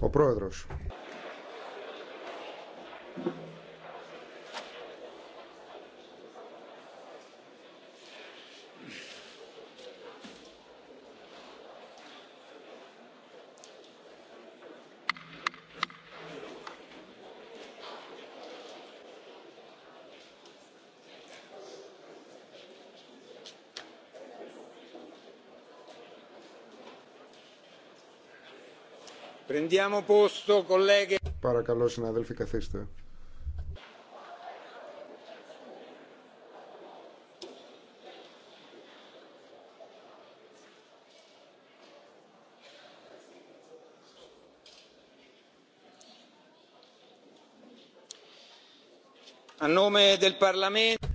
Ο πρόεδρος. Παρακαλώ, συναδέλφοι, καθίστε.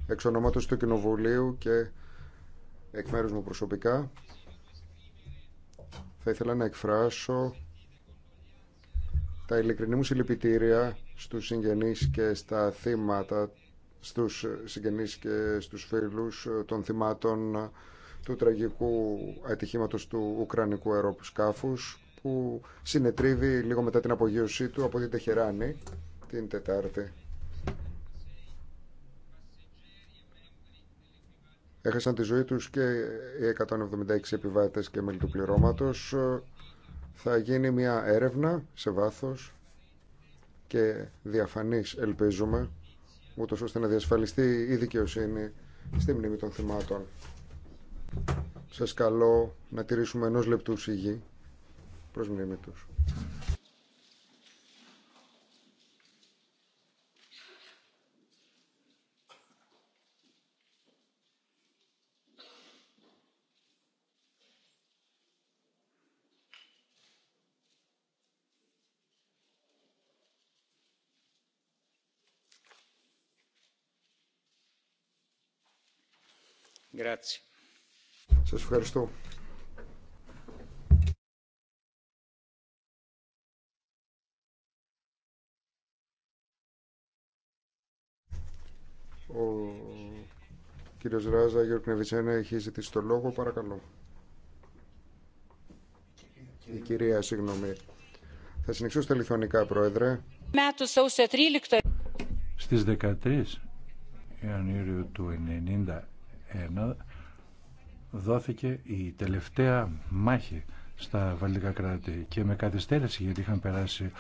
Εξ ονόματος του Κοινοβουλίου και εκ μέρους μου προσωπικά θα ήθελα να εκφράσω τα ειλικρινή μου συλληπιτήρια στους συγγενείς και στα θύματα, στους συγγενείς και στους φίλους των θυμάτων του τραγικού ατυχήματος του Ουκρανικού σκάφους που συνετρίβει λίγο μετά την απογείωσή του από την Τεχεράνη την Τετάρτη. Έχασαν τη ζωή τους και οι 176 επιβάτες και μέλη του πληρώματος θα γίνει μια έρευνα σε βάθος και διαφανής ελπίζουμε ούτως ώστε να διασφαλιστεί η δικαιοσύνη στη μνήμη των θυμάτων. Σας καλώ να τηρήσουμε ενός λεπτού σιγή προς μνήμη τους. Σας ευχαριστώ. Ο κύριος Ράζα, Γιώργο Κνεβιτσένα, έχει ζητήσει το λόγο. Παρακαλώ. Η κυρία, συγγνώμη. Θα συνεχίσω στα λιθονικά, Πρόεδρε. Στις 13 Ιανουαρίου του 1990 δόθηκε η τελευταία μάχη στα βαλτικά κράτη και με καθυστέρηση γιατί είχαν περάσει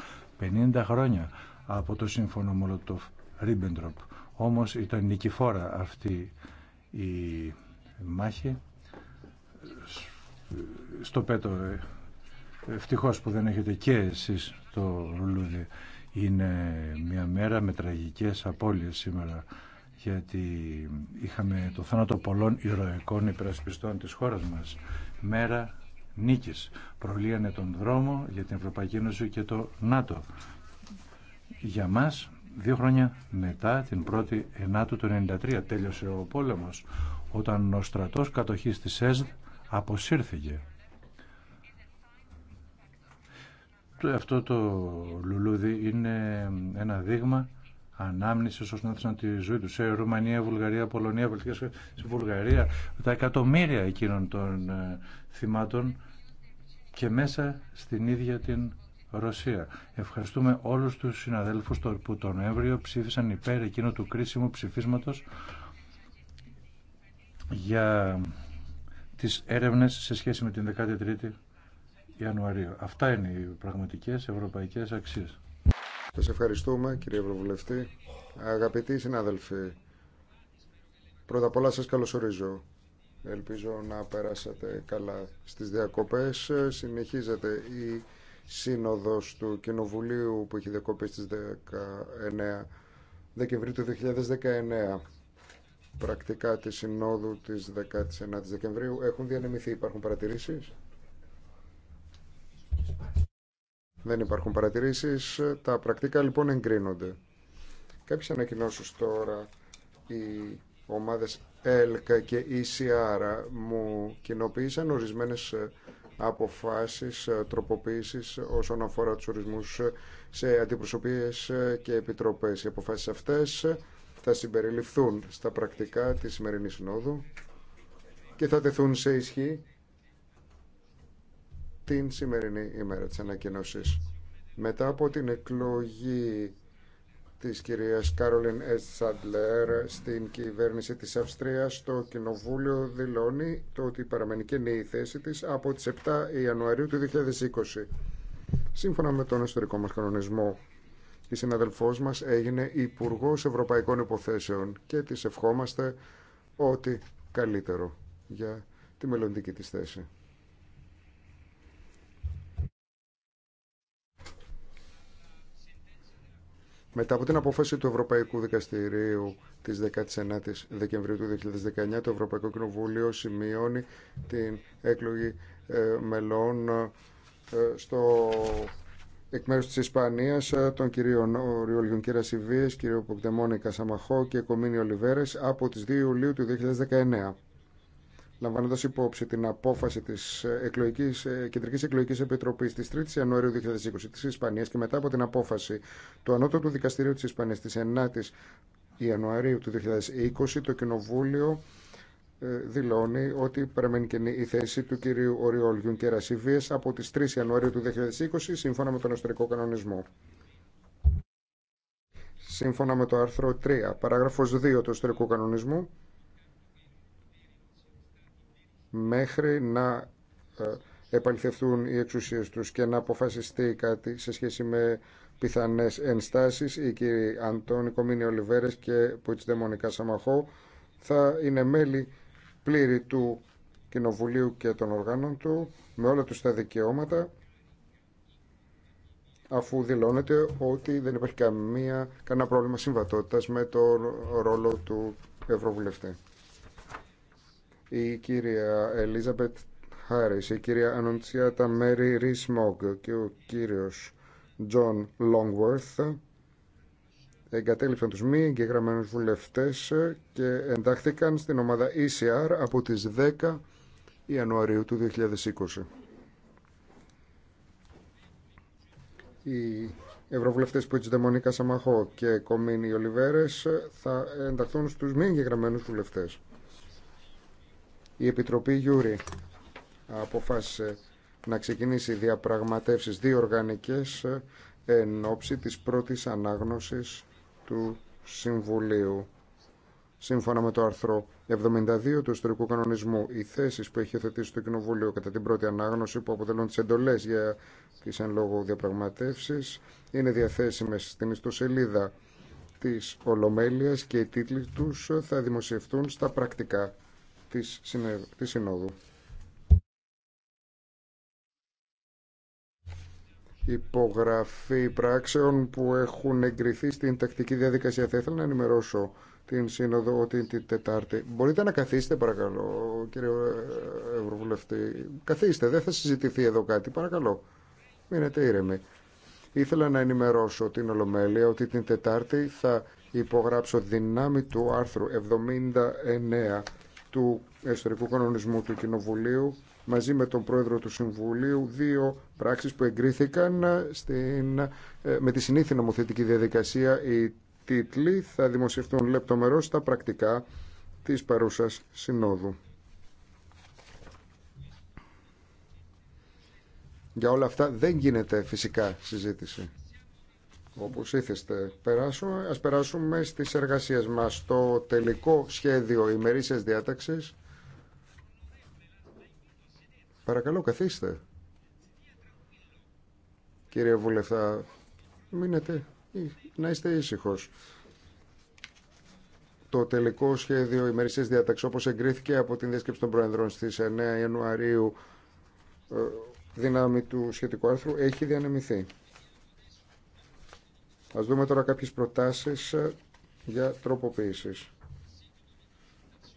50 χρόνια από το σύμφωνο Μολοτοφ-Ρίμπεντροπ. Όμως ήταν νικηφόρα αυτή η μάχη στο πέτο ε, ευτυχώς που δεν έχετε και εσείς το ρουλούδι είναι μια μέρα με τραγικές απώλειες σήμερα γιατί είχαμε το θάνατο πολλών ηρωικών υπερασπιστών της χώρας μας. Μέρα νίκης. Προλύανε τον δρόμο για την Ευρωπαϊκή Ένωση και το ΝΑΤΟ. Για μας, δύο χρόνια μετά την πρώτη η Ενάτου του 1993, τέλειωσε ο πόλεμος, όταν ο στρατός κατοχής της ΕΣΔ αποσύρθηκε. Αυτό το λουλούδι είναι ένα δείγμα ανάμνηση όσων έδωσαν τη ζωή του σε Ρουμανία, Βουλγαρία, Πολωνία, σε Βουλγαρία, τα εκατομμύρια εκείνων των ε, θυμάτων και μέσα στην ίδια την Ρωσία. Ευχαριστούμε όλους τους συναδέλφους που τον Νοέμβριο ψήφισαν υπέρ εκείνου του κρίσιμου ψηφίσματος για τις έρευνες σε σχέση με την 13η Ιανουαρίου. Αυτά είναι οι πραγματικές ευρωπαϊκές αξίες. Σας ευχαριστούμε κύριε Ευρωβουλευτή. Αγαπητοί συνάδελφοι, πρώτα απ' όλα σας καλωσορίζω. Ελπίζω να περάσατε καλά στις διακοπές. Συνεχίζεται η σύνοδος του Κοινοβουλίου που έχει διακοπεί στις 19 Δεκεμβρίου του 2019. Πρακτικά τη συνόδου της 19 Δεκεμβρίου έχουν διανεμηθεί. Υπάρχουν παρατηρήσεις. Δεν υπάρχουν παρατηρήσεις. Τα πρακτικά λοιπόν εγκρίνονται. Κάποιε ανακοινώσει τώρα. Οι ομάδες ΕΛΚΑ και ECR μου κοινοποίησαν ορισμένες ε, αποφάσεις, ε, τροποποίησεις όσον αφορά τους ορισμούς σε αντιπροσωπείες ε, και επιτροπές. Οι αποφάσεις αυτές θα συμπεριληφθούν στα πρακτικά της σημερινής συνόδου και θα τεθούν σε ισχύ την σημερινή ημέρα της ανακοινώσης. Μετά από την εκλογή της κυρίας Κάρολιν Σαντλέρ στην κυβέρνηση της Αυστρίας το Κοινοβούλιο δηλώνει το ότι παραμένει καινή η θέση της από τις 7 Ιανουαρίου του 2020. Σύμφωνα με τον ιστορικό μας κανονισμό, η συναδελφός μας έγινε υπουργό Ευρωπαϊκών Υποθέσεων και της ευχόμαστε ότι καλύτερο για τη μελλοντική της θέση. Μετά από την απόφαση του Ευρωπαϊκού Δικαστηρίου τη 19 η Δεκεμβρίου του 2019, το Ευρωπαϊκό Κοινοβούλιο σημειώνει την έκλογη ε, μελών ε, στο εκ μέρου της Ισπανίας των κυρίων Ριολιον Κύρα Ιβίε, κύριο Ποκτεμόνη Κασαμαχώ και Κομίνη Ολιβέρε από τι 2 Ιουλίου του 2019 λαμβάνοντας υπόψη την απόφαση της ε, εκλογικής, ε, Κεντρικής Εκλογικής Επιτροπής της 3ης Ιανουαρίου 2020 της Ισπανίας και μετά από την απόφαση του Ανώτατου Δικαστηρίου της Ισπανίας της 9 η Ιανουαρίου του 2020 το Κοινοβούλιο ε, δηλώνει ότι παραμένει καινή η θέση του κυρίου Οριόλ Γιουνκέρα από τις 3 Ιανουαρίου του 2020 σύμφωνα με τον εσωτερικό κανονισμό. Σύμφωνα με το άρθρο 3, παράγραφος 2 του εσωτερικού κανονισμού, μέχρι να ε, επαληθευτούν οι εξουσίες τους και να αποφασιστεί κάτι σε σχέση με πιθανές ενστάσεις. Οι κύριοι Αντώνη Κομίνη Ολιβέρες και Πουίτς Μονικά Σαμαχώ θα είναι μέλη πλήρη του Κοινοβουλίου και των οργάνων του με όλα τους τα δικαιώματα αφού δηλώνεται ότι δεν υπάρχει καμία, κανένα πρόβλημα συμβατότητας με το ρόλο του Ευρωβουλευτή η κυρία Ελίζαμπετ Χάρις, η κυρία Ανοντσιάτα Μέρι Ρισμόγκ και ο κύριος Τζον Λόγγουερθ εγκατέλειψαν τους μη εγγεγραμμένους βουλευτές και εντάχθηκαν στην ομάδα ECR από τις 10 Ιανουαρίου του 2020. Οι ευρωβουλευτές έτσι Μονίκα Σαμαχώ και Κομίνη Ολιβέρες θα ενταχθούν στους μη εγγεγραμμένους βουλευτές η Επιτροπή Γιούρη αποφάσισε να ξεκινήσει διαπραγματεύσεις δύο οργανικές ε, εν ώψη της πρώτης ανάγνωσης του Συμβουλίου. Σύμφωνα με το άρθρο 72 του ιστορικού κανονισμού, οι θέσει που έχει οθετήσει το Κοινοβούλιο κατά την πρώτη ανάγνωση, που αποτελούν τι εντολέ για τι εν λόγω διαπραγματεύσει, είναι διαθέσιμε στην ιστοσελίδα τη Ολομέλεια και οι τίτλοι του θα δημοσιευτούν στα πρακτικά της, Συνόδου. Υπογραφή πράξεων που έχουν εγκριθεί στην τακτική διαδικασία. Θα ήθελα να ενημερώσω την Σύνοδο ότι την Τετάρτη. Μπορείτε να καθίσετε παρακαλώ κύριε Ευρωβουλευτή. Καθίστε, δεν θα συζητηθεί εδώ κάτι. Παρακαλώ, μείνετε ήρεμοι. Ήθελα να ενημερώσω την Ολομέλεια ότι την Τετάρτη θα υπογράψω δυνάμει του άρθρου 79 του εσωτερικού κανονισμού του Κοινοβουλίου μαζί με τον πρόεδρο του Συμβουλίου δύο πράξεις που εγκρίθηκαν ε, στην, ε, με τη συνήθη νομοθετική διαδικασία. Οι τίτλοι θα δημοσιευτούν λεπτομερώς στα πρακτικά της παρούσας συνόδου. Για όλα αυτά δεν γίνεται φυσικά συζήτηση. Όπω ήθεστε. Περάσω, ας περάσουμε στις εργασίες μας. Το τελικό σχέδιο ημερήσια διάταξη. Παρακαλώ καθίστε. Κύριε Βουλευτά, μείνετε, να είστε ήσυχο. Το τελικό σχέδιο ημερήσια διάταξη όπω εγκρίθηκε από την διάσκεψη των Προεδρών στις 9 Ιανουαρίου ε, δυνάμει του σχετικού άρθρου έχει διανεμηθεί. Ας δούμε τώρα κάποιες προτάσεις ε, για τροποποίησεις.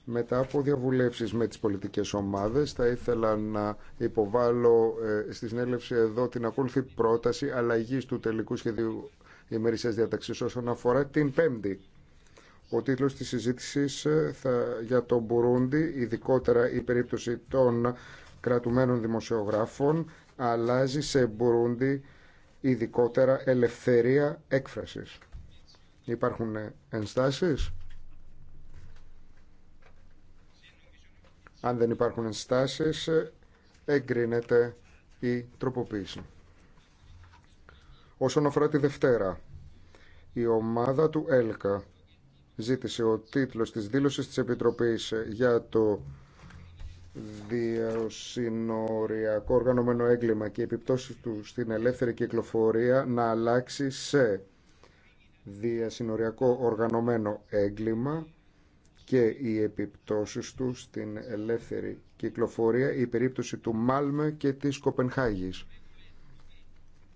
Μετά από διαβουλεύσεις με τις πολιτικές ομάδες θα ήθελα να υποβάλω ε, στη συνέλευση εδώ την ακόλουθη πρόταση αλλαγής του τελικού σχεδίου ημερησίας διαταξής όσον αφορά την Πέμπτη. Ο τίτλος της συζήτησης ε, θα, για τον Μπουρούντι, ειδικότερα η περίπτωση των κρατουμένων δημοσιογράφων, αλλάζει σε Μπουρούντι ειδικότερα ελευθερία έκφρασης. Υπάρχουν ενστάσεις. Αν δεν υπάρχουν ενστάσεις, εγκρίνεται η τροποποίηση. Όσον αφορά τη Δευτέρα, η ομάδα του ΕΛΚΑ ζήτησε ο τίτλος της δήλωσης της Επιτροπής για το διασυνοριακό οργανωμένο έγκλημα και οι επιπτώσεις του στην ελεύθερη κυκλοφορία να αλλάξει σε διασυνοριακό οργανωμένο έγκλημα και οι επιπτώσεις του στην ελεύθερη κυκλοφορία η περίπτωση του Μάλμε και της Κοπενχάγης.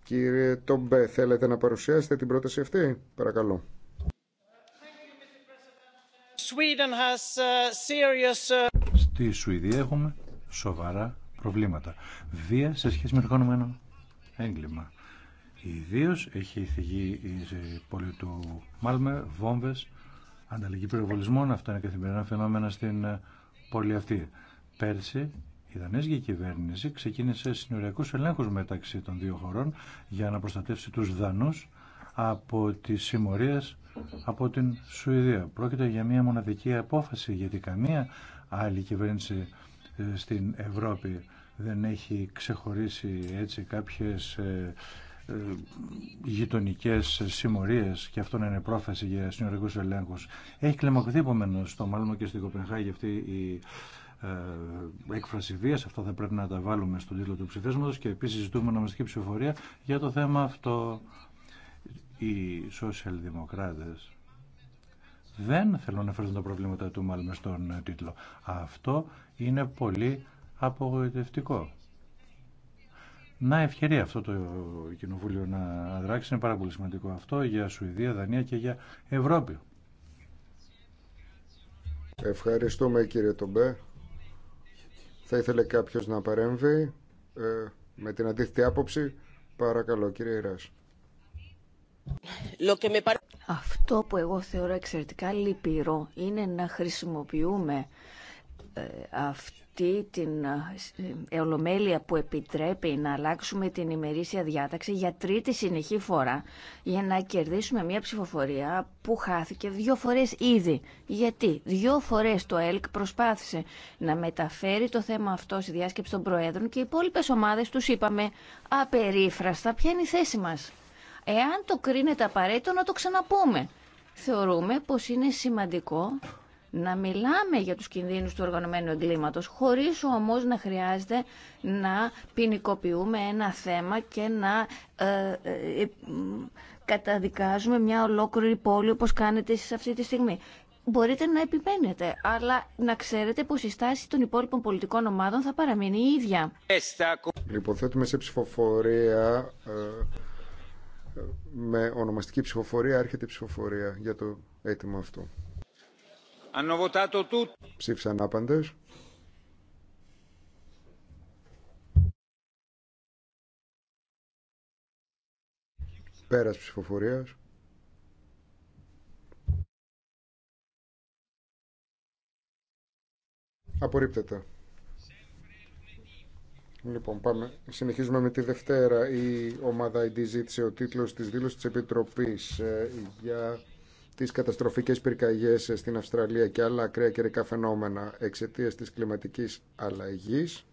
Κύριε Τομπέ, θέλετε να παρουσιάσετε την πρόταση αυτή, παρακαλώ. Sweden has uh, uh, τη Σουηδία έχουμε σοβαρά προβλήματα. Βία σε σχέση με εργονομένο έγκλημα. Ιδίω έχει θυγεί η πόλη του Μάλμε, βόμβε, ανταλλαγή πυροβολισμών. Αυτά είναι καθημερινά φαινόμενα στην ε, πόλη αυτή. Πέρσι η Δανέζικη κυβέρνηση ξεκίνησε συνοριακού ελέγχου μεταξύ των δύο χωρών για να προστατεύσει του Δανού από τι συμμορίε από την Σουηδία. Πρόκειται για μια μοναδική απόφαση γιατί καμία άλλη κυβέρνηση ε, στην Ευρώπη δεν έχει ξεχωρίσει έτσι κάποιες ε, ε, γειτονικέ συμμορίες και αυτό να είναι πρόφαση για συνορικού ελέγχου. Έχει κλεμακωθεί επομένω στο Μάλμο και στην Κοπενχάγη αυτή η ε, έκφραση βία. Αυτό θα πρέπει να τα βάλουμε στον τίτλο του ψηφίσματος και επίσης ζητούμε ονομαστική ψηφοφορία για το θέμα αυτό. Οι σοσιαλδημοκράτες δεν θέλω να φέρουν τα προβλήματα του μάλλον στον ε, τίτλο. Αυτό είναι πολύ απογοητευτικό. Να ευκαιρία αυτό το κοινοβούλιο να δράξει είναι πάρα πολύ σημαντικό αυτό για Σουηδία, Δανία και για Ευρώπη. Ευχαριστούμε κύριε Τομπέ. Θα ήθελε κάποιος να παρέμβει ε, με την αντίθετη άποψη. Παρακαλώ κύριε Ιράς. Αυτό που εγώ θεωρώ εξαιρετικά λυπηρό είναι να χρησιμοποιούμε ε, αυτή την ε, ολομέλεια που επιτρέπει να αλλάξουμε την ημερήσια διάταξη για τρίτη συνεχή φορά για να κερδίσουμε μια ψηφοφορία που χάθηκε δύο φορές ήδη. Γιατί δύο φορές το ΕΛΚ προσπάθησε να μεταφέρει το θέμα αυτό στη διάσκεψη των Προέδρων και οι υπόλοιπε ομάδες τους είπαμε απερίφραστα ποια είναι η θέση μας. Εάν το κρίνεται απαραίτητο να το ξαναπούμε. Θεωρούμε πως είναι σημαντικό να μιλάμε για τους κινδύνους του οργανωμένου εγκλήματος, χωρίς όμως να χρειάζεται να ποινικοποιούμε ένα θέμα και να ε, ε, ε, καταδικάζουμε μια ολόκληρη πόλη όπως κάνετε σε αυτή τη στιγμή. Μπορείτε να επιμένετε, αλλά να ξέρετε πως η στάση των υπόλοιπων πολιτικών ομάδων θα παραμείνει η ίδια. Λοιπόν, σε ψηφοφορία με ονομαστική ψηφοφορία έρχεται η ψηφοφορία για το αίτημα αυτό. Ψήφισαν άπαντες. Πέρας ψηφοφορίας. Απορρίπτεται. Λοιπόν, πάμε. συνεχίζουμε με τη Δευτέρα. Η ομάδα ID ζήτησε ο τίτλος της δήλωσης της Επιτροπής ε, για τις καταστροφικές πυρκαγιές ε, στην Αυστραλία και άλλα ακραία καιρικά φαινόμενα εξαιτία της κλιματικής αλλαγής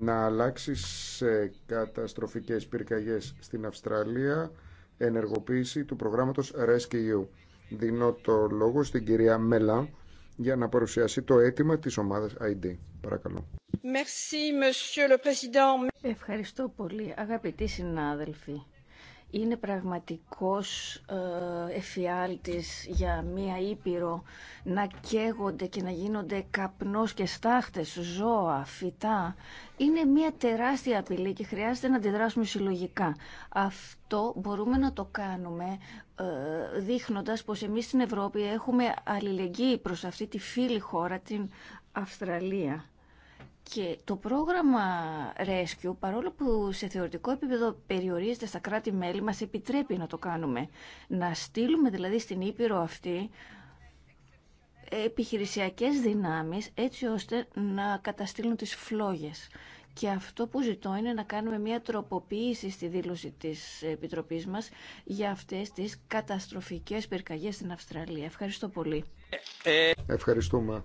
να αλλάξει σε καταστροφικές πυρκαγιές στην Αυστραλία ενεργοποίηση του προγράμματος Rescue. Δίνω το λόγο στην κυρία Μέλα για να παρουσιάσει το αίτημα της ομάδας ID. Παρακαλώ. Ευχαριστώ πολύ, αγαπητοί συνάδελφοι. Είναι πραγματικός ε, εφιάλτης για μία Ήπειρο να καίγονται και να γίνονται καπνός και στάχτες, ζώα, φυτά. Είναι μία τεράστια απειλή και χρειάζεται να αντιδράσουμε συλλογικά. Αυτό μπορούμε να το κάνουμε ε, δείχνοντας πως εμείς στην Ευρώπη έχουμε αλληλεγγύη προς αυτή τη φίλη χώρα, την Αυστραλία. Και το πρόγραμμα Rescue, παρόλο που σε θεωρητικό επίπεδο περιορίζεται στα κράτη-μέλη, μας επιτρέπει να το κάνουμε. Να στείλουμε δηλαδή στην Ήπειρο αυτή επιχειρησιακές δυνάμεις έτσι ώστε να καταστήλουν τις φλόγες. Και αυτό που ζητώ είναι να κάνουμε μια τροποποίηση στη δήλωση της Επιτροπής μας για αυτές τις καταστροφικές πυρκαγιές στην Αυστραλία. Ευχαριστώ πολύ. Ε, ε, Ευχαριστούμε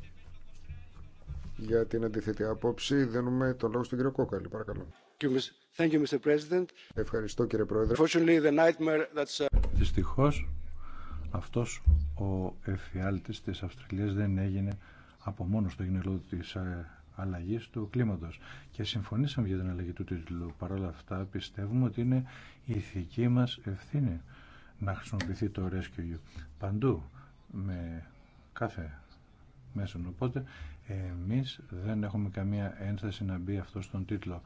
για την αντίθετη άποψη. Δίνουμε τον λόγο στον κύριο Κόκαλη, παρακαλώ. Thank you, Mr. President. Ευχαριστώ κύριε Πρόεδρε. Uh, Δυστυχώς αυτός ο εφιάλτης της Αυστραλίας δεν έγινε από μόνο στο γενελό της ε, αλλαγή του κλίματο. Και συμφωνήσαμε για την αλλαγή του τίτλου. Παρ' όλα αυτά, πιστεύουμε ότι είναι η ηθική μα ευθύνη να χρησιμοποιηθεί το Rescue παντού με κάθε μέσον. Οπότε εμείς δεν έχουμε καμία ένσταση να μπει αυτό στον τίτλο.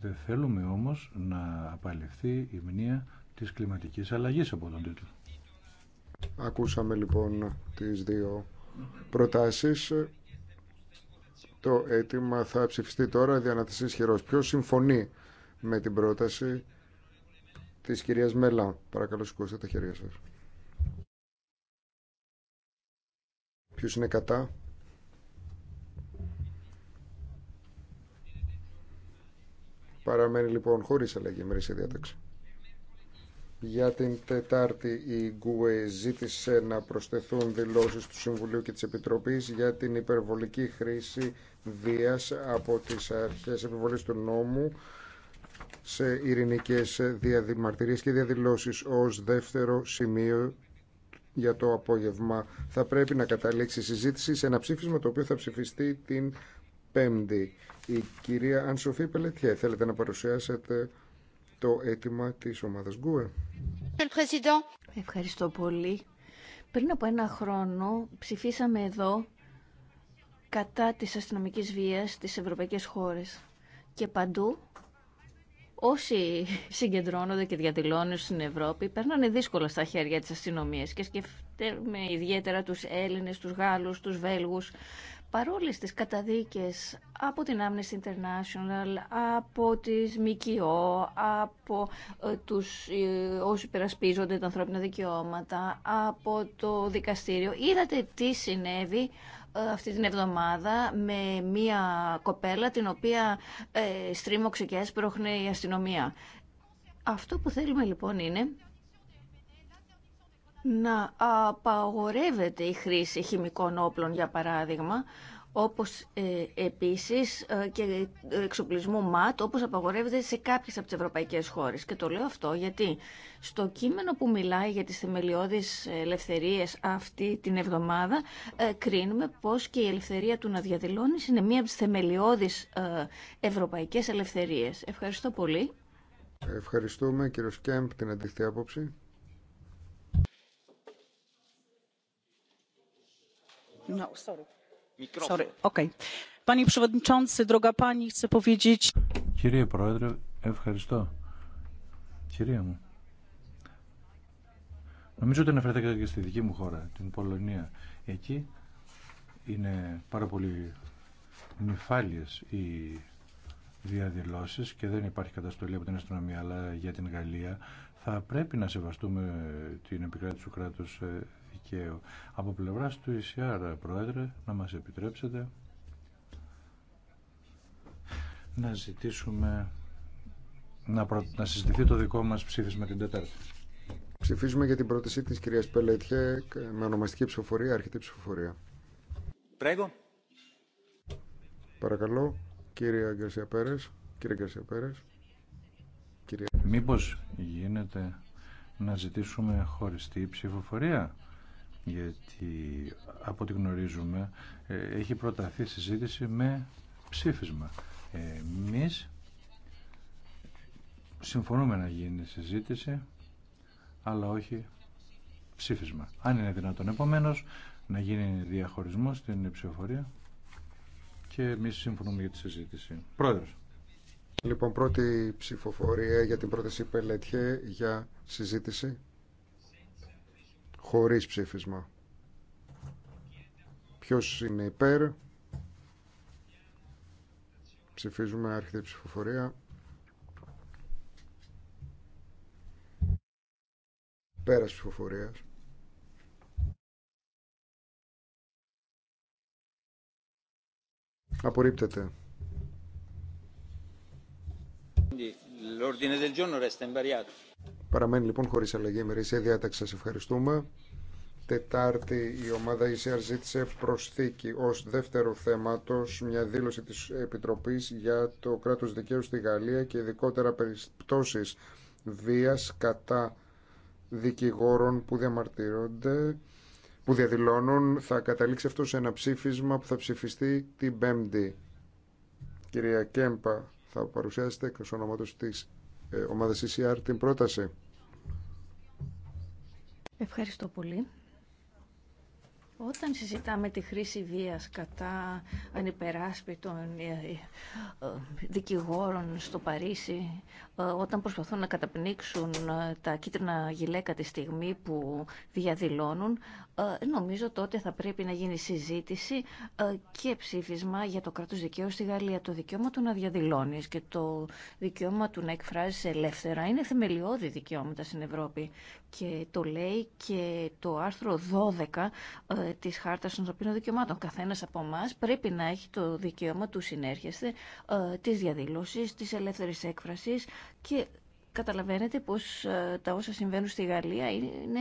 Δεν θέλουμε όμως να απαλληφθεί η μνήμα της κλιματικής αλλαγής από τον τίτλο. Ακούσαμε λοιπόν τις δύο προτάσεις. Το αίτημα θα ψηφιστεί τώρα τις χειρός. Ποιος συμφωνεί με την πρόταση της κυρίας Μελά. Παρακαλώ σηκώστε τα χέρια σας. Ποιος είναι κατά. Παραμένει λοιπόν χωρίς αλλαγή ημερήσια διάταξη. Για την Τετάρτη η ΓΚΟΕ ζήτησε να προσθεθούν δηλώσεις του Συμβουλίου και της Επιτροπής για την υπερβολική χρήση βίας από τις αρχές επιβολής του νόμου σε ειρηνικές διαδημαρτυρίες και διαδηλώσεις ως δεύτερο σημείο για το απόγευμα. Θα πρέπει να καταλήξει η συζήτηση σε ένα ψήφισμα το οποίο θα ψηφιστεί την Πέμπτη. Η κυρία Ανσοφή Πελετιέ, θέλετε να παρουσιάσετε το αίτημα της ομάδας Γκουε. Ευχαριστώ πολύ. Πριν από ένα χρόνο ψηφίσαμε εδώ κατά της αστυνομικής βίας στις ευρωπαϊκές χώρες. Και παντού όσοι συγκεντρώνονται και διαδηλώνουν στην Ευρώπη περνάνε δύσκολα στα χέρια της αστυνομίας και σκεφτούμε ιδιαίτερα τους Έλληνες, τους Γάλλους, τους Βέλγους παρόλες τις καταδίκες από την Amnesty International, από τις ΜΚΟ, από ε, τους ε, όσοι υπερασπίζονται τα ανθρώπινα δικαιώματα, από το δικαστήριο. Είδατε τι συνέβη ε, αυτή την εβδομάδα με μία κοπέλα την οποία ε, στρίμωξε και έσπρωχνε η αστυνομία. Αυτό που θέλουμε λοιπόν είναι να απαγορεύεται η χρήση χημικών όπλων, για παράδειγμα, όπως ε, επίσης ε, και εξοπλισμού ΜΑΤ, όπως απαγορεύεται σε κάποιες από τις ευρωπαϊκές χώρες. Και το λέω αυτό γιατί στο κείμενο που μιλάει για τις θεμελιώδεις ελευθερίες αυτή την εβδομάδα, ε, κρίνουμε πως και η ελευθερία του να διαδηλώνει είναι μία από τις θεμελιώδεις ε, ευρωπαϊκές ελευθερίες. Ευχαριστώ πολύ. Ευχαριστούμε κύριο Σκέμπ την αντίθετη άποψη. Κύριε Πρόεδρε, ευχαριστώ. Κυρία μου, νομίζω ότι αναφέρεται και στη δική μου χώρα, την Πολωνία. Εκεί είναι πάρα πολύ νυφάλιες οι διαδηλώσεις και δεν υπάρχει καταστολή από την αστυνομία αλλά για την Γαλλία θα πρέπει να σεβαστούμε την επικράτηση του κράτους ε, δικαίου. Από πλευράς του ΙΣΙΑΡΑ, Πρόεδρε, να μας επιτρέψετε να ζητήσουμε να, προ... συζητηθεί το δικό μας ψήφισμα την Τετάρτη. Ψηφίζουμε για την πρόταση της κυρίας Πελέτια με ονομαστική ψηφοφορία, αρχιτή ψηφοφορία. Πρέγω. Παρακαλώ, κύριε Γκαρσία Πέρες. Κύριε Γκαρσία Πέρες. Κύριε... Μήπως γίνεται να ζητήσουμε χωριστή ψηφοφορία γιατί από ό,τι γνωρίζουμε ε, έχει προταθεί συζήτηση με ψήφισμα. Εμεί συμφωνούμε να γίνει συζήτηση, αλλά όχι ψήφισμα. Αν είναι δυνατόν επομένως να γίνει διαχωρισμό στην ψηφοφορία και εμεί συμφωνούμε για τη συζήτηση. Πρόεδρος. Λοιπόν, πρώτη ψηφοφορία για την πρόταση Πελέτχε για συζήτηση χωρίς ψήφισμα. Ποιος είναι υπέρ. Ψηφίζουμε άρχιτε ψηφοφορία. Πέρας ψηφοφορίας. Απορρίπτεται. Παραμένει λοιπόν χωρίς αλλαγή ημερήσια διάταξη. Σα ευχαριστούμε. Τετάρτη η ομάδα ECR ζήτησε προσθήκη ως δεύτερο θέματο μια δήλωση της Επιτροπής για το κράτος δικαίου στη Γαλλία και ειδικότερα περιπτώσει βία κατά δικηγόρων που διαμαρτύρονται που διαδηλώνουν θα καταλήξει αυτό σε ένα ψήφισμα που θα ψηφιστεί την Πέμπτη. Κυρία Κέμπα, θα παρουσιάσετε εκ ονόματος της ε, ομάδας ECR την πρόταση. Ευχαριστώ πολύ. Όταν συζητάμε τη χρήση βίας κατά ανυπεράσπιτων ε, ε, ε, δικηγόρων στο Παρίσι, όταν προσπαθούν να καταπνίξουν τα κίτρινα γυλαίκα τη στιγμή που διαδηλώνουν, ε, νομίζω τότε θα πρέπει να γίνει συζήτηση ε, και ψήφισμα για το κράτος δικαίου στη Γαλλία. Το δικαίωμα του να διαδηλώνει και το δικαίωμα του να εκφράζει ελεύθερα είναι θεμελιώδη δικαιώματα στην Ευρώπη. Και το λέει και το άρθρο 12 ε, της Χάρτας των Ανθρωπίνων Δικαιωμάτων. Καθένας από εμά πρέπει να έχει το δικαίωμα του συνέρχεσθε, της διαδήλωσης, της ελεύθερης έκφρασης και καταλαβαίνετε πως ε, τα όσα συμβαίνουν στη Γαλλία είναι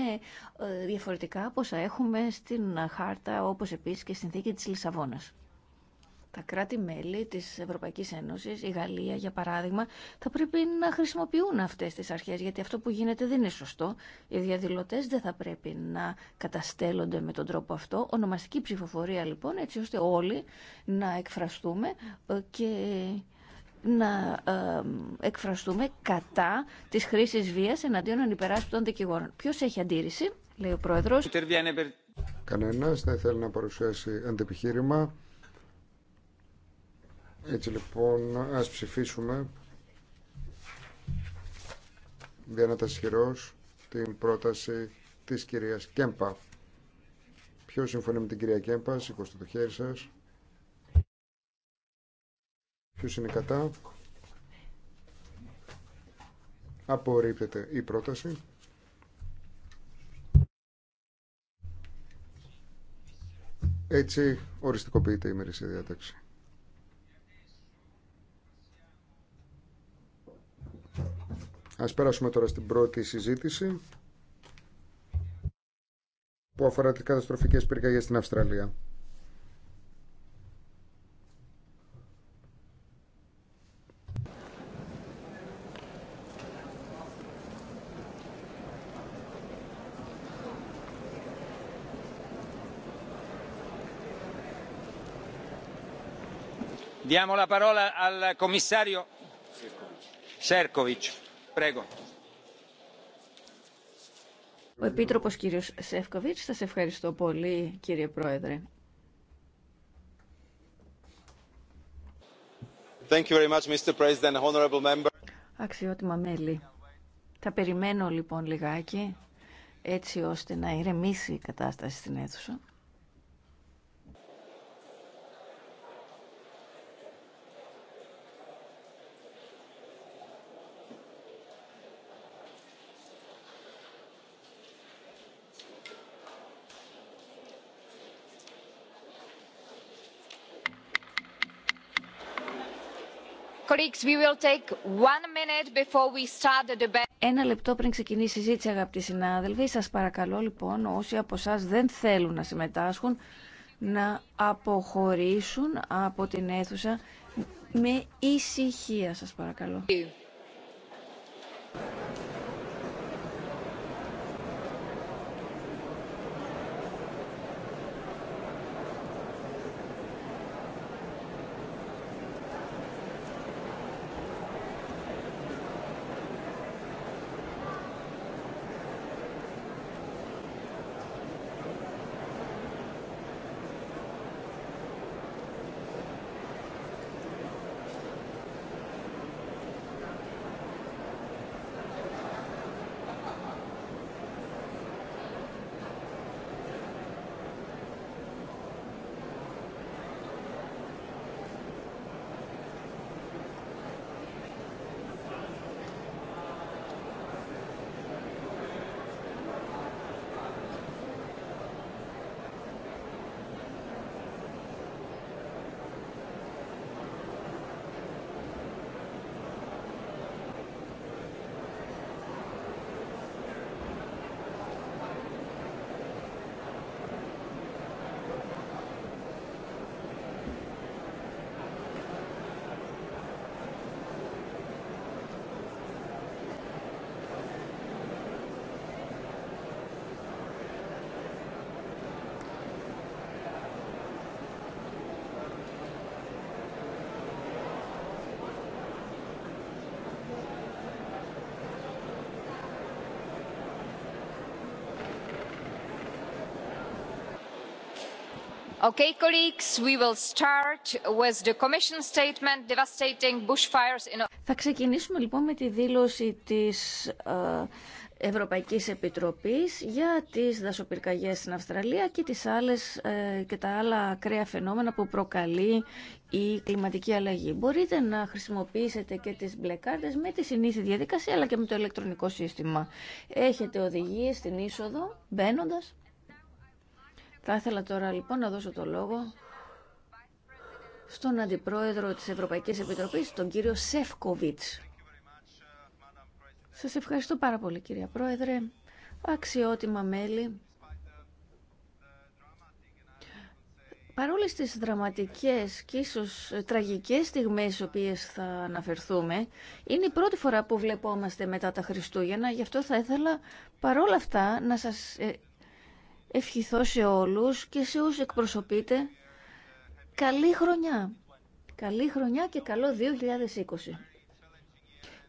ε, διαφορετικά από όσα έχουμε στην χάρτα όπως επίσης και στην θήκη της Λισαβόνας. Τα κράτη-μέλη της Ευρωπαϊκής Ένωσης, η Γαλλία για παράδειγμα, θα πρέπει να χρησιμοποιούν αυτές τις αρχές, γιατί αυτό που γίνεται δεν είναι σωστό. Οι διαδηλωτές δεν θα πρέπει να καταστέλλονται με τον τρόπο αυτό. Ονομαστική ψηφοφορία λοιπόν, έτσι ώστε όλοι να εκφραστούμε ε, και να εκφραστούμε κατά της χρήση βίας εναντίον ανυπεράσπιτων δικηγόρων. Ποιο έχει αντίρρηση, λέει ο Πρόεδρο. Κανένας δεν θέλει να παρουσιάσει αντεπιχείρημα. Έτσι λοιπόν ας ψηφίσουμε διάνατα χειρός την πρόταση της κυρίας Κέμπα. Ποιος συμφωνεί με την κυρία Κέμπα, σηκώστε το χέρι σας. Ποιο είναι κατά. Απορρίπτεται η πρόταση. Έτσι οριστικοποιείται η μερική διάταξη. Ας περάσουμε τώρα στην πρώτη συζήτηση που αφορά τις καταστροφικές πυρκαγιές στην Αυστραλία. Diamo la parola Σέρκοβιτς. Ο Επίτροπος κύριος Σεύκοβιτς, σας ευχαριστώ πολύ κύριε Πρόεδρε. Thank Αξιότιμα μέλη. Θα περιμένω λοιπόν λιγάκι έτσι ώστε να ηρεμήσει η κατάσταση στην αίθουσα. Ένα λεπτό πριν ξεκινήσει η συζήτηση, αγαπητοί συνάδελφοι, σας παρακαλώ λοιπόν όσοι από εσά δεν θέλουν να συμμετάσχουν να αποχωρήσουν από την αίθουσα με ησυχία σας παρακαλώ. Θα ξεκινήσουμε λοιπόν με τη δήλωση της ε, Ευρωπαϊκής Επιτροπής για τις δασοπυρκαγιές στην Αυστραλία και, τις άλλες, ε, και τα άλλα ακραία φαινόμενα που προκαλεί η κλιματική αλλαγή. Μπορείτε να χρησιμοποιήσετε και τις μπλε κάρτες με τη συνήθη διαδικασία αλλά και με το ηλεκτρονικό σύστημα. Έχετε οδηγίες στην είσοδο μπαίνοντα θα ήθελα τώρα λοιπόν να δώσω το λόγο στον Αντιπρόεδρο της Ευρωπαϊκής Επιτροπής, τον κύριο Σεφκοβίτς. Σας ευχαριστώ πάρα πολύ κυρία Πρόεδρε, αξιότιμα μέλη. Παρόλες τις δραματικές και ίσως ε, τραγικές στιγμές στις οποίες θα αναφερθούμε, είναι η πρώτη φορά που βλεπόμαστε μετά τα Χριστούγεννα, γι' αυτό θα ήθελα παρόλα αυτά να σας ε, ευχηθώ σε όλους και σε όσους εκπροσωπείτε καλή χρονιά. Καλή χρονιά και καλό 2020.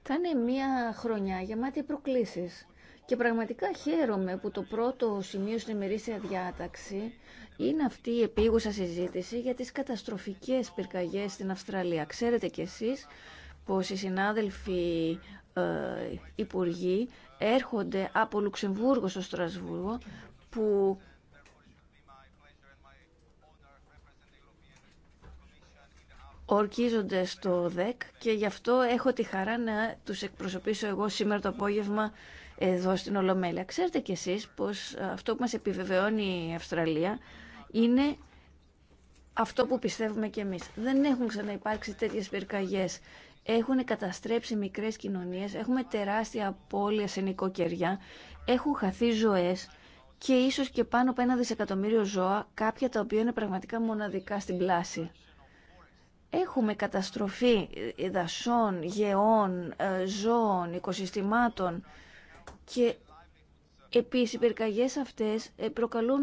Θα είναι μια χρονιά γεμάτη προκλήσεις. Και πραγματικά χαίρομαι που το πρώτο σημείο στην ημερήσια διάταξη είναι αυτή η επίγουσα συζήτηση για τις καταστροφικές πυρκαγιές στην Αυστραλία. Ξέρετε κι εσείς πως οι συνάδελφοι ε, υπουργοί έρχονται από Λουξεμβούργο στο Στρασβούργο που ορκίζονται στο ΔΕΚ και γι' αυτό έχω τη χαρά να τους εκπροσωπήσω εγώ σήμερα το απόγευμα εδώ στην Ολομέλεια. Ξέρετε κι εσείς πως αυτό που μας επιβεβαιώνει η Αυστραλία είναι αυτό που πιστεύουμε κι εμείς. Δεν έχουν ξαναυπάρξει τέτοιες πυρκαγιές. Έχουν καταστρέψει μικρές κοινωνίες, έχουμε τεράστια απώλεια σε νοικοκαιριά, έχουν χαθεί ζωές και ίσως και πάνω από ένα δισεκατομμύριο ζώα, κάποια τα οποία είναι πραγματικά μοναδικά στην πλάση. Έχουμε καταστροφή ε, δασών, γεών, ε, ζώων, οικοσυστημάτων και επίσης οι πυρκαγιές αυτές ε, προκαλούν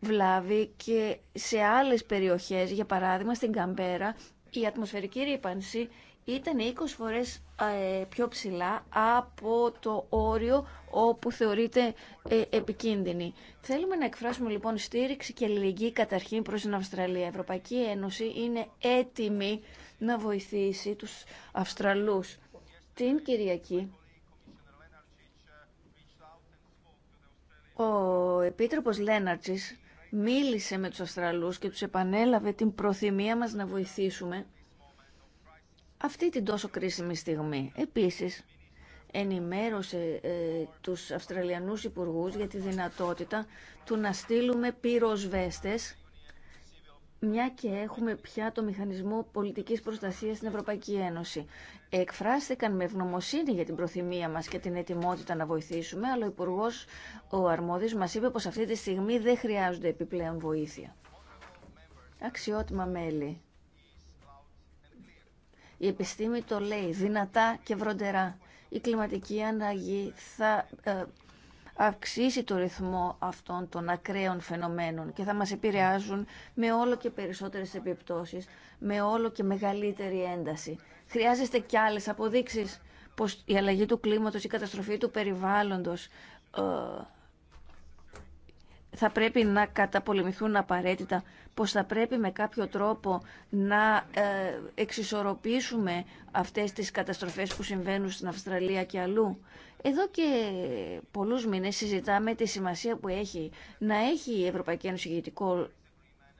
βλάβη και σε άλλες περιοχές, για παράδειγμα στην Καμπέρα, η ατμοσφαιρική ρήπανση ήταν 20 φορές ε, πιο ψηλά από το όριο όπου θεωρείται ε, επικίνδυνη. Θέλουμε να εκφράσουμε λοιπόν στήριξη και λιγή καταρχήν προς την Αυστραλία. Η Ευρωπαϊκή Ένωση είναι έτοιμη να βοηθήσει τους Αυστραλούς. Την Κυριακή ο Επίτροπος Λέναρτσης μίλησε με τους Αυστραλούς και τους επανέλαβε την προθυμία μας να βοηθήσουμε αυτή την τόσο κρίσιμη στιγμή. Επίσης, ενημέρωσε ε, τους Αυστραλιανούς Υπουργούς για τη δυνατότητα του να στείλουμε πυροσβέστες μια και έχουμε πια το μηχανισμό πολιτικής προστασίας στην Ευρωπαϊκή Ένωση. Εκφράστηκαν με ευγνωμοσύνη για την προθυμία μας και την ετοιμότητα να βοηθήσουμε, αλλά ο υπουργό ο Αρμόδης μας είπε πως αυτή τη στιγμή δεν χρειάζονται επιπλέον βοήθεια. Αξιότιμα μέλη. Η επιστήμη το λέει δυνατά και βροντερά. Η κλιματική ανάγκη θα ε, αυξήσει το ρυθμό αυτών των ακραίων φαινομένων και θα μας επηρεάζουν με όλο και περισσότερες επιπτώσεις, με όλο και μεγαλύτερη ένταση. Χρειάζεστε κι άλλες αποδείξεις πως η αλλαγή του κλίματος, η καταστροφή του περιβάλλοντος ε, θα πρέπει να καταπολεμηθούν απαραίτητα πως θα πρέπει με κάποιο τρόπο να ε, εξισορροπήσουμε αυτές τις καταστροφές που συμβαίνουν στην Αυστραλία και αλλού. Εδώ και πολλούς μήνες συζητάμε τη σημασία που έχει να έχει η Ευρωπαϊκή Ένωση ηγετικό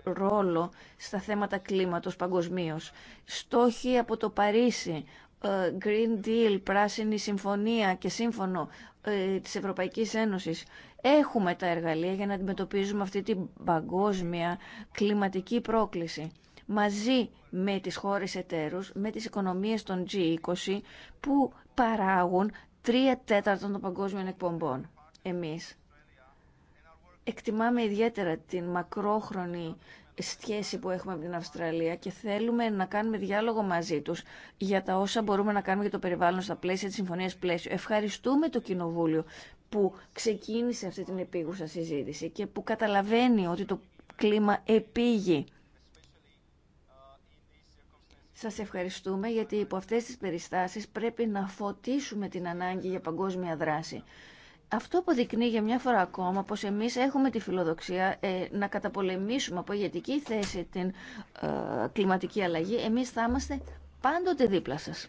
ρόλο στα θέματα κλίματος παγκοσμίως. Στόχοι από το Παρίσι, ε, Green Deal, Πράσινη Συμφωνία και Σύμφωνο ε, της Ευρωπαϊκής Ένωσης Έχουμε τα εργαλεία για να αντιμετωπίζουμε αυτή την παγκόσμια κλιματική πρόκληση μαζί με τις χώρες εταίρους, με τις οικονομίες των G20 που παράγουν τρία τέταρτα των παγκόσμιων εκπομπών. Εμείς εκτιμάμε ιδιαίτερα την μακρόχρονη σχέση που έχουμε με την Αυστραλία και θέλουμε να κάνουμε διάλογο μαζί τους για τα όσα μπορούμε να κάνουμε για το περιβάλλον στα πλαίσια της Συμφωνίας Πλαίσιο. Ευχαριστούμε το Κοινοβούλιο που ξεκίνησε αυτή την επίγουσα συζήτηση και που καταλαβαίνει ότι το κλίμα επήγει. Σας ευχαριστούμε γιατί υπό αυτές τις περιστάσεις πρέπει να φωτίσουμε την ανάγκη για παγκόσμια δράση. Αυτό αποδεικνύει για μια φορά ακόμα πως εμείς έχουμε τη φιλοδοξία ε, να καταπολεμήσουμε από ηγετική θέση την ε, κλιματική αλλαγή. Εμείς θα είμαστε πάντοτε δίπλα σας.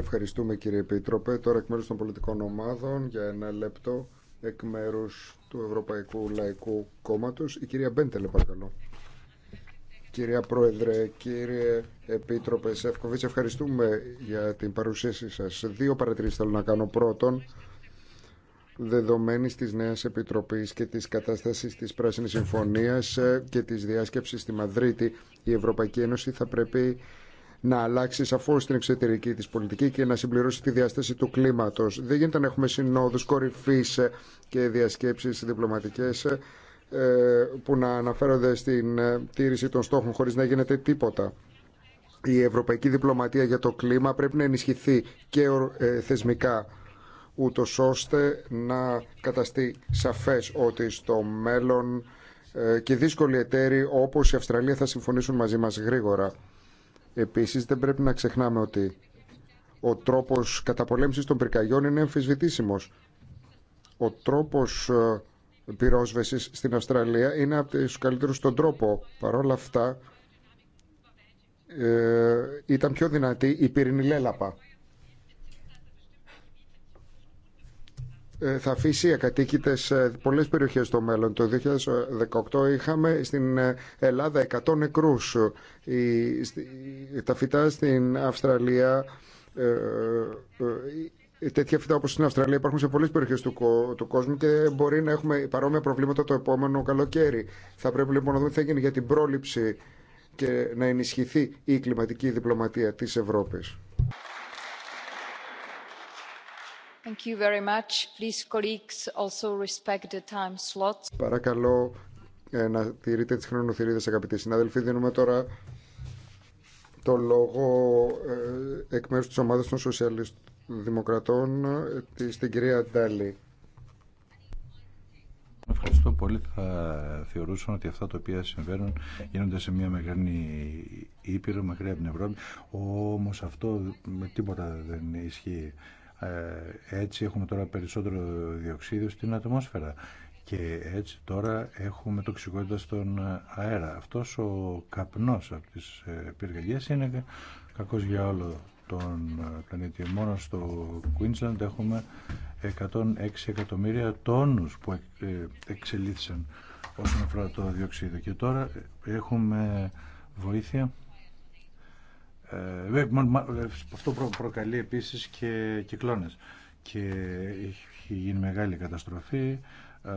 Ευχαριστούμε κύριε Επίτροπε. Τώρα εκ μέρου των πολιτικών ομάδων για ένα λεπτό εκ μέρου του Ευρωπαϊκού Λαϊκού Κόμματο. Η κυρία Μπέντελε παρακαλώ. Κυρία Πρόεδρε, κύριε Επίτροπε Σεύκοβιτ, ευχαριστούμε για την παρουσίασή σας. Δύο παρατηρήσει θέλω να κάνω. Πρώτον, δεδομένη τη νέα επιτροπή και τη κατάσταση τη Πράσινη Συμφωνία και τη διάσκεψης στη Μαδρίτη, η Ευρωπαϊκή Ένωση θα πρέπει να αλλάξει σαφώ την εξωτερική τη πολιτική και να συμπληρώσει τη διάσταση του κλίματο. Δεν γίνεται να έχουμε συνόδου κορυφή ε, και διασκέψει διπλωματικέ ε, που να αναφέρονται στην ε, τήρηση των στόχων χωρίς να γίνεται τίποτα. Η ευρωπαϊκή διπλωματία για το κλίμα πρέπει να ενισχυθεί και θεσμικά ούτω ώστε να καταστεί σαφές ότι στο μέλλον και δύσκολοι εταίροι όπως η Αυστραλία θα συμφωνήσουν μαζί μας γρήγορα. Επίσης δεν πρέπει να ξεχνάμε ότι ο τρόπος καταπολέμησης των πυρκαγιών είναι εμφισβητήσιμος. Ο τρόπος ε, πυρόσβεσης στην Αυστραλία είναι από τους καλύτερους στον τρόπο. Παρ' όλα αυτά ε, ήταν πιο δυνατή η πυρηνή Ε, θα αφήσει ακατοίκητες ε, πολλές περιοχές στο μέλλον. Το 2018 είχαμε στην ε, Ελλάδα 100 νεκρούς. Τα φυτά στην Αυστραλία τέτοια φυτά όπως στην Αυστραλία υπάρχουν σε πολλές περιοχές του, κόσμου και μπορεί να έχουμε παρόμοια προβλήματα το επόμενο καλοκαίρι. Θα πρέπει λοιπόν να δούμε τι θα γίνει για την πρόληψη και να ενισχυθεί η κλιματική διπλωματία της Ευρώπης. Παρακαλώ να τηρείτε τις χρονοθυρίδες αγαπητοί συνάδελφοι. Δίνουμε τώρα το λόγο ε, εκ μέρους της ομάδας των σοσιαλιστών ε, στην κυρία Ντάλη. Ευχαριστώ πολύ. Θα θεωρούσαν ότι αυτά τα οποία συμβαίνουν γίνονται σε μια μεγάλη ήπειρο, μακριά από την Ευρώπη. Όμως αυτό με τίποτα δεν ισχύει. Ε, έτσι έχουμε τώρα περισσότερο διοξίδιο στην ατμόσφαιρα και έτσι τώρα έχουμε τοξικότητα στον αέρα. Αυτός ο καπνός από τις ε, πυρκαγιές είναι κακός για όλο τον ε, πλανήτη. Μόνο στο Queensland έχουμε 106 εκατομμύρια τόνους που εξελίθησαν όσον αφορά το διοξίδιο. Και τώρα έχουμε βοήθεια ε, αυτό προκαλεί επίσης και κυκλώνες και έχει γίνει μεγάλη καταστροφή ε,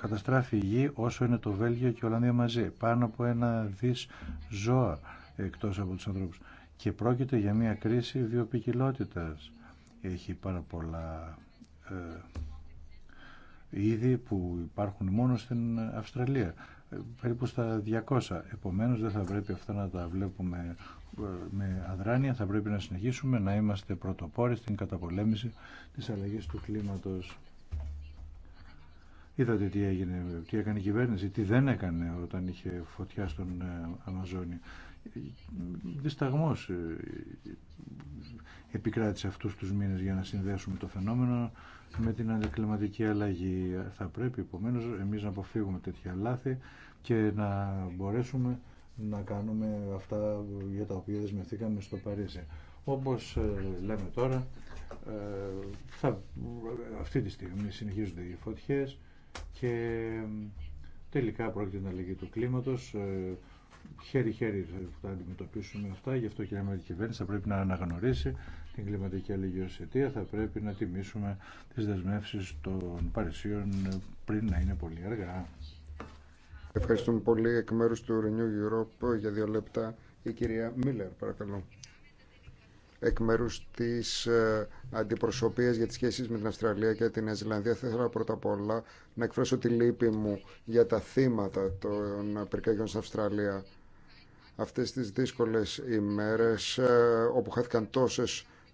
καταστράφει η γη όσο είναι το Βέλγιο και η Ολλανδία μαζί πάνω από ένα δις ζώα εκτός από τους ανθρώπους και πρόκειται για μια κρίση βιοπικιλότητας έχει πάρα πολλά ε, είδη που υπάρχουν μόνο στην Αυστραλία περίπου στα 200. Επομένως δεν θα πρέπει αυτά να τα βλέπουμε ε, με αδράνεια, θα πρέπει να συνεχίσουμε να είμαστε πρωτοπόροι στην καταπολέμηση της αλλαγής του κλίματος. Είδατε τι έγινε, τι έκανε η κυβέρνηση, τι δεν έκανε όταν είχε φωτιά στον ε, Αμαζόνιο. Δισταγμός ε, επικράτησε αυτούς τους μήνες για να συνδέσουμε το φαινόμενο με την αντικλιματική αλλαγή. Θα πρέπει επομένως εμείς να αποφύγουμε τέτοια λάθη και να μπορέσουμε να κάνουμε αυτά για τα οποία δεσμευθήκαμε στο Παρίσι. Όπως ε, λέμε τώρα, ε, θα, αυτή τη στιγμή συνεχίζονται οι φωτιές και τελικά πρόκειται να αλλαγή το κλίματος. Ε, χέρι-χέρι θα αντιμετωπίσουμε αυτά, γι' αυτό και η κυβέρνηση θα πρέπει να αναγνωρίσει την κλιματική αλλαγή αιτία, θα πρέπει να τιμήσουμε τις δεσμεύσεις των Παρισίων πριν να είναι πολύ αργά. Ευχαριστούμε πολύ εκ μέρους του Renew Europe για δύο λεπτά η κυρία Μίλλερ παρακαλώ εκ μέρου τη ε, αντιπροσωπεία για τι σχέσει με την Αυστραλία και την Ζηλανδία, θα ήθελα πρώτα απ' όλα να εκφράσω τη λύπη μου για τα θύματα των πυρκαγιών στην Αυστραλία. Αυτέ τι δύσκολε ημέρε ε, όπου χάθηκαν τόσε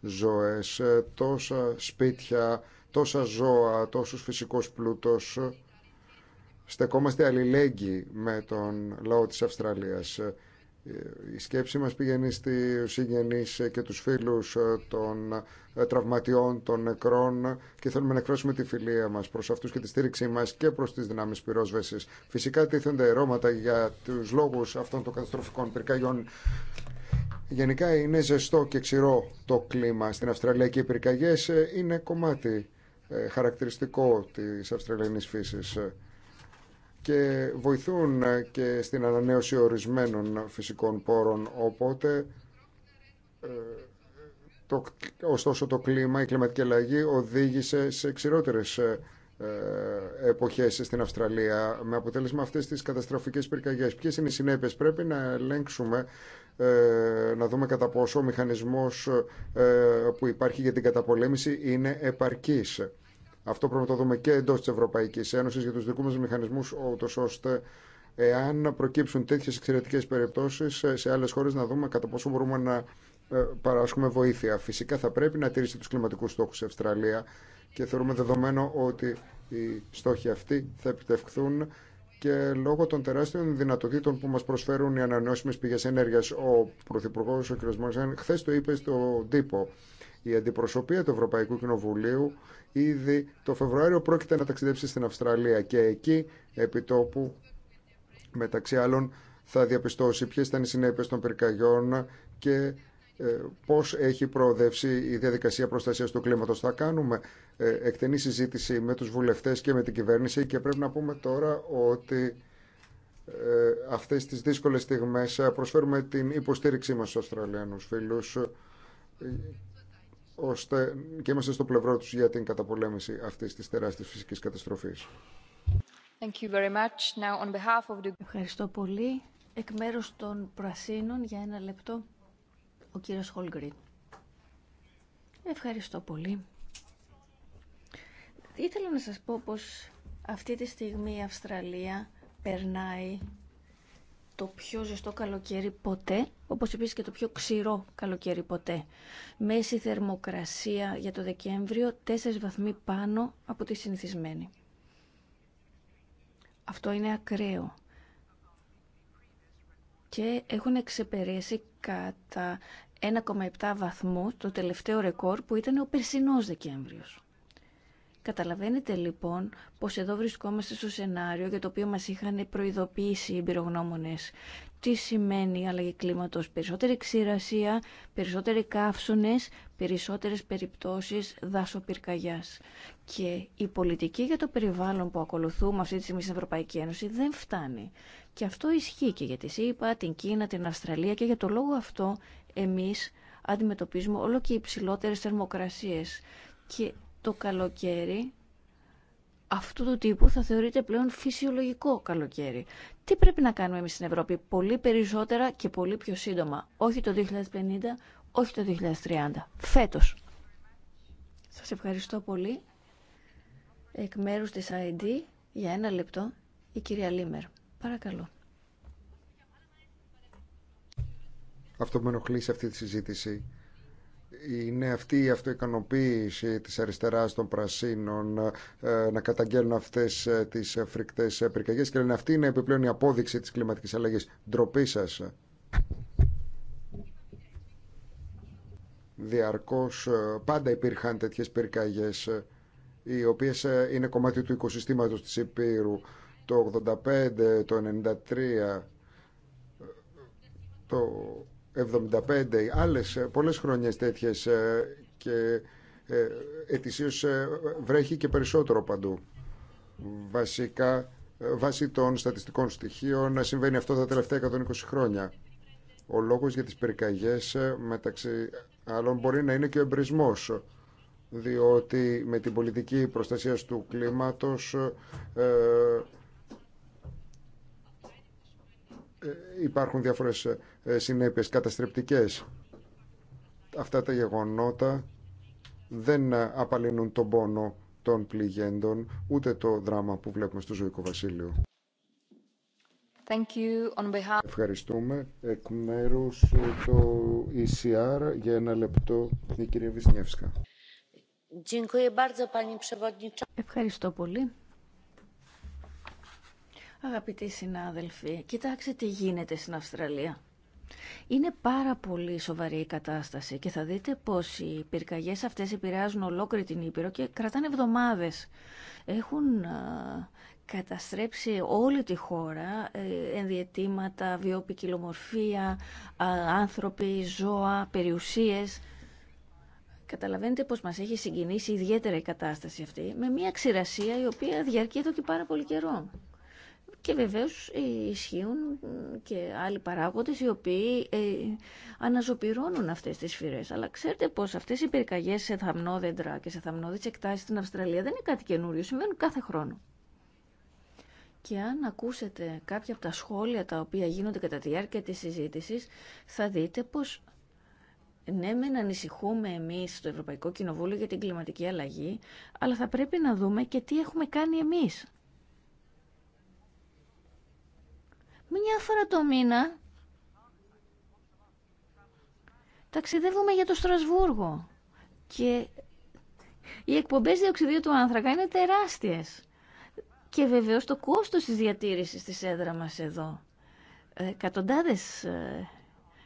ζωέ, ε, τόσα σπίτια, τόσα ζώα, τόσους φυσικός πλούτος στεκόμαστε αλληλέγγυοι με τον λαό της Αυστραλίας. Ε, η σκέψη μας πηγαίνει στους συγγενείς και τους φίλους των ε, τραυματιών, των νεκρών και θέλουμε να εκφράσουμε τη φιλία μας προς αυτούς και τη στήριξή μας και προς τις δυνάμεις πυρόσβεσης. Φυσικά τίθενται ερώματα για τους λόγους αυτών των καταστροφικών πυρκαγιών. Γενικά είναι ζεστό και ξηρό το κλίμα στην Αυστραλία και οι πυρκαγιές ε, είναι κομμάτι χαρακτηριστικό της Αυστραλιανής φύσης και βοηθούν ε, και στην ανανέωση ορισμένων φυσικών πόρων. Οπότε, ε, το, ωστόσο το κλίμα, η κλιματική αλλαγή οδήγησε σε ξηρότερες ε, εποχές στην Αυστραλία με αποτέλεσμα αυτές τις καταστροφικές πυρκαγιές. Ποιες είναι οι συνέπειες. Πρέπει να ελέγξουμε να δούμε κατά πόσο ο μηχανισμός που υπάρχει για την καταπολέμηση είναι επαρκής. Αυτό πρέπει να το δούμε και εντό τη Ευρωπαϊκή Ένωση για του δικού μα μηχανισμού, ούτω ώστε εάν προκύψουν τέτοιε εξαιρετικέ περιπτώσει σε άλλε χώρε να δούμε κατά πόσο μπορούμε να ε, παράσχουμε βοήθεια. Φυσικά θα πρέπει να τηρήσει του κλιματικού στόχου η Αυστραλία και θεωρούμε δεδομένο ότι οι στόχοι αυτοί θα επιτευχθούν και λόγω των τεράστιων δυνατοτήτων που μα προσφέρουν οι ανανεώσιμε πηγέ ενέργεια. Ο Πρωθυπουργό, ο κ. Μόρσεν, χθε το είπε στον τύπο. Η αντιπροσωπεία του Ευρωπαϊκού Κοινοβουλίου Ήδη το Φεβρουάριο πρόκειται να ταξιδέψει στην Αυστραλία και εκεί επί τόπου μεταξύ άλλων θα διαπιστώσει ποιες ήταν οι συνέπειες των πυρκαγιών και ε, πώς έχει προοδεύσει η διαδικασία προστασίας του κλίματος. Θα κάνουμε ε, εκτενή συζήτηση με τους βουλευτές και με την κυβέρνηση και πρέπει να πούμε τώρα ότι ε, αυτές τις δύσκολες στιγμές προσφέρουμε την υποστήριξή μας στους Αυστραλιανούς φίλους ώστε και είμαστε στο πλευρό τους για την καταπολέμηση αυτής της τεράστιας φυσικής καταστροφής. Thank you very much. Now, on of the... Ευχαριστώ πολύ. Εκ μέρους των Πρασίνων, για ένα λεπτό, ο κύριος Χολγκριν. Ευχαριστώ πολύ. Ήθελα να σας πω πως αυτή τη στιγμή η Αυστραλία περνάει το πιο ζεστό καλοκαίρι ποτέ, όπως επίσης και το πιο ξηρό καλοκαίρι ποτέ. Μέση θερμοκρασία για το Δεκέμβριο, 4 βαθμοί πάνω από τη συνηθισμένη. Αυτό είναι ακραίο. Και έχουν εξεπερέσει κατά 1,7 βαθμού το τελευταίο ρεκόρ που ήταν ο περσινός Δεκέμβριος. Καταλαβαίνετε λοιπόν πως εδώ βρισκόμαστε στο σενάριο για το οποίο μας είχαν προειδοποιήσει οι εμπειρογνώμονες. Τι σημαίνει η αλλαγή κλίματος, περισσότερη ξηρασία, περισσότεροι καύσονες, περισσότερες περιπτώσεις δάσοπυρκαγιάς. Και η πολιτική για το περιβάλλον που ακολουθούμε αυτή τη στιγμή στην Ευρωπαϊκή Ένωση δεν φτάνει. Και αυτό ισχύει και για τη ΣΥΠΑ, την Κίνα, την Αυστραλία και για το λόγο αυτό εμείς αντιμετωπίζουμε όλο και υψηλότερες θερμοκρασίες. Και το καλοκαίρι αυτού του τύπου θα θεωρείται πλέον φυσιολογικό καλοκαίρι. Τι πρέπει να κάνουμε εμείς στην Ευρώπη πολύ περισσότερα και πολύ πιο σύντομα. Όχι το 2050, όχι το 2030. Φέτος. Σας ευχαριστώ πολύ. Εκ μέρους της ID, για ένα λεπτό, η κυρία Λίμερ. Παρακαλώ. Αυτό που με ενοχλεί σε αυτή τη συζήτηση είναι αυτή η αυτοικανοποίηση της αριστεράς των πρασίνων ε, να καταγγέλνουν αυτές ε, τις ε, φρικτές πυρκαγιές και λένε αυτή είναι επιπλέον η απόδειξη της κλιματικής αλλαγής. Ντροπή σας. Διαρκώς πάντα υπήρχαν τέτοιες πυρκαγιές οι οποίες είναι κομμάτι του οικοσυστήματος της Επίρου το 85, το 93 το 75, άλλες ε, πολλές χρόνιες τέτοιες ε, και ε, ετησίως βρέχει και περισσότερο παντού. Βασικά, βάσει των στατιστικών στοιχείων, να συμβαίνει αυτό τα τελευταία 120 χρόνια. Ο λόγος για τις πυρκαγιές, μεταξύ άλλων, μπορεί να είναι και ο εμπρισμός διότι με την πολιτική προστασία του κλίματος ε, υπάρχουν διάφορες ε, συνέπειες καταστρεπτικές. Αυτά τα γεγονότα δεν ε, απαλύνουν τον πόνο των πληγέντων, ούτε το δράμα που βλέπουμε στο ζωικό βασίλειο. Ευχαριστούμε. Εκ μέρου ε, του ECR για ένα λεπτό η κυρία Βυσνιεύσκα. Ευχαριστώ πολύ. Αγαπητοί συνάδελφοι, κοιτάξτε τι γίνεται στην Αυστραλία. Είναι πάρα πολύ σοβαρή η κατάσταση και θα δείτε πως οι πυρκαγιές αυτές επηρεάζουν ολόκληρη την Ήπειρο και κρατάνε εβδομάδες. Έχουν καταστρέψει όλη τη χώρα, ε, ενδιαιτήματα, βιοπικιλομορφία, άνθρωποι, ζώα, περιουσίες. Καταλαβαίνετε πως μας έχει συγκινήσει ιδιαίτερα η κατάσταση αυτή με μια ξηρασία η οποία διαρκεί εδώ και πάρα πολύ καιρό και βεβαίως ισχύουν και άλλοι παράγοντες οι οποίοι ε, αναζωπυρώνουν αυτές τις φυρές. Αλλά ξέρετε πως αυτές οι πυρκαγιές σε θαμνόδεντρα και σε θαμνόδε εκτάσεις στην Αυστραλία δεν είναι κάτι καινούριο, συμβαίνουν κάθε χρόνο. Και αν ακούσετε κάποια από τα σχόλια τα οποία γίνονται κατά τη διάρκεια της συζήτησης, θα δείτε πως ναι, μεν ανησυχούμε εμεί στο Ευρωπαϊκό Κοινοβούλιο για την κλιματική αλλαγή, αλλά θα πρέπει να δούμε και τι έχουμε κάνει εμεί. Μια φορά το μήνα ταξιδεύουμε για το Στρασβούργο και οι εκπομπές διοξιδίου του άνθρακα είναι τεράστιες. Και βεβαίως το κόστος της διατήρησης της έδρα μας εδώ. Ε, εκατοντάδες ε,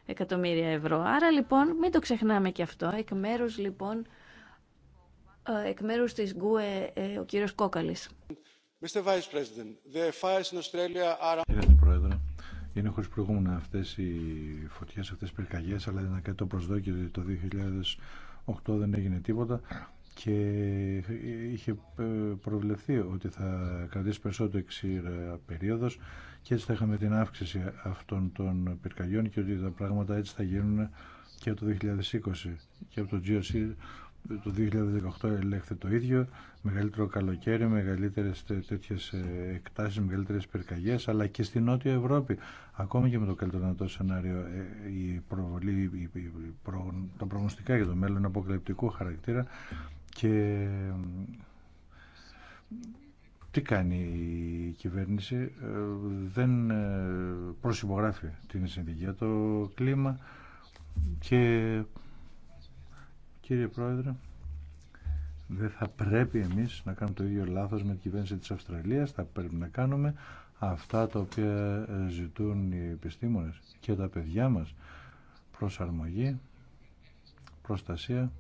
εκατομμύρια ευρώ. Άρα λοιπόν μην το ξεχνάμε και αυτό. Εκ μέρους λοιπόν ε, εκ της ΓΚΟΕ ο κύριος Κόκαλης. Mr. Vice President, in Australia είναι χωρίς προηγούμενα αυτές οι φωτιές, αυτές οι πυρκαγιές, αλλά ήταν κάτι το προσδόκιο το 2008 δεν έγινε τίποτα και είχε ε, προβλεφθεί ότι θα κρατήσει περισσότερο εξήρα περίοδος και έτσι θα είχαμε την αύξηση αυτών των πυρκαγιών και ότι τα πράγματα έτσι θα γίνουν και από το 2020 και από το GOC το 2018 ελέγχεται το ίδιο, μεγαλύτερο καλοκαίρι, μεγαλύτερες τέτοιες ε, εκτάσεις, μεγαλύτερες πυρκαγιές, αλλά και στη Νότια Ευρώπη. Ακόμη και με το καλύτερο σενάριο, ε, η προβολή, η, η, προ, τα προγνωστικά για το μέλλον αποκλειπτικού χαρακτήρα και τι κάνει η κυβέρνηση, ε, δεν προσυπογράφει την συνδικία το κλίμα και Κύριε Πρόεδρε, δεν θα πρέπει εμείς να κάνουμε το ίδιο λάθος με την κυβέρνηση της Αυστραλίας. Θα πρέπει να κάνουμε αυτά τα οποία ε, ζητούν οι επιστήμονες και τα παιδιά μας. Προσαρμογή, προστασία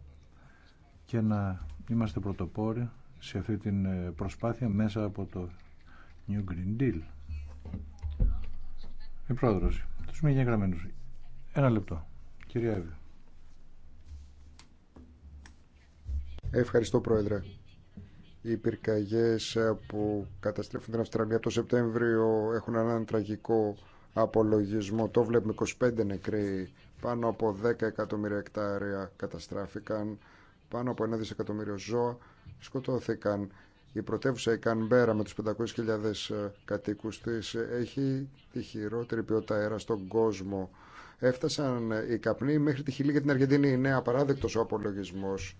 και να είμαστε πρωτοπόροι σε αυτή την ε, προσπάθεια μέσα από το New Green Deal. Η ε, πρόεδρος, τους μη γεγραμμένους. Ένα λεπτό. Κυρία Εύη. Ευχαριστώ, Πρόεδρε. Οι πυρκαγιές που καταστρέφουν την Αυστραλία από το Σεπτέμβριο έχουν έναν τραγικό απολογισμό. Το βλέπουμε 25 νεκροί, πάνω από 10 εκατομμύρια εκτάρια καταστράφηκαν, πάνω από 1 δισεκατομμύριο ζώα σκοτώθηκαν. Η πρωτεύουσα η Κανμπέρα με τους 500.000 κατοίκους της έχει τη χειρότερη ποιότητα αέρα στον κόσμο. Έφτασαν οι καπνοί μέχρι τη χιλή για την Αργεντινή. Είναι απαράδεκτος ο απολογισμός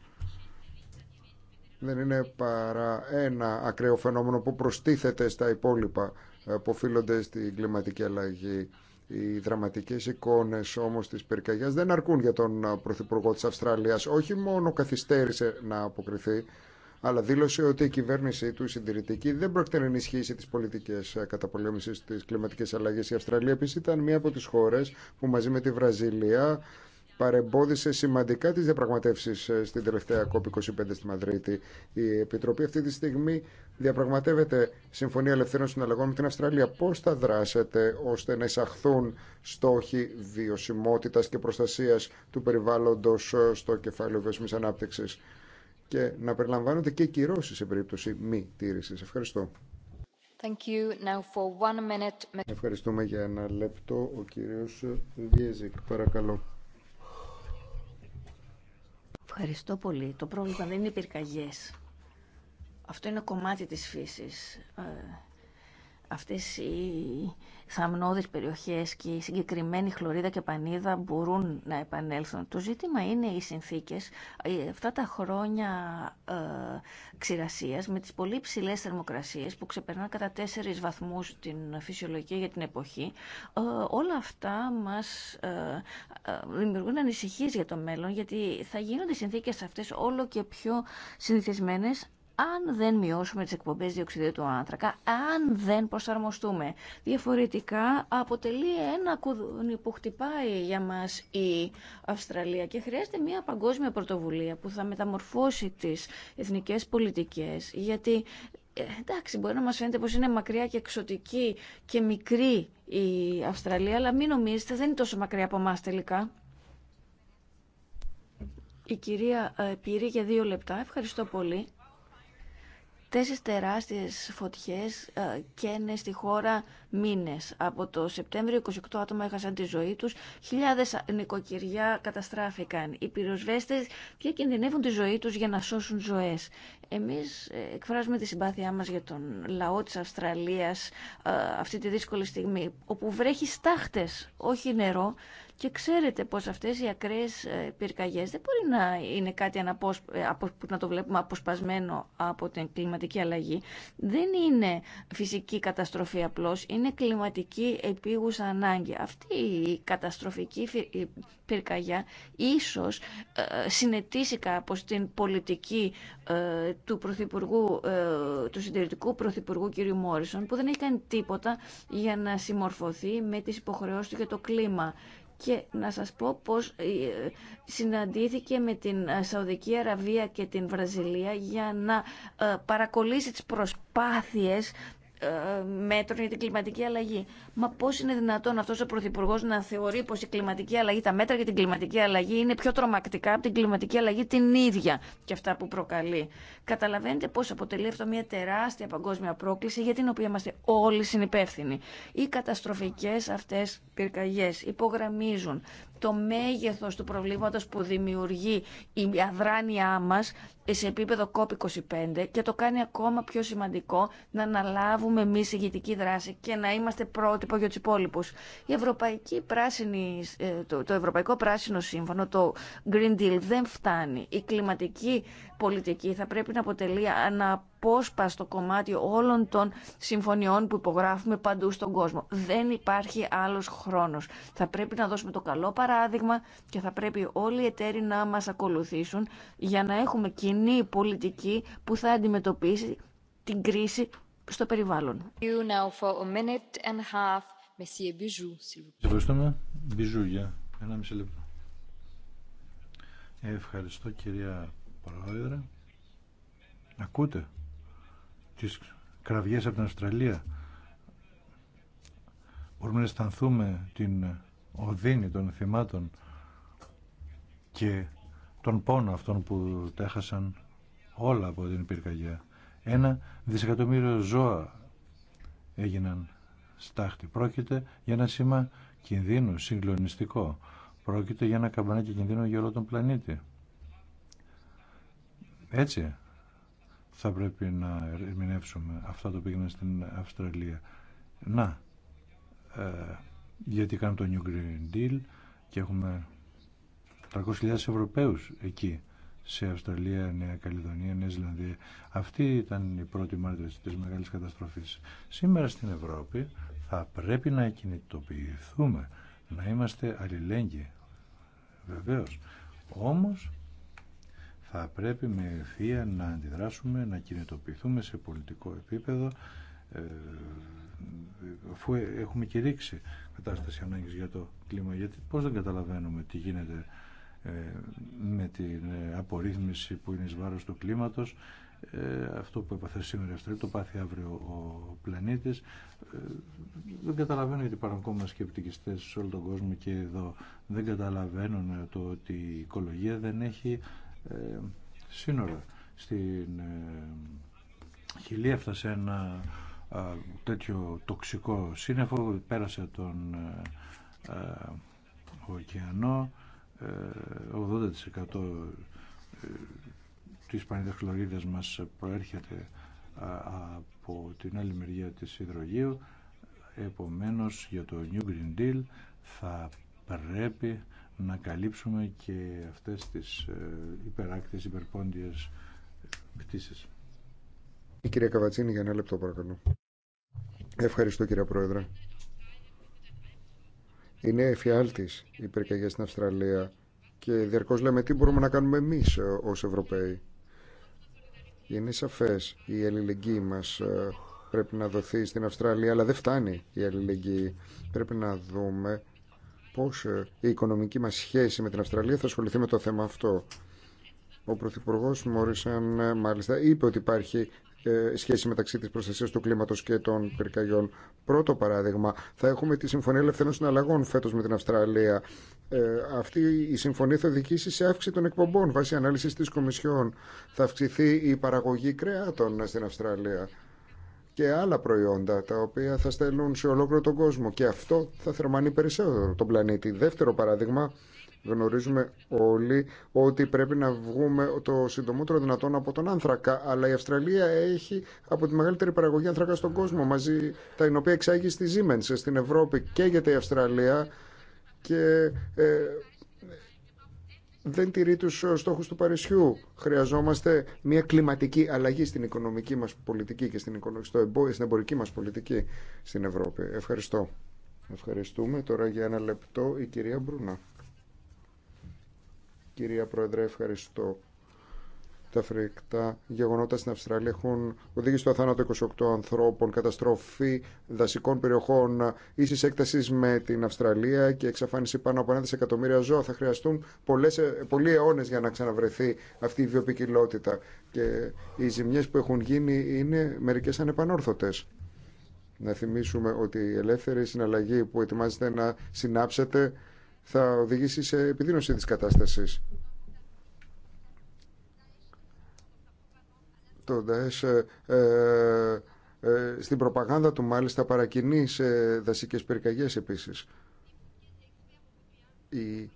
δεν είναι παρά ένα ακραίο φαινόμενο που προστίθεται στα υπόλοιπα ε, που οφείλονται στην κλιματική αλλαγή. Οι δραματικές εικόνες όμως της πυρκαγιάς δεν αρκούν για τον ε, Πρωθυπουργό της Αυστραλίας. Όχι μόνο καθυστέρησε να αποκριθεί, αλλά δήλωσε ότι η κυβέρνησή του, η συντηρητική, δεν πρόκειται να ενισχύσει τι πολιτικέ ε, καταπολέμησης τη κλιματική αλλαγή. Η Αυστραλία επίση ήταν μία από τι χώρε που μαζί με τη Βραζιλία παρεμπόδισε σημαντικά τις διαπραγματεύσεις ε, στην τελευταία COP25 στη Μαδρίτη. Η Επιτροπή αυτή τη στιγμή διαπραγματεύεται Συμφωνία Ελευθερών Συναλλαγών με την Αυστραλία. Πώς θα δράσετε ώστε να εισαχθούν στόχοι βιωσιμότητας και προστασίας του περιβάλλοντος ε, στο κεφάλαιο βιώσιμης ανάπτυξης και να περιλαμβάνονται και κυρώσεις σε περίπτωση μη τήρησης. Ευχαριστώ. Thank Ευχαριστούμε για ένα λεπτό. Ο κύριος Βιέζικ, παρακαλώ. Ευχαριστώ πολύ. Το πρόβλημα δεν είναι οι πυρκαγιές. Αυτό είναι κομμάτι της φύσης. Ε, αυτές οι θαμνώδεις περιοχές και η συγκεκριμένη χλωρίδα και πανίδα μπορούν να επανέλθουν. Το ζήτημα είναι οι συνθήκες ε, αυτά τα χρόνια ε, ξηρασίας με τις πολύ ψηλές θερμοκρασίες που ξεπερνάνε κατά τέσσερις βαθμούς την φυσιολογική για την εποχή. Ε, όλα αυτά μας ε, ε, δημιουργούν ανησυχίες για το μέλλον γιατί θα γίνονται οι συνθήκες αυτές όλο και πιο συνηθισμένες αν δεν μειώσουμε τις εκπομπές διοξιδίου του άνθρακα, αν δεν προσαρμοστούμε. Διαφορετικά αποτελεί ένα κουδούνι που χτυπάει για μας η Αυστραλία και χρειάζεται μια παγκόσμια πρωτοβουλία που θα μεταμορφώσει τις εθνικές πολιτικές, γιατί ε, εντάξει, μπορεί να μας φαίνεται πως είναι μακριά και εξωτική και μικρή η Αυστραλία, αλλά μην νομίζετε, δεν είναι τόσο μακριά από εμά τελικά. Η κυρία πήρε για δύο λεπτά. Ευχαριστώ πολύ. Τέσσερις τεράστιες φωτιές ε, καίνε στη χώρα μήνες. Από το Σεπτέμβριο 28 άτομα έχασαν τη ζωή τους, χιλιάδες νοικοκυριά καταστράφηκαν. Οι πυροσβέστες κινδυνεύουν τη ζωή τους για να σώσουν ζωές. Εμείς ε, εκφράζουμε τη συμπάθειά μας για τον λαό της Αυστραλίας ε, αυτή τη δύσκολη στιγμή, όπου βρέχει στάχτες, όχι νερό, και ξέρετε πως αυτές οι ακραίε πυρκαγιέ δεν μπορεί να είναι κάτι ε, που να το βλέπουμε αποσπασμένο από την κλιματική αλλαγή. Δεν είναι φυσική καταστροφή απλώς, είναι κλιματική επίγουσα ανάγκη. Αυτή η καταστροφική πυρκαγιά ίσως ε, συνετίσει κάπω την πολιτική ε, του, του συντηρητικού Πρωθυπουργού κ. Μόρισον που δεν έχει κάνει τίποτα για να συμμορφωθεί με τι υποχρεώσει του για το κλίμα και να σας πω πως ε, συναντήθηκε με την ε, Σαουδική Αραβία και την Βραζιλία για να ε, παρακολύσει τις προσπάθειες ε, μέτρων για την κλιματική αλλαγή. Μα πώ είναι δυνατόν αυτό ο Πρωθυπουργό να θεωρεί πω η κλιματική αλλαγή, τα μέτρα για την κλιματική αλλαγή είναι πιο τρομακτικά από την κλιματική αλλαγή την ίδια και αυτά που προκαλεί. Καταλαβαίνετε πώ αποτελεί αυτό μια τεράστια παγκόσμια πρόκληση για την οποία είμαστε όλοι συνυπεύθυνοι. Οι καταστροφικέ αυτέ πυρκαγιέ υπογραμμίζουν το μέγεθος του προβλήματος που δημιουργεί η αδράνειά μας σε επίπεδο COP25 και το κάνει ακόμα πιο σημαντικό να αναλάβουμε εμεί ηγητική δράση και να είμαστε πρότυπο για τους υπόλοιπους. Η Ευρωπαϊκή πράσινη, ε, το, το Ευρωπαϊκό Πράσινο Σύμφωνο, το Green Deal δεν φτάνει. Η κλιματική πολιτική θα πρέπει να αποτελεί αναπόσπαστο κομμάτι όλων των συμφωνιών που υπογράφουμε παντού στον κόσμο. Δεν υπάρχει άλλος χρόνος. Θα πρέπει να δώσουμε το καλό παράδειγμα και θα πρέπει όλοι οι εταίροι να μας ακολουθήσουν για να έχουμε κοινή πολιτική που θα αντιμετωπίσει την κρίση στο περιβάλλον. Ευχαριστώ κυρία Πρόεδρε. Ακούτε τις κραυγές από την Αυστραλία. Μπορούμε να αισθανθούμε την οδύνη των θυμάτων και τον πόνο αυτών που τέχασαν όλα από την πυρκαγιά. Ένα δισεκατομμύριο ζώα έγιναν στάχτη. Πρόκειται για ένα σήμα κινδύνου συγκλονιστικό. Πρόκειται για ένα καμπανάκι κινδύνου για όλο τον πλανήτη. Έτσι θα πρέπει να ερμηνεύσουμε αυτά το έγιναν στην Αυστραλία. Να, ε, γιατί κάνουμε το New Green Deal και έχουμε 300.000 Ευρωπαίους εκεί σε Αυστραλία, Νέα Καλλιδονία, Νέα Ζηλανδία. Αυτή ήταν η πρώτη μάρτυρα της μεγάλης καταστροφής. Σήμερα στην Ευρώπη θα πρέπει να κινητοποιηθούμε, να είμαστε αλληλέγγυοι. Βεβαίως. Όμως θα πρέπει με ευθεία να αντιδράσουμε, να κινητοποιηθούμε σε πολιτικό επίπεδο ε, αφού έχουμε κηρύξει κατάσταση ανάγκης για το κλίμα γιατί πώς δεν καταλαβαίνουμε τι γίνεται ε, με την ε, απορρίθμιση που είναι εις βάρος του κλίματος αυτό που έπαθε σήμερα η το πάθει αύριο ο πλανήτης δεν καταλαβαίνω γιατί υπάρχουν ακόμα σκεπτικιστές σε όλο τον κόσμο και εδώ δεν καταλαβαίνουν το ότι η οικολογία δεν έχει ε, σύνορα. Στην ε, Χιλή έφτασε ένα τέτοιο τοξικό σύννεφο, πέρασε τον ε, ωκεανό, 80% της πανιδεχλωρίδας μας προέρχεται από την άλλη μεριά της υδρογείου επομένως για το New Green Deal θα πρέπει να καλύψουμε και αυτές τις ε, υπεράκτες, υπερπόντιες ε, πτήσει. Η κυρία Καβατσίνη για ένα λεπτό παρακαλώ. Ευχαριστώ κύριε Πρόεδρε. Είναι εφιάλτης η πυρκαγιά στην Αυστραλία και διαρκώς λέμε τι μπορούμε να κάνουμε εμείς ε, ως Ευρωπαίοι. Είναι σαφές η αλληλεγγύη μας πρέπει να δοθεί στην Αυστραλία, αλλά δεν φτάνει η αλληλεγγύη. Πρέπει να δούμε πώς ε, η οικονομική μας σχέση με την Αυστραλία θα ασχοληθεί με το θέμα αυτό. Ο Πρωθυπουργό Μόρισαν ε, μάλιστα είπε ότι υπάρχει ε, σχέση μεταξύ της προστασίας του κλίματος και των πυρκαγιών. Πρώτο παράδειγμα, θα έχουμε τη Συμφωνία Ελευθερών Συναλλαγών φέτος με την Αυστραλία. αυτή η συμφωνία θα οδηγήσει σε αύξηση των εκπομπών βάσει ανάλυσης της Κομισιόν. Θα αυξηθεί η παραγωγή κρεάτων στην Αυστραλία και άλλα προϊόντα τα οποία θα στέλνουν σε ολόκληρο τον κόσμο και αυτό θα θερμανεί περισσότερο τον πλανήτη. Δεύτερο παράδειγμα, γνωρίζουμε όλοι ότι πρέπει να βγούμε το συντομότερο δυνατόν από τον άνθρακα, αλλά η Αυστραλία έχει από τη μεγαλύτερη παραγωγή άνθρακα στον κόσμο, μαζί τα οποία εξάγει στη Siemens, στην Ευρώπη και η Αυστραλία και... Ε, δεν τηρεί τους ε, στόχους του Παρισιού. Χρειαζόμαστε μια κλιματική αλλαγή στην οικονομική μας πολιτική και στην, στην εμπορική μας πολιτική στην Ευρώπη. Ευχαριστώ. Ευχαριστούμε. Τώρα για ένα λεπτό η κυρία Μπρούνα. Κυρία Πρόεδρε, ευχαριστώ. Τα φρικτά γεγονότα στην Αυστραλία έχουν οδήγησει στο θάνατο 28 ανθρώπων, καταστροφή δασικών περιοχών ίσης έκτασης με την Αυστραλία και εξαφάνιση πάνω από ένα δισεκατομμύρια ζώα. Θα χρειαστούν πολλές, πολλοί αιώνε για να ξαναβρεθεί αυτή η βιοπικιλότητα. Και οι ζημιές που έχουν γίνει είναι μερικές ανεπανόρθωτες. Να θυμίσουμε ότι η ελεύθερη συναλλαγή που ετοιμάζεται να συνάψετε θα οδηγήσει σε επιδείνωση της κατάστασης. Ε, ε, ε, στην προπαγάνδα του μάλιστα παρακινεί σε δασικές πυρκαγιές επίσης. Οι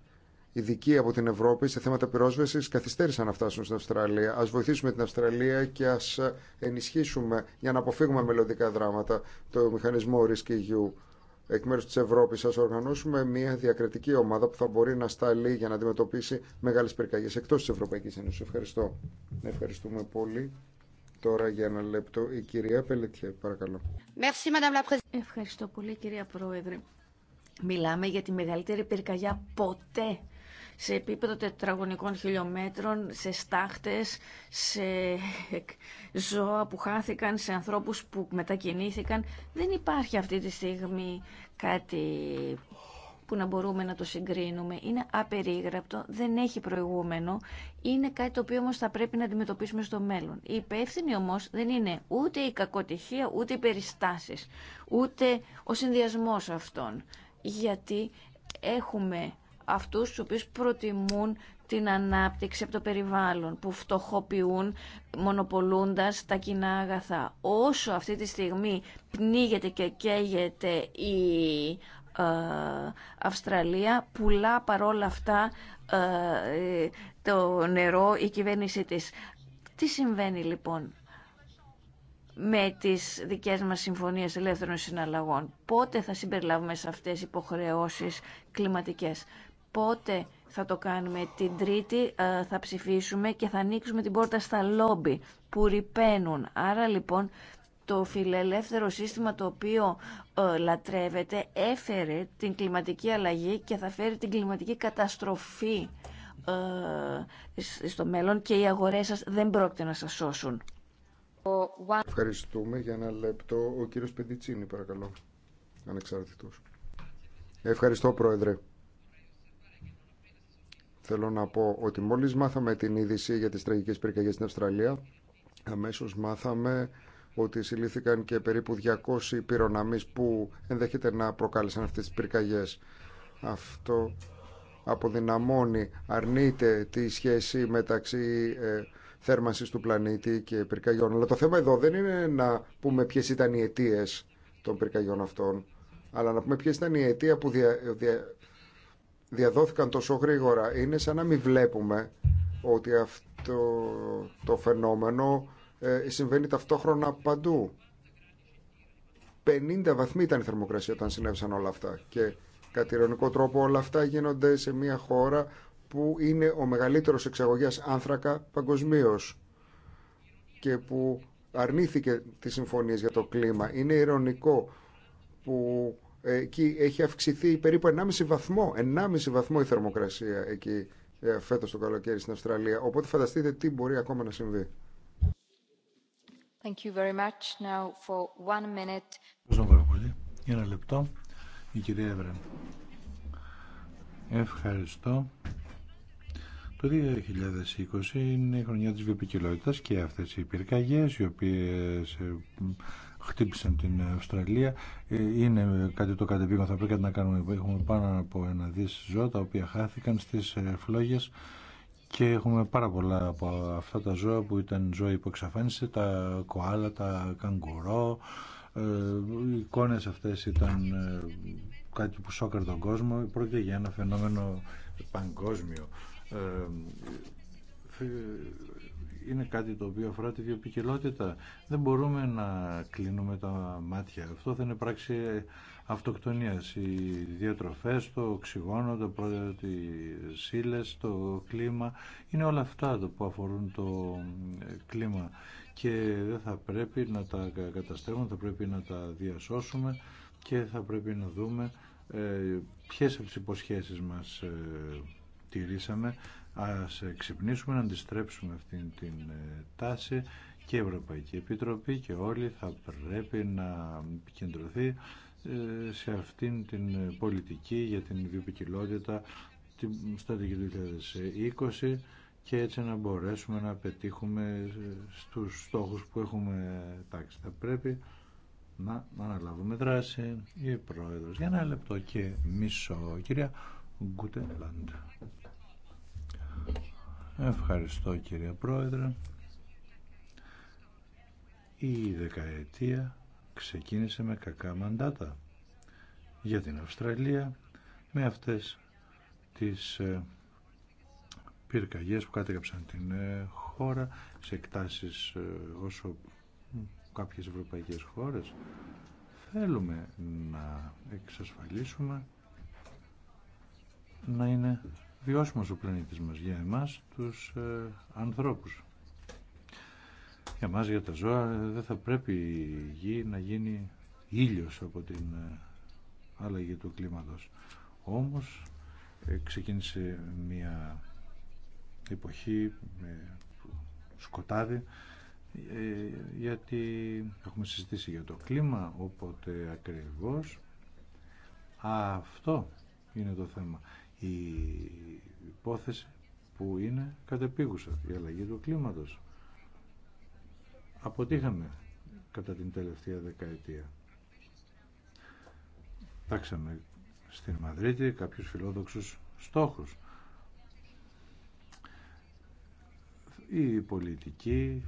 ειδικοί από την Ευρώπη σε θέματα πυρόσβεσης καθυστέρησαν να φτάσουν στην Αυστραλία. Ας βοηθήσουμε την Αυστραλία και ας ενισχύσουμε για να αποφύγουμε μελλοντικά δράματα το μηχανισμό Risk e εκ μέρους της Ευρώπης ας οργανώσουμε μια διακριτική ομάδα που θα μπορεί να σταλεί για να αντιμετωπίσει μεγάλες πυρκαγιές εκτός της Ευρωπαϊκή Ένωση. Ευχαριστώ. Ευχαριστούμε πολύ. Τώρα για ένα λεπτό η κυρία Πελετιέ, παρακαλώ. Ευχαριστώ πολύ κυρία Πρόεδρε. Μιλάμε για τη μεγαλύτερη πυρκαγιά ποτέ σε επίπεδο τετραγωνικών χιλιόμετρων, σε στάχτες, σε ζώα που χάθηκαν, σε ανθρώπους που μετακινήθηκαν. Δεν υπάρχει αυτή τη στιγμή κάτι που να μπορούμε να το συγκρίνουμε. Είναι απερίγραπτο, δεν έχει προηγούμενο. Είναι κάτι το οποίο όμω θα πρέπει να αντιμετωπίσουμε στο μέλλον. Η υπεύθυνη όμω δεν είναι ούτε η κακοτυχία, ούτε οι περιστάσει, ούτε ο συνδυασμό αυτών. Γιατί έχουμε αυτούς του οποίου προτιμούν την ανάπτυξη από το περιβάλλον, που φτωχοποιούν μονοπολούντας τα κοινά αγαθά. Όσο αυτή τη στιγμή πνίγεται και καίγεται η ε, Αυστραλία πουλά παρόλα αυτά ε, το νερό η κυβέρνησή της. Τι συμβαίνει λοιπόν με τις δικές μας συμφωνίες ελεύθερων συναλλαγών. Πότε θα συμπεριλάβουμε σε αυτές υποχρεώσεις κλιματικές. Πότε θα το κάνουμε. Την Τρίτη ε, θα ψηφίσουμε και θα ανοίξουμε την πόρτα στα λόμπι που ρηπαίνουν. Άρα λοιπόν το φιλελεύθερο σύστημα το οποίο ε, λατρεύεται έφερε την κλιματική αλλαγή και θα φέρει την κλιματική καταστροφή ε, στο μέλλον και οι αγορές σας δεν πρόκειται να σας σώσουν. Ευχαριστούμε για ένα λεπτό. Ο κύριος Πεντιτσίνη παρακαλώ. Ανεξαρτητός. Ευχαριστώ Πρόεδρε. Θέλω να πω ότι μόλις μάθαμε την είδηση για τις τραγικές πυρκαγιές στην Αυστραλία, αμέσως μάθαμε ότι συλλήθηκαν και περίπου 200 πυροναμείς που ενδέχεται να προκάλεσαν αυτές τις πυρκαγιές. Αυτό αποδυναμώνει, αρνείται τη σχέση μεταξύ ε, θέρμανσης του πλανήτη και πυρκαγιών. Αλλά το θέμα εδώ δεν είναι να πούμε ποιες ήταν οι αιτίε των πυρκαγιών αυτών, αλλά να πούμε ποιες ήταν οι αιτία που δια, διαδόθηκαν τόσο γρήγορα. Είναι σαν να μην βλέπουμε ότι αυτό το φαινόμενο ε, συμβαίνει ταυτόχρονα παντού. 50 βαθμοί ήταν η θερμοκρασία όταν συνέβησαν όλα αυτά και κατά ηρωνικό τρόπο όλα αυτά γίνονται σε μια χώρα που είναι ο μεγαλύτερος εξαγωγέας άνθρακα παγκοσμίω και που αρνήθηκε τις συμφωνίες για το κλίμα. Είναι ηρωνικό που ε, εκεί έχει αυξηθεί περίπου 1,5 βαθμό, 1,5 βαθμό η θερμοκρασία εκεί ε, φέτος το καλοκαίρι στην Αυστραλία. Οπότε φανταστείτε τι μπορεί ακόμα να συμβεί. Ευχαριστώ η κυρία Ευχαριστώ. Το 2020 είναι η χρονιά της βιοποικιλότητας και αυτές οι πυρκαγιές οι οποίες ε, χτύπησαν την Αυστραλία ε, είναι κάτι το κατεπίγον θα πρέπει να κάνουμε. Έχουμε πάνω από ένα δις ζώα τα οποία χάθηκαν στις ε, φλόγες και έχουμε πάρα πολλά από αυτά τα ζώα που ήταν ζώα που εξαφάνισε, τα κοάλα, τα καγκουρό, ε, οι εικόνες αυτές ήταν ε, κάτι που σόκαρε τον κόσμο, πρόκειται για ένα φαινόμενο παγκόσμιο. Ε, είναι κάτι το οποίο αφορά τη βιοπικιλότητα. Δεν μπορούμε να κλείνουμε τα μάτια. Αυτό θα είναι πράξη αυτοκτονίας, οι διατροφές, το οξυγόνο, το πρόεδρο τι σύλλες, το κλίμα. Είναι όλα αυτά το που αφορούν το ε, κλίμα και δεν θα πρέπει να τα καταστρέφουμε, θα πρέπει να τα διασώσουμε και θα πρέπει να δούμε ε, ποιες από τις υποσχέσεις μας ε, τηρήσαμε. Ας ξυπνήσουμε να αντιστρέψουμε αυτήν την ε, τάση και η Ευρωπαϊκή Επιτροπή και όλοι θα πρέπει να επικεντρωθεί ε, σε αυτήν την πολιτική για την βιοποικιλότητα την στρατηγική 2020 και έτσι να μπορέσουμε να πετύχουμε στους στόχους που έχουμε τάξει. Θα πρέπει να αναλάβουμε δράση η Πρόεδρος. Για ένα λεπτό και μισό, κυρία Γκούτελαντ. Ευχαριστώ κυρία Πρόεδρε. Η δεκαετία ξεκίνησε με κακά μαντάτα για την Αυστραλία με αυτές τις ε, πυρκαγιές που κάτεγαψαν την ε, χώρα σε εκτάσεις ε, όσο κάποιες ευρωπαϊκές χώρες θέλουμε να εξασφαλίσουμε να είναι βιώσιμος ο πλανήτης μας για εμάς τους ανθρώπους για μας, για τα ζώα, ε, δεν θα πρέπει η γη να γίνει ήλιος από την ε, άλλαγη του κλίματος. Όμως, ε, ξεκίνησε μια εποχή με σκοτάδι, γιατί έχουμε συζητήσει για το κλίμα, οπότε ακριβώς αυτό είναι το θέμα. Η υπόθεση που είναι κατεπίγουσα, η αλλαγή του κλίματος αποτύχαμε κατά την τελευταία δεκαετία. Τάξαμε στην Μαδρίτη κάποιους φιλόδοξους στόχους. Οι πολιτικοί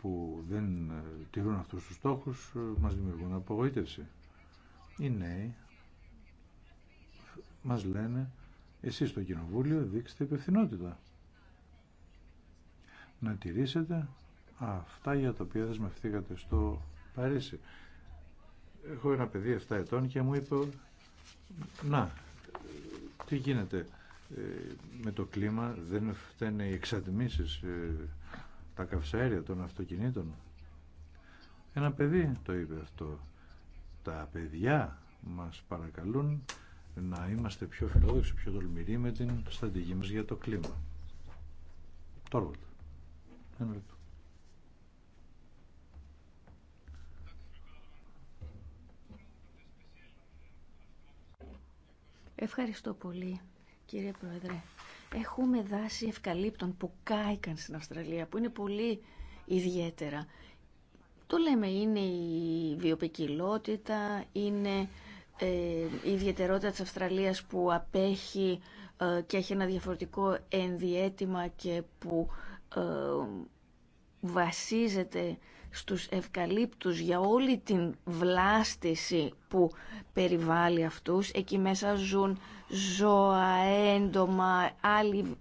που δεν ε, τηρούν αυτούς τους στόχους ε, μας δημιουργούν απογοήτευση. Οι νέοι μας λένε εσείς στο κοινοβούλιο δείξτε υπευθυνότητα. Να τηρήσετε αυτά για τα οποία δεσμευθήκατε στο Παρίσι. Έχω ένα παιδί 7 ετών και μου είπε να, τι γίνεται ε, με το κλίμα, δεν φταίνε οι εξατμίσεις, ε, τα καυσαέρια των αυτοκινήτων. Ένα παιδί το είπε αυτό. Τα παιδιά μας παρακαλούν να είμαστε πιο φιλόδοξοι, πιο τολμηροί με την στρατηγική μας για το κλίμα. Τόρβολτ. Ένα λεπτό. Ευχαριστώ πολύ κύριε Πρόεδρε. Έχουμε δάση ευκαλύπτων που κάηκαν στην Αυστραλία, που είναι πολύ ιδιαίτερα. Το λέμε, είναι η βιοπικιλότητα, είναι ε, η ιδιαιτερότητα της Αυστραλίας που απέχει ε, και έχει ένα διαφορετικό ενδιέτημα και που ε, βασίζεται στους ευκαλύπτους για όλη την βλάστηση που περιβάλλει αυτούς. Εκεί μέσα ζουν ζώα, έντομα, άλλη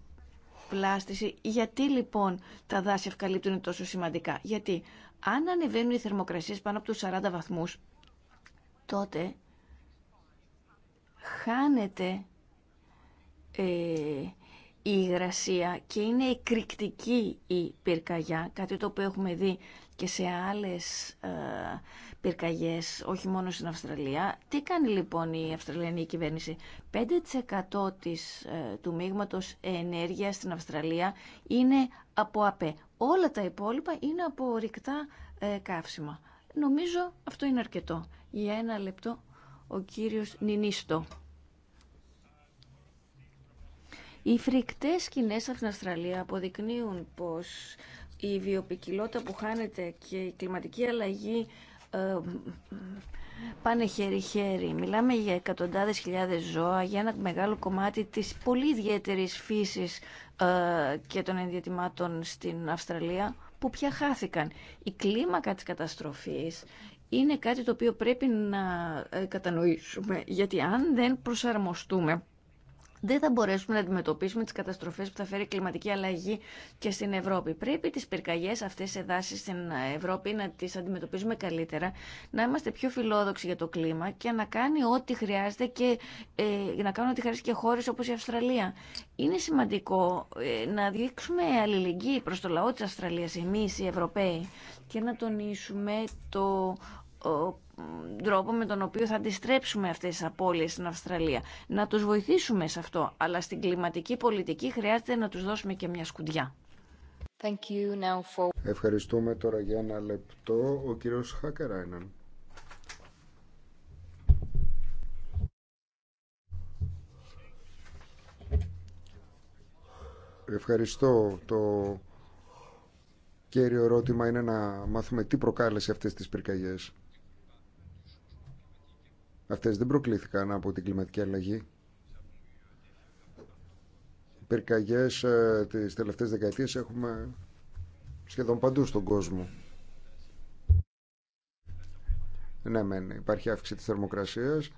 βλάστηση. Γιατί λοιπόν τα δάση ευκαλύπτουν είναι τόσο σημαντικά. Γιατί αν ανεβαίνουν οι θερμοκρασίες πάνω από τους 40 βαθμούς, τότε χάνεται ε, η υγρασία και είναι εκρηκτική η πυρκαγιά, κάτι το οποίο έχουμε δει και σε άλλες ε, πυρκαγιές, όχι μόνο στην Αυστραλία. Τι κάνει λοιπόν η Αυστραλιανή κυβέρνηση. 5% της, ε, του μείγματος ενέργειας στην Αυστραλία είναι από ΑΠΕ. Όλα τα υπόλοιπα είναι από ρηκτά ε, καύσιμα. Νομίζω αυτό είναι αρκετό. Για ένα λεπτό ο κύριος Νινίστο. Οι φρικτές σκηνές στην Αυστραλία αποδεικνύουν πως η βιοπικιλότητα που χάνεται και η κλιματική αλλαγή ε, πάνε χέρι-χέρι. Μιλάμε για εκατοντάδες χιλιάδες ζώα, για ένα μεγάλο κομμάτι της πολύ ιδιαίτερη φύσης ε, και των ενδιατημάτων στην Αυστραλία που πια χάθηκαν. Η κλίμακα της καταστροφής είναι κάτι το οποίο πρέπει να ε, κατανοήσουμε, γιατί αν δεν προσαρμοστούμε δεν θα μπορέσουμε να αντιμετωπίσουμε τι καταστροφές που θα φέρει η κλιματική αλλαγή και στην Ευρώπη. Πρέπει τις πυρκαγιέ αυτές σε δάση στην Ευρώπη να τις αντιμετωπίζουμε καλύτερα, να είμαστε πιο φιλόδοξοι για το κλίμα και να κάνει ό,τι χρειάζεται και ε, να κάνουν ό,τι χρειάζεται και χώρε όπως η Αυστραλία. Είναι σημαντικό ε, να δείξουμε αλληλεγγύη προ το λαό της Αυστραλίας, Εμεί, οι Ευρωπαίοι, και να τονίσουμε το τρόπο με τον οποίο θα αντιστρέψουμε αυτές τις απώλειες στην Αυστραλία. Να τους βοηθήσουμε σε αυτό, αλλά στην κλιματική πολιτική χρειάζεται να τους δώσουμε και μια σκουδιά. Ευχαριστούμε τώρα για ένα λεπτό ο κύριος Χακεράιναν. Ευχαριστώ. Το κέριο ερώτημα είναι να μάθουμε τι προκάλεσε αυτές τις πυρκαγιές. Αυτές δεν προκλήθηκαν από την κλιματική αλλαγή. Πυρκαγιές ε, τις τελευταίες δεκαετίες έχουμε σχεδόν παντού στον κόσμο. Ναι, μεν, υπάρχει αύξηση της θερμοκρασίας,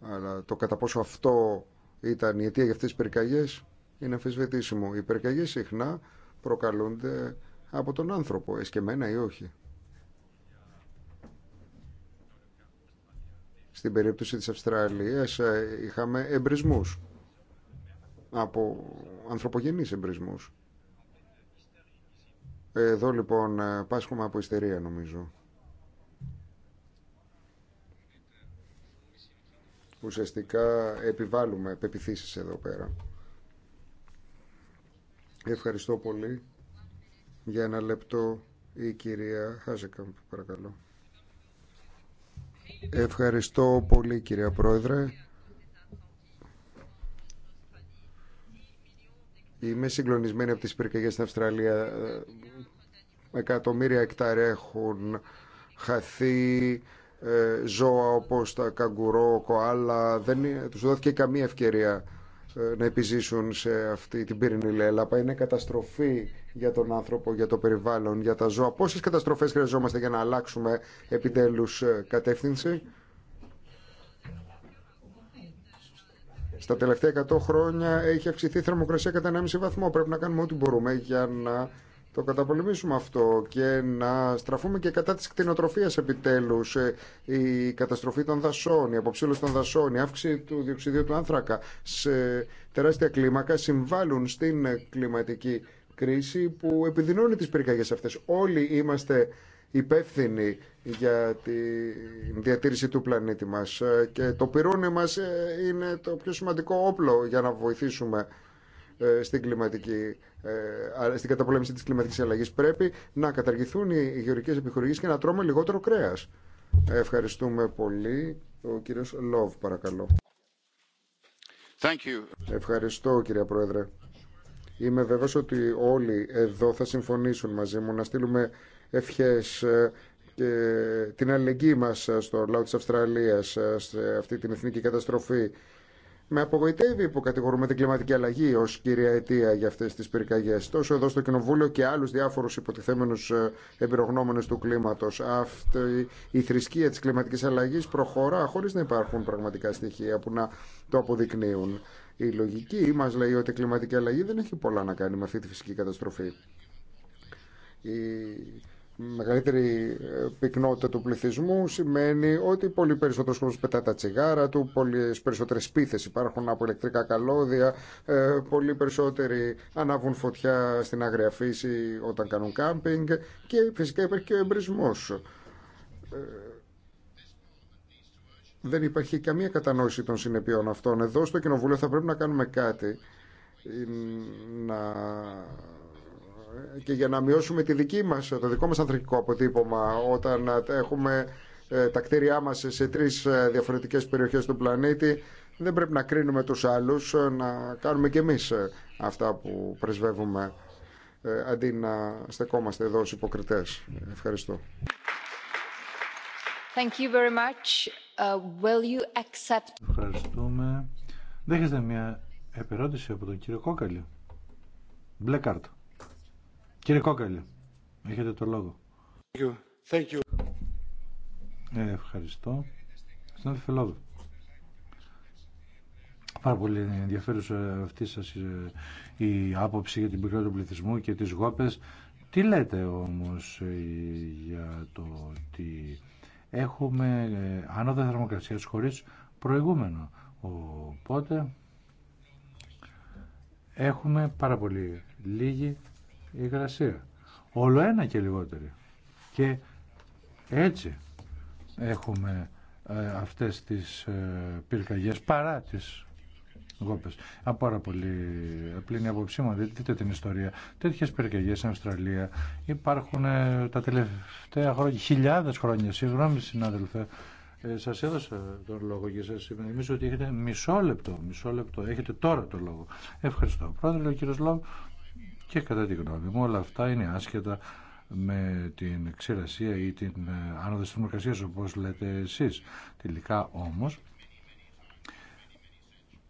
αλλά το κατά πόσο αυτό ήταν η αιτία για αυτές τις πυρκαγιές είναι αμφισβητήσιμο. Οι πυρκαγιές συχνά προκαλούνται από τον άνθρωπο, εσκεμένα ή όχι. Στην περίπτωση της Αυστραλίας ε, είχαμε εμπρισμούς από ανθρωπογενείς εμπρισμούς. Εδώ λοιπόν ε, πάσχουμε από ιστερία νομίζω. Ουσιαστικά επιβάλλουμε πεπιθήσεις εδώ πέρα. Ευχαριστώ πολύ. Για ένα λεπτό η κυρία Χάζεκαμπ, παρακαλώ. Ευχαριστώ πολύ κυρία Πρόεδρε. Είμαι συγκλονισμένη από τις πυρκαγιές στην Αυστραλία. Εκατομμύρια εκτάρια έχουν χαθεί ε, ζώα όπως τα καγκουρό, κοάλα. Δεν, τους δόθηκε καμία ευκαιρία ε, να επιζήσουν σε αυτή την πύρινη λέλαπα. Είναι καταστροφή για τον άνθρωπο, για το περιβάλλον, για τα ζώα. Πόσε καταστροφέ χρειαζόμαστε για να αλλάξουμε επιτέλου ε, κατεύθυνση. Στα τελευταία 100 χρόνια έχει αυξηθεί η θερμοκρασία κατά 1,5 βαθμό. Πρέπει να κάνουμε ό,τι μπορούμε για να το καταπολεμήσουμε αυτό και να στραφούμε και κατά της κτηνοτροφίας επιτέλους ε, η καταστροφή των δασών, η αποψήλωση των δασών, η αύξηση του διοξιδίου του άνθρακα σε τεράστια κλίμακα συμβάλλουν στην κλιματική κρίση που επιδεινώνει τις πυρκαγιές αυτές. Όλοι είμαστε υπεύθυνοι για τη διατήρηση του πλανήτη μας ε, και το πυρούνι μας ε, είναι το πιο σημαντικό όπλο για να βοηθήσουμε ε, στην, κλιματική, στην καταπολέμηση της κλιματικής αλλαγής. Πρέπει να καταργηθούν οι γεωργικές επιχορηγήσεις και να τρώμε λιγότερο κρέας. Ευχαριστούμε πολύ. Ο κύριος Λόβ, παρακαλώ. Thank you. Ευχαριστώ, κύριε Πρόεδρε. Είμαι βέβαιος ότι όλοι εδώ θα συμφωνήσουν μαζί μου να στείλουμε ευχές ε, και την αλληλεγγύη μας ε, στο λαό της Αυστραλίας ε, σε αυτή την εθνική καταστροφή. Με απογοητεύει που κατηγορούμε την κλιματική αλλαγή ω κύρια αιτία για αυτέ τι πυρκαγιέ. Τόσο εδώ στο Κοινοβούλιο και άλλου διάφορου υποτιθέμενου εμπειρογνώμονε του κλίματο. Αυτή η θρησκεία τη κλιματική αλλαγή προχωρά χωρί να υπάρχουν πραγματικά στοιχεία που να το αποδεικνύουν. Η λογική μας λέει ότι η κλιματική αλλαγή δεν έχει πολλά να κάνει με αυτή τη φυσική καταστροφή. Η μεγαλύτερη ε, πυκνότητα του πληθυσμού σημαίνει ότι πολύ περισσότερο κόσμο πετά τα τσιγάρα του, πολύ περισσότερε πίθε υπάρχουν από ηλεκτρικά καλώδια, ε, πολύ περισσότεροι ανάβουν φωτιά στην άγρια φύση όταν κάνουν κάμπινγκ και φυσικά υπάρχει και ο εμπρισμό. Ε, δεν υπάρχει καμία κατανόηση των συνεπειών αυτών. Εδώ στο Κοινοβούλιο θα πρέπει να κάνουμε κάτι να... και για να μειώσουμε τη δική μας, το δικό μας ανθρωπικό αποτύπωμα όταν έχουμε ε, τα κτίρια μας σε τρεις ε, διαφορετικές περιοχές του πλανήτη δεν πρέπει να κρίνουμε τους άλλους ε, να κάνουμε και εμείς αυτά που πρεσβεύουμε αντί να στεκόμαστε εδώ ως υποκριτές. Ευχαριστώ. Uh, Ευχαριστούμε. Δέχεστε μια επερώτηση από τον κύριο Κόκαλη. Μπλε κάρτα. Κύριε Κόκαλη, έχετε το λόγο. Thank ε, ευχαριστώ. Στην Πάρα πολύ ενδιαφέρουσα αυτή σας ε, η άποψη για την πυκνότητα του πληθυσμού και τις γόπες. Τι λέτε όμως ε, για το ότι έχουμε άνοδο ε, θερμοκρασίας χωρίς προηγούμενο. Οπότε έχουμε πάρα πολύ λίγη υγρασία. Όλο ένα και λιγότερη. Και έτσι έχουμε ε, αυτές τις ε, πυρκαγιές παρά τις Γόπε. πάρα πολύ απλή είναι η απόψή μου. Δείτε την ιστορία. Τέτοιε πυρκαγιέ στην Αυστραλία υπάρχουν ε, τα τελευταία χρόνια, χιλιάδε χρόνια. Συγγνώμη, συνάδελφε. Ε, σας έδωσα τον λόγο και σα υπενθυμίζω ότι έχετε μισό λεπτό, μισό λεπτό, έχετε τώρα το λόγο. Ευχαριστώ. Πρόεδρε, ο κύριο Λόβ, και κατά τη γνώμη μου όλα αυτά είναι άσχετα με την ξηρασία ή την ε, άνοδο της θερμοκρασίας, όπως λέτε εσείς. Τελικά όμως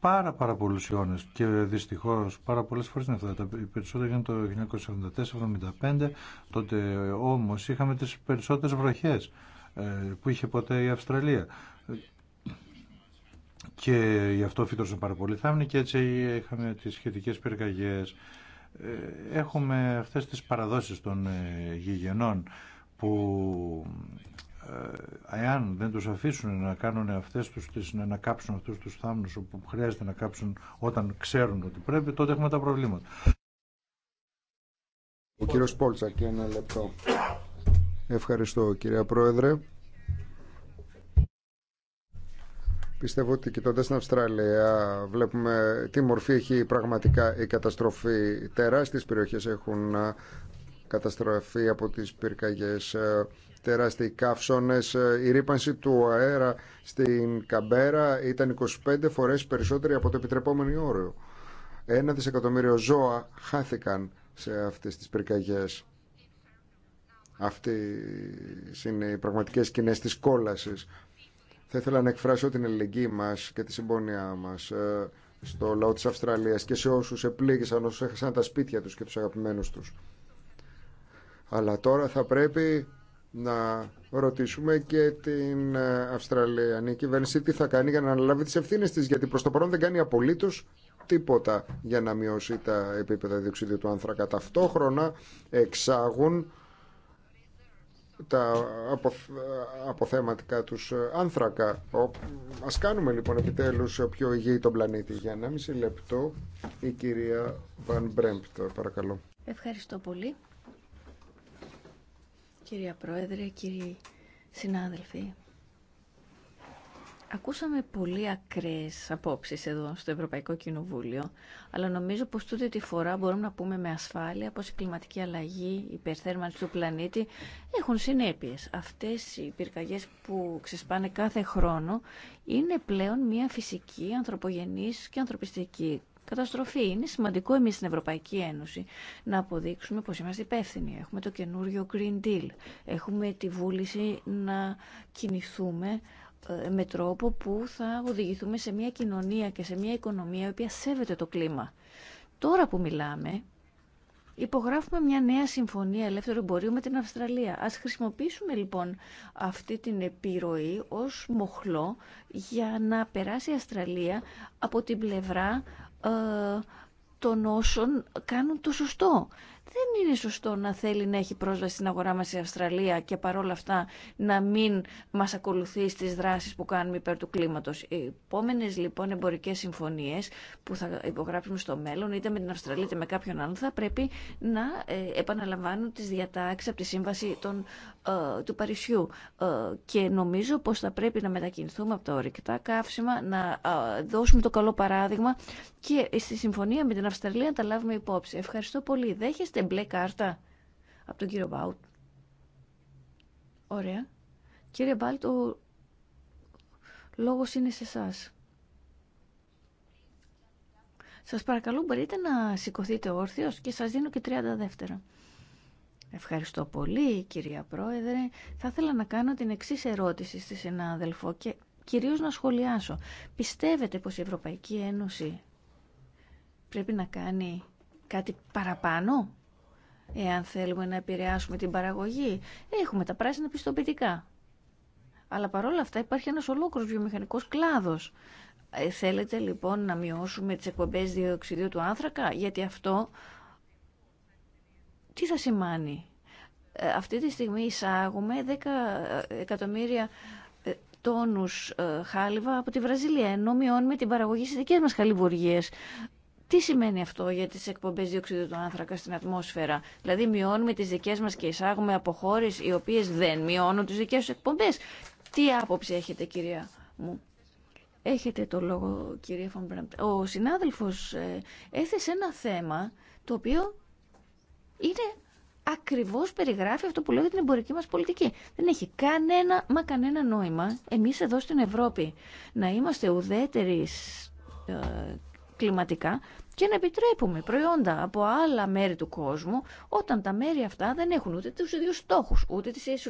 πάρα πάρα πολλούς αιώνες και δυστυχώς πάρα πολλές φορές είναι αυτά. Τα περισσότερα έγιναν το 1974 1975 τότε όμως είχαμε τις περισσότερες βροχές ε, που είχε ποτέ η Αυστραλία. Και γι' αυτό φύτρωσαν πάρα πολύ θάμνη και έτσι είχαμε τις σχετικές πυρκαγιές. Ε, έχουμε αυτές τις παραδόσεις των ε, γηγενών που ε, εάν δεν τους αφήσουν να κάνουν αυτές τους, τις, να κάψουν αυτούς τους θάμνους που χρειάζεται να κάψουν όταν ξέρουν ότι πρέπει, τότε έχουμε τα προβλήματα. Ο κύριος και ένα λεπτό. Ευχαριστώ κυρία Πρόεδρε. Πιστεύω ότι κοιτώντας στην Αυστραλία βλέπουμε τι μορφή έχει πραγματικά η καταστροφή. Τεράστιες περιοχές έχουν Καταστροφή από τις πυρκαγιές ε, τεράστιοι καύσονες. Ε, η ρήπανση του αέρα στην Καμπέρα ήταν 25 φορές περισσότερη από το επιτρεπόμενο όριο. Ένα δισεκατομμύριο ζώα χάθηκαν σε αυτές τις πυρκαγιές. Αυτές είναι οι πραγματικές σκηνές της κόλασης. Θα ήθελα να εκφράσω την ελληνική μας και τη συμπόνια μας ε, στο λαό της Αυστραλίας και σε όσους επλήγησαν, όσους έχασαν τα σπίτια τους και τους αγαπημένους τους. Αλλά τώρα θα πρέπει να ρωτήσουμε και την ε, Αυστραλιανή κυβέρνηση τι θα κάνει για να αναλάβει τις ευθύνες της, γιατί προς το παρόν δεν κάνει απολύτως τίποτα για να μειώσει τα επίπεδα διοξιδίου του άνθρακα. Ταυτόχρονα εξάγουν τα αποθέματικά τους ε, άνθρακα. Ας κάνουμε λοιπόν επιτέλους πιο υγιή τον πλανήτη. Για 1,5 λεπτό η κυρία Βαν Μπρέμπτ, παρακαλώ. Ευχαριστώ πολύ κυρία Πρόεδρε, κύριοι συνάδελφοι. Ακούσαμε πολύ ακραίες απόψεις εδώ στο Ευρωπαϊκό Κοινοβούλιο, αλλά νομίζω πως τούτη τη φορά μπορούμε να πούμε με ασφάλεια πως η κλιματική αλλαγή, η υπερθέρμανση του πλανήτη έχουν συνέπειες. Αυτές οι πυρκαγιές που ξεσπάνε κάθε χρόνο είναι πλέον μια φυσική, ανθρωπογενής και ανθρωπιστική καταστροφή. Είναι σημαντικό εμείς στην Ευρωπαϊκή Ένωση να αποδείξουμε πως είμαστε υπεύθυνοι. Έχουμε το καινούριο Green Deal. Έχουμε τη βούληση να κινηθούμε ε, με τρόπο που θα οδηγηθούμε σε μια κοινωνία και σε μια οικονομία η οποία σέβεται το κλίμα. Τώρα που μιλάμε, υπογράφουμε μια νέα συμφωνία ελεύθερου εμπορίου με την Αυστραλία. Ας χρησιμοποιήσουμε λοιπόν αυτή την επιρροή ως μοχλό για να περάσει η Αυστραλία από την πλευρά ε, των όσων κάνουν το σωστό δεν είναι σωστό να θέλει να έχει πρόσβαση στην αγορά μας η Αυστραλία και παρόλα αυτά να μην μας ακολουθεί στις δράσεις που κάνουμε υπέρ του κλίματος. Οι επόμενε λοιπόν εμπορικές συμφωνίες που θα υπογράψουμε στο μέλλον είτε με την Αυστραλία είτε με κάποιον άλλον θα πρέπει να ε, επαναλαμβάνουν τις διατάξεις από τη σύμβαση ε, του Παρισιού ε, και νομίζω πως θα πρέπει να μετακινηθούμε από τα ορυκτά καύσιμα να ε, δώσουμε το καλό παράδειγμα και στη συμφωνία με την Αυστραλία να τα λάβουμε υπόψη. Ευχαριστώ πολύ. Δέχεστε την μπλε κάρτα από τον κύριο Μπάουτ. Ωραία. Κύριε Μπάουτ, ο λόγος είναι σε εσά. Σας παρακαλώ, μπορείτε να σηκωθείτε όρθιος και σας δίνω και 30 δεύτερα. Ευχαριστώ πολύ, κυρία Πρόεδρε. Θα ήθελα να κάνω την εξή ερώτηση στη συνάδελφο και κυρίως να σχολιάσω. Πιστεύετε πως η Ευρωπαϊκή Ένωση πρέπει να κάνει κάτι παραπάνω Εάν θέλουμε να επηρεάσουμε την παραγωγή, έχουμε τα πράσινα πιστοποιητικά. Αλλά παρόλα αυτά υπάρχει ένας ολόκληρος βιομηχανικός κλάδος. Ε, θέλετε λοιπόν να μειώσουμε τις εκπομπές διοξιδίου του άνθρακα, γιατί αυτό τι θα σημάνει. Ε, αυτή τη στιγμή εισάγουμε 10 ε, εκατομμύρια τόνους χάλιβα από τη Βραζιλία, ενώ μειώνουμε την παραγωγή στις δικές μας χαλιβουργίες. Τι σημαίνει αυτό για τι εκπομπέ διοξιδίου του άνθρακα στην ατμόσφαιρα. Δηλαδή μειώνουμε τι δικέ μα και εισάγουμε από χώρε οι οποίε δεν μειώνουν τι δικέ του εκπομπές. Τι άποψη έχετε κυρία μου. Έχετε το λόγο κυρία Φομπραντ. Ο συνάδελφος ε, έθεσε ένα θέμα το οποίο είναι ακριβώ περιγράφει αυτό που λέω για την εμπορική μα πολιτική. Δεν έχει κανένα μα κανένα νόημα εμεί εδώ στην Ευρώπη να είμαστε ουδέτεροι ε, κλιματικά και να επιτρέπουμε προϊόντα από άλλα μέρη του κόσμου όταν τα μέρη αυτά δεν έχουν ούτε τους ίδιους στόχους, ούτε τις ίδιες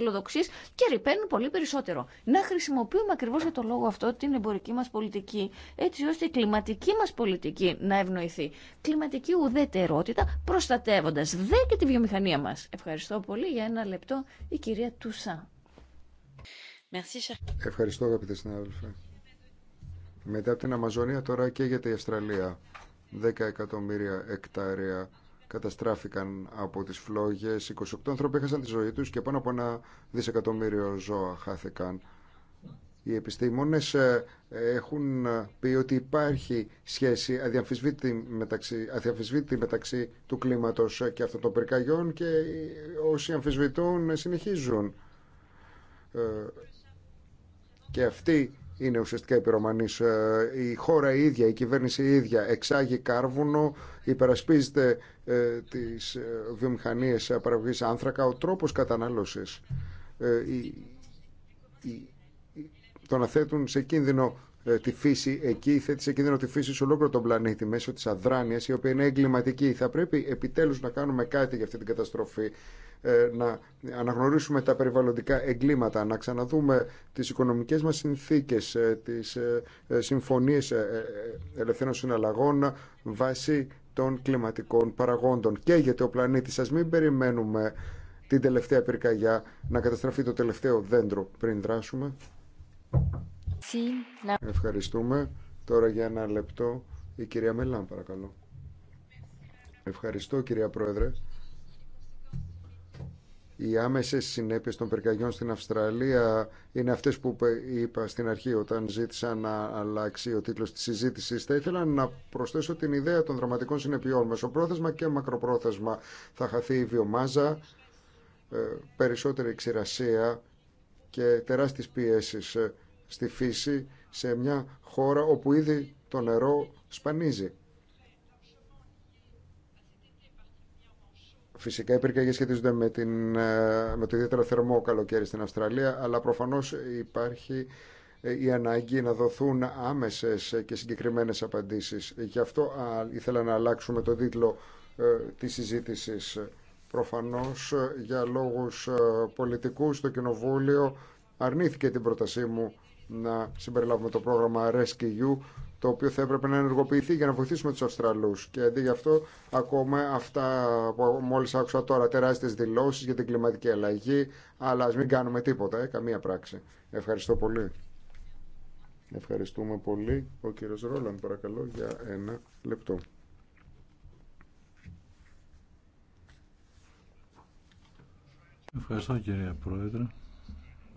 και ρηπαίνουν πολύ περισσότερο. Να χρησιμοποιούμε ακριβώς για το λόγο αυτό την εμπορική μας πολιτική έτσι ώστε η κλιματική μας πολιτική να ευνοηθεί. Κλιματική ουδετερότητα προστατεύοντας δε και τη βιομηχανία μας. Ευχαριστώ πολύ για ένα λεπτό η κυρία Τουσά. Ευχαριστώ αγαπητέ συνάδελφοι. Μετά από την Αμαζονία τώρα καίγεται η Αυστραλία. 10 εκατομμύρια εκτάρια καταστράφηκαν από τις φλόγες. 28 άνθρωποι έχασαν τη ζωή τους και πάνω από ένα δισεκατομμύριο ζώα χάθηκαν. Οι επιστήμονες ε, έχουν πει ότι υπάρχει σχέση αδιαμφισβήτητη μεταξύ, αδιαμφισβήτη μεταξύ του κλίματος και αυτών των πυρκαγιών και όσοι αμφισβητούν συνεχίζουν. Ε, και αυτοί είναι ουσιαστικά υπερομανής. Ε, η χώρα ίδια, η κυβέρνηση η ίδια εξάγει κάρβουνο, υπερασπίζεται ε, τις ε, βιομηχανίε παραγωγή άνθρακα, ο τρόπος κατανάλωσης. Το να θέτουν σε κίνδυνο ε, τη φύση εκεί, θέτει σε κίνδυνο τη φύση σε ολόκληρο τον πλανήτη μέσω τη αδράνεια, η οποία είναι εγκληματική. Θα πρέπει επιτέλου να κάνουμε κάτι για αυτή την καταστροφή, ε, να αναγνωρίσουμε τα περιβαλλοντικά εγκλήματα, να ξαναδούμε τι οικονομικέ μα συνθήκε, ε, τι συμφωνίε ελευθέρων συναλλαγών βάσει των κλιματικών παραγόντων. Καίγεται ο πλανήτη σα, μην περιμένουμε την τελευταία πυρκαγιά να καταστραφεί το τελευταίο δέντρο πριν δράσουμε. Ευχαριστούμε. Τώρα για ένα λεπτό η κυρία Μελάν παρακαλώ. Ευχαριστώ κυρία Πρόεδρε. Οι άμεσε συνέπειε των πυρκαγιών στην Αυστραλία είναι αυτέ που είπα στην αρχή όταν ζήτησα να αλλάξει ο τίτλο τη συζήτηση. Θα ήθελα να προσθέσω την ιδέα των δραματικών συνεπειών. Μεσοπρόθεσμα και μακροπρόθεσμα θα χαθεί η βιομάζα, ε, περισσότερη ξηρασία και τεράστιες πιέσεις στη φύση σε μια χώρα όπου ήδη το νερό σπανίζει. Φυσικά οι πυρκαγιές σχετίζονται με, την, ε, με το ιδιαίτερο θερμό καλοκαίρι στην Αυστραλία, αλλά προφανώς υπάρχει ε, η ανάγκη να δοθούν άμεσες και συγκεκριμένες απαντήσεις. Γι' αυτό ήθελα να αλλάξουμε το τίτλο ε, της συζήτησης. Προφανώς για λόγους πολιτικούς το Κοινοβούλιο αρνήθηκε την πρότασή μου να συμπεριλάβουμε το πρόγραμμα Rescue το οποίο θα έπρεπε να ενεργοποιηθεί για να βοηθήσουμε τους Αυστραλούς. Και αντί γι' αυτό, ακόμα αυτά που μόλις άκουσα τώρα, τεράστιες δηλώσεις για την κλιματική αλλαγή, αλλά ας μην κάνουμε τίποτα, ε, καμία πράξη. Ευχαριστώ πολύ. Ευχαριστούμε πολύ. Ο κύριος Ρόλαν, παρακαλώ, για ένα λεπτό. Ευχαριστώ κύριε Πρόεδρε.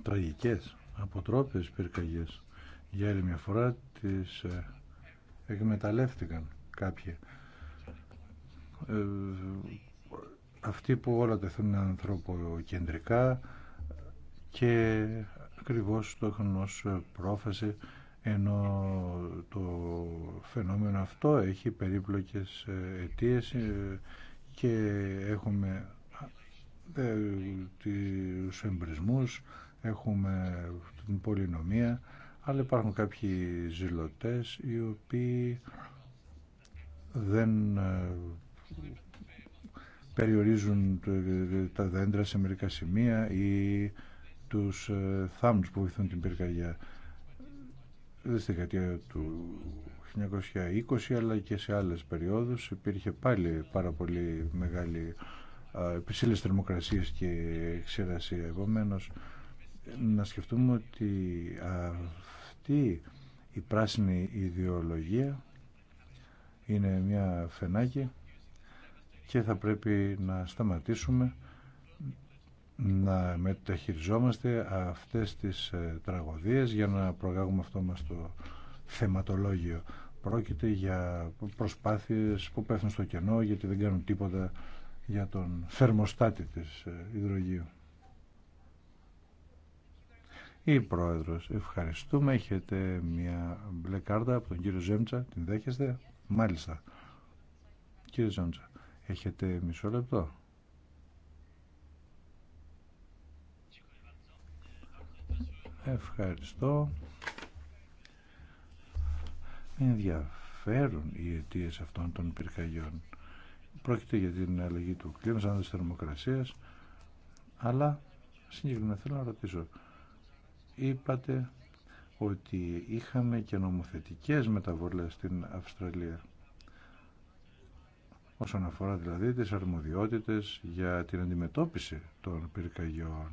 Τραγικές αποτρόπες πυρκαγιές. Για άλλη μια φορά τις ε, εκμεταλλεύτηκαν κάποιοι. Ε, αυτοί που όλα τα θέλουν ανθρωποκεντρικά και ακριβώ το έχουν ως πρόφαση ενώ το φαινόμενο αυτό έχει περίπλοκες ε, αιτίες ε, και έχουμε τους εμπρισμούς έχουμε την πολυνομία, αλλά υπάρχουν κάποιοι ζηλωτές οι οποίοι δεν ε, περιορίζουν ε, τα δέντρα σε μερικά σημεία ή τους ε, θάμνους που βοηθούν την πυρκαγιά. Δεν στη δεκαετία του 1920 αλλά και σε άλλες περιόδους υπήρχε πάλι πάρα πολύ μεγάλη επισύλλες θερμοκρασίες και ξηρασία Επομένως, να σκεφτούμε ότι αυτή η πράσινη ιδεολογία είναι μια φενάκη και θα πρέπει να σταματήσουμε να μεταχειριζόμαστε αυτές τις ε, τραγωδίες για να προγάγουμε αυτό μας το θεματολόγιο. Πρόκειται για προσπάθειες που πέφτουν στο κενό γιατί δεν κάνουν τίποτα για τον θερμοστάτη της ε, υδρογείου. Η Πρόεδρος, ευχαριστούμε. Έχετε μια μπλε κάρτα από τον κύριο Ζέμτσα. Την δέχεστε. Μάλιστα. Κύριε Ζέμτσα, έχετε μισό λεπτό. Ευχαριστώ. Είναι ενδιαφέρον οι αιτίε αυτών των πυρκαγιών. Πρόκειται για την αλλαγή του κλίματος, της θερμοκρασίας, αλλά συγκεκριμένα θέλω να ρωτήσω, είπατε ότι είχαμε και νομοθετικές μεταβολές στην Αυστραλία όσον αφορά δηλαδή τις αρμοδιότητες για την αντιμετώπιση των πυρκαγιών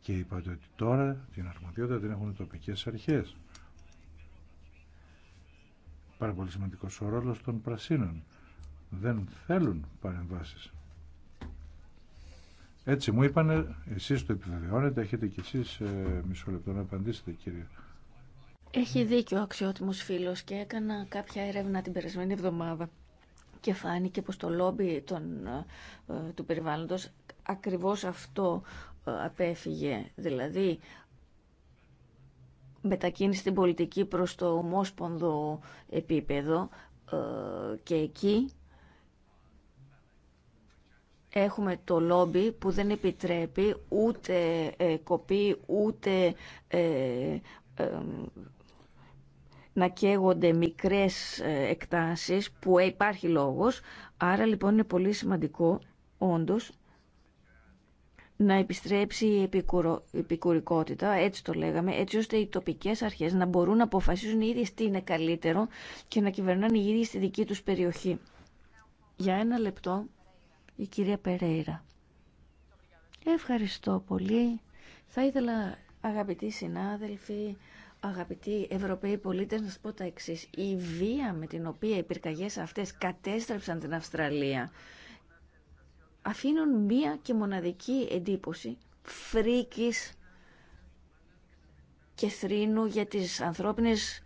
και είπατε ότι τώρα την αρμοδιότητα την έχουν οι τοπικές αρχές. Πάρα πολύ σημαντικός ο ρόλος των πρασίνων. Δεν θέλουν παρεμβάσεις. Έτσι μου είπανε, εσείς το επιβεβαιώνετε, έχετε κι εσείς ε, μισό λεπτό να απαντήσετε κύριε. Έχει δίκιο ο αξιότιμος φίλος και έκανα κάποια έρευνα την περασμένη εβδομάδα και φάνηκε πως το λόμπι των, ε, ε, του περιβάλλοντος ακριβώς αυτό απέφυγε. Δηλαδή μετακίνησε την πολιτική προς το ομόσπονδο επίπεδο και εκεί Έχουμε το λόμπι που δεν επιτρέπει ούτε ε, κοπή, ούτε ε, ε, να καίγονται μικρές ε, εκτάσεις που υπάρχει λόγος. Άρα λοιπόν είναι πολύ σημαντικό όντως να επιστρέψει η επικουρικότητα, έτσι το λέγαμε, έτσι ώστε οι τοπικές αρχές να μπορούν να αποφασίζουν ήδη τι είναι καλύτερο και να κυβερνάνε ήδη στη δική τους περιοχή. Για ένα λεπτό η κυρία Περέιρα. Ευχαριστώ πολύ. Θα ήθελα αγαπητοί συνάδελφοι, αγαπητοί Ευρωπαίοι πολίτες, να σας πω τα εξή, Η βία με την οποία οι πυρκαγιές αυτές κατέστρεψαν την Αυστραλία αφήνουν μία και μοναδική εντύπωση φρίκης και θρήνου για τις ανθρώπινες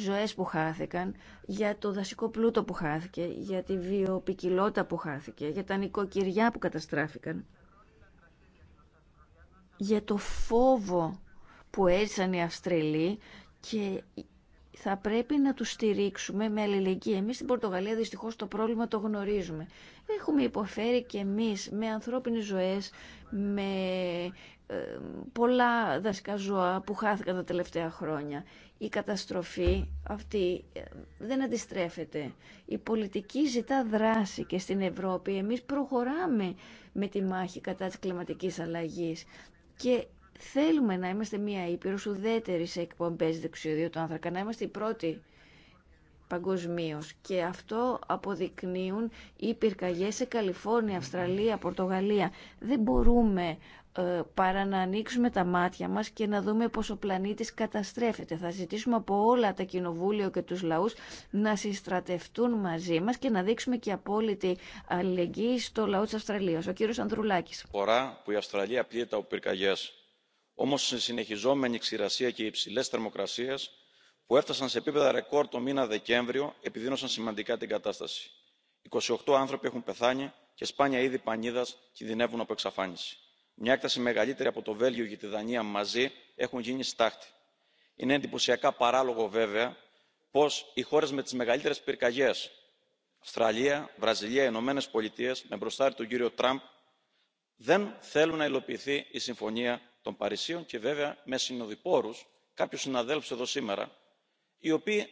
ζωές που χάθηκαν, για το δασικό πλούτο που χάθηκε, για τη βιοπικιλότητα που χάθηκε, για τα νοικοκυριά που καταστράφηκαν, για το φόβο που έζησαν οι Αυστραλοί και θα πρέπει να τους στηρίξουμε με αλληλεγγύη. Εμείς στην Πορτογαλία δυστυχώς το πρόβλημα το γνωρίζουμε. Έχουμε υποφέρει και εμείς με ανθρώπινες ζωές, με ε, πολλά δασικά ζώα που χάθηκαν τα τελευταία χρόνια η καταστροφή αυτή ε, δεν αντιστρέφεται. Η πολιτική ζητά δράση και στην Ευρώπη εμείς προχωράμε με τη μάχη κατά της κλιματικής αλλαγής και θέλουμε να είμαστε μια ήπειρος ουδέτερη σε εκπομπές δεξιοδίου του άνθρακα, να είμαστε οι πρώτοι παγκοσμίω. Και αυτό αποδεικνύουν οι πυρκαγιές σε Καλιφόρνια, Αυστραλία, Πορτογαλία. Δεν μπορούμε ε, παρά να ανοίξουμε τα μάτια μας και να δούμε πως ο πλανήτης καταστρέφεται. Θα ζητήσουμε από όλα τα κοινοβούλια και τους λαούς να συστρατευτούν μαζί μας και να δείξουμε και απόλυτη αλληλεγγύη στο λαό της Αυστραλίας. Ο κύριος Ανδρουλάκης. Φορά που η Αυστραλία πλήττα από πυρκαγιές. Όμως σε συνεχιζόμενη ξηρασία και υψηλέ θερμοκρασίες που έφτασαν σε επίπεδα ρεκόρ το μήνα Δεκέμβριο επιδίνωσαν σημαντικά την κατάσταση. 28 άνθρωποι έχουν πεθάνει και σπάνια είδη πανίδας κινδυνεύουν από εξαφάνιση μια έκταση μεγαλύτερη από το βέλγιο και τη δανία μαζί έχουν γίνει στάχτη. είναι εντυπωσιακά παράλογο βέβαια πω οι χώρε με τι μεγαλύτερε πυρκαγιέ αυστραλία βραζιλία ηνωμένε πολιτείε με μπροστάρι τον κύριο τραμπ δεν θέλουν να υλοποιηθεί η συμφωνία των παρισίων και βέβαια με συνοδοιπόρου κάποιου συναδέλφου εδώ σήμερα οι οποίοι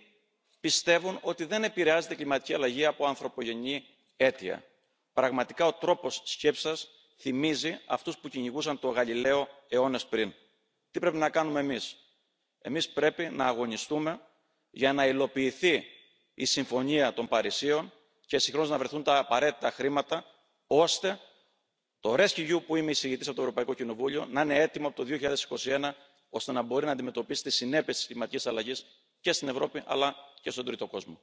πιστεύουν ότι δεν επηρεάζεται η κλιματική αλλαγή από ανθρωπογενή αίτια. πραγματικά ο τρόπο σκέψη θυμίζει αυτούς που κυνηγούσαν το γαλιλαίο αιώνες πριν. Τι πρέπει να κάνουμε εμείς. Εμείς πρέπει να αγωνιστούμε για να υλοποιηθεί η Συμφωνία των Παρισίων και συγχρόνως να βρεθούν τα απαραίτητα χρήματα ώστε το rescue που είμαι εισηγητής από το Ευρωπαϊκό Κοινοβούλιο να είναι έτοιμο από το 2021 ώστε να μπορεί να αντιμετωπίσει τις συνέπειες της κλιματικής αλλαγής και στην Ευρώπη αλλά και στον τρίτο κόσμο.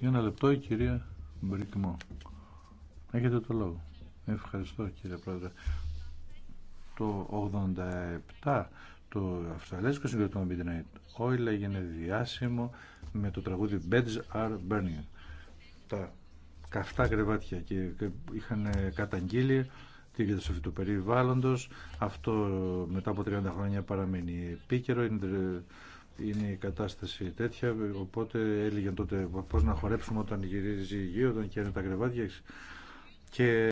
Ένα λεπτό, η κυρία Μπρικμό. Έχετε το λόγο. Ευχαριστώ, κύριε Πρόεδρε. Το 87 το αυστραλέζικο συγκροτήμα, Midnight Oil έγινε διάσημο με το τραγούδι Beds Are Burning. Τα καυτά κρεβάτια και είχαν καταγγείλει την καταστροφή του περιβάλλοντος. Αυτό μετά από 30 χρόνια παραμένει επίκαιρο είναι η κατάσταση τέτοια, οπότε έλεγε τότε πώς να χορέψουμε όταν γυρίζει η γη, όταν καίνε τα κρεβάτια. Και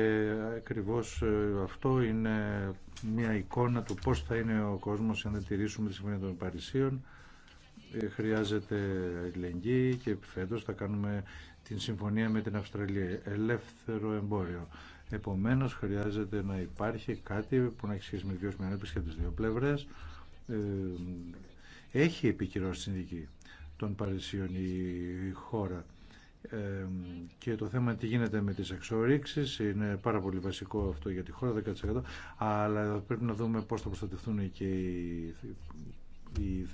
ακριβώ ε, αυτό είναι μια εικόνα του πώ θα είναι ο κόσμος αν δεν τηρήσουμε τη Συμφωνία των Παρισίων. Ε, χρειάζεται ελεγγύη και φέτο θα κάνουμε την συμφωνία με την Αυστραλία. Ελεύθερο εμπόριο. Επομένως χρειάζεται να υπάρχει κάτι που να έχει σχέση με βιώσιμη ανάπτυξη και δύο πλευρές ε, έχει επικυρώσει συνδική των Παρισιών η χώρα και το θέμα τι γίνεται με τις εξορίξεις είναι πάρα πολύ βασικό αυτό για τη χώρα 10% αλλά πρέπει να δούμε πώς θα προστατευτούν και οι, οι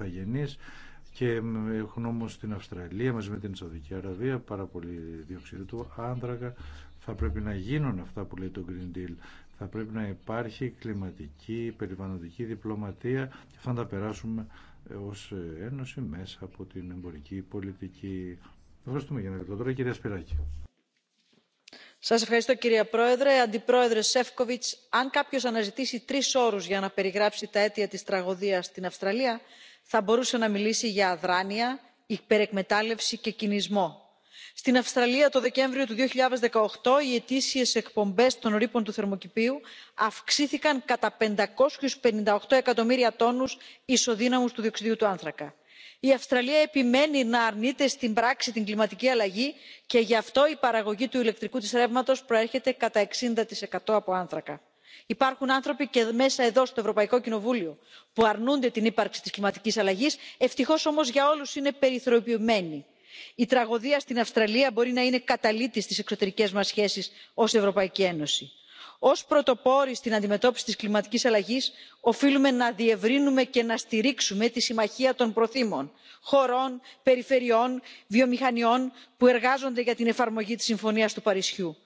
και έχουν όμως την Αυστραλία μαζί με την Σαουδική Αραβία πάρα πολύ διοξιδίου του άνθρακα θα πρέπει να γίνουν αυτά που λέει το Green Deal θα πρέπει να υπάρχει κλιματική, περιβαλλοντική διπλωματία και θα τα περάσουμε ως Ένωση μέσα από την εμπορική πολιτική. Ευχαριστούμε για να το τώρα κυρία Σπυράκη. Σας ευχαριστώ κυρία Πρόεδρε. Αντιπρόεδρε Σεύκοβιτς, αν κάποιος αναζητήσει τρεις όρους για να περιγράψει τα αίτια της τραγωδίας στην Αυστραλία, θα μπορούσε να μιλήσει για αδράνεια, υπερεκμετάλλευση και κινησμό στην αυστραλία το δεκέμβριο του 2018 οι ετήσιες εκπομπές των ρήπων του θερμοκηπίου αυξήθηκαν κατά 558 εκατομμύρια τόνους ισοδύναμους του διοξιδίου του άνθρακα. η αυστραλία επιμένει να αρνείται στην πράξη την κλιματική αλλαγή και γι' αυτό η παραγωγή του ηλεκτρικού της ρεύματος προέρχεται κατά 60% από άνθρακα. υπάρχουν άνθρωποι και μέσα εδώ στο ευρωπαϊκό κοινοβούλιο που αρνούνται την ύπαρξη της κλιματικής αλλαγή, ευτυχώ όμως για όλους είναι περιθωριοποιημένοι η τραγωδία στην αυστραλία μπορεί να είναι καταλήτη στις εξωτερικές μας σχέσεις ως ευρωπαϊκή ένωση. ως πρωτοπόροι στην αντιμετώπιση της κλιματικής αλλαγής οφείλουμε να διευρύνουμε και να στηρίξουμε τη συμμαχία των προθήμων χωρών περιφερειών βιομηχανιών που εργάζονται για την εφαρμογή της συμφωνίας του παρισιού.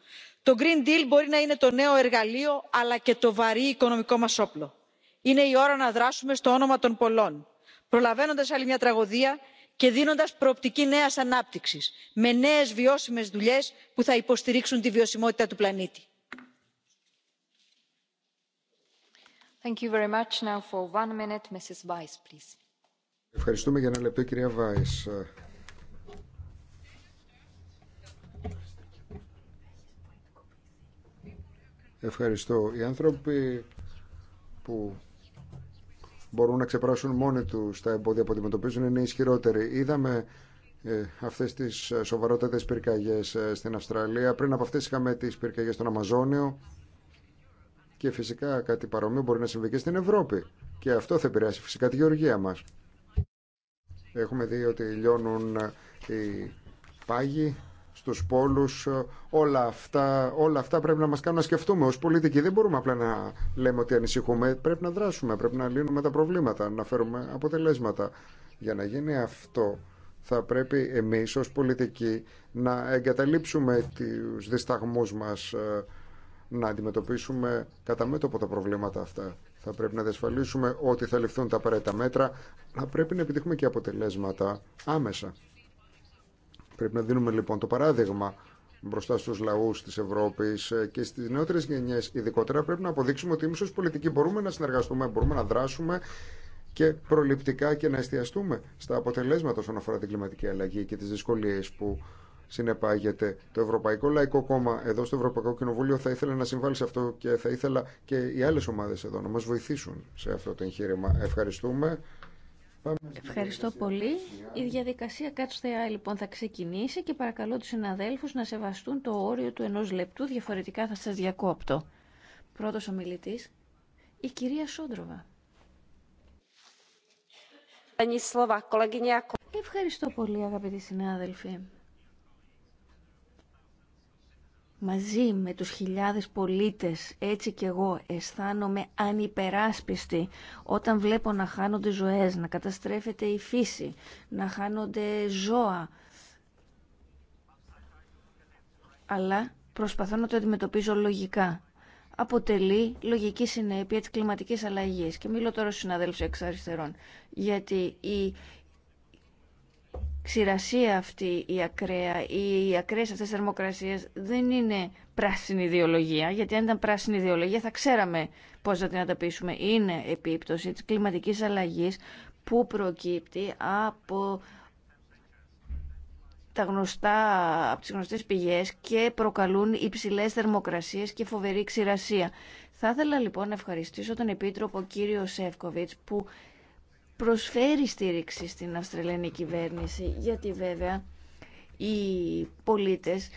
το green deal μπορεί να είναι το νέο εργαλείο αλλά και το βαρύ οικονομικό μας όπλο. είναι η ώρα να δράσουμε στο όνομα των πολλών προλαβαίνοντα άλλη μια τραγωδία και δίνοντας προοπτική νέας ανάπτυξης με νέες βιώσιμες δουλειές που θα υποστηρίξουν τη βιωσιμότητα του πλανήτη. Ευχαριστούμε για ένα λεπτό, κυρία Βάης. Ευχαριστώ. Οι άνθρωποι που μπορούν να ξεπεράσουν μόνοι του τα εμπόδια που αντιμετωπίζουν είναι ισχυρότεροι. Είδαμε ε, αυτές τις ε, σοβαρότατες πυρκαγιές ε, στην Αυστραλία. Πριν από αυτές είχαμε τις πυρκαγιές στον Αμαζόνιο και φυσικά κάτι παρόμοιο μπορεί να συμβεί και στην Ευρώπη. Και αυτό θα επηρεάσει φυσικά τη γεωργία μας. Έχουμε δει ότι λιώνουν οι πάγοι στους πόλους, ε, όλα αυτά, όλα αυτά πρέπει να μας κάνουν να σκεφτούμε ως πολιτικοί. Δεν μπορούμε απλά να λέμε ότι ανησυχούμε, πρέπει να δράσουμε, πρέπει να λύνουμε τα προβλήματα, να φέρουμε αποτελέσματα. Για να γίνει αυτό θα πρέπει εμείς ως πολιτικοί να εγκαταλείψουμε τους δισταγμούς μας, ε, να αντιμετωπίσουμε κατά μέτωπο τα προβλήματα αυτά. Θα πρέπει να διασφαλίσουμε ότι θα ληφθούν τα απαραίτητα μέτρα, θα πρέπει να επιτύχουμε και αποτελέσματα άμεσα. Πρέπει να δίνουμε λοιπόν το παράδειγμα μπροστά στους λαούς της Ευρώπης και στις νεότερες γενιές ειδικότερα πρέπει να αποδείξουμε ότι εμεί ως πολιτικοί μπορούμε να συνεργαστούμε, μπορούμε να δράσουμε και προληπτικά και να εστιαστούμε στα αποτελέσματα όσον αφορά την κλιματική αλλαγή και τις δυσκολίες που συνεπάγεται. Το Ευρωπαϊκό Λαϊκό Κόμμα εδώ στο Ευρωπαϊκό Κοινοβούλιο θα ήθελα να συμβάλλει σε αυτό και θα ήθελα και οι άλλες ομάδες εδώ να μας βοηθήσουν σε αυτό το εγχείρημα. Ευχαριστούμε. Ευχαριστώ πολύ. Η διαδικασία κάτω λοιπόν θα ξεκινήσει και παρακαλώ τους συναδέλφους να σεβαστούν το όριο του ενός λεπτού, διαφορετικά θα σας διακόπτω. Πρώτος ομιλητής, η κυρία Σόντροβα. Ευχαριστώ πολύ αγαπητοί συνάδελφοι. μαζί με τους χιλιάδες πολίτες, έτσι κι εγώ αισθάνομαι ανυπεράσπιστη όταν βλέπω να χάνονται ζωές, να καταστρέφεται η φύση, να χάνονται ζώα. Αλλά προσπαθώ να το αντιμετωπίζω λογικά. Αποτελεί λογική συνέπεια της κλιματικής αλλαγής. Και μιλώ τώρα στους συναδέλφους εξ αριστερών. Γιατί η ξηρασία αυτή η ακραία ή οι ακραίες αυτές θερμοκρασίες δεν είναι πράσινη ιδεολογία, γιατί αν ήταν πράσινη ιδεολογία θα ξέραμε πώς θα την ανταπίσουμε. Είναι επίπτωση της κλιματικής αλλαγής που προκύπτει από τα γνωστά, από τις γνωστές πηγές και προκαλούν υψηλές θερμοκρασίες και φοβερή ξηρασία. Θα ήθελα λοιπόν να ευχαριστήσω τον Επίτροπο κύριο Σεύκοβιτς που προσφέρει στήριξη στην Αυστραλιανή κυβέρνηση, γιατί βέβαια οι πολίτες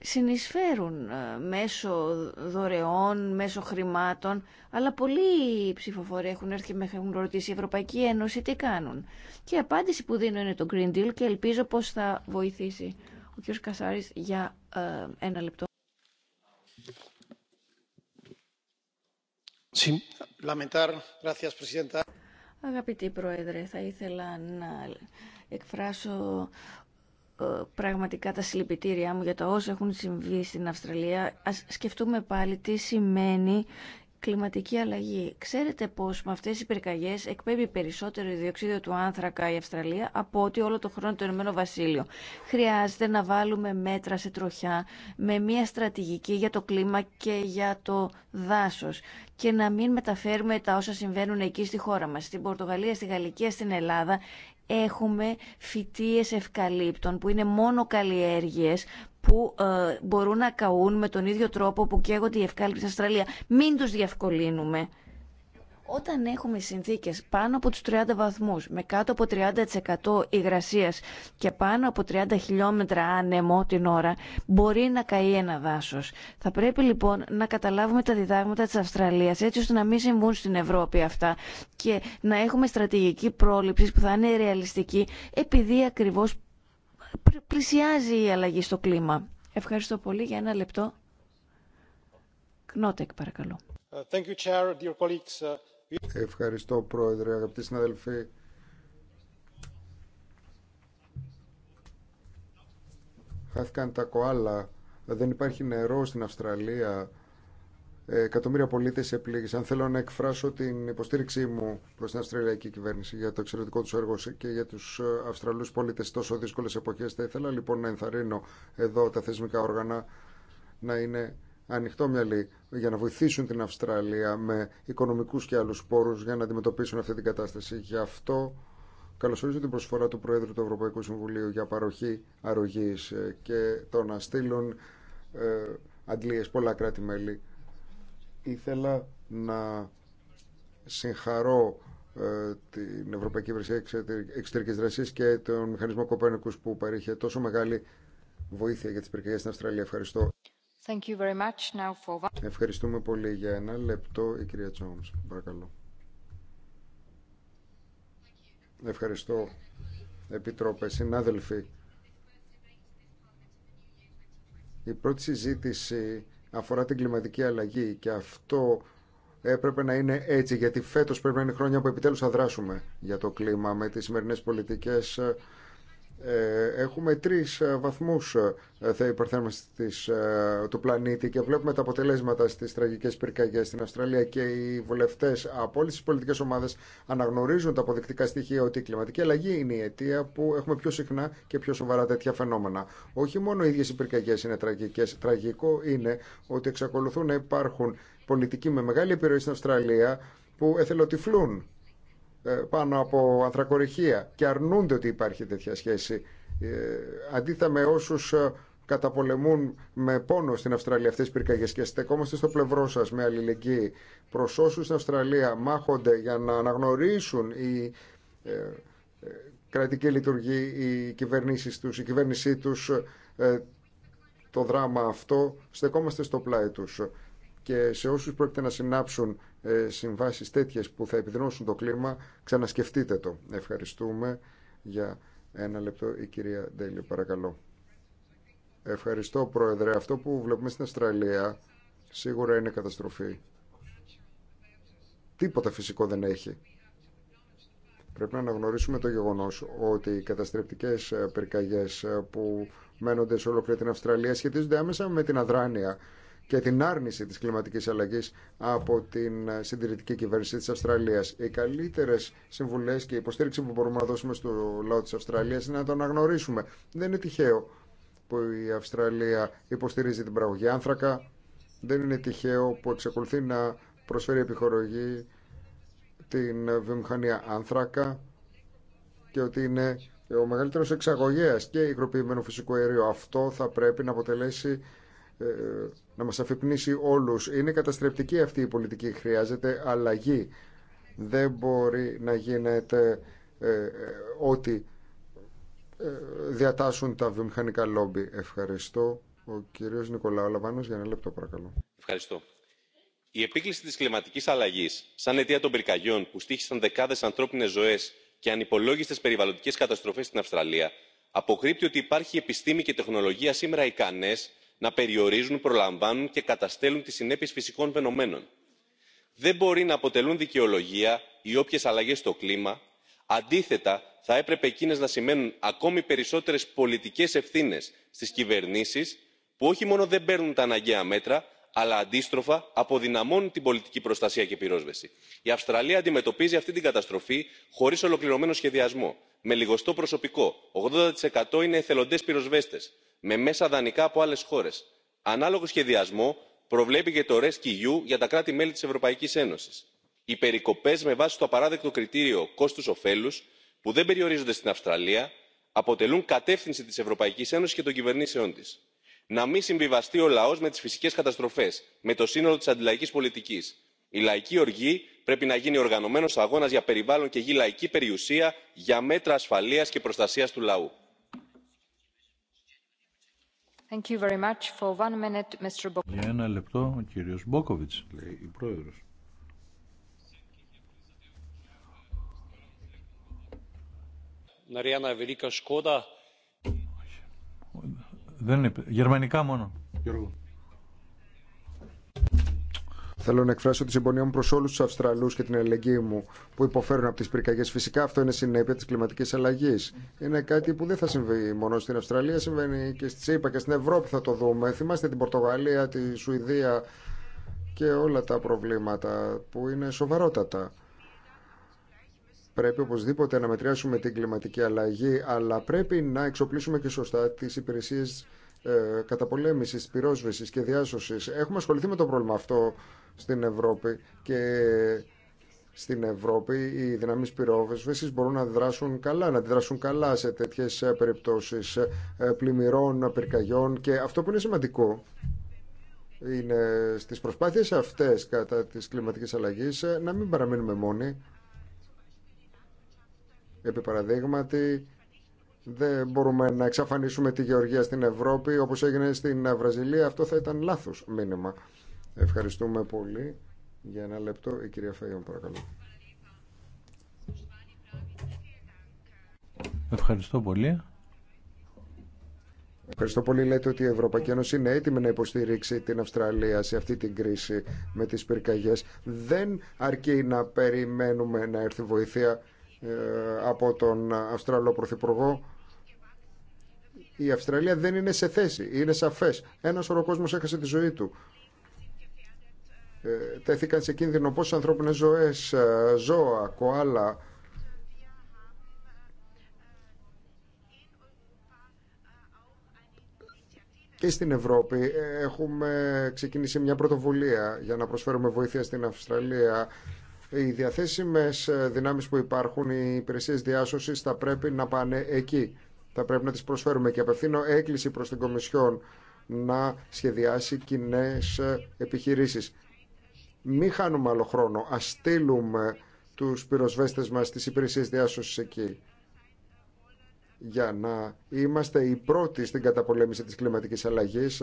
συνεισφέρουν ε, μέσω δωρεών, μέσω χρημάτων, αλλά πολλοί ψηφοφόροι έχουν έρθει και με έχουν ρωτήσει η Ευρωπαϊκή Ένωση τι κάνουν. Και η απάντηση που δίνω είναι το Green Deal και ελπίζω πως θα βοηθήσει ο κ. Κασάρης για ε, ένα λεπτό. Αγαπητή Πρόεδρε, θα ήθελα να εκφράσω ε, πραγματικά τα συλληπιτήριά μου για τα όσα έχουν συμβεί στην Αυστραλία. Ας σκεφτούμε πάλι τι σημαίνει κλιματική αλλαγή. Ξέρετε πώ με αυτέ οι πυρκαγιέ εκπέμπει περισσότερο διοξίδιο του άνθρακα η Αυστραλία από ότι όλο το χρόνο το Ηνωμένο Βασίλειο. Χρειάζεται να βάλουμε μέτρα σε τροχιά με μια στρατηγική για το κλίμα και για το δάσο. και να μην μεταφέρουμε τα όσα συμβαίνουν εκεί στη χώρα μα: στην Πορτογαλία, στη Γαλλική, στην Ελλάδα έχουμε φυτίες ευκαλύπτων που είναι μόνο καλλιέργειες που ε, μπορούν να καούν με τον ίδιο τρόπο που καίγονται οι ευκάλυπτοι στην Αυστραλία. Μην τους διευκολύνουμε. Όταν έχουμε συνθήκες πάνω από τους 30 βαθμούς, με κάτω από 30% υγρασίας και πάνω από 30 χιλιόμετρα άνεμο την ώρα, μπορεί να καεί ένα δάσος. Θα πρέπει λοιπόν να καταλάβουμε τα διδάγματα της Αυστραλίας, έτσι ώστε να μην συμβούν στην Ευρώπη αυτά και να έχουμε στρατηγική πρόληψη που θα είναι ρεαλιστική, επειδή ακριβώς πλησιάζει η αλλαγή στο κλίμα. Ευχαριστώ πολύ για ένα λεπτό. παρακαλώ. Ευχαριστώ πρόεδρε, αγαπητοί συναδελφοί. Χάθηκαν τα κοάλα, δεν υπάρχει νερό στην Αυστραλία. Εκατομμύρια πολίτε επλήγησαν. Θέλω να εκφράσω την υποστήριξή μου προ την Αυστραλιακή κυβέρνηση για το εξαιρετικό του έργο και για του Αυστραλού πολίτε τόσο δύσκολε εποχέ. Θα ήθελα λοιπόν να ενθαρρύνω εδώ τα θεσμικά όργανα να είναι ανοιχτό μυαλί για να βοηθήσουν την Αυστραλία με οικονομικούς και άλλους πόρους για να αντιμετωπίσουν αυτή την κατάσταση. Γι' αυτό καλωσορίζω την προσφορά του Προέδρου του Ευρωπαϊκού Συμβουλίου για παροχή αρρωγής και το να στείλουν ε, αντλίες πολλά κράτη-μέλη. Ήθελα να συγχαρώ ε, την Ευρωπαϊκή Υπηρεσία Εξωτερική Δράση και τον Μηχανισμό Κοπένικου που παρήχε τόσο μεγάλη βοήθεια για τι πυρκαγιέ στην Αυστραλία. Ευχαριστώ. Ευχαριστούμε πολύ για ένα λεπτό η κυρία Τσόμς. Παρακαλώ. Ευχαριστώ. Επιτρόπε, συνάδελφοι. Η πρώτη συζήτηση αφορά την κλιματική αλλαγή και αυτό έπρεπε να είναι έτσι γιατί φέτος πρέπει να είναι χρόνια που επιτέλους θα δράσουμε για το κλίμα με τις σημερινές πολιτικές ε, έχουμε τρεις ε, βαθμούς ε, θα υπερθέρμανση του πλανήτη και βλέπουμε τα αποτελέσματα στις τραγικές πυρκαγιές στην Αυστραλία και οι βουλευτές από όλες τις πολιτικές ομάδες αναγνωρίζουν τα αποδεικτικά στοιχεία ότι η κλιματική αλλαγή είναι η αιτία που έχουμε πιο συχνά και πιο σοβαρά τέτοια φαινόμενα. Όχι μόνο οι ίδιες οι πυρκαγιές είναι τραγικές, τραγικό είναι ότι εξακολουθούν να υπάρχουν πολιτικοί με μεγάλη επιρροή στην Αυστραλία που εθελοτυφλούν ε, πάνω από ανθρακοριχεία και αρνούνται ότι υπάρχει τέτοια σχέση. Ε, αντίθετα με όσους ε, καταπολεμούν με πόνο στην Αυστραλία αυτές τις πυρκαγιές και στεκόμαστε στο πλευρό σας με αλληλεγγύη προς όσους στην Αυστραλία μάχονται για να αναγνωρίσουν η κρατική λειτουργή, οι κυβερνήσεις τους, η κυβέρνησή τους, το δράμα αυτό, στεκόμαστε στο πλάι τους. Και σε όσους πρόκειται να συνάψουν ε, συμβάσεις τέτοιες που θα επιδεινώσουν το κλίμα, ξανασκεφτείτε το. Ευχαριστούμε για ένα λεπτό η κυρία Ντέλιο, παρακαλώ. Ευχαριστώ, Πρόεδρε. Αυτό που βλέπουμε στην Αυστραλία σίγουρα είναι καταστροφή. Τίποτα φυσικό δεν έχει. Πρέπει να αναγνωρίσουμε το γεγονός ότι οι καταστρεπτικές πυρκαγιές που μένονται σε ολόκληρη την Αυστραλία σχετίζονται άμεσα με την αδράνεια και την άρνηση της κλιματικής αλλαγής από την συντηρητική κυβέρνηση της Αυστραλίας. Οι καλύτερες συμβουλές και η υποστήριξη που μπορούμε να δώσουμε στο λαό της Αυστραλίας είναι να το αναγνωρίσουμε. Δεν είναι τυχαίο που η Αυστραλία υποστηρίζει την παραγωγή άνθρακα. Δεν είναι τυχαίο που εξακολουθεί να προσφέρει επιχορογή την βιομηχανία άνθρακα και ότι είναι ο μεγαλύτερος εξαγωγέας και υγροποιημένο φυσικό αερίο. Αυτό θα πρέπει να αποτελέσει ε, να μας αφυπνίσει όλους. Είναι καταστρεπτική αυτή η πολιτική, χρειάζεται αλλαγή. Δεν μπορεί να γίνεται ε, ε, ότι διατάσσουν τα βιομηχανικά λόμπι. Ευχαριστώ. Ο κύριος Νικολάου Λαβάνος για ένα λεπτό παρακαλώ. Ευχαριστώ. Η επίκληση της κλιματικής αλλαγής σαν αιτία των πυρκαγιών που στήχησαν δεκάδες ανθρώπινες ζωές και ανυπολόγιστες περιβαλλοντικές καταστροφές στην Αυστραλία αποκρύπτει ότι υπάρχει επιστήμη και τεχνολογία σήμερα ικανές να περιορίζουν προλαμβάνουν και καταστέλουν τι συνέπειε φυσικών φαινομένων. δεν μπορεί να αποτελούν δικαιολογία οι όποιε αλλαγέ στο κλίμα αντίθετα θα έπρεπε εκείνες να σημαίνουν ακόμη περισσότερε πολιτικέ ευθύνε στι κυβερνήσει που όχι μόνο δεν παίρνουν τα αναγκαία μέτρα αλλά αντίστροφα αποδυναμώνει την πολιτική προστασία και πυρόσβεση. η αυστραλία αντιμετωπίζει αυτή την καταστροφή χωρίς ολοκληρωμένο σχεδιασμό με λιγοστό προσωπικό 80% είναι εθελοντές πυροσβέστες με μέσα δανεικά από άλλες χώρες. ανάλογο σχεδιασμό προβλέπει και το resceu για τα κράτη μέλη της ευρωπαϊκής ένωσης. οι περικοπές με βάση το απαράδεκτο κριτήριο Κόστου ωφέλου, που δεν περιορίζονται στην αυστραλία αποτελούν κατεύθυνση τη ευρωπαϊκής ένωσης και των κυβερνήσεών της να μην συμβιβαστεί ο λαό με τι φυσικέ καταστροφέ με το σύνολο τη αντιλαϊκής πολιτική. η λαϊκή οργή πρέπει να γίνει οργανωμένο αγώνα για περιβάλλον και γη λαϊκή περιουσία για μέτρα ασφαλεία και προστασία του λαού. Δεν είπε. Γερμανικά μόνο. Γιώργο. Θέλω να εκφράσω τη συμπονία μου προ όλου του Αυστραλού και την ελεγγύη μου που υποφέρουν από τι πυρκαγιέ. Φυσικά αυτό είναι συνέπεια τη κλιματική αλλαγή. Είναι κάτι που δεν θα συμβεί μόνο στην Αυστραλία, συμβαίνει και στη ΣΥΠΑ και στην Ευρώπη θα το δούμε. Θυμάστε την Πορτογαλία, τη Σουηδία και όλα τα προβλήματα που είναι σοβαρότατα. Πρέπει οπωσδήποτε να μετριάσουμε την κλιματική αλλαγή, αλλά πρέπει να εξοπλίσουμε και σωστά τι υπηρεσίε ε, καταπολέμηση, πυρόσβεση και διάσωση. Έχουμε ασχοληθεί με το πρόβλημα αυτό στην Ευρώπη και στην Ευρώπη οι δυνάμεις πυρόσβεσης μπορούν να δράσουν καλά, να αντιδράσουν καλά σε τέτοιες ε, περιπτώσεις ε, πλημμυρών, πυρκαγιών και αυτό που είναι σημαντικό είναι στις προσπάθειες αυτές κατά της κλιματικής αλλαγής ε, να μην παραμείνουμε μόνοι Επί παραδείγματι, δεν μπορούμε να εξαφανίσουμε τη γεωργία στην Ευρώπη όπως έγινε στην Βραζιλία. Αυτό θα ήταν λάθος μήνυμα. Ευχαριστούμε πολύ. Για ένα λεπτό, η κυρία Φαϊόν, παρακαλώ. Ευχαριστώ πολύ. Ευχαριστώ πολύ. Λέτε ότι η Ευρωπαϊκή Ένωση είναι έτοιμη να υποστηρίξει την Αυστραλία σε αυτή την κρίση με τις πυρκαγιές. Δεν αρκεί να περιμένουμε να έρθει βοήθεια ε, από τον Αυστραλό Πρωθυπουργό η Αυστραλία δεν είναι σε θέση, είναι σαφές. Ένας οροκόσμος έχασε τη ζωή του. Ε, τέθηκαν σε κίνδυνο πόσες ανθρώπινες ζωές, ε, ζώα, κοάλα. Και στην Ευρώπη ε, έχουμε ξεκινήσει μια πρωτοβουλία για να προσφέρουμε βοήθεια στην Αυστραλία οι διαθέσιμες ε, δυνάμεις που υπάρχουν, οι υπηρεσίες διάσωσης θα πρέπει να πάνε εκεί. Θα πρέπει να τις προσφέρουμε και απευθύνω έκκληση προς την Κομισιόν να σχεδιάσει κοινέ ε, επιχειρήσεις. Μην χάνουμε άλλο χρόνο. Α στείλουμε τους πυροσβέστες μας στις υπηρεσίες διάσωση εκεί για να είμαστε οι πρώτοι στην καταπολέμηση της κλιματικής αλλαγής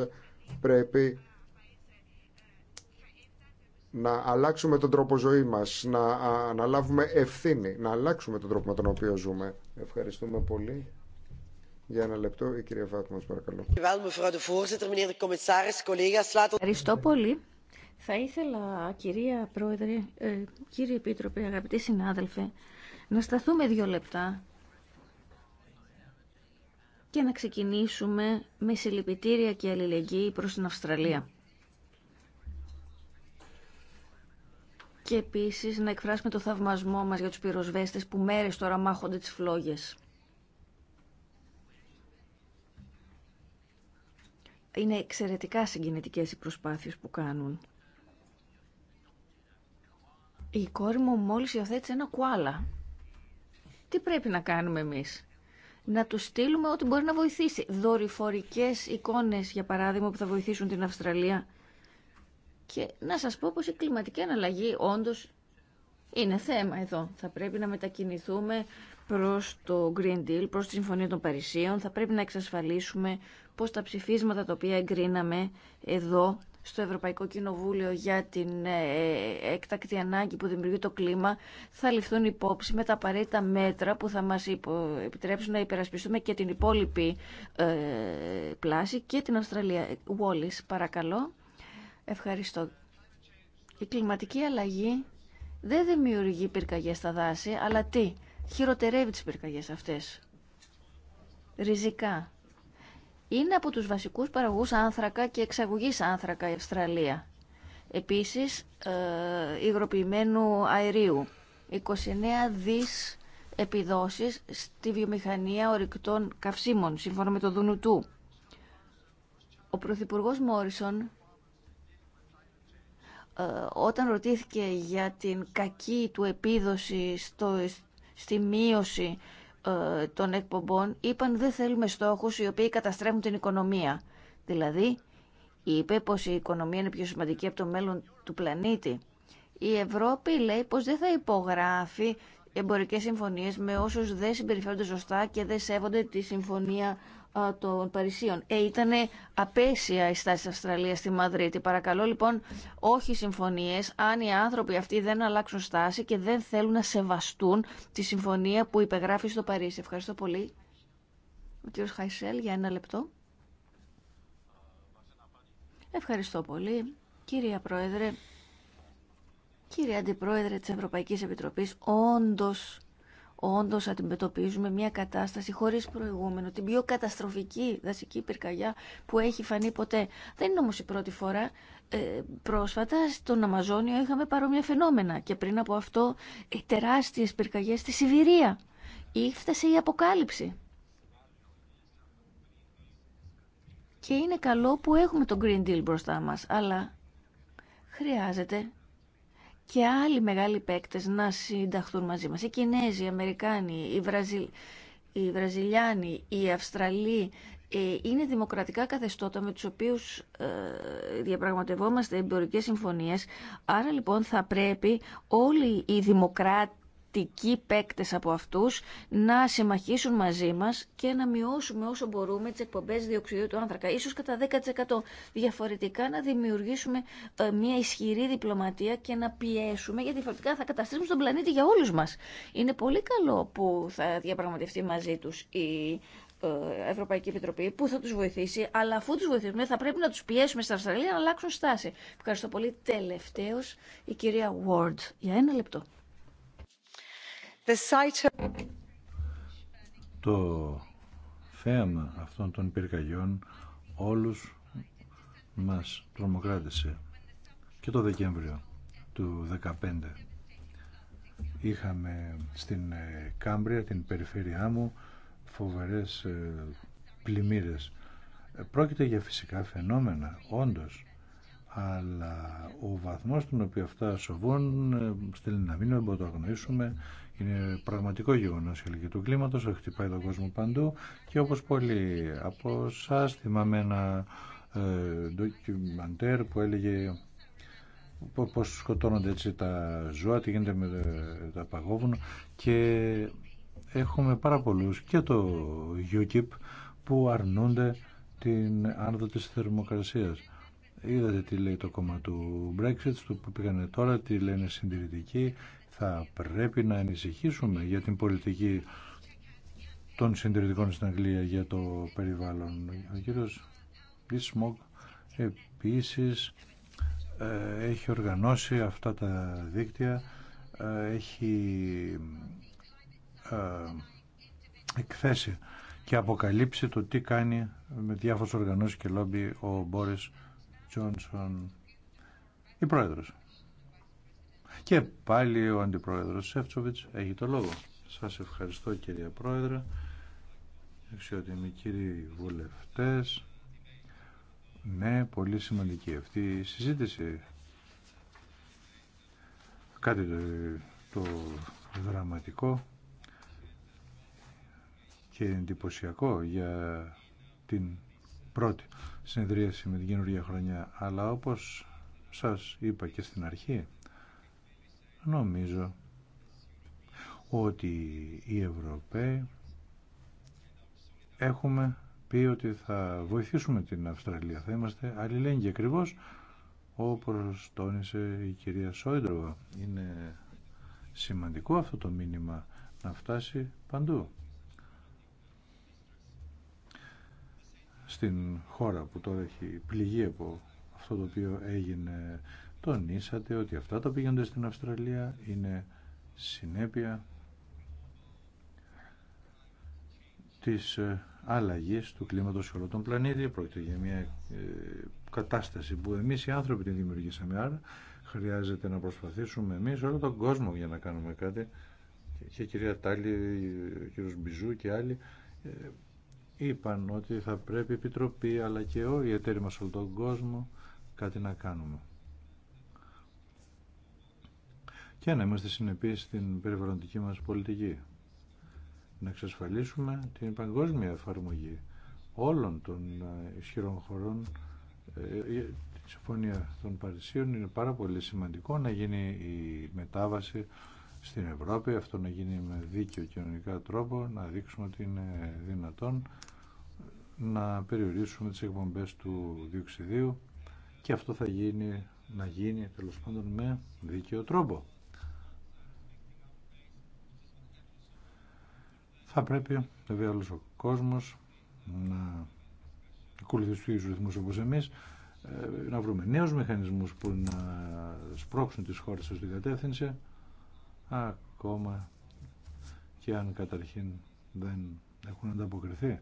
πρέπει να αλλάξουμε τον τρόπο ζωή μας, να αναλάβουμε ευθύνη, να αλλάξουμε τον τρόπο με τον οποίο ζούμε. Ευχαριστούμε πολύ. Για ένα λεπτό, η κυρία Φάκου, μας παρακαλώ. Ευχαριστώ πολύ. Θα ήθελα, κυρία Πρόεδρε, ε, κύριε Επίτροπε, αγαπητοί συνάδελφοι, να σταθούμε δύο λεπτά και να ξεκινήσουμε με συλληπιτήρια και αλληλεγγύη προς την Αυστραλία. και επίση να εκφράσουμε το θαυμασμό μας για τους πυροσβέστες που μέρες τώρα μάχονται τις φλόγες. Είναι εξαιρετικά συγκινητικές οι προσπάθειες που κάνουν. Η κόρη μου μόλις υιοθέτησε ένα κουάλα. Τι πρέπει να κάνουμε εμείς. Να του στείλουμε ό,τι μπορεί να βοηθήσει. Δορυφορικές εικόνες, για παράδειγμα, που θα βοηθήσουν την Αυστραλία και να σας πω πως η κλιματική αναλλαγή όντως είναι θέμα εδώ. Θα πρέπει να μετακινηθούμε προς το Green Deal, προς τη Συμφωνία των Παρισίων. Θα πρέπει να εξασφαλίσουμε πως τα ψηφίσματα τα οποία εγκρίναμε εδώ στο Ευρωπαϊκό Κοινοβούλιο για την ε, ε, έκτακτη ανάγκη που δημιουργεί το κλίμα θα ληφθούν υπόψη με τα απαραίτητα μέτρα που θα μας επιτρέψουν να υπερασπιστούμε και την υπόλοιπη ε, πλάση και την Αυστραλία. Wallis, παρακαλώ. Ευχαριστώ. Η κλιματική αλλαγή δεν δημιουργεί πυρκαγιές στα δάση, αλλά τι, χειροτερεύει τις πυρκαγιές αυτές. Ριζικά. Είναι από τους βασικούς παραγωγούς άνθρακα και εξαγωγής άνθρακα η Αυστραλία. Επίσης, ε, υγροποιημένου αερίου. 29 δις επιδόσεις στη βιομηχανία ορυκτών καυσίμων, σύμφωνα με το Δουνουτού. Ο Πρωθυπουργός Μόρισον ε, όταν ρωτήθηκε για την κακή του επίδοση στο, στη μείωση ε, των εκπομπών, είπαν δεν θέλουμε στόχους οι οποίοι καταστρέφουν την οικονομία. Δηλαδή, είπε πως η οικονομία είναι πιο σημαντική από το μέλλον του πλανήτη. Η Ευρώπη λέει πως δεν θα υπογράφει εμπορικές συμφωνίες με όσους δεν συμπεριφέρονται σωστά και δεν σέβονται τη συμφωνία των Παρισίων. Ε, ήταν απέσια η στάση της Αυστραλίας στη Μαδρίτη. Παρακαλώ λοιπόν όχι συμφωνίες αν οι άνθρωποι αυτοί δεν αλλάξουν στάση και δεν θέλουν να σεβαστούν τη συμφωνία που υπεγράφει στο Παρίσι. Ευχαριστώ πολύ. Ο κ. Χαϊσέλ για ένα λεπτό. Ευχαριστώ πολύ. Κύριε Πρόεδρε, κύριε Αντιπρόεδρε της Ευρωπαϊκής Επιτροπής, όντως όντως αντιμετωπίζουμε μια κατάσταση χωρίς προηγούμενο, την πιο καταστροφική δασική πυρκαγιά που έχει φανεί ποτέ. Δεν είναι όμως η πρώτη φορά. Ε, πρόσφατα στον Αμαζόνιο είχαμε παρόμοια φαινόμενα και πριν από αυτό τεράστιε τεράστιες πυρκαγιές στη Σιβηρία. Ήφτασε η αποκάλυψη. Και είναι καλό που έχουμε τον Green Deal μπροστά μας, αλλά χρειάζεται και άλλοι μεγάλοι παίκτε να συνταχθούν μαζί μας. Οι Κινέζοι, οι Αμερικάνοι, οι, Βραζιλιάνοι, οι Αυστραλοί, ε, είναι δημοκρατικά καθεστώτα με τους οποίους ε, διαπραγματευόμαστε εμπορικές συμφωνίες. Άρα λοιπόν θα πρέπει όλοι οι δημοκράτες σημαντικοί παίκτε από αυτού να συμμαχήσουν μαζί μα και να μειώσουμε όσο μπορούμε τι εκπομπέ διοξιδίου του άνθρακα, ίσως κατά 10%. Διαφορετικά να δημιουργήσουμε ε, μια ισχυρή διπλωματία και να πιέσουμε, γιατί διαφορετικά θα καταστρέψουμε τον πλανήτη για όλου μα. Είναι πολύ καλό που θα διαπραγματευτεί μαζί του η ε, Ευρωπαϊκή Επιτροπή που θα τους βοηθήσει, αλλά αφού τους βοηθήσουμε θα πρέπει να τους πιέσουμε στην Αυστραλία να αλλάξουν στάση. Ευχαριστώ πολύ. Τελευταίο η κυρία Ward. Για ένα λεπτό. Το θέαμα αυτών των πυρκαγιών όλους μας τρομοκράτησε και το Δεκέμβριο του 2015. Είχαμε στην ε, Κάμπρια, την περιφέρειά μου, φοβερές ε, πλημμύρες. Ε, πρόκειται για φυσικά φαινόμενα, όντως, αλλά ο βαθμός στον οποίο αυτά σοβούν στέλνει να μην το είναι πραγματικό γεγονός η αλληλεγγύη του κλίματος, χτυπάει τον κόσμο παντού και όπως πολλοί από εσά θυμάμαι ένα ε, ντοκιμαντέρ που έλεγε πώς σκοτώνονται έτσι τα ζώα, τι γίνεται με ε, τα παγόβουνα και έχουμε πάρα πολλούς και το UKIP που αρνούνται την άνοδο της θερμοκρασίας. Είδατε τι λέει το κόμμα του Brexit, του που πήγανε τώρα, τι λένε συντηρητικοί θα πρέπει να ανησυχήσουμε για την πολιτική των συντηρητικών στην Αγγλία για το περιβάλλον. Ο κύριος Πισμόκ επίσης ε, έχει οργανώσει αυτά τα δίκτυα, ε, έχει ε, εκθέσει και αποκαλύψει το τι κάνει με διάφορες οργανώσεις και λόμπι ο Μπόρις Τζόνσον, η πρόεδρος. Και πάλι ο Αντιπρόεδρος Σεύτσοβιτς έχει το λόγο. Σας ευχαριστώ κύριε Πρόεδρε, αξιότιμοι κύριοι βουλευτές. Ναι, πολύ σημαντική αυτή η συζήτηση. Κάτι το, δραματικό και εντυπωσιακό για την πρώτη συνεδρίαση με την καινούργια χρονιά. Αλλά όπως σας είπα και στην αρχή, Νομίζω ότι οι Ευρωπαίοι έχουμε πει ότι θα βοηθήσουμε την Αυστραλία. Θα είμαστε αλληλέγγυοι ακριβώ όπως τόνισε η κυρία Σόιντροβα. Είναι σημαντικό αυτό το μήνυμα να φτάσει παντού. Στην χώρα που τώρα έχει πληγεί από αυτό το οποίο έγινε τονίσατε ότι αυτά τα πηγαίνοντας στην Αυστραλία είναι συνέπεια της ε, αλλαγής του κλίματος σε όλο τον πλανήτη. Πρόκειται για μια ε, κατάσταση που εμείς οι άνθρωποι την δημιουργήσαμε. Άρα χρειάζεται να προσπαθήσουμε εμείς όλο τον κόσμο για να κάνουμε κάτι. Και η κυρία Τάλη, ο κύριος Μπιζού και άλλοι ε, είπαν ότι θα πρέπει η Επιτροπή αλλά και όλοι οι εταίροι μας όλο τον κόσμο κάτι να κάνουμε. και να είμαστε συνεπείς στην περιβαλλοντική μας πολιτική. Να εξασφαλίσουμε την παγκόσμια εφαρμογή όλων των ε, ισχυρών χωρών. Ε, ε, η Συμφωνία των Παρισίων είναι πάρα πολύ σημαντικό να γίνει η μετάβαση στην Ευρώπη, αυτό να γίνει με δίκαιο κοινωνικά τρόπο, να δείξουμε ότι είναι δυνατόν να περιορίσουμε τις εκπομπές του διοξιδίου και αυτό θα γίνει, να γίνει πάντων με δίκαιο τρόπο. Θα πρέπει βέβαια όλος ο κόσμος να ακολουθήσει του ίδιου ρυθμού όπω ε, να βρούμε νέου μηχανισμού που να σπρώξουν τι χώρε στην κατεύθυνση, ακόμα και αν καταρχήν δεν έχουν ανταποκριθεί,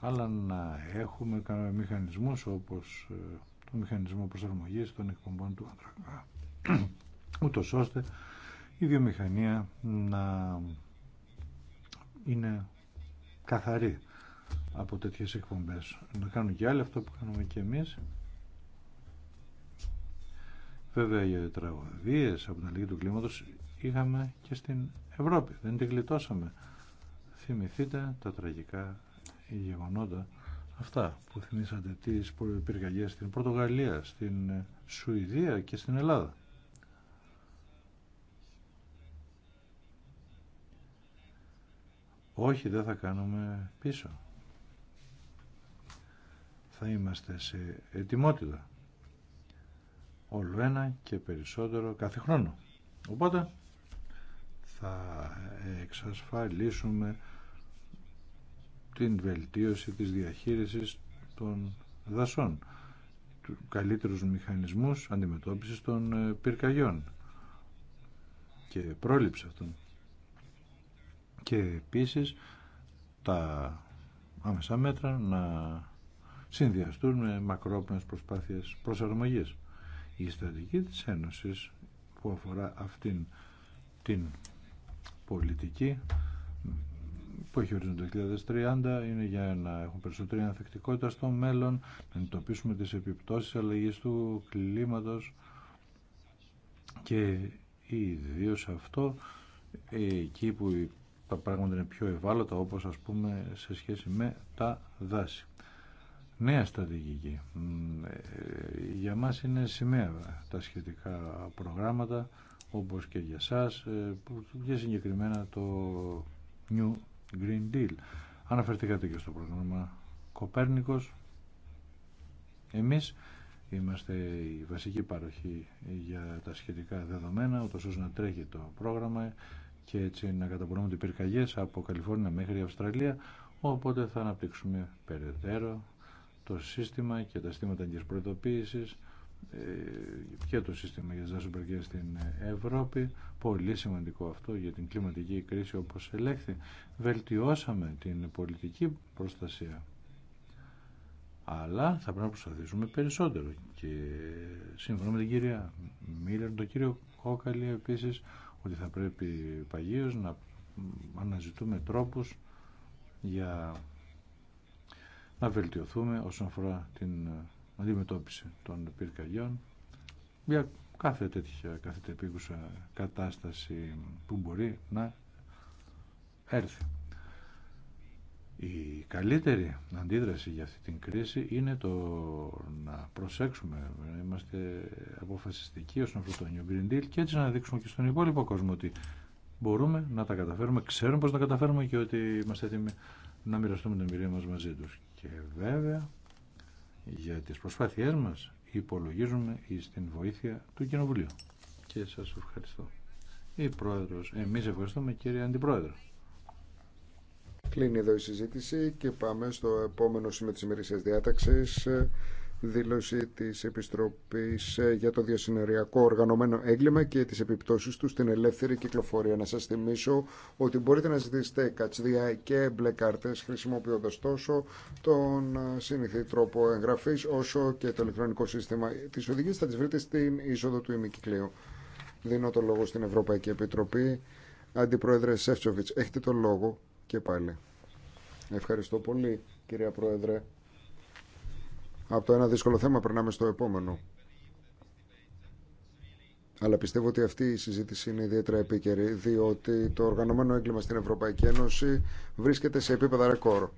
αλλά να έχουμε μηχανισμού όπως ε, το μηχανισμό προσαρμογή των εκπομπών του άνθρακα, ούτω ώστε η βιομηχανία να είναι καθαρή από τέτοιες εκπομπές. Να κάνουν και άλλοι αυτό που κάνουμε και εμείς. Βέβαια οι τραγωδίες από την αλληλή του κλίματος είχαμε και στην Ευρώπη. Δεν την γλιτώσαμε. Θυμηθείτε τα τραγικά γεγονότα αυτά που θυμήσατε τις πυρκαγιές στην Πορτογαλία, στην Σουηδία και στην Ελλάδα. Όχι, δεν θα κάνουμε πίσω. Θα είμαστε σε ετοιμότητα. Όλο ένα και περισσότερο κάθε χρόνο. Οπότε θα εξασφαλίσουμε την βελτίωση της διαχείρισης των δασών, καλύτερους μηχανισμούς αντιμετώπισης των ε, πυρκαγιών και πρόληψη αυτών και επίσης τα άμεσα μέτρα να συνδυαστούν με μακρόπνες προσπάθειες προσαρμογής. Η στρατηγική της Ένωσης που αφορά αυτήν την πολιτική που έχει ορίσει το 2030 είναι για να έχουμε περισσότερη ανθεκτικότητα στο μέλλον, να εντοπίσουμε τις επιπτώσεις αλλαγής του κλίματος και ιδίω αυτό εκεί που τα πράγματα είναι πιο ευάλωτα όπως ας πούμε σε σχέση με τα δάση. Νέα στρατηγική. Ε, για μας είναι σημαία τα σχετικά προγράμματα όπως και για σας ε, και συγκεκριμένα το New Green Deal. Αναφερθήκατε και στο πρόγραμμα Κοπέρνικος. Εμείς είμαστε η βασική παροχή για τα σχετικά δεδομένα, ούτως ώστε να τρέχει το πρόγραμμα και έτσι να καταπονούμε τις πυρκαγιές από Καλιφόρνια μέχρι η Αυστραλία οπότε θα αναπτύξουμε περαιτέρω το σύστημα και τα συστήματα της προειδοποίησης ε, και το σύστημα για τις στην Ευρώπη πολύ σημαντικό αυτό για την κλιματική κρίση όπως ελέγχθη βελτιώσαμε την πολιτική προστασία αλλά θα πρέπει να προσπαθήσουμε περισσότερο και σύμφωνα με την κυρία Μίλλερ τον κύριο Κόκαλη επίσης ότι θα πρέπει παγίως να αναζητούμε τρόπους για να βελτιωθούμε όσον αφορά την αντιμετώπιση των πυρκαγιών για κάθε τέτοια, κάθε κατάσταση που μπορεί να έρθει. Η καλύτερη αντίδραση για αυτή την κρίση είναι το να προσέξουμε, να είμαστε αποφασιστικοί όσον αφορά το New Green Deal και έτσι να δείξουμε και στον υπόλοιπο κόσμο ότι μπορούμε να τα καταφέρουμε, ξέρουμε πώς να τα καταφέρουμε και ότι είμαστε έτοιμοι να μοιραστούμε την εμπειρία μας μαζί τους. Και βέβαια για τις προσπάθειές μας υπολογίζουμε στην βοήθεια του Κοινοβουλίου. Και σας ευχαριστώ. Η Πρόεδρος, εμείς ευχαριστούμε κύριε Αντιπρόεδρο. Κλείνει εδώ η συζήτηση και πάμε στο επόμενο σημείο της ημερήσιας διάταξης ε, δήλωση της Επιστροπής ε, για το διασυνεριακό οργανωμένο έγκλημα και τις επιπτώσεις του στην ελεύθερη κυκλοφορία. Να σας θυμίσω ότι μπορείτε να ζητήσετε κατσδιά και μπλε κάρτες χρησιμοποιώντας τόσο τον ε, συνηθή τρόπο εγγραφής όσο και το ηλεκτρονικό σύστημα. τη οδηγίες θα τις βρείτε στην είσοδο του ημικυκλίου. Δίνω το λόγο στην Ευρωπαϊκή Επιτροπή. Αντιπρόεδρε Σεφτσοβιτς, έχετε το λόγο και πάλι. Ευχαριστώ πολύ, κυρία Πρόεδρε. Από το ένα δύσκολο θέμα περνάμε στο επόμενο. Αλλά πιστεύω ότι αυτή η συζήτηση είναι ιδιαίτερα επίκαιρη, διότι το οργανωμένο έγκλημα στην Ευρωπαϊκή Ένωση βρίσκεται σε επίπεδα ρεκόρ.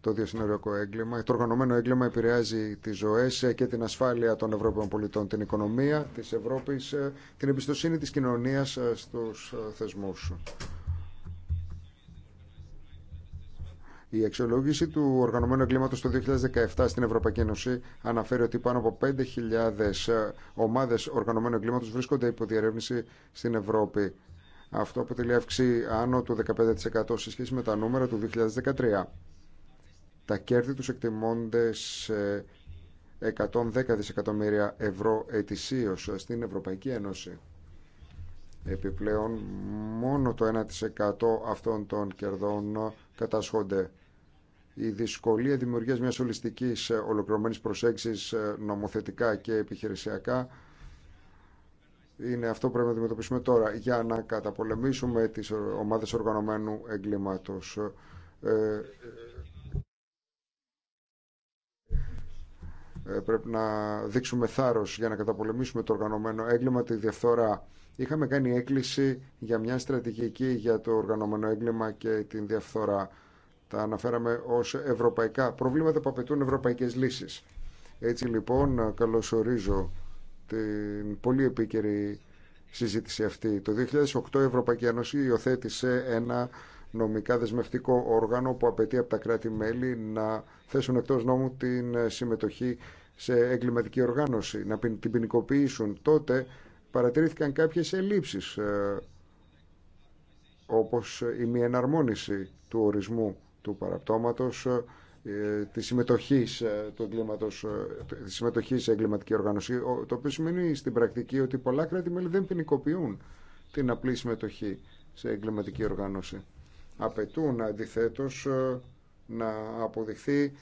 Το διασυνοριακό έγκλημα, το οργανωμένο έγκλημα επηρεάζει τι ζωέ και την ασφάλεια των Ευρωπαίων πολιτών, την οικονομία τη Ευρώπη, την εμπιστοσύνη τη κοινωνία στου θεσμού. Η αξιολόγηση του οργανωμένου εγκλήματος το 2017 στην Ευρωπαϊκή Ένωση αναφέρει ότι πάνω από 5.000 ε, ομάδες οργανωμένου εγκλήματος βρίσκονται υπό διερεύνηση στην Ευρώπη. Αυτό αποτελεί αύξηση άνω του 15% σε σχέση με τα νούμερα του 2013. Τα κέρδη τους εκτιμώνται σε 110 δισεκατομμύρια ευρώ ετησίως στην Ευρωπαϊκή Ένωση. Επιπλέον, μόνο το 1% αυτών των κερδών κατασχόνται η δυσκολία δημιουργίας μιας ολιστικής ε, ολοκληρωμένης προσέγγισης ε, νομοθετικά και επιχειρησιακά είναι αυτό που πρέπει να αντιμετωπίσουμε τώρα για να καταπολεμήσουμε τις ομάδες οργανωμένου εγκλήματος. Ε, πρέπει να δείξουμε θάρρος για να καταπολεμήσουμε το οργανωμένο έγκλημα, τη διαφθορά. Είχαμε κάνει έκκληση για μια στρατηγική για το οργανωμένο έγκλημα και την διαφθορά. Τα αναφέραμε ως ευρωπαϊκά προβλήματα που απαιτούν ευρωπαϊκές λύσεις. Έτσι λοιπόν καλωσορίζω την πολύ επίκαιρη συζήτηση αυτή. Το 2008 η Ευρωπαϊκή Ένωση υιοθέτησε ένα νομικά δεσμευτικό όργανο που απαιτεί από τα κράτη-μέλη να θέσουν εκτός νόμου την συμμετοχή σε εγκληματική οργάνωση, να την ποινικοποιήσουν. Τότε παρατηρήθηκαν κάποιες ελλείψεις ε, όπως η μη εναρμόνιση του ορισμού του παραπτώματος, ε, τη συμμετοχή ε, του εγκλήματο, ε, τη συμμετοχή σε εγκληματική οργάνωση, το οποίο σημαίνει στην πρακτική ότι πολλά κράτη-μέλη δεν ποινικοποιούν την απλή συμμετοχή σε εγκληματική οργάνωση. Απαιτούν αντιθέτω να αποδειχθεί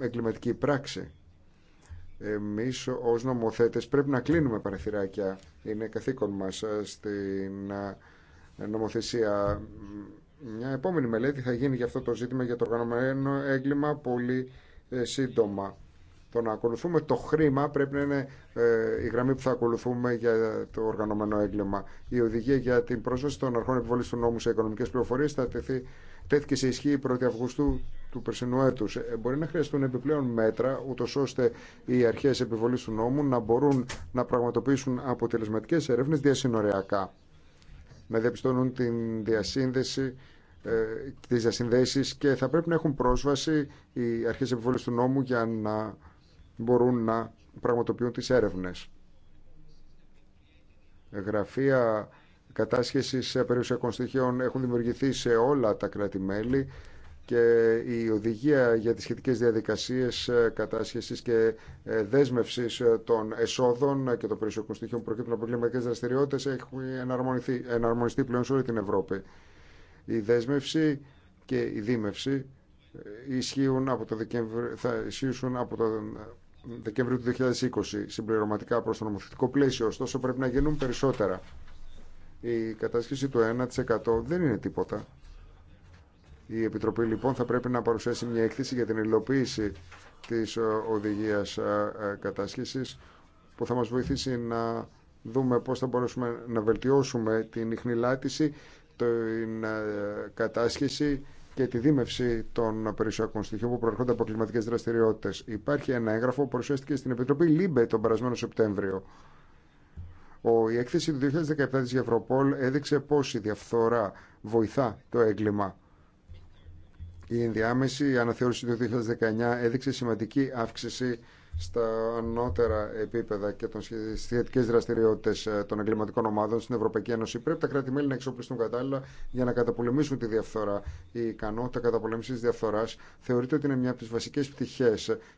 εγκληματική πράξη. Εμεί ω νομοθέτε πρέπει να κλείνουμε παραθυράκια. Είναι καθήκον μα στην νομοθεσία μια επόμενη μελέτη θα γίνει για αυτό το ζήτημα για το οργανωμένο έγκλημα πολύ ε, σύντομα. Το να ακολουθούμε το χρήμα πρέπει να είναι ε, η γραμμή που θα ακολουθούμε για το οργανωμένο έγκλημα. Η οδηγία για την πρόσβαση των αρχών επιβολή του νόμου σε οικονομικέ πληροφορίε θα τεθεί, τέθηκε σε ισχύ 1η Αυγούστου του περσινού έτου. Ε, μπορεί να χρειαστούν επιπλέον μέτρα, ούτω ώστε οι αρχέ επιβολή του νόμου να μπορούν να πραγματοποιήσουν αποτελεσματικέ έρευνε διασυνοριακά να διαπιστώνουν την διασύνδεση ε, τις διασυνδέσεις και θα πρέπει να έχουν πρόσβαση οι αρχές επιβολής του νόμου για να μπορούν να πραγματοποιούν τις έρευνες. Γραφεία κατάσχεσης περιουσιακών στοιχείων έχουν δημιουργηθεί σε όλα τα κράτη-μέλη και η οδηγία για τις σχετικές διαδικασίες ε, κατάσχεσης και ε, δέσμευσης ε, των εσόδων και των περιουσιακών στοιχείων που προκύπτουν από κλιματικές δραστηριότητες έχουν εναρμονιστεί, εναρμονιστεί πλέον σε όλη την Ευρώπη. Η δέσμευση και η δίμευση ισχύουν από το θα ισχύσουν από τον Δεκέμβριο του 2020 συμπληρωματικά προς το νομοθετικό πλαίσιο, ωστόσο πρέπει να γίνουν περισσότερα. Η κατάσχεση του 1% δεν είναι τίποτα η Επιτροπή λοιπόν θα πρέπει να παρουσιάσει μια έκθεση για την υλοποίηση της ε, οδηγίας ε, ε, κατάσχεσης που θα μας βοηθήσει να δούμε πώς θα μπορέσουμε να βελτιώσουμε την ιχνηλάτηση, την κατάσχεση και τη δίμευση των περιουσιακών στοιχείων που προερχόνται από κλιματικέ δραστηριότητε. Υπάρχει ένα έγγραφο που παρουσιάστηκε στην Επιτροπή ΛΥΜΠΕ τον περασμένο Σεπτέμβριο. Ο, η έκθεση του 2017 της Ευρωπόλ έδειξε πώς η διαφθορά βοηθά το έγκλημα η ενδιάμεση αναθεώρηση του 2019 έδειξε σημαντική αύξηση στα ανώτερα επίπεδα και στι θετικέ δραστηριότητε ε, των εγκληματικών ομάδων στην Ευρωπαϊκή Ένωση. Πρέπει τα κράτη-μέλη να εξοπλιστούν κατάλληλα για να καταπολεμήσουν τη διαφθορά. Η ικανότητα καταπολέμηση διαφθορά θεωρείται ότι είναι μια από τι βασικέ πτυχέ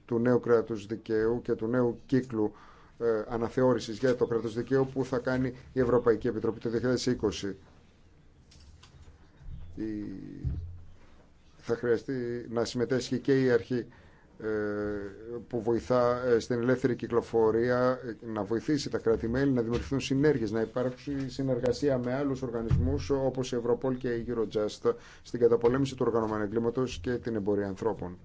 του νέου κράτου δικαίου και του νέου κύκλου ε, αναθεώρησης για το κράτο δικαίου που θα κάνει η Ευρωπαϊκή Επιτροπή το 2020 θα χρειαστεί να συμμετέσχει και η αρχή ε, που βοηθά ε, στην ελεύθερη κυκλοφορία ε, να βοηθήσει τα κράτη-μέλη να δημιουργηθούν συνέργειες, να υπάρξει συνεργασία με άλλους οργανισμούς όπως η Ευρωπόλ και η Eurojust στην καταπολέμηση του οργανωμένου εγκλήματος και την εμπορία ανθρώπων.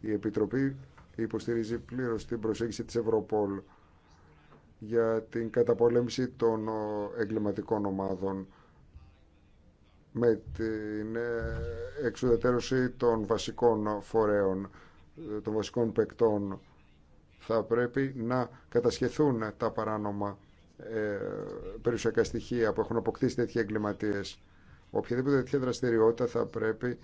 Η Επιτροπή υποστηρίζει πλήρως την προσέγγιση της Ευρωπόλ για την καταπολέμηση των εγκληματικών ομάδων με την ε, εξουδετερώση των βασικών φορέων, ε, των βασικών παικτών. Θα πρέπει να κατασχεθούν τα παράνομα ε, περιουσιακά στοιχεία που έχουν αποκτήσει τέτοιοι εγκληματίες. Οποιαδήποτε τέτοια δραστηριότητα θα πρέπει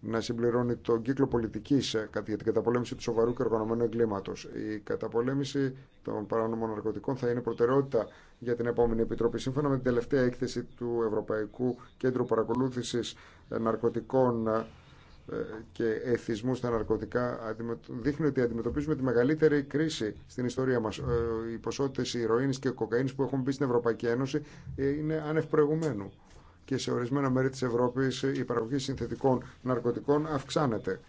να συμπληρώνει τον κύκλο πολιτική ε, για την καταπολέμηση του σοβαρού και οργανωμένου εγκλήματο. Η καταπολέμηση των παράνομων ναρκωτικών θα είναι προτεραιότητα για την επόμενη Επιτροπή. Σύμφωνα με την τελευταία έκθεση του Ευρωπαϊκού Κέντρου Παρακολούθηση ε, Ναρκωτικών ε, και εθισμού στα ναρκωτικά δείχνει ότι αντιμετωπίζουμε τη μεγαλύτερη κρίση στην ιστορία μα. Οι ποσότητε ηρωίνη και κοκαίνη που έχουν μπει στην Ευρωπαϊκή Ένωση είναι ανευπροηγουμένου και σε ορισμένα μέρη της Ευρώπης η παραγωγή συνθετικών ναρκωτικών αυξάνεται.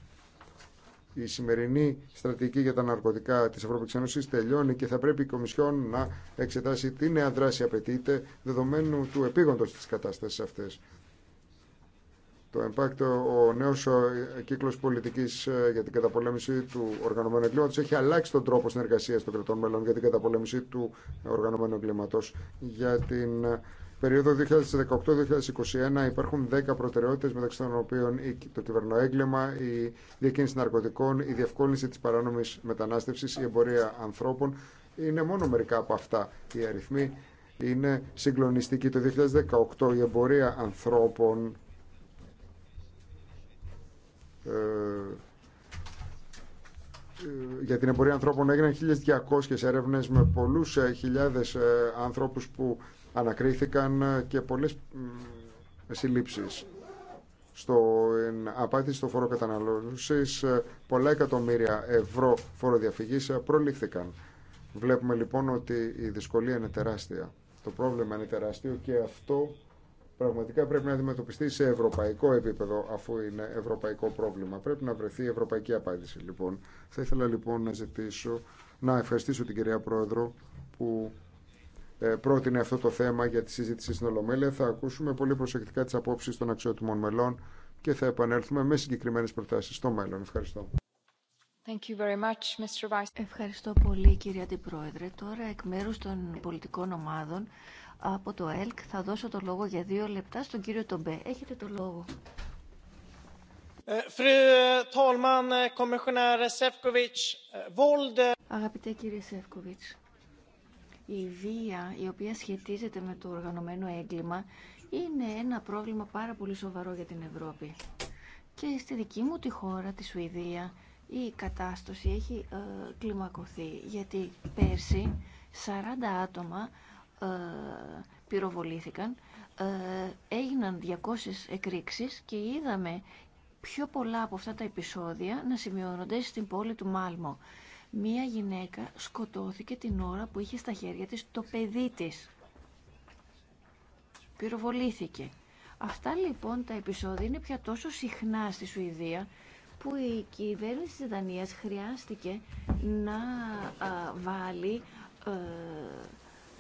Η σημερινή στρατηγική για τα ναρκωτικά της Ευρωπαϊκής Ένωσης τελειώνει και θα πρέπει η Κομισιόν να εξετάσει τι νέα δράση απαιτείται δεδομένου του επίγοντος της κατάστασης αυτής. Το impact, ο νέο ε, κύκλο πολιτική ε, για την καταπολέμηση του οργανωμένου εγκλήματο έχει αλλάξει τον τρόπο συνεργασία των κρατών μελών για την καταπολέμηση του οργανωμένου εγκλήματο, για την ε, περίοδο 2018-2021 υπάρχουν 10 προτεραιότητες μεταξύ των οποίων το κυβερνοέγκλημα, η διακίνηση ναρκωτικών, η διευκόλυνση της παράνομης μετανάστευσης, η εμπορία ανθρώπων. Είναι μόνο μερικά από αυτά οι αριθμοί. Είναι συγκλονιστική. Το 2018 η εμπορία ανθρώπων ε, ε, για την εμπορία ανθρώπων έγιναν 1.200 έρευνες με πολλούς ε, χιλιάδες ανθρώπους ε, που ανακρίθηκαν ε, και πολλές συλλήψεις στο απάτη στο φόρο καταναλώσεις. Ε, πολλά εκατομμύρια ευρώ φοροδιαφυγής ε, προλήφθηκαν. Βλέπουμε λοιπόν ότι η δυσκολία είναι τεράστια. Το πρόβλημα είναι τεράστιο και αυτό πραγματικά πρέπει να αντιμετωπιστεί σε ευρωπαϊκό επίπεδο αφού είναι ευρωπαϊκό πρόβλημα. Πρέπει να βρεθεί ευρωπαϊκή απάντηση λοιπόν. Θα ήθελα λοιπόν να ζητήσω να ευχαριστήσω την κυρία Πρόεδρο που ε, πρότεινε αυτό το θέμα για τη συζήτηση στην Ολομέλεια. Θα ακούσουμε πολύ προσεκτικά τι απόψει των αξιότιμων μελών και θα επανέλθουμε με συγκεκριμένε προτάσει στο μέλλον. Ευχαριστώ. Thank you very much, Mr. Ευχαριστώ πολύ κύριε Αντιπρόεδρε. Τώρα εκ μέρου των πολιτικών ομάδων από το ΕΛΚ θα δώσω το λόγο για δύο λεπτά στον κύριο Τομπέ. Έχετε το λόγο. Ε, ε, Αγαπητέ κύριε Σεύκοβιτς, η βία η οποία σχετίζεται με το οργανωμένο έγκλημα είναι ένα πρόβλημα πάρα πολύ σοβαρό για την Ευρώπη. Και στη δική μου τη χώρα, τη Σουηδία, η κατάσταση έχει ε, κλιμακωθεί γιατί πέρσι 40 άτομα ε, πυροβολήθηκαν, ε, έγιναν 200 εκρήξεις και είδαμε πιο πολλά από αυτά τα επεισόδια να σημειώνονται στην πόλη του Μάλμο μία γυναίκα σκοτώθηκε την ώρα που είχε στα χέρια της το παιδί της. Πυροβολήθηκε. Αυτά λοιπόν τα επεισόδια είναι πια τόσο συχνά στη Σουηδία που η κυβέρνηση της Δανίας χρειάστηκε να βάλει ε,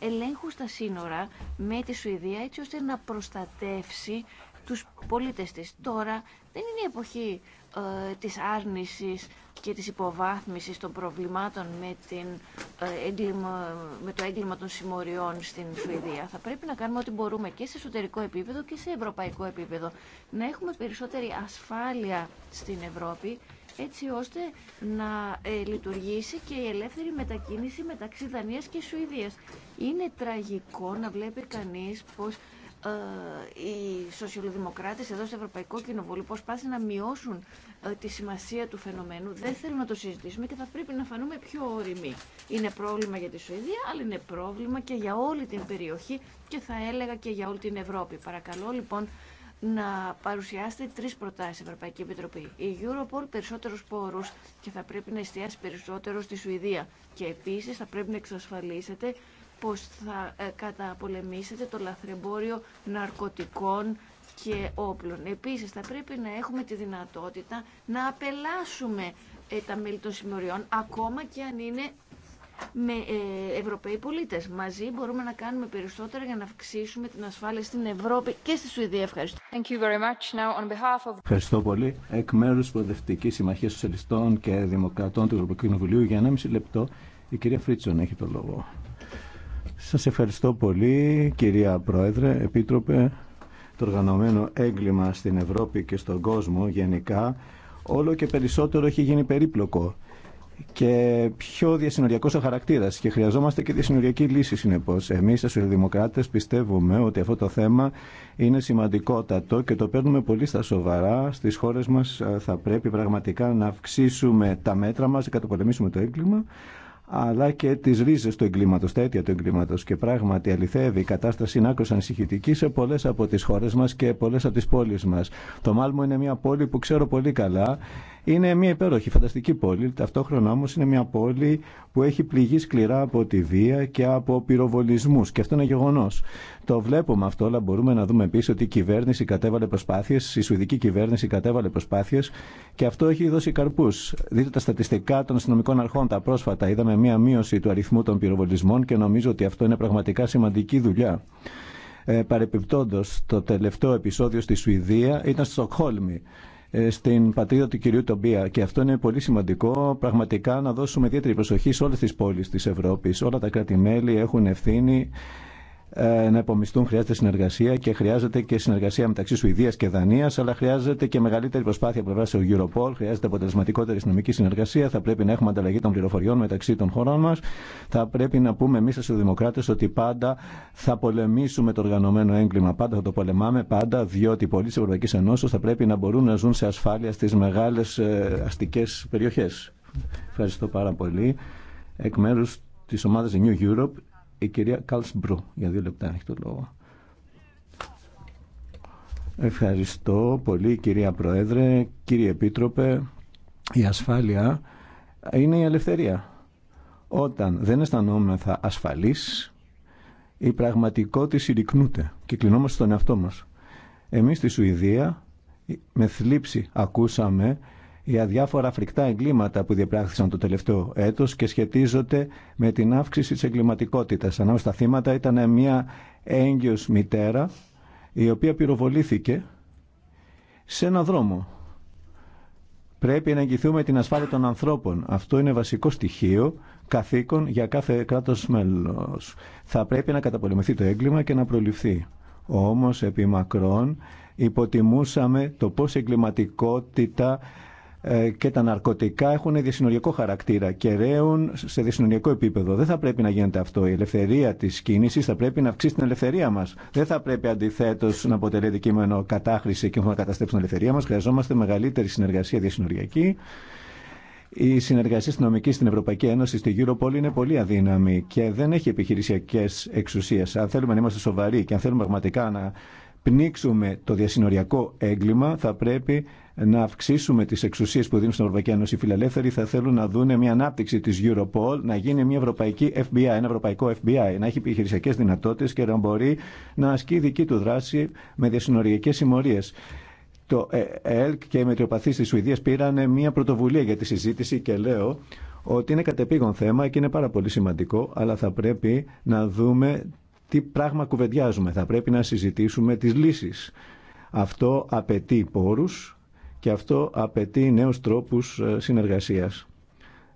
ελέγχου στα σύνορα με τη Σουηδία έτσι ώστε να προστατεύσει τους πολίτες της. Τώρα δεν είναι η εποχή ε, της άρνησης και της υποβάθμισης των προβλημάτων ε, με, το έγκλημα των συμμοριών στην Σουηδία. Θα πρέπει να κάνουμε ό,τι μπορούμε και σε εσωτερικό επίπεδο και σε ευρωπαϊκό επίπεδο. Να έχουμε περισσότερη ασφάλεια στην Ευρώπη έτσι ώστε να ε, λειτουργήσει και η ελεύθερη μετακίνηση μεταξύ Δανίας και Σουηδίας. Είναι τραγικό να βλέπει κανείς πως ε, οι σοσιαλδημοκράτες εδώ στο Ευρωπαϊκό Κοινοβούλιο προσπάθησαν να μειώσουν ε, τη σημασία του φαινομένου. Δεν θέλουν να το συζητήσουμε και θα πρέπει να φανούμε πιο όριμοι. Είναι πρόβλημα για τη Σουηδία, αλλά είναι πρόβλημα και για όλη την περιοχή και θα έλεγα και για όλη την Ευρώπη. Παρακαλώ λοιπόν να παρουσιάσετε τρεις προτάσεις Ευρωπαϊκή Επιτροπή. Η Europol περισσότερους πόρους και θα πρέπει να εστιάσει περισσότερο στη Σουηδία. Και επίσης θα πρέπει να εξασφαλίσετε πως θα ε, καταπολεμήσετε το λαθρεμπόριο ναρκωτικών και όπλων. Επίσης θα πρέπει να έχουμε τη δυνατότητα να απελάσουμε ε, τα μέλη των συμμοριών ακόμα και αν είναι με ε, Ευρωπαίοι πολίτες. Μαζί μπορούμε να κάνουμε περισσότερα για να αυξήσουμε την ασφάλεια στην Ευρώπη και στη Σουηδία. Ευχαριστώ. Thank you very much. Now, on of... Ευχαριστώ πολύ. Εκ μέρου Προοδευτικής Συμμαχίας Σοσιαλιστών και Δημοκρατών του Ευρωπαϊκού Κοινοβουλίου για 1,5 λεπτό η κυρία Φρίτσον έχει το λόγο. Σας ευχαριστώ πολύ κυρία Πρόεδρε, Επίτροπε. Το οργανωμένο έγκλημα στην Ευρώπη και στον κόσμο γενικά όλο και περισσότερο έχει γίνει περίπλοκο και πιο διασυνοριακός ο χαρακτήρας και χρειαζόμαστε και διασυνοριακή λύση συνεπώς. Εμείς οι δημοκράτες πιστεύουμε ότι αυτό το θέμα είναι σημαντικότατο και το παίρνουμε πολύ στα σοβαρά. Στις χώρες μας θα πρέπει πραγματικά να αυξήσουμε τα μέτρα μας, να καταπολεμήσουμε το έγκλημα αλλά και τι ρίζε του εγκλήματο, τα αίτια του εγκλήματο. Και πράγματι αληθεύει, η κατάσταση είναι άκρο ανησυχητική σε πολλέ από τι χώρε μα και πολλέ από τι πόλει μα. Το Μάλμο είναι μια πόλη που ξέρω πολύ καλά. Είναι μια υπέροχη, φανταστική πόλη. Ταυτόχρονα όμω είναι μια πόλη που έχει πληγεί σκληρά από τη βία και από πυροβολισμού. Και αυτό είναι γεγονό. Το βλέπουμε αυτό, αλλά μπορούμε να δούμε επίση ότι η κυβέρνηση κατέβαλε προσπάθειε, η σουηδική κυβέρνηση κατέβαλε προσπάθειε και αυτό έχει δώσει καρπού. Δείτε τα στατιστικά των αστυνομικών αρχών τα πρόσφατα. Είδαμε μια μείωση του αριθμού των πυροβολισμών και νομίζω ότι αυτό είναι πραγματικά σημαντική δουλειά. Ε, το τελευταίο επεισόδιο στη Σουηδία ήταν στο Στοκχόλμη. Ε, στην πατρίδα του κυρίου Τομπία. Και αυτό είναι πολύ σημαντικό πραγματικά να δώσουμε ιδιαίτερη προσοχή σε όλες τις πόλεις της Ευρώπης. Όλα τα κράτη-μέλη έχουν ευθύνη ε, να επομιστούν χρειάζεται συνεργασία και χρειάζεται και συνεργασία μεταξύ Σουηδία και Δανία, αλλά χρειάζεται και μεγαλύτερη προσπάθεια πλευρά του Europol, χρειάζεται αποτελεσματικότερη συνομική συνεργασία, θα πρέπει να έχουμε ανταλλαγή των πληροφοριών μεταξύ των χωρών μα. Θα πρέπει να πούμε εμεί οι Δημοκράτε ότι πάντα θα πολεμήσουμε το οργανωμένο έγκλημα, πάντα θα το πολεμάμε, πάντα διότι οι πολίτε τη Ευρωπαϊκή Ενώσεω θα πρέπει να μπορούν να ζουν σε ασφάλεια στι μεγάλε αστικέ περιοχέ. Ευχαριστώ πάρα πολύ. Εκ μέρου τη ομάδα New Europe, η κυρία Καλσμπρού. Για δύο λεπτά έχει το λόγο. Ευχαριστώ πολύ κυρία Πρόεδρε, κύριε Επίτροπε. Η ασφάλεια είναι η ελευθερία. Όταν δεν αισθανόμεθα ασφαλής, η πραγματικότητα συρρυκνούται και κλεινόμαστε στον εαυτό μας. Εμείς στη Σουηδία με θλίψη ακούσαμε για διάφορα φρικτά εγκλήματα που διεπράχθησαν το τελευταίο έτος και σχετίζονται με την αύξηση της εγκληματικότητας. Ανάμεσα στα θύματα ήταν μια έγκυος μητέρα η οποία πυροβολήθηκε σε ένα δρόμο. Πρέπει να εγγυθούμε την ασφάλεια των ανθρώπων. Αυτό είναι βασικό στοιχείο καθήκον για κάθε κράτος μέλος. Θα πρέπει να καταπολεμηθεί το έγκλημα και να προληφθεί. Όμως επί μακρόν υποτιμούσαμε το πώς εγκληματικότητα ε, και τα ναρκωτικά έχουν διασυνοριακό χαρακτήρα και ρέουν σε διασυνοριακό επίπεδο. Δεν θα πρέπει να γίνεται αυτό. Η ελευθερία τη κίνηση θα πρέπει να αυξήσει την ελευθερία μα. Δεν θα πρέπει αντιθέτω να αποτελεί δικείμενο κατάχρηση και να καταστρέψει την ελευθερία μα. Χρειαζόμαστε μεγαλύτερη συνεργασία διασυνοριακή. Η συνεργασία αστυνομική στην Ευρωπαϊκή Ένωση, στη Europol, είναι πολύ αδύναμη και δεν έχει επιχειρησιακέ εξουσίε. Αν θέλουμε να είμαστε σοβαροί και αν θέλουμε πραγματικά να πνίξουμε το διασυνοριακό έγκλημα, θα πρέπει να αυξήσουμε τι εξουσίε που δίνουν στην Ευρωπαϊκή Ένωση. Οι φιλελεύθεροι θα θέλουν να δουν μια ανάπτυξη τη Europol, να γίνει μια ευρωπαϊκή FBI, ένα ευρωπαϊκό FBI, να έχει επιχειρησιακέ δυνατότητε και να μπορεί να ασκεί δική του δράση με διασυνοριακέ συμμορίε. Το ε, ΕΛΚ και οι μετριοπαθεί τη Σουηδία πήραν μια πρωτοβουλία για τη συζήτηση και λέω ότι είναι κατεπήγον θέμα και είναι πάρα πολύ σημαντικό, αλλά θα πρέπει να δούμε τι πράγμα κουβεντιάζουμε. Θα πρέπει να συζητήσουμε τις λύσεις. Αυτό απαιτεί πόρους και αυτό απαιτεί νέους τρόπους ε, συνεργασίας.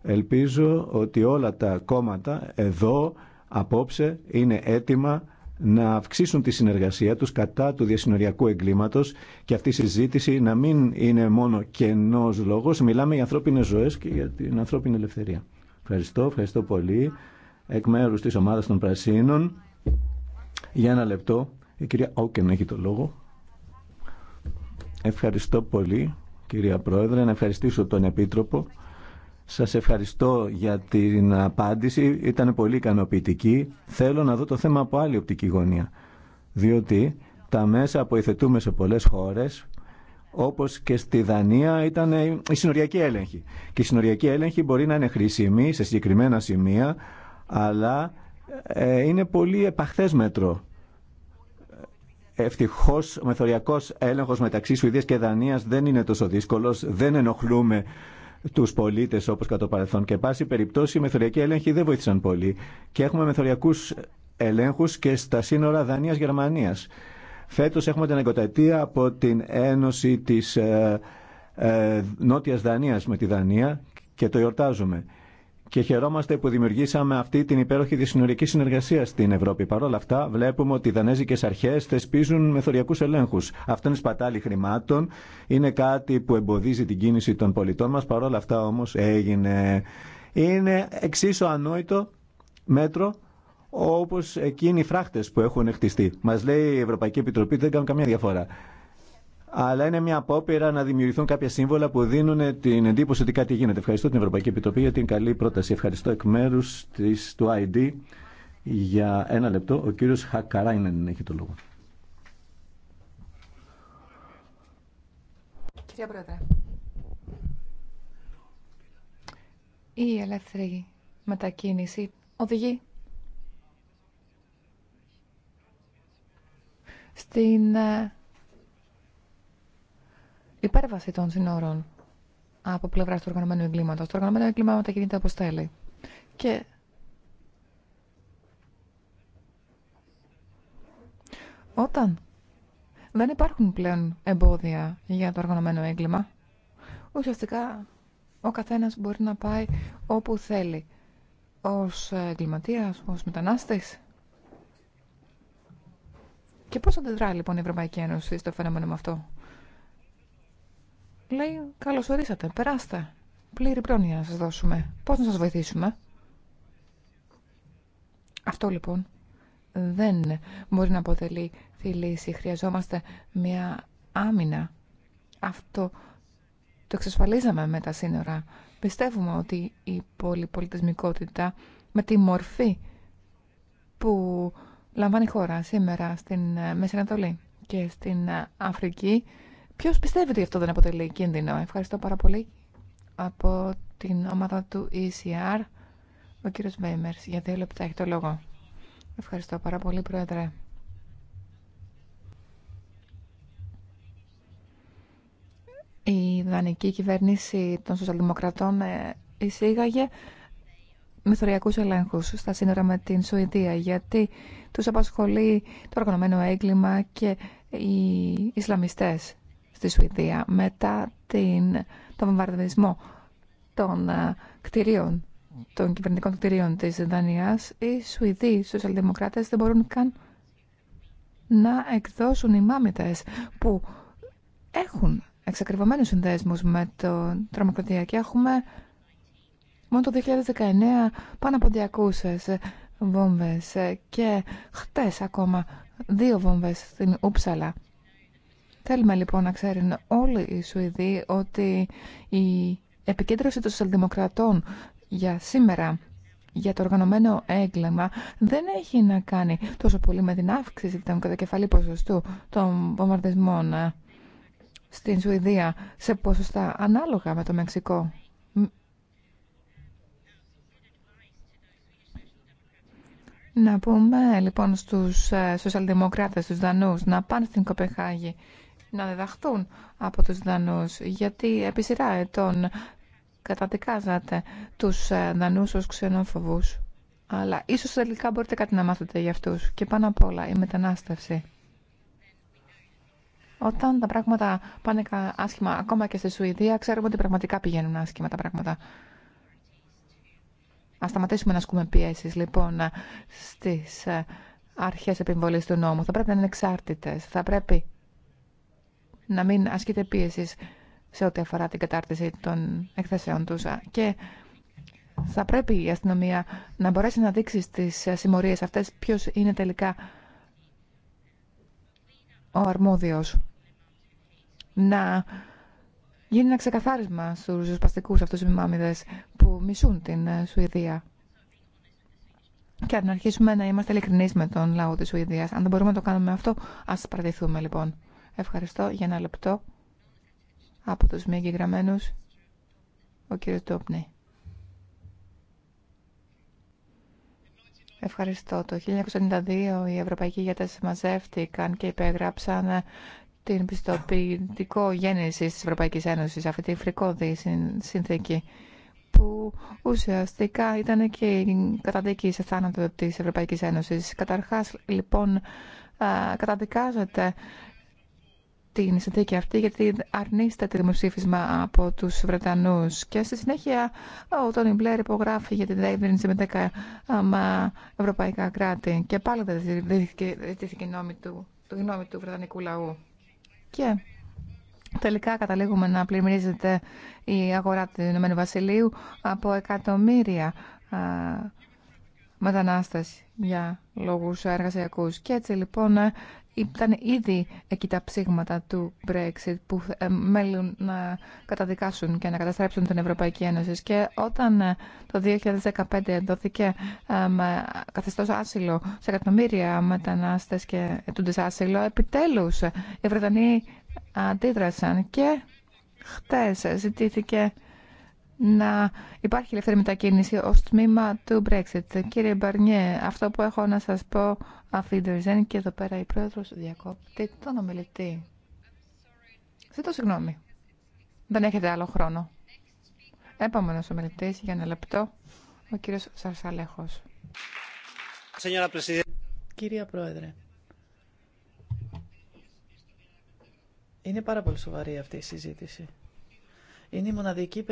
Ελπίζω ότι όλα τα κόμματα εδώ απόψε είναι έτοιμα να αυξήσουν τη συνεργασία τους κατά του διασυνοριακού εγκλήματος και αυτή η συζήτηση να μην είναι μόνο κενός λόγος. Μιλάμε για ανθρώπινες ζωές και για την ανθρώπινη ελευθερία. Ευχαριστώ, ευχαριστώ πολύ. Εκ μέρους της ομάδας των Πρασίνων για ένα λεπτό, η κυρία Όκεν έχει το λόγο. Ευχαριστώ πολύ, κυρία Πρόεδρε, να ευχαριστήσω τον Επίτροπο. Σας ευχαριστώ για την απάντηση, ήταν πολύ ικανοποιητική. Θέλω να δω το θέμα από άλλη οπτική γωνία, διότι τα μέσα που υθετούμε σε πολλές χώρες, όπως και στη Δανία, ήταν η συνοριακή έλεγχη. Και η συνοριακή έλεγχη μπορεί να είναι χρήσιμη σε συγκεκριμένα σημεία, αλλά ε, είναι πολύ επαχθές μέτρο. Ευτυχώ, ο μεθοριακό έλεγχο μεταξύ Σουηδία και Δανία δεν είναι τόσο δύσκολο. Δεν ενοχλούμε του πολίτε όπω κατά το παρελθόν. Και πάση περιπτώσει, οι μεθοριακοί έλεγχοι δεν βοήθησαν πολύ. Και έχουμε μεθοριακού ελέγχου και στα σύνορα Δανία-Γερμανία. Φέτο έχουμε την εγκοτατεία από την Ένωση τη ε, ε, Νότια Δανία με τη Δανία και το γιορτάζουμε και χαιρόμαστε που δημιουργήσαμε αυτή την υπέροχη δυσυνορική συνεργασία στην Ευρώπη. Παρ' όλα αυτά, βλέπουμε ότι οι δανέζικε αρχέ θεσπίζουν μεθοριακού ελέγχου. Αυτό είναι σπατάλι χρημάτων, είναι κάτι που εμποδίζει την κίνηση των πολιτών μα. Παρ' όλα αυτά, όμω, έγινε. Είναι εξίσου ανόητο μέτρο όπω εκείνοι οι φράχτε που έχουν χτιστεί. Μα λέει η Ευρωπαϊκή Επιτροπή δεν κάνουν καμία διαφορά αλλά είναι μια απόπειρα να δημιουργηθούν κάποια σύμβολα που δίνουν την εντύπωση ότι κάτι γίνεται. Ευχαριστώ την Ευρωπαϊκή Επιτροπή για την καλή πρόταση. Ευχαριστώ εκ μέρου του ID. Για ένα λεπτό, ο κύριος Χακαράινεν έχει το λόγο. Κυρία Πρόεδρε, η ελεύθερη μετακίνηση οδηγεί στην ε, υπέρβαση των συνόρων από πλευρά του οργανωμένου εγκλήματος. Το οργανωμένο εγκλήμα μετακινείται όπως θέλει. Και όταν δεν υπάρχουν πλέον εμπόδια για το οργανωμένο έγκλημα, ουσιαστικά ο καθένας μπορεί να πάει όπου θέλει. Ως εγκληματίας, ως μετανάστη. Και πώς αντιδρά λοιπόν η Ευρωπαϊκή Ένωση στο φαινόμενο με αυτό λέει καλώς ορίσατε, περάστε. Πλήρη πρόνοια να σας δώσουμε. Πώς να σας βοηθήσουμε. Αυτό λοιπόν δεν μπορεί να αποτελεί τη λύση. Χρειαζόμαστε μια άμυνα. Αυτό το εξασφαλίζαμε με τα σύνορα. Πιστεύουμε ότι η πολυπολιτισμικότητα με τη μορφή που λαμβάνει η χώρα σήμερα στην ε, Μέση Ανατολή και στην ε, Αφρική Ποιο πιστεύει ότι αυτό δεν αποτελεί κίνδυνο. Ευχαριστώ πάρα πολύ από την ομάδα του ECR, ο κύριο Βέιμερς. Για δύο λεπτά έχει το λόγο. Ευχαριστώ πάρα πολύ, Πρόεδρε. Η δανεική κυβέρνηση των Σοσιαλδημοκρατών ε, εισήγαγε μεθοριακούς ελέγχους στα σύνορα με την Σουηδία γιατί τους απασχολεί το οργανωμένο έγκλημα και οι Ισλαμιστές στη Σουηδία μετά την, τον βομβαρδισμό των ε, κτηρίων, των κυβερνητικών κτηρίων της Δανίας, οι Σουηδοί σοσιαλδημοκράτες δεν μπορούν καν να εκδώσουν οι μάμητες που έχουν εξακριβωμένους συνδέσμους με το τρομοκρατία και έχουμε μόνο το 2019 πάνω από 200 βόμβες και χτες ακόμα δύο βόμβες στην Ούψαλα Θέλουμε λοιπόν να ξέρουν όλοι οι Σουηδοί ότι η επικέντρωση των σοσιαλδημοκρατών για σήμερα για το οργανωμένο έγκλημα δεν έχει να κάνει τόσο πολύ με την αύξηση του κατακεφαλή ποσοστού των βομβαρδισμών ε, στην Σουηδία σε ποσοστά ανάλογα με το Μεξικό. Να πούμε λοιπόν στους ε, σοσιαλδημοκράτες, στους Δανούς, να πάνε στην Κοπεχάγη να διδαχθούν από τους Δανούς, γιατί επί σειρά ετών καταδικάζατε τους ε, Δανούς ως ξενόφοβους. Αλλά ίσως τελικά μπορείτε κάτι να μάθετε για αυτούς και πάνω απ' όλα η μετανάστευση. Όταν τα πράγματα πάνε άσχημα, ακόμα και στη Σουηδία, ξέρουμε ότι πραγματικά πηγαίνουν άσχημα τα πράγματα. Ας σταματήσουμε να ασκούμε πιέσεις, λοιπόν, ε, στις ε, αρχές επιβολής του νόμου. Θα πρέπει να είναι εξάρτητες. Θα πρέπει να μην ασκείται πίεση σε ό,τι αφορά την κατάρτιση των εκθέσεων τους. Και θα πρέπει η αστυνομία να μπορέσει να δείξει στις συμμορίες αυτές ποιος είναι τελικά ο αρμόδιος. Να γίνει ένα ξεκαθάρισμα στους αυτού αυτούς μάμιδες που μισούν την Σουηδία. Και αν αρχίσουμε να είμαστε ειλικρινεί με τον λαό τη Σουηδία. Αν δεν μπορούμε να το κάνουμε αυτό, α παρατηθούμε λοιπόν. Ευχαριστώ για ένα λεπτό από τους μη εγγεγραμμένους, ο κύριος Τόπνη. Ευχαριστώ. Το 1992 οι Ευρωπαϊκοί ηγέτες μαζεύτηκαν και υπεγράψαν την πιστοποιητικό γέννηση της Ευρωπαϊκής Ένωσης, αυτή τη φρικόδη συνθήκη που ουσιαστικά ήταν και η καταδίκη σε θάνατο της Ευρωπαϊκής Ένωσης. Καταρχάς, λοιπόν, καταδικάζεται την συνθήκη αυτή γιατί αρνείστε τη δημοψήφισμα από τους Βρετανούς και στη συνέχεια ο Τόνι Μπλερ υπογράφει για την διεύρυνση με 10 ευρωπαϊκά κράτη και πάλι δεν ζητήθηκε η το γνώμη του Βρετανικού λαού. Και τελικά καταλήγουμε να πλημμυρίζεται η αγορά του Ηνωμένου Βασιλείου από εκατομμύρια α, μετανάστες για λόγους εργασιακούς. Και έτσι λοιπόν ήταν ήδη εκεί τα ψήγματα του Brexit που ε, μέλουν να καταδικάσουν και να καταστρέψουν την Ευρωπαϊκή Ένωση. Και όταν ε, το 2015 δόθηκε ε, καθεστώς άσυλο σε εκατομμύρια μετανάστες και ετούντες άσυλο, επιτέλους οι Βρετανοί αντίδρασαν και χτες ζητήθηκε να υπάρχει ελεύθερη μετακίνηση ως τμήμα του Brexit. Κύριε Μπαρνιέ, αυτό που έχω να σας πω Αφίντερζεν και εδώ πέρα η πρόεδρος διακόπτει τον ομιλητή. Ζητώ συγγνώμη. Δεν έχετε άλλο χρόνο. Επόμενο ομιλητής για ένα λεπτό, ο κύριος Σαρσαλέχος. Κυρία Πρόεδρε, είναι πάρα πολύ σοβαρή αυτή η συζήτηση. Είναι η μοναδική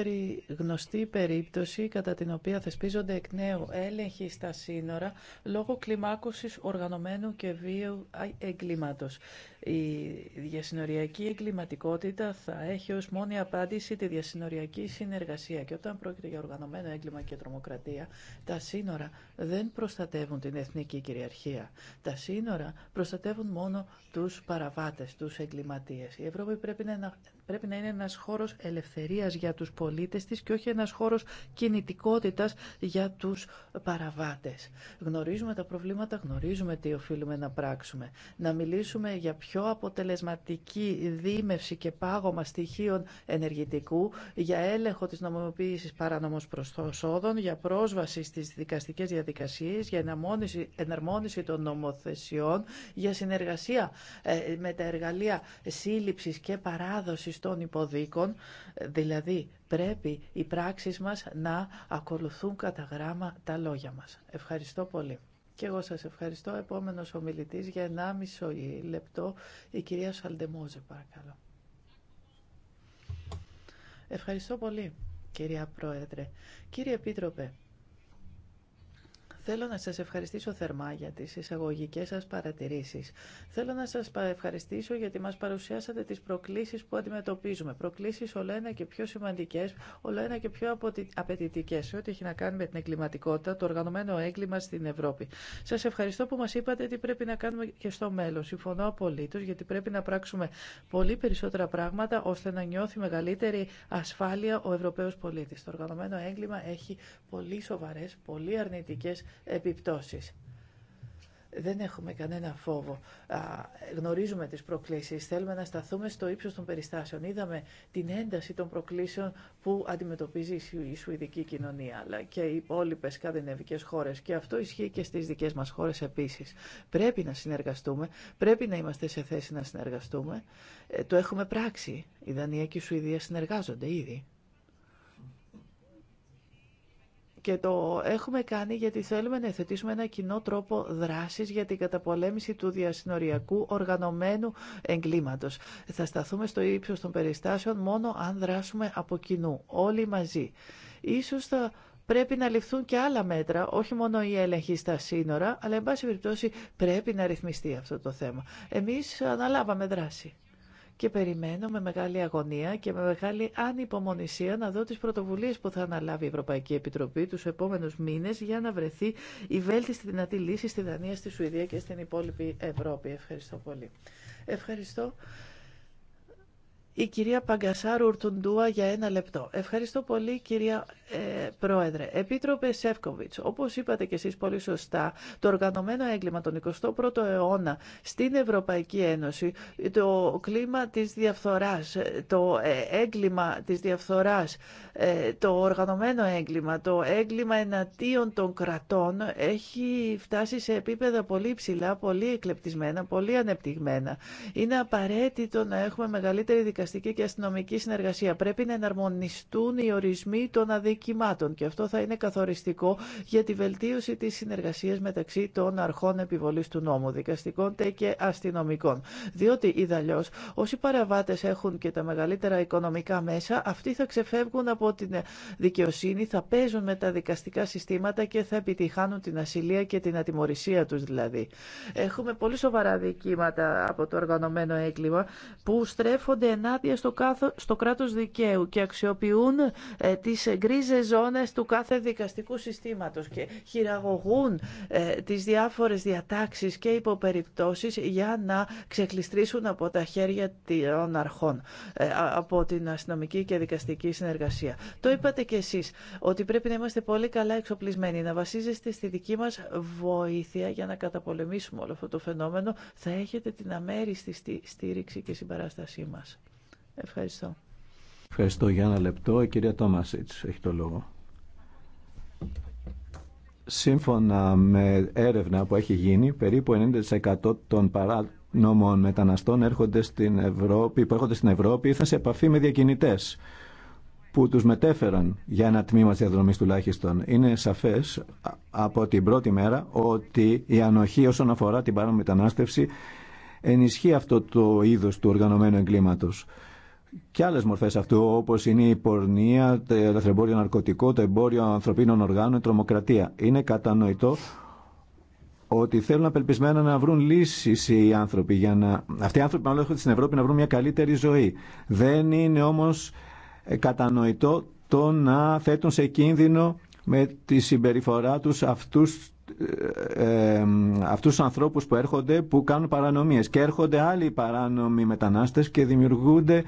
γνωστή περίπτωση κατά την οποία θεσπίζονται εκ νέου έλεγχοι στα σύνορα λόγω κλιμάκωσης οργανωμένου και βίου εγκλήματος. Η διασυνοριακή εγκληματικότητα θα έχει ως μόνη απάντηση τη διασυνοριακή συνεργασία και όταν πρόκειται για οργανωμένο έγκλημα και τρομοκρατία, τα σύνορα δεν προστατεύουν την εθνική κυριαρχία. Τα σύνορα προστατεύουν μόνο τους παραβάτες, τους εγκληματίες. Η Ευρώπη πρέπει να πρέπει να είναι ένας χώρος ελευθερίας για τους πολίτες της και όχι ένας χώρος κινητικότητας για τους παραβάτες. Γνωρίζουμε τα προβλήματα, γνωρίζουμε τι οφείλουμε να πράξουμε. Να μιλήσουμε για πιο αποτελεσματική δίμευση και πάγωμα στοιχείων ενεργητικού, για έλεγχο της νομιμοποίησης παράνομος προσόδων, για πρόσβαση στις δικαστικές διαδικασίες, για εναρμόνιση, εναρμόνιση των νομοθεσιών, για συνεργασία ε, με τα εργαλεία σύλληψης και παράδοση των υποδίκων, δηλαδή πρέπει οι πράξεις μας να ακολουθούν κατά γράμμα τα λόγια μας. Ευχαριστώ πολύ. Και εγώ σας ευχαριστώ. Επόμενος ομιλητής για 1,5 λεπτό, η κυρία Σαλντεμόζε, παρακαλώ. Ευχαριστώ πολύ, κυρία Πρόεδρε. Κύριε Επίτροπε, Θέλω να σας ευχαριστήσω θερμά για τις εισαγωγικές σας παρατηρήσεις. Θέλω να σας ευχαριστήσω γιατί μας παρουσιάσατε τις προκλήσεις που αντιμετωπίζουμε. Προκλήσεις όλο ένα και πιο σημαντικές, όλο ένα και πιο απαιτητικέ. σε ό,τι έχει να κάνει με την εγκληματικότητα, το οργανωμένο έγκλημα στην Ευρώπη. Σας ευχαριστώ που μας είπατε τι πρέπει να κάνουμε και στο μέλλον. Συμφωνώ απολύτω γιατί πρέπει να πράξουμε πολύ περισσότερα πράγματα ώστε να νιώθει μεγαλύτερη ασφάλεια ο Ευρωπαίος πολίτης. Το οργανωμένο έγκλημα έχει πολύ σοβαρές, πολύ αρνητικές επιπτώσεις. Δεν έχουμε κανένα φόβο. Γνωρίζουμε τις προκλήσεις. Θέλουμε να σταθούμε στο ύψος των περιστάσεων. Είδαμε την ένταση των προκλήσεων που αντιμετωπίζει η Σουηδική κοινωνία αλλά και οι υπόλοιπε σκανδιναβικές χώρες. Και αυτό ισχύει και στις δικές μας χώρες επίσης. Πρέπει να συνεργαστούμε. Πρέπει να είμαστε σε θέση να συνεργαστούμε. Ε, το έχουμε πράξει. Η Δανία και η Σουηδία συνεργάζονται ήδη. Και το έχουμε κάνει γιατί θέλουμε να θετήσουμε ένα κοινό τρόπο δράσης για την καταπολέμηση του διασυνοριακού οργανωμένου εγκλήματος. Θα σταθούμε στο ύψος των περιστάσεων μόνο αν δράσουμε από κοινού, όλοι μαζί. Ίσως θα πρέπει να ληφθούν και άλλα μέτρα, όχι μόνο η έλεγχη στα σύνορα, αλλά εν πάση περιπτώσει πρέπει να ρυθμιστεί αυτό το θέμα. Εμείς αναλάβαμε δράση και περιμένω με μεγάλη αγωνία και με μεγάλη ανυπομονησία να δω τις πρωτοβουλίες που θα αναλάβει η Ευρωπαϊκή Επιτροπή τους επόμενους μήνες για να βρεθεί η βέλτιστη δυνατή λύση στη Δανία, στη Σουηδία και στην υπόλοιπη Ευρώπη. Ευχαριστώ πολύ. Ευχαριστώ. Η κυρία Παγκασάρου Ουρτουντούα για ένα λεπτό. Ευχαριστώ πολύ κυρία ε, Πρόεδρε. Επίτροπε Σεύκοβιτς, όπως είπατε και εσείς πολύ σωστά, το οργανωμένο έγκλημα τον 21ο αιώνα στην Ευρωπαϊκή Ένωση, το κλίμα της διαφθοράς, το ε, έγκλημα της διαφθοράς, ε, το οργανωμένο έγκλημα, το έγκλημα εναντίον των κρατών έχει φτάσει σε επίπεδα πολύ ψηλά, πολύ εκλεπτισμένα, πολύ ανεπτυγμένα. Είναι απαραίτητο να έχουμε μεγαλύτερη δικαστική και αστυνομική συνεργασία. Πρέπει να εναρμονιστούν οι ορισμοί των αδικημάτων και αυτό θα είναι καθοριστικό για τη βελτίωση τη συνεργασία μεταξύ των αρχών επιβολή του νόμου, δικαστικών και αστυνομικών. Διότι, ιδαλλιώ, όσοι παραβάτε έχουν και τα μεγαλύτερα οικονομικά μέσα, αυτοί θα ξεφεύγουν από την δικαιοσύνη, θα παίζουν με τα δικαστικά συστήματα και θα επιτυχάνουν την ασυλία και την ατιμορρησία του δηλαδή. Έχουμε πολύ σοβαρά δικήματα από το οργανωμένο έγκλημα που στρέφονται ενάντια ενάντια στο, κάθο, στο κράτος δικαίου και αξιοποιούν ε, τις γκρίζες ζώνες του κάθε δικαστικού συστήματος και χειραγωγούν ε, τις διάφορες διατάξεις και υποπεριπτώσεις για να ξεκλειστρήσουν από τα χέρια των αρχών, ε, από την αστυνομική και δικαστική συνεργασία. Το είπατε κι εσείς, ότι πρέπει να είμαστε πολύ καλά εξοπλισμένοι, να βασίζεστε στη δική μας βοήθεια για να καταπολεμήσουμε όλο αυτό το φαινόμενο. Θα έχετε την αμέριστη στήριξη και συμπαράστασή μας. Ευχαριστώ. Ευχαριστώ για ένα λεπτό. Η κυρία Τόμασιτς έχει το λόγο. Σύμφωνα με έρευνα που έχει γίνει, περίπου 90% των παράνομων μεταναστών έρχονται στην Ευρώπη, που έρχονται στην Ευρώπη ήρθαν σε επαφή με διακινητές που τους μετέφεραν για ένα τμήμα της διαδρομής τουλάχιστον. Είναι σαφές από την πρώτη μέρα ότι η ανοχή όσον αφορά την παράνομη μετανάστευση ενισχύει αυτό το είδος του οργανωμένου εγκλήματος και άλλες μορφές αυτού, όπως είναι η πορνεία, το ελευθερμπόριο ναρκωτικό, το εμπόριο ανθρωπίνων οργάνων, η τρομοκρατία. Είναι κατανοητό ότι θέλουν απελπισμένα να βρουν λύσει οι άνθρωποι. Για να... Αυτοί οι άνθρωποι, μάλλον, έρχονται στην Ευρώπη να βρουν μια καλύτερη ζωή. Δεν είναι όμω ε, κατανοητό το να θέτουν σε κίνδυνο με τη συμπεριφορά του αυτού ε, ε, αυτούς τους ανθρώπους που έρχονται που κάνουν παρανομίες και έρχονται άλλοι παράνομοι μετανάστες και δημιουργούνται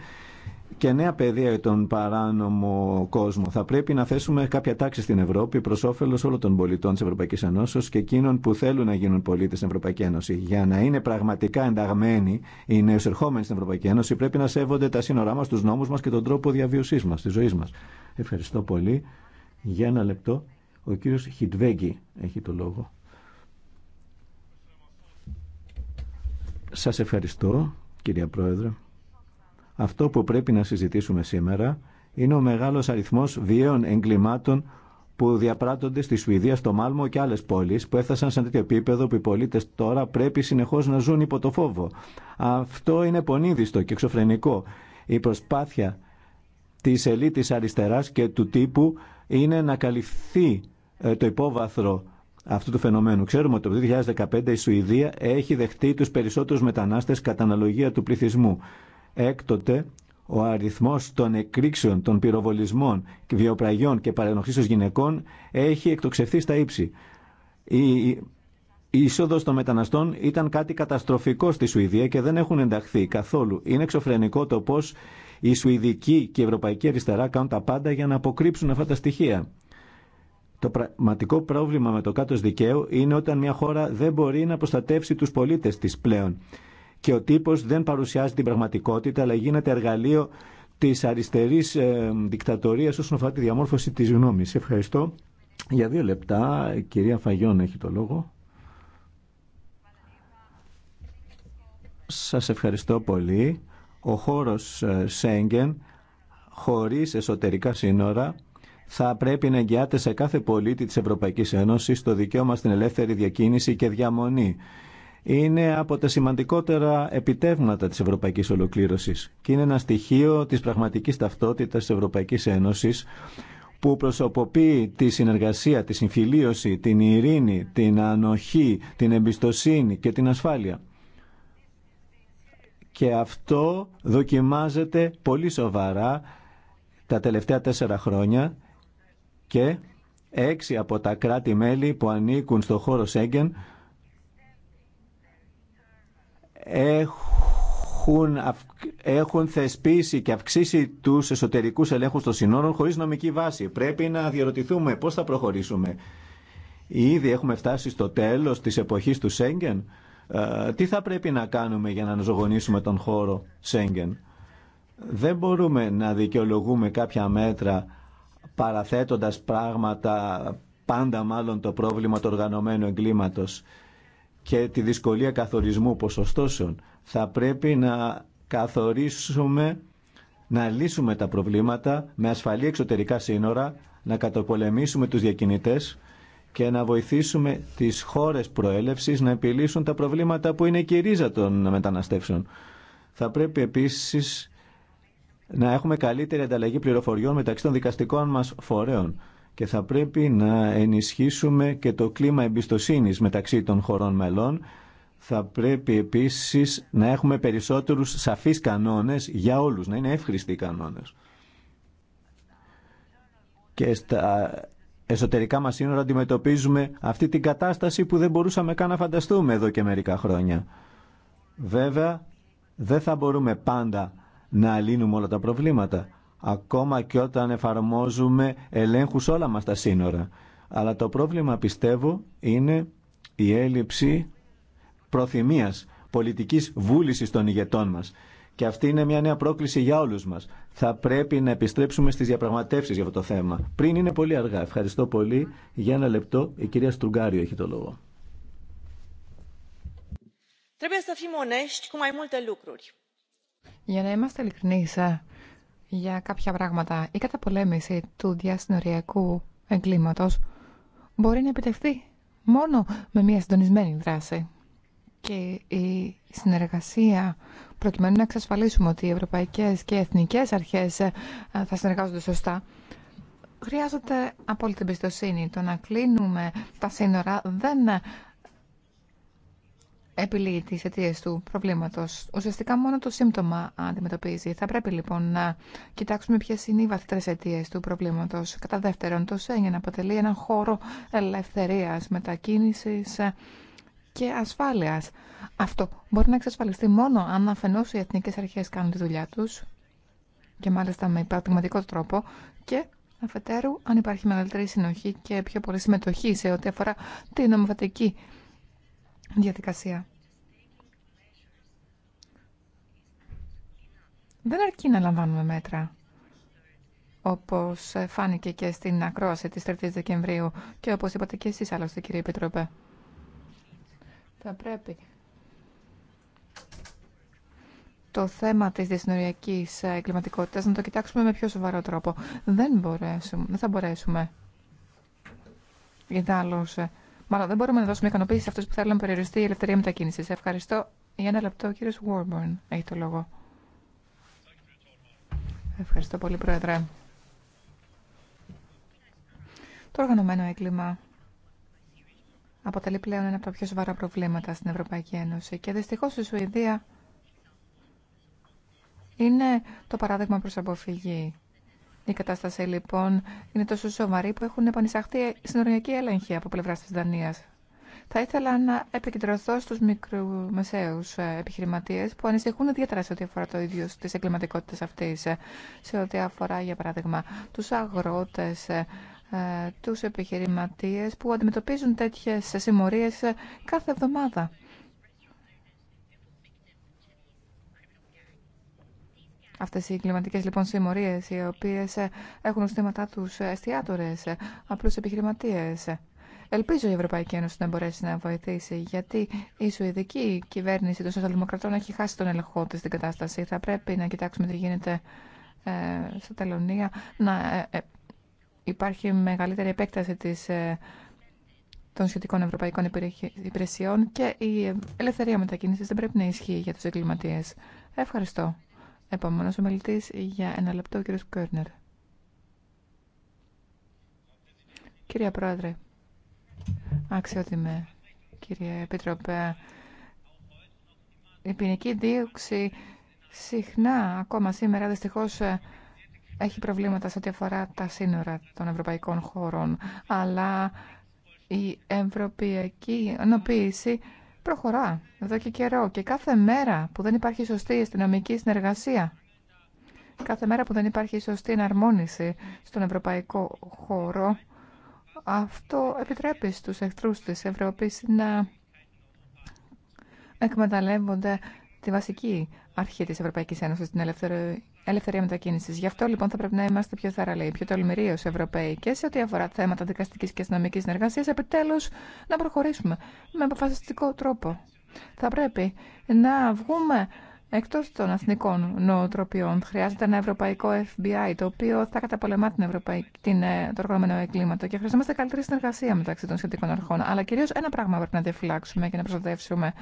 και νέα παιδεία για τον παράνομο κόσμο. Θα πρέπει να θέσουμε κάποια τάξη στην Ευρώπη προ όφελο όλων των πολιτών τη Ευρωπαϊκή Ενώσεω και εκείνων που θέλουν να γίνουν πολίτε στην Ευρωπαϊκή Ένωση. Για να είναι πραγματικά ενταγμένοι οι νέου ερχόμενοι στην Ευρωπαϊκή Ένωση, πρέπει να σέβονται τα σύνορά μα, του νόμου μα και τον τρόπο διαβίωσή μα, τη ζωή μα. Ευχαριστώ πολύ. Για ένα λεπτό, ο κύριο Χιτβέγγι έχει το λόγο. Σας ευχαριστώ, κυρία Πρόεδρε. Αυτό που πρέπει να συζητήσουμε σήμερα είναι ο μεγάλος αριθμός βιαίων εγκλημάτων που διαπράττονται στη Σουηδία, στο Μάλμο και άλλες πόλεις που έφτασαν σε τέτοιο επίπεδο που οι πολίτε τώρα πρέπει συνεχώς να ζουν υπό το φόβο. Αυτό είναι πονίδιστο και εξωφρενικό. Η προσπάθεια τη ελίτη αριστεράς και του τύπου είναι να καλυφθεί ε, το υπόβαθρο αυτού του φαινομένου. Ξέρουμε ότι το 2015 η Σουηδία έχει δεχτεί τους περισσότερους μετανάστες κατά αναλογία του πληθυσμού. Έκτοτε, ο αριθμός των εκρήξεων, των πυροβολισμών, βιοπραγιών και παρενοχλήσεως γυναικών έχει εκτοξευθεί στα ύψη. Η, η είσοδο των μεταναστών ήταν κάτι καταστροφικό στη Σουηδία και δεν έχουν ενταχθεί καθόλου. Είναι εξωφρενικό το πώ η Σουηδική και η Ευρωπαϊκή Αριστερά κάνουν τα πάντα για να αποκρύψουν αυτά τα στοιχεία. Το πραγματικό πρόβλημα με το κάτω δικαίου είναι όταν μια χώρα δεν μπορεί να προστατεύσει του πολίτε τη πλέον και ο τύπος δεν παρουσιάζει την πραγματικότητα αλλά γίνεται εργαλείο της αριστερής ε, δικτατορίας όσον αφορά τη διαμόρφωση της γνώμης. Ευχαριστώ. Για δύο λεπτά, η κυρία Φαγιών έχει το λόγο. Σας ευχαριστώ πολύ. Ο χώρος ε, Σέγγεν, χωρίς εσωτερικά σύνορα, θα πρέπει να εγγυάται σε κάθε πολίτη της Ευρωπαϊκής Ένωσης το δικαίωμα στην ελεύθερη διακίνηση και διαμονή είναι από τα σημαντικότερα επιτεύγματα της ευρωπαϊκής ολοκλήρωσης και είναι ένα στοιχείο της πραγματικής ταυτότητας της Ευρωπαϊκής Ένωσης που προσωποποιεί τη συνεργασία, τη συμφιλίωση, την ειρήνη, την ανοχή, την εμπιστοσύνη και την ασφάλεια. Και αυτό δοκιμάζεται πολύ σοβαρά τα τελευταία τέσσερα χρόνια και έξι από τα κράτη-μέλη που ανήκουν στο χώρο Σέγγεν έχουν, έχουν θεσπίσει και αυξήσει τους εσωτερικούς ελέγχους των συνόρων χωρίς νομική βάση. Πρέπει να διαρωτηθούμε πώς θα προχωρήσουμε. Ήδη έχουμε φτάσει στο τέλος της εποχής του Σέγγεν. Ε, τι θα πρέπει να κάνουμε για να αναζωογονήσουμε τον χώρο Σέγγεν. Δεν μπορούμε να δικαιολογούμε κάποια μέτρα παραθέτοντας πράγματα, πάντα μάλλον το πρόβλημα του οργανωμένου εγκλήματος και τη δυσκολία καθορισμού ποσοστώσεων. Θα πρέπει να καθορίσουμε, να λύσουμε τα προβλήματα με ασφαλή εξωτερικά σύνορα, να καταπολεμήσουμε τους διακινητές και να βοηθήσουμε τις χώρες προέλευσης να επιλύσουν τα προβλήματα που είναι και η ρίζα των μεταναστεύσεων. Θα πρέπει επίσης να έχουμε καλύτερη ανταλλαγή πληροφοριών μεταξύ των δικαστικών μας φορέων και θα πρέπει να ενισχύσουμε και το κλίμα εμπιστοσύνης μεταξύ των χωρών μελών. Θα πρέπει επίσης να έχουμε περισσότερους σαφείς κανόνες για όλους, να είναι εύχριστοι οι κανόνες. Και στα εσωτερικά μας σύνορα αντιμετωπίζουμε αυτή την κατάσταση που δεν μπορούσαμε καν να φανταστούμε εδώ και μερικά χρόνια. Βέβαια, δεν θα μπορούμε πάντα να λύνουμε όλα τα προβλήματα ακόμα και όταν εφαρμόζουμε ελέγχους όλα μας τα σύνορα. Αλλά το πρόβλημα πιστεύω είναι η έλλειψη προθυμίας, πολιτικής βούλησης των ηγετών μας. Και αυτή είναι μια νέα πρόκληση για όλους μας. Θα πρέπει να επιστρέψουμε στις διαπραγματεύσεις για αυτό το θέμα. Πριν είναι πολύ αργά. Ευχαριστώ πολύ. Για ένα λεπτό η κυρία Στρουγκάριο έχει το λόγο. Για να είμαστε ειλικρινείς, για κάποια πράγματα. Η καταπολέμηση του διασυνοριακού εγκλήματος μπορεί να επιτευχθεί μόνο με μια συντονισμένη δράση. Και η συνεργασία προκειμένου να εξασφαλίσουμε ότι οι ευρωπαϊκές και εθνικές αρχές ε, θα συνεργάζονται σωστά χρειάζεται απόλυτη εμπιστοσύνη. Το να κλείνουμε τα σύνορα δεν επιλύει τι αιτίε του προβλήματο. Ουσιαστικά μόνο το σύμπτωμα αντιμετωπίζει. Θα πρέπει λοιπόν να κοιτάξουμε ποιε είναι οι βαθύτερε αιτίε του προβλήματο. Κατά δεύτερον, το Σέγγεν αποτελεί έναν χώρο ελευθερία, μετακίνηση και ασφάλεια. Αυτό μπορεί να εξασφαλιστεί μόνο αν αφενό οι εθνικέ αρχέ κάνουν τη δουλειά του και μάλιστα με πραγματικό τρόπο και αφετέρου αν υπάρχει μεγαλύτερη συνοχή και πιο πολλή συμμετοχή σε ό,τι αφορά την νομοθετική δεν αρκεί να λαμβάνουμε μέτρα, όπως φάνηκε και στην ακρόαση της 3ης Δεκεμβρίου και όπως είπατε και εσείς άλλωστε κύριε Επιτροπέ. Θα πρέπει το θέμα της διασυνοριακής εγκληματικότητας να το κοιτάξουμε με πιο σοβαρό τρόπο. Δεν, μπορέσουμε, δεν θα μπορέσουμε. Γιατί Μάλλον δεν μπορούμε να δώσουμε ικανοποίηση σε αυτού που θέλουν να περιοριστεί η ελευθερία μετακίνηση. Ευχαριστώ. Για ένα λεπτό, ο κύριο Βόρμπορν έχει το λόγο. Ευχαριστώ πολύ, Πρόεδρε. Το οργανωμένο έγκλημα αποτελεί πλέον ένα από τα πιο σοβαρά προβλήματα στην Ευρωπαϊκή Ένωση και δυστυχώ η Σουηδία είναι το παράδειγμα προς αποφυγή. Η κατάσταση λοιπόν είναι τόσο σοβαρή που έχουν επανεισαχθεί συνοριακοί έλεγχοι από πλευρά τη Δανία. Θα ήθελα να επικεντρωθώ στους μικρομεσαίους ε, επιχειρηματίες που ανησυχούν ιδιαίτερα σε ό,τι αφορά το ίδιο τη εγκληματικότητα αυτή, ε, σε ό,τι αφορά για παράδειγμα τους αγρότες, ε, του επιχειρηματίε, που αντιμετωπίζουν τέτοιε συμμορίε κάθε εβδομάδα. Αυτέ οι κλιματικές λοιπόν συμμορίε, οι οποίε ε, έχουν ως θέματα τους ε, εστιατόρε, απλού επιχειρηματίε. Ελπίζω η Ευρωπαϊκή Ένωση να μπορέσει να βοηθήσει, γιατί η Σουηδική κυβέρνηση των Σοσιαλδημοκρατών έχει χάσει τον ελεγχό τη στην κατάσταση. Θα πρέπει να κοιτάξουμε τι γίνεται ε, στα Τελωνία, να ε, υπάρχει μεγαλύτερη επέκταση της, ε, των σχετικών ευρωπαϊκών υπηρεσιών και η ελευθερία μετακίνησης δεν πρέπει να ισχύει για τους εγκληματίες. Ευχαριστώ. Επόμενος ομιλητής για ένα λεπτό, ο κύριος Κέρνερ. Κυρία Πρόεδρε, αξιότιμε, κύριε Επιτροπέ, η ποινική δίωξη συχνά, ακόμα σήμερα, δυστυχώς έχει προβλήματα σε ό,τι αφορά τα σύνορα των ευρωπαϊκών χωρών, αλλά η ευρωπαϊκή ενοποίηση προχωρά εδώ και καιρό και κάθε μέρα που δεν υπάρχει σωστή αστυνομική συνεργασία, κάθε μέρα που δεν υπάρχει σωστή εναρμόνιση στον ευρωπαϊκό χώρο, αυτό επιτρέπει στους εχθρούς της Ευρώπης να εκμεταλλεύονται τη βασική αρχή της Ευρωπαϊκής Ένωσης, την ελευθερία ελευθερία μετακίνηση. Γι' αυτό λοιπόν θα πρέπει να είμαστε πιο θαραλέοι, πιο τολμηροί ω Ευρωπαίοι και σε ό,τι αφορά θέματα δικαστική και αστυνομική συνεργασία, επιτέλου να προχωρήσουμε με αποφασιστικό τρόπο. Θα πρέπει να βγούμε εκτό των εθνικών νοοτροπιών. Χρειάζεται ένα ευρωπαϊκό FBI, το οποίο θα καταπολεμά την ευρωπαϊκή, την, ε, το οργανωμένο εγκλήματο και χρειαζόμαστε καλύτερη συνεργασία μεταξύ των σχετικών αρχών. Αλλά κυρίω ένα πράγμα πρέπει να διαφυλάξουμε και να προστατεύσουμε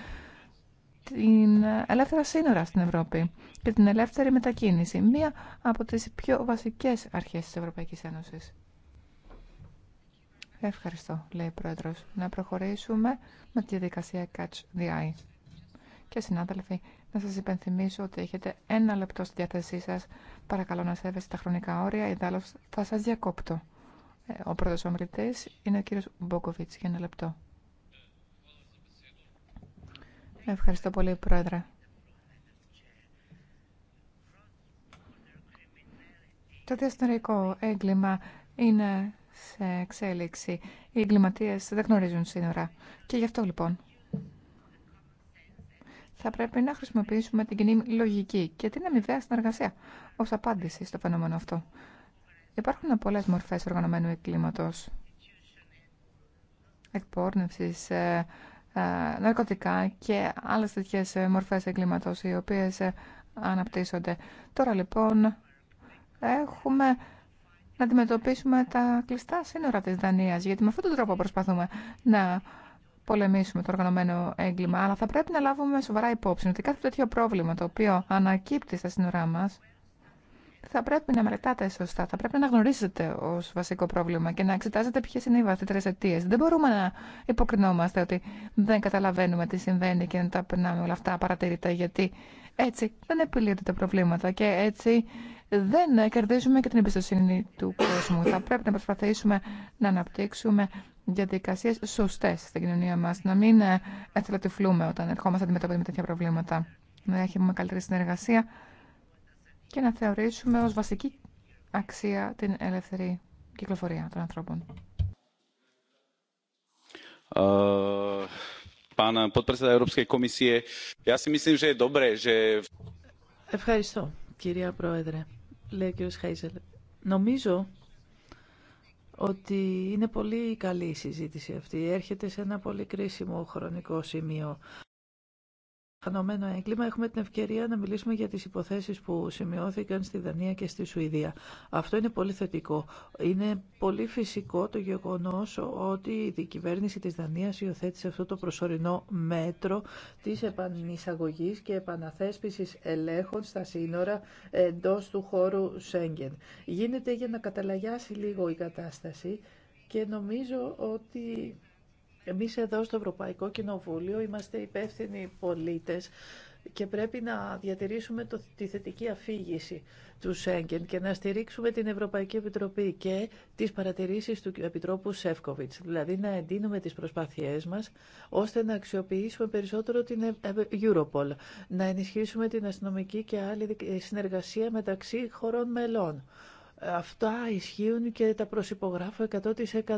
την ελεύθερα σύνορα στην Ευρώπη και την ελεύθερη μετακίνηση. Μία από τις πιο βασικές αρχές της Ευρωπαϊκής Ένωσης. Ευχαριστώ, λέει ο Πρόεδρος. Να προχωρήσουμε με τη διαδικασία Catch the Eye. Και συνάδελφοι, να σας υπενθυμίσω ότι έχετε ένα λεπτό στη διάθεσή σας. Παρακαλώ να σέβεστε τα χρονικά όρια, ιδάλλως θα σας διακόπτω. Ε, ο πρώτος ομιλητής είναι ο κύριος Μπόκοβιτς για ένα λεπτό. Ευχαριστώ πολύ, Πρόεδρε. Το διασυνορικό έγκλημα είναι σε εξέλιξη. Οι εγκληματίε δεν γνωρίζουν σύνορα. Και γι' αυτό λοιπόν θα πρέπει να χρησιμοποιήσουμε την κοινή λογική και την αμοιβαία συνεργασία ω απάντηση στο φαινόμενο αυτό. Υπάρχουν πολλέ μορφέ οργανωμένου εγκλήματο. Εκπόρνευση, ε, ε, ναρκωτικά και άλλες τέτοιες ε, μορφές εγκλήματος οι οποίες ε, αναπτύσσονται. Τώρα λοιπόν έχουμε να αντιμετωπίσουμε τα κλειστά σύνορα της Δανίας γιατί με αυτόν τον τρόπο προσπαθούμε να πολεμήσουμε το οργανωμένο έγκλημα αλλά θα πρέπει να λάβουμε σοβαρά υπόψη ότι κάθε τέτοιο πρόβλημα το οποίο ανακύπτει στα σύνορά μας θα πρέπει να μελετάτε σωστά, θα πρέπει να γνωρίζετε ω βασικό πρόβλημα και να εξετάζετε ποιε είναι οι βαθύτερε αιτίε. Δεν μπορούμε να υποκρινόμαστε ότι δεν καταλαβαίνουμε τι συμβαίνει και να τα περνάμε όλα αυτά παρατηρητά, γιατί έτσι δεν επιλύονται τα προβλήματα και έτσι δεν κερδίζουμε και την εμπιστοσύνη του κόσμου. Θα πρέπει να προσπαθήσουμε να αναπτύξουμε διαδικασίε σωστέ στην κοινωνία μα, να μην εθελοτυφλούμε όταν ερχόμαστε αντιμετωπίζουμε τέτοια προβλήματα. Να έχουμε καλύτερη συνεργασία και να θεωρήσουμε ως βασική αξία την ελεύθερη κυκλοφορία των ανθρώπων. Ε, Ευχαριστώ, κυρία Πρόεδρε, λέει ο κύριος Χαϊζελ. Νομίζω ότι είναι πολύ καλή η συζήτηση αυτή. Έρχεται σε ένα πολύ κρίσιμο χρονικό σημείο χανομένο έγκλημα, έχουμε την ευκαιρία να μιλήσουμε για τις υποθέσεις που σημειώθηκαν στη Δανία και στη Σουηδία. Αυτό είναι πολύ θετικό. Είναι πολύ φυσικό το γεγονός ότι η κυβέρνηση της Δανίας υιοθέτησε αυτό το προσωρινό μέτρο της επανεισαγωγής και επαναθέσπισης ελέγχων στα σύνορα εντός του χώρου Σέγγεν. Γίνεται για να καταλαγιάσει λίγο η κατάσταση και νομίζω ότι εμείς εδώ στο Ευρωπαϊκό Κοινοβούλιο είμαστε υπεύθυνοι πολίτες και πρέπει να διατηρήσουμε το, τη θετική αφήγηση του Σέγγεν και να στηρίξουμε την Ευρωπαϊκή Επιτροπή και τις παρατηρήσεις του Επιτρόπου Σεύκοβιτς. Δηλαδή να εντείνουμε τις προσπάθειές μας ώστε να αξιοποιήσουμε περισσότερο την Europol, να ενισχύσουμε την αστυνομική και άλλη συνεργασία μεταξύ χωρών μελών Αυτά ισχύουν και τα προσυπογράφω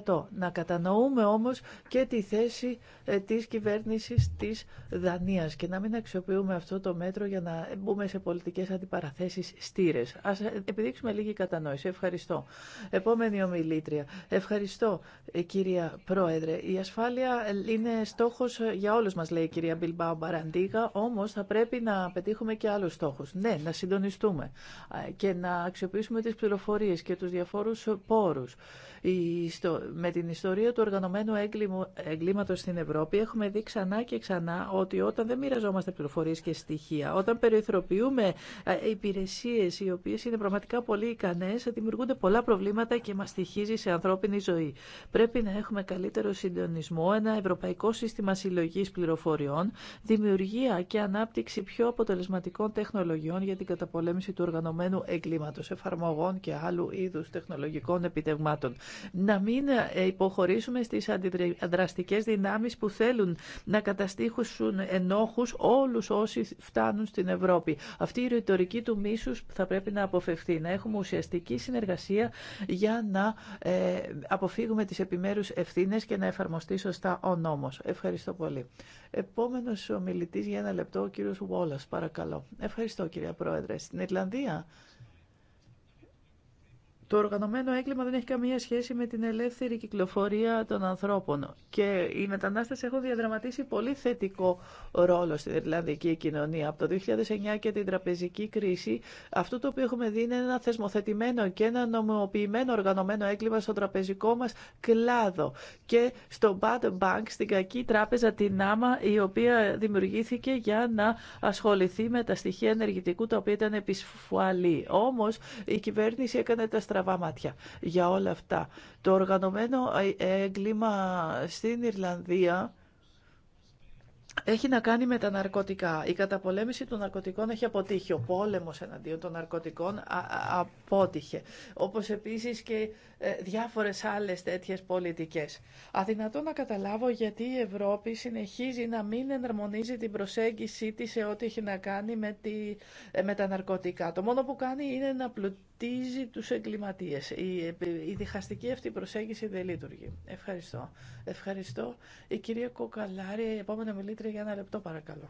100%. Να κατανοούμε όμως και τη θέση ε, της κυβέρνησης της Δανίας και να μην αξιοποιούμε αυτό το μέτρο για να μπούμε σε πολιτικές αντιπαραθέσεις στήρες. Ας ε, επιδείξουμε λίγη κατανόηση. Ευχαριστώ. Επόμενη ομιλήτρια. Ευχαριστώ ε, κυρία Πρόεδρε. Η ασφάλεια είναι στόχος για όλους μας λέει η κυρία Μπιλμπάου Μπαραντίγα όμως θα πρέπει να πετύχουμε και άλλους στόχους. Ναι, να συντονιστούμε και να αξιοποιήσουμε τις πληροφορίες πληροφορίες και τους διαφόρους πόρους. Με την ιστορία του οργανωμένου εγκλήματος στην Ευρώπη έχουμε δει ξανά και ξανά ότι όταν δεν μοιραζόμαστε πληροφορίες και στοιχεία, όταν περιθροποιούμε ε, υπηρεσίες οι οποίες είναι πραγματικά πολύ ικανές, δημιουργούνται πολλά προβλήματα και μας στοιχίζει σε ανθρώπινη ζωή. Πρέπει να έχουμε καλύτερο συντονισμό, ένα ευρωπαϊκό σύστημα συλλογή πληροφοριών, δημιουργία και ανάπτυξη πιο αποτελεσματικών τεχνολογιών για την καταπολέμηση του οργανωμένου εγκλήματος, εφαρμογών και άλλου είδους τεχνολογικών επιτευγμάτων. Να μην ε, υποχωρήσουμε στις αντιδραστικές δυνάμεις που θέλουν να καταστήχουν ενόχους όλους όσοι φτάνουν στην Ευρώπη. Αυτή η ρητορική του μίσους θα πρέπει να αποφευθεί, να έχουμε ουσιαστική συνεργασία για να ε, αποφύγουμε τις επιμέρους ευθύνε και να εφαρμοστεί σωστά ο νόμος. Ευχαριστώ πολύ. Επόμενος ομιλητής για ένα λεπτό, ο κύριος Βόλας, παρακαλώ. Ευχαριστώ κυρία Πρόεδρε. Στην Ιρλανδία το οργανωμένο έγκλημα δεν έχει καμία σχέση με την ελεύθερη κυκλοφορία των ανθρώπων και οι μετανάστες έχουν διαδραματίσει πολύ θετικό ρόλο στην Ιρλανδική κοινωνία. Από το 2009 και την τραπεζική κρίση αυτό το οποίο έχουμε δει είναι ένα θεσμοθετημένο και ένα νομοποιημένο οργανωμένο έγκλημα στο τραπεζικό μα κλάδο και στο Bad Bank, στην κακή τράπεζα την ΆΜΑ η οποία δημιουργήθηκε για να ασχοληθεί με τα στοιχεία ενεργητικού τα οποία ήταν επισφαλή. Όμω η κυβέρνηση έκανε τα για όλα αυτά. Το οργανωμένο έγκλημα στην Ιρλανδία έχει να κάνει με τα ναρκωτικά. Η καταπολέμηση των ναρκωτικών έχει αποτύχει. Ο πόλεμος εναντίον των ναρκωτικών απότυχε. Όπως επίσης και ε, διάφορες άλλες τέτοιες πολιτικές. Αδυνατό να καταλάβω γιατί η Ευρώπη συνεχίζει να μην εναρμονίζει την προσέγγιση της σε ό,τι έχει να κάνει με, τη, ε, με τα ναρκωτικά. Το μόνο που κάνει είναι να πλουτίζει τους εγκληματίες. Η, η διχαστική αυτή προσέγγιση δεν λειτουργεί. Ευχαριστώ. Ευχαριστώ. Η κυρία Κοκαλάρη, η επόμενη μιλήτρια για ένα λεπτό παρακαλώ.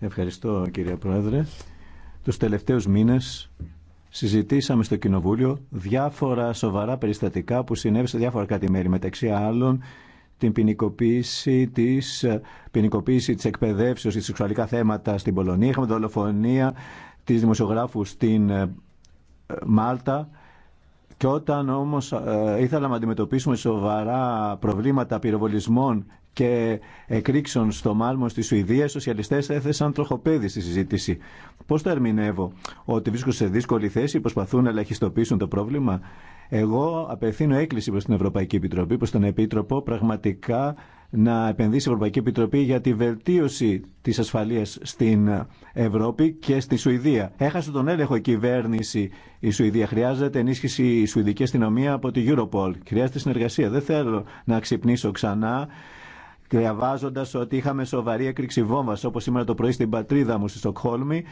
Ευχαριστώ κύριε Πρόεδρε. Τους τελευταίους μήνες συζητήσαμε στο Κοινοβούλιο διάφορα σοβαρά περιστατικά που συνέβησαν σε διάφορα κάτι μέρη μεταξύ άλλων την ποινικοποίηση της, ε, ποινικοποίηση της εκπαιδεύσεως και σεξουαλικά θέματα στην Πολωνία. Είχαμε δολοφονία της δημοσιογράφου στην ε, Μάλτα. Και όταν όμως ε, ήθελα να αντιμετωπίσουμε σοβαρά προβλήματα πυροβολισμών και εκρήξεων στο Μάλμο στη Σουηδία, οι σοσιαλιστέ έθεσαν τροχοπέδι στη συζήτηση. Πώ το ερμηνεύω, Ότι βρίσκονται σε δύσκολη θέση, προσπαθούν να ελαχιστοποιήσουν το πρόβλημα. Εγώ απευθύνω έκκληση προ την Ευρωπαϊκή Επιτροπή, προ τον Επίτροπο, πραγματικά να επενδύσει η Ευρωπαϊκή Επιτροπή για τη βελτίωση τη ασφαλείας στην Ευρώπη και στη Σουηδία. Έχασε τον έλεγχο η κυβέρνηση η Σουηδία. Χρειάζεται ενίσχυση η Σουηδική αστυνομία από τη Europol. Χρειάζεται συνεργασία. Δεν θέλω να ξυπνήσω ξανά διαβάζοντα ότι είχαμε σοβαρή έκρηξη βόμβα, όπω σήμερα το πρωί στην πατρίδα μου στη Στοκχόλμη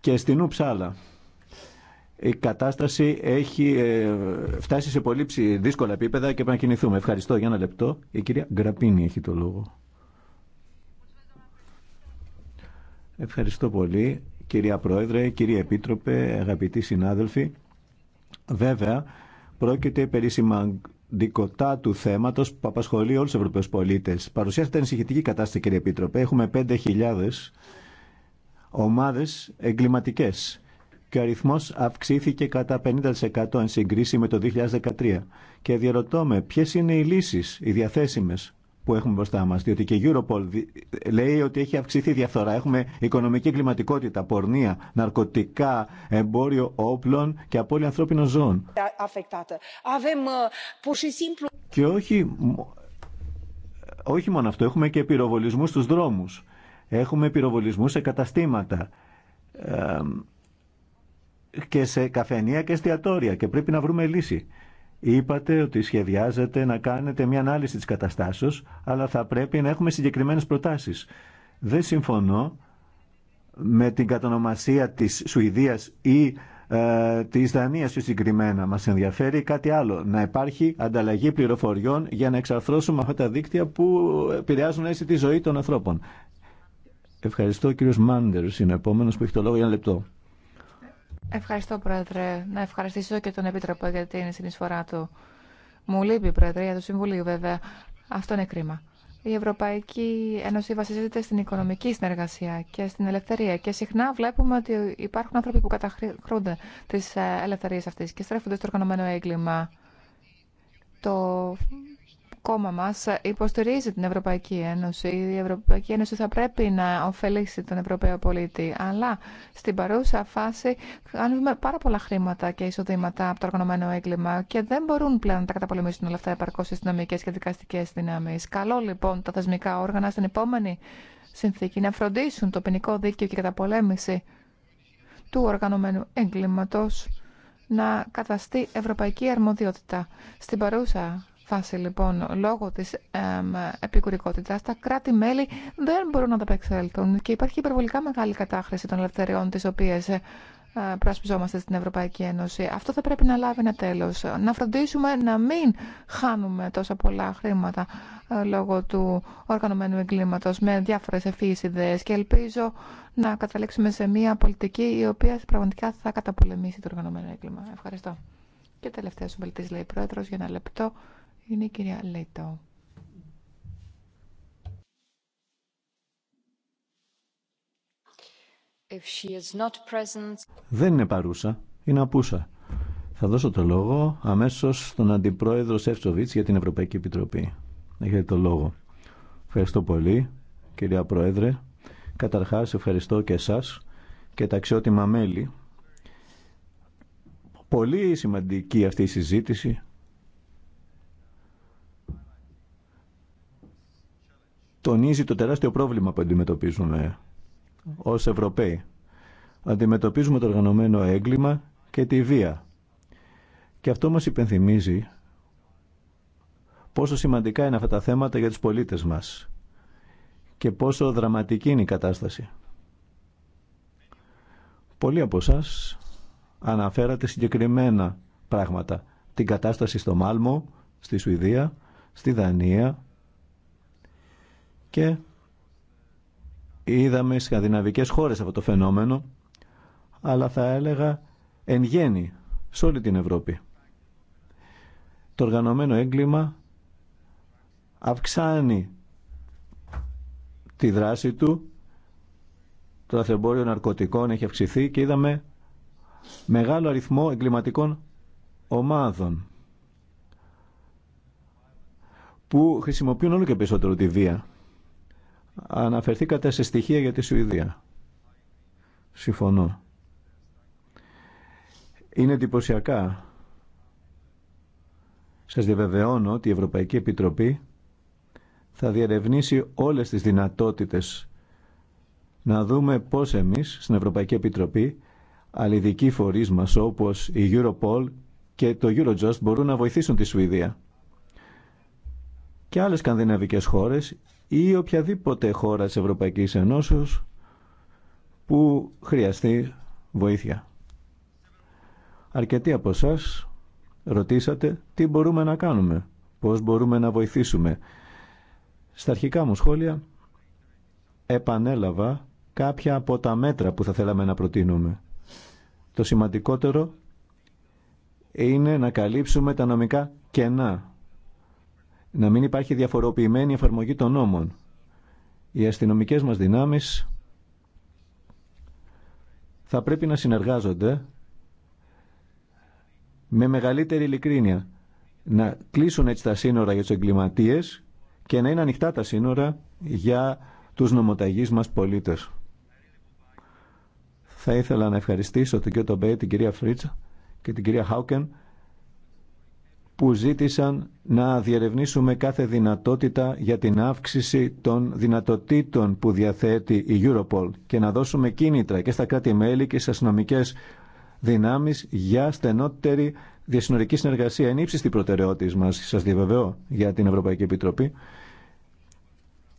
και στην Ούψάλα. Η κατάσταση έχει ε, φτάσει σε πολύ δύσκολα επίπεδα και πρέπει να κινηθούμε. Ευχαριστώ για ένα λεπτό. Η κυρία Γκραπίνη έχει το λόγο. Ευχαριστώ πολύ, κυρία Πρόεδρε, κύριε Επίτροπε, αγαπητοί συνάδελφοι. Βέβαια, πρόκειται περί δικοτά του θέματο που απασχολεί όλου του Ευρωπαίου πολίτε. Παρουσιάζεται ενσυχητική κατάσταση, κύριε Επίτροπε. Έχουμε 5.000 ομάδε εγκληματικέ και ο αριθμό αυξήθηκε κατά 50% εν συγκρίση με το 2013. Και διαρωτώ με ποιε είναι οι λύσει, οι διαθέσιμε που έχουμε μπροστά μα. Διότι και η Europol λέει ότι έχει αυξηθεί η διαφθορά. Έχουμε οικονομική κλιματικότητα, πορνεία, ναρκωτικά, εμπόριο όπλων και απώλεια ανθρώπινων ζώων. Uh, και όχι, όχι μόνο αυτό, έχουμε και πυροβολισμού στου δρόμου. Έχουμε πυροβολισμού σε καταστήματα και σε καφενεία και εστιατόρια και πρέπει να βρούμε λύση. Είπατε ότι σχεδιάζετε να κάνετε μια ανάλυση της καταστάσεως, αλλά θα πρέπει να έχουμε συγκεκριμένες προτάσεις. Δεν συμφωνώ με την κατονομασία της Σουηδίας ή ε, της Δανίας πιο συγκεκριμένα. Μας ενδιαφέρει κάτι άλλο, να υπάρχει ανταλλαγή πληροφοριών για να εξαρθρώσουμε αυτά τα δίκτυα που επηρεάζουν έτσι τη ζωή των ανθρώπων. Ευχαριστώ. κύριος Μάντερς είναι επόμενος που έχει το λόγο για ένα λεπτό. Ευχαριστώ, Πρόεδρε. Να ευχαριστήσω και τον Επίτροπο για την συνεισφορά του. Μου λείπει, Πρόεδρε, για το Συμβουλίο, βέβαια. Αυτό είναι κρίμα. Η Ευρωπαϊκή Ένωση βασίζεται στην οικονομική συνεργασία και στην ελευθερία. Και συχνά βλέπουμε ότι υπάρχουν άνθρωποι που καταχρούνται τι ε, ελευθερίε αυτή και στρέφονται στο οργανωμένο έγκλημα. Το κόμμα μα υποστηρίζει την Ευρωπαϊκή Ένωση. Η Ευρωπαϊκή Ένωση θα πρέπει να ωφελήσει τον Ευρωπαίο πολίτη. Αλλά στην παρούσα φάση κάνουμε πάρα πολλά χρήματα και εισοδήματα από το οργανωμένο έγκλημα και δεν μπορούν πλέον να τα καταπολεμήσουν όλα αυτά επαρκώ οι αστυνομικέ και δικαστικέ δυνάμει. Καλό λοιπόν τα θεσμικά όργανα στην επόμενη συνθήκη να φροντίσουν το ποινικό δίκαιο και η καταπολέμηση του οργανωμένου έγκληματος να καταστεί ευρωπαϊκή αρμοδιότητα. Στην παρούσα φάση λοιπόν λόγω της εμ, επικουρικότητας τα κράτη-μέλη δεν μπορούν να τα επεξέλθουν και υπάρχει υπερβολικά μεγάλη κατάχρηση των ελευθεριών τις οποίες ε, προασπιζόμαστε στην Ευρωπαϊκή Ένωση. Αυτό θα πρέπει να λάβει ένα τέλος. Να φροντίσουμε να μην χάνουμε τόσα πολλά χρήματα ε, λόγω του οργανωμένου εγκλήματος με διάφορες ευφύης ιδέε και ελπίζω να καταλήξουμε σε μια πολιτική η οποία πραγματικά θα καταπολεμήσει το οργανωμένο έγκλημα. Ευχαριστώ. Και τελευταία σου λέει πρόεδρος για ένα λεπτό είναι η κυρία Λέιτο. Δεν είναι παρούσα, είναι απούσα. Θα δώσω το λόγο αμέσως στον Αντιπρόεδρο Σεύσοβιτς για την Ευρωπαϊκή Επιτροπή. Έχετε το λόγο. Ευχαριστώ πολύ, κυρία Πρόεδρε. Καταρχάς, ευχαριστώ και εσάς και τα αξιότιμα μέλη. Πολύ σημαντική αυτή η συζήτηση τονίζει το τεράστιο πρόβλημα που αντιμετωπίζουμε ως Ευρωπαίοι. Αντιμετωπίζουμε το οργανωμένο έγκλημα και τη βία. Και αυτό μας υπενθυμίζει πόσο σημαντικά είναι αυτά τα θέματα για τους πολίτες μας και πόσο δραματική είναι η κατάσταση. Πολλοί από εσά αναφέρατε συγκεκριμένα πράγματα. Την κατάσταση στο Μάλμο, στη Σουηδία, στη Δανία, και είδαμε σκανδιναβικές χώρες αυτό το φαινόμενο, αλλά θα έλεγα εν γέννη σε όλη την Ευρώπη. Το οργανωμένο έγκλημα αυξάνει τη δράση του, το αθεμπόριο ναρκωτικών έχει αυξηθεί και είδαμε μεγάλο αριθμό εγκληματικών ομάδων που χρησιμοποιούν όλο και περισσότερο τη βία Αναφερθήκατε σε στοιχεία για τη Σουηδία. Συμφωνώ. Είναι εντυπωσιακά. Σας διαβεβαιώνω ότι η Ευρωπαϊκή Επιτροπή θα διερευνήσει όλες τις δυνατότητες να δούμε πώς εμείς στην Ευρωπαϊκή Επιτροπή αλληδικοί φορείς μας όπως η Europol και το Eurojust μπορούν να βοηθήσουν τη Σουηδία. Και άλλες σκανδιναβικές χώρες ή οποιαδήποτε χώρα της Ευρωπαϊκής Ενώσεως που χρειαστεί βοήθεια. Αρκετοί από εσά ρωτήσατε τι μπορούμε να κάνουμε, πώς μπορούμε να βοηθήσουμε. Στα αρχικά μου σχόλια επανέλαβα κάποια από τα μέτρα που θα θέλαμε να προτείνουμε. Το σημαντικότερο είναι να καλύψουμε τα νομικά κενά να μην υπάρχει διαφοροποιημένη εφαρμογή των νόμων. Οι αστυνομικές μας δυνάμεις θα πρέπει να συνεργάζονται με μεγαλύτερη ειλικρίνεια. Να κλείσουν έτσι τα σύνορα για τους εγκληματίες και να είναι ανοιχτά τα σύνορα για τους νομοταγείς μας πολίτες. Θα ήθελα να ευχαριστήσω τον κύριο Τομπέ, την κυρία Φρίτσα και την κυρία Χάουκεν που ζήτησαν να διερευνήσουμε κάθε δυνατότητα για την αύξηση των δυνατοτήτων που διαθέτει η Europol και να δώσουμε κίνητρα και στα κράτη-μέλη και στις αστυνομικέ δυνάμεις για στενότερη διασυνορική συνεργασία. Είναι ύψιστη προτεραιότητα μας, σας διαβεβαιώ, για την Ευρωπαϊκή Επιτροπή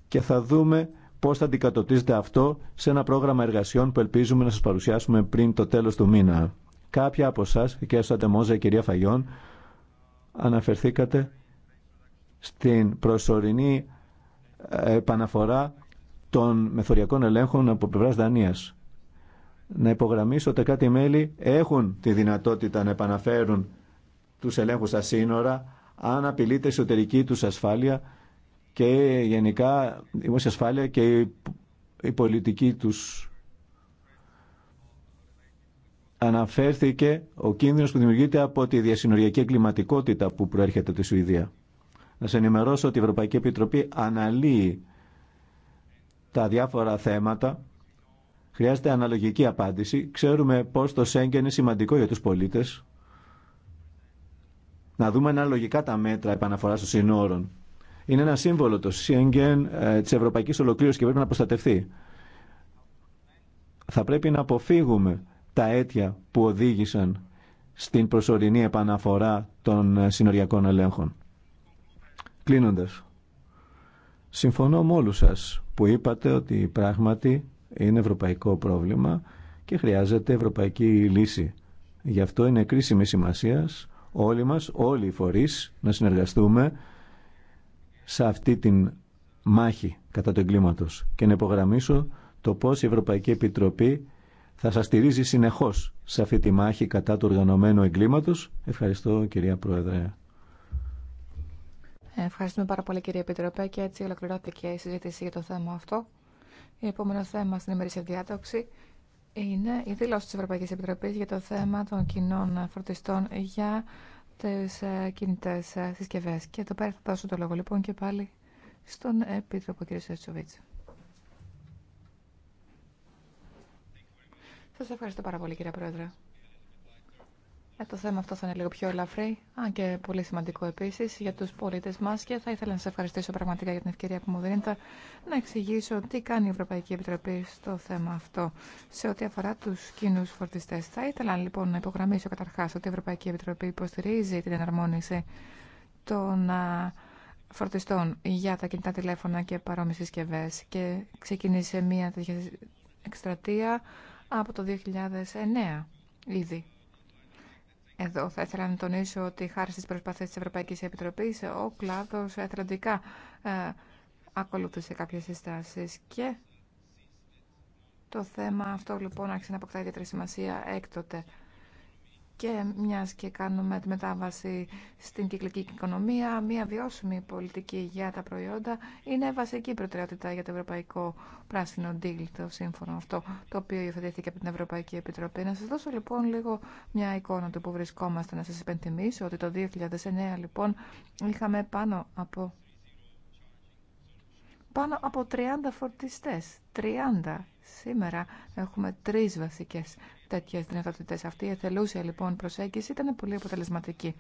και θα δούμε πώς θα αντικατοπτρίζεται αυτό σε ένα πρόγραμμα εργασιών που ελπίζουμε να σας παρουσιάσουμε πριν το τέλος του μήνα. Κάποια από εσά, η κυρία Σαντεμόζα, η κυρία Φαγιών, αναφερθήκατε στην προσωρινή ε, επαναφορά των μεθοριακών ελέγχων από πλευρά Δανία. Να υπογραμμίσω ότι κάτι μέλη έχουν τη δυνατότητα να επαναφέρουν τους ελέγχους στα σύνορα αν απειλείται η εσωτερική τους ασφάλεια και γενικά η δημόσια ασφάλεια και η πολιτική τους αναφέρθηκε ο κίνδυνος που δημιουργείται από τη διασυνοριακή εγκληματικότητα που προέρχεται από τη Σουηδία. Να σε ενημερώσω ότι η Ευρωπαϊκή Επιτροπή αναλύει τα διάφορα θέματα. Χρειάζεται αναλογική απάντηση. Ξέρουμε πώς το Σέγγεν είναι σημαντικό για τους πολίτες. Να δούμε αναλογικά τα μέτρα επαναφοράς των συνόρων. Είναι ένα σύμβολο το Σέγγεν ε, τη Ευρωπαϊκή Ολοκλήρωση και πρέπει να προστατευτεί. Θα πρέπει να αποφύγουμε τα αίτια που οδήγησαν στην προσωρινή επαναφορά των συνοριακών ελέγχων. Κλείνοντας, συμφωνώ με όλους σας που είπατε ότι πράγματι είναι ευρωπαϊκό πρόβλημα και χρειάζεται ευρωπαϊκή λύση. Γι' αυτό είναι κρίσιμη σημασία όλοι μας, όλοι οι φορείς, να συνεργαστούμε σε αυτή την μάχη κατά του εγκλήματος και να υπογραμμίσω το πώς η Ευρωπαϊκή Επιτροπή θα σας στηρίζει συνεχώς σε αυτή τη μάχη κατά του οργανωμένου εγκλήματος. Ευχαριστώ κυρία Πρόεδρε. Ευχαριστούμε πάρα πολύ κύριε Επιτροπέ και έτσι ολοκληρώθηκε η συζήτηση για το θέμα αυτό. Η επόμενο θέμα στην ημερήσια διάταξη είναι η δήλωση της Ευρωπαϊκής Επιτροπής για το θέμα των κοινών φορτιστών για τις ε, κινητές ε, συσκευές. Και εδώ πέρα θα δώσω το λόγο λοιπόν και πάλι στον Επίτροπο κ. Σερτσοβίτσα. Σα ευχαριστώ πάρα πολύ κύριε Πρόεδρε. Ε, το θέμα αυτό θα είναι λίγο πιο ελαφρύ, αν και πολύ σημαντικό επίση για του πολίτε μα. Και θα ήθελα να σα ευχαριστήσω πραγματικά για την ευκαιρία που μου δίνετε να εξηγήσω τι κάνει η Ευρωπαϊκή Επιτροπή στο θέμα αυτό σε ό,τι αφορά του κοινού φορτιστέ. Θα ήθελα λοιπόν να υπογραμμίσω καταρχά ότι η Ευρωπαϊκή Επιτροπή υποστηρίζει την εναρμόνιση των φορτιστών για τα κινητά τηλέφωνα και παρόμοιε συσκευέ και ξεκίνησε μια τέτοια εκστρατεία από το 2009 ήδη. Εδώ θα ήθελα να τονίσω ότι χάρη στις προσπάθειες της Ευρωπαϊκής Επιτροπής ο κλάδος εθελοντικά ε, ακολούθησε κάποιες συστάσεις και το θέμα αυτό λοιπόν άρχισε να αποκτά ιδιαίτερη σημασία έκτοτε και μιας και κάνουμε τη μετάβαση στην κυκλική οικονομία, μια βιώσιμη πολιτική για τα προϊόντα είναι βασική προτεραιότητα για το Ευρωπαϊκό Πράσινο Deal, το σύμφωνο αυτό, το οποίο υιοθετήθηκε από την Ευρωπαϊκή Επιτροπή. Να σας δώσω λοιπόν λίγο μια εικόνα του που βρισκόμαστε, να σας υπενθυμίσω ότι το 2009 λοιπόν είχαμε πάνω από πάνω από 30 φορτιστές, Σήμερα έχουμε τρει βασικέ τέτοιε δυνατότητε. Αυτή η εθελούσια λοιπόν προσέγγιση ήταν πολύ αποτελεσματική.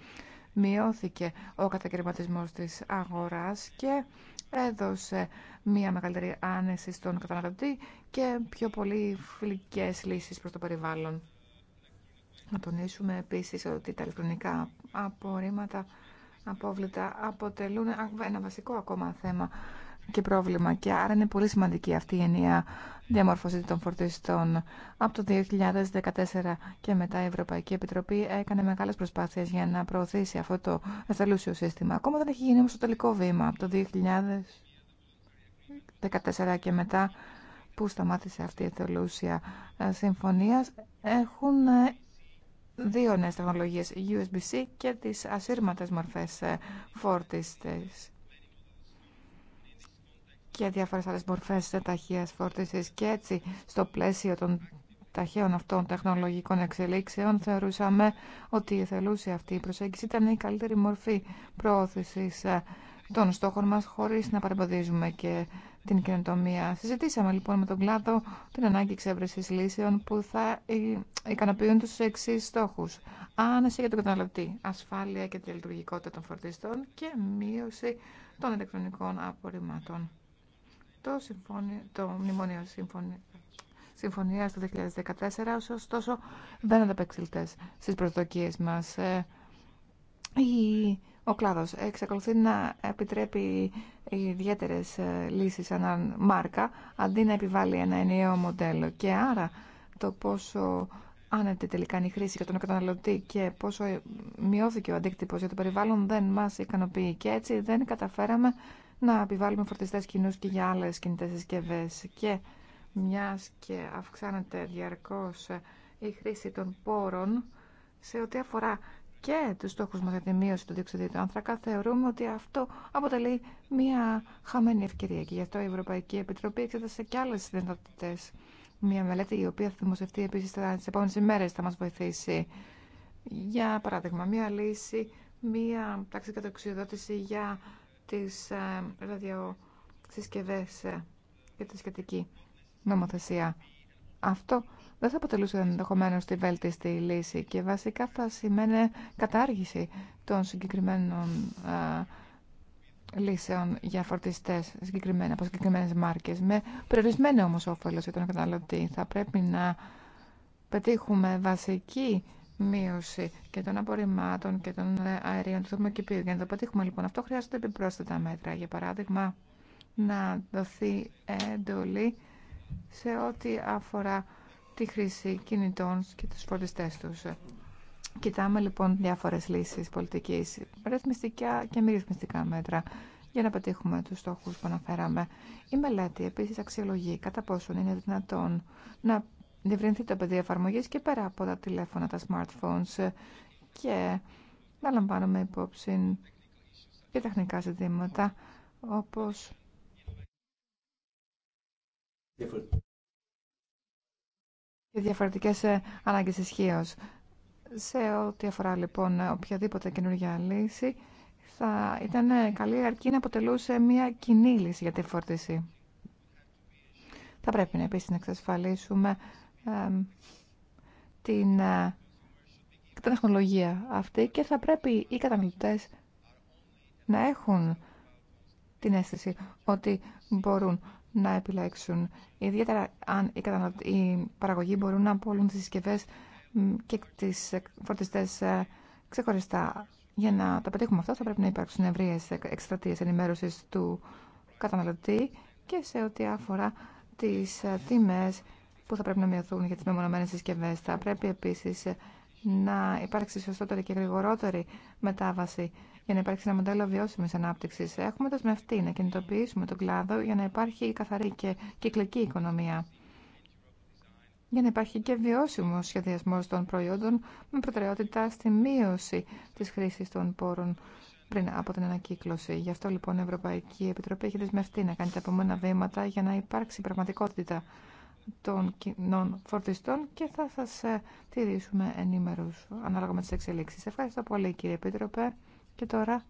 Μειώθηκε ο κατακαιρματισμό της αγορά και έδωσε μία μεγαλύτερη άνεση στον καταναλωτή και πιο πολύ φιλικές λύσει προ το περιβάλλον. Να τονίσουμε επίση ότι τα ηλεκτρονικά απορρίμματα απόβλητα αποτελούν ένα βασικό ακόμα θέμα και πρόβλημα και άρα είναι πολύ σημαντική αυτή η ενιαία διαμόρφωση των φορτιστών. Από το 2014 και μετά η Ευρωπαϊκή Επιτροπή έκανε μεγάλες προσπάθειες για να προωθήσει αυτό το εθελούσιο σύστημα. Ακόμα δεν έχει γίνει όμως το τελικό βήμα. Από το 2014 και μετά που σταμάτησε αυτή η εθελούσια ε, συμφωνία έχουν ε, δύο νέες τεχνολογίες USB-C και τις ασύρματες μορφές ε, φόρτιστες και διάφορες άλλες μορφές ταχείας φόρτισης και έτσι στο πλαίσιο των ταχαίων αυτών τεχνολογικών εξελίξεων θεωρούσαμε ότι η εθελούση αυτή η προσέγγιση ήταν η καλύτερη μορφή προώθησης ε, των στόχων μας χωρίς να παρεμποδίζουμε και την καινοτομία. Συζητήσαμε λοιπόν με τον κλάδο την ανάγκη εξέβρεσης λύσεων που θα ε, ικανοποιούν τους εξή στόχους. Άνεση για τον καταναλωτή, ασφάλεια και τη λειτουργικότητα των φορτιστών και μείωση των ηλεκτρονικών απορριμμάτων το, το Μνημονίο Συμφωνία του 2014, ωστόσο δεν ανταπεξελτέ στι προσδοκίε μα. Ε, ο κλάδο εξακολουθεί να επιτρέπει ιδιαίτερε ε, λύσει ανά μάρκα, αντί να επιβάλλει ένα ενιαίο μοντέλο. Και άρα το πόσο άνετη τελικά είναι η χρήση για τον καταναλωτή και πόσο μειώθηκε ο αντίκτυπο για το περιβάλλον δεν μα ικανοποιεί. Και έτσι δεν καταφέραμε να επιβάλλουμε φορτιστές κοινούς και για άλλες κινητές συσκευέ. Και μιας και αυξάνεται διαρκώς η χρήση των πόρων σε ό,τι αφορά και τους στόχους μας για τη μείωση του διοξιδίου του άνθρακα, θεωρούμε ότι αυτό αποτελεί μια χαμένη ευκαιρία. Και γι' αυτό η Ευρωπαϊκή Επιτροπή εξέτασε και άλλες δυνατότητες. Μια μελέτη η οποία θα δημοσιευτεί επίσης τις επόμενες ημέρες θα μας βοηθήσει. Για παράδειγμα, μια λύση, μια τάξη για τις ε, ραδιοσυσκευές ε, και τη σχετική νομοθεσία. Αυτό δεν θα αποτελούσε ενδεχομένω τη βέλτιστη λύση και βασικά θα σημαίνει κατάργηση των συγκεκριμένων ε, λύσεων για φορτιστές συγκεκριμένα από συγκεκριμένε μάρκε, με περιορισμένο όμω όφελο για τον καταναλωτή. Θα πρέπει να πετύχουμε βασική μείωση και των απορριμμάτων και των ε, αερίων του θερμοκηπίου. Για να το πετύχουμε λοιπόν αυτό χρειάζονται επιπρόσθετα μέτρα. Για παράδειγμα, να δοθεί εντολή σε ό,τι αφορά τη χρήση κινητών και τους φορτιστές τους. Κοιτάμε λοιπόν διάφορες λύσεις πολιτικής, ρυθμιστικά και μη ρυθμιστικά μέτρα για να πετύχουμε τους στόχους που αναφέραμε. Η μελέτη επίσης αξιολογεί κατά πόσον είναι δυνατόν να διευρυνθεί το πεδίο εφαρμογή και πέρα από τα τηλέφωνα, τα smartphones ε, και να λαμβάνουμε υπόψη και τεχνικά ζητήματα όπως και διαφορετικές ε, ανάγκε. ισχύω. Σε ό,τι αφορά λοιπόν οποιαδήποτε καινούργια λύση θα ήταν ε, καλή αρκεί να αποτελούσε μια κοινή λύση για τη φόρτιση. Θα πρέπει να επίσης να εξασφαλίσουμε ε, την τεχνολογία αυτή και θα πρέπει οι καταναλωτές να έχουν την αίσθηση ότι μπορούν να επιλέξουν. Ιδιαίτερα αν οι, παραγωγοί μπορούν να απολούν τις συσκευέ και τις φορτιστές ε, ξεχωριστά. Για να τα πετύχουμε αυτό θα πρέπει να υπάρξουν ευρείες εκστρατείες ενημέρωσης του καταναλωτή και σε ό,τι αφορά τις ε, τιμές που θα πρέπει να μειωθούν για τι μεμονωμένε συσκευέ. Θα πρέπει επίση να υπάρξει σωστότερη και γρηγορότερη μετάβαση για να υπάρξει ένα μοντέλο βιώσιμη ανάπτυξη. Έχουμε δεσμευτεί να κινητοποιήσουμε τον κλάδο για να υπάρχει καθαρή και κυκλική οικονομία. Για να υπάρχει και βιώσιμο σχεδιασμό των προϊόντων με προτεραιότητα στη μείωση τη χρήση των πόρων πριν από την ανακύκλωση. Γι' αυτό λοιπόν η Ευρωπαϊκή Επιτροπή έχει δεσμευτεί να κάνει τα επόμενα βήματα για να υπάρξει πραγματικότητα των κοινών φορτιστών και θα σας ε, τηρήσουμε ενήμερους ανάλογα με τις εξελίξεις. Ευχαριστώ πολύ κύριε Επίτροπε και τώρα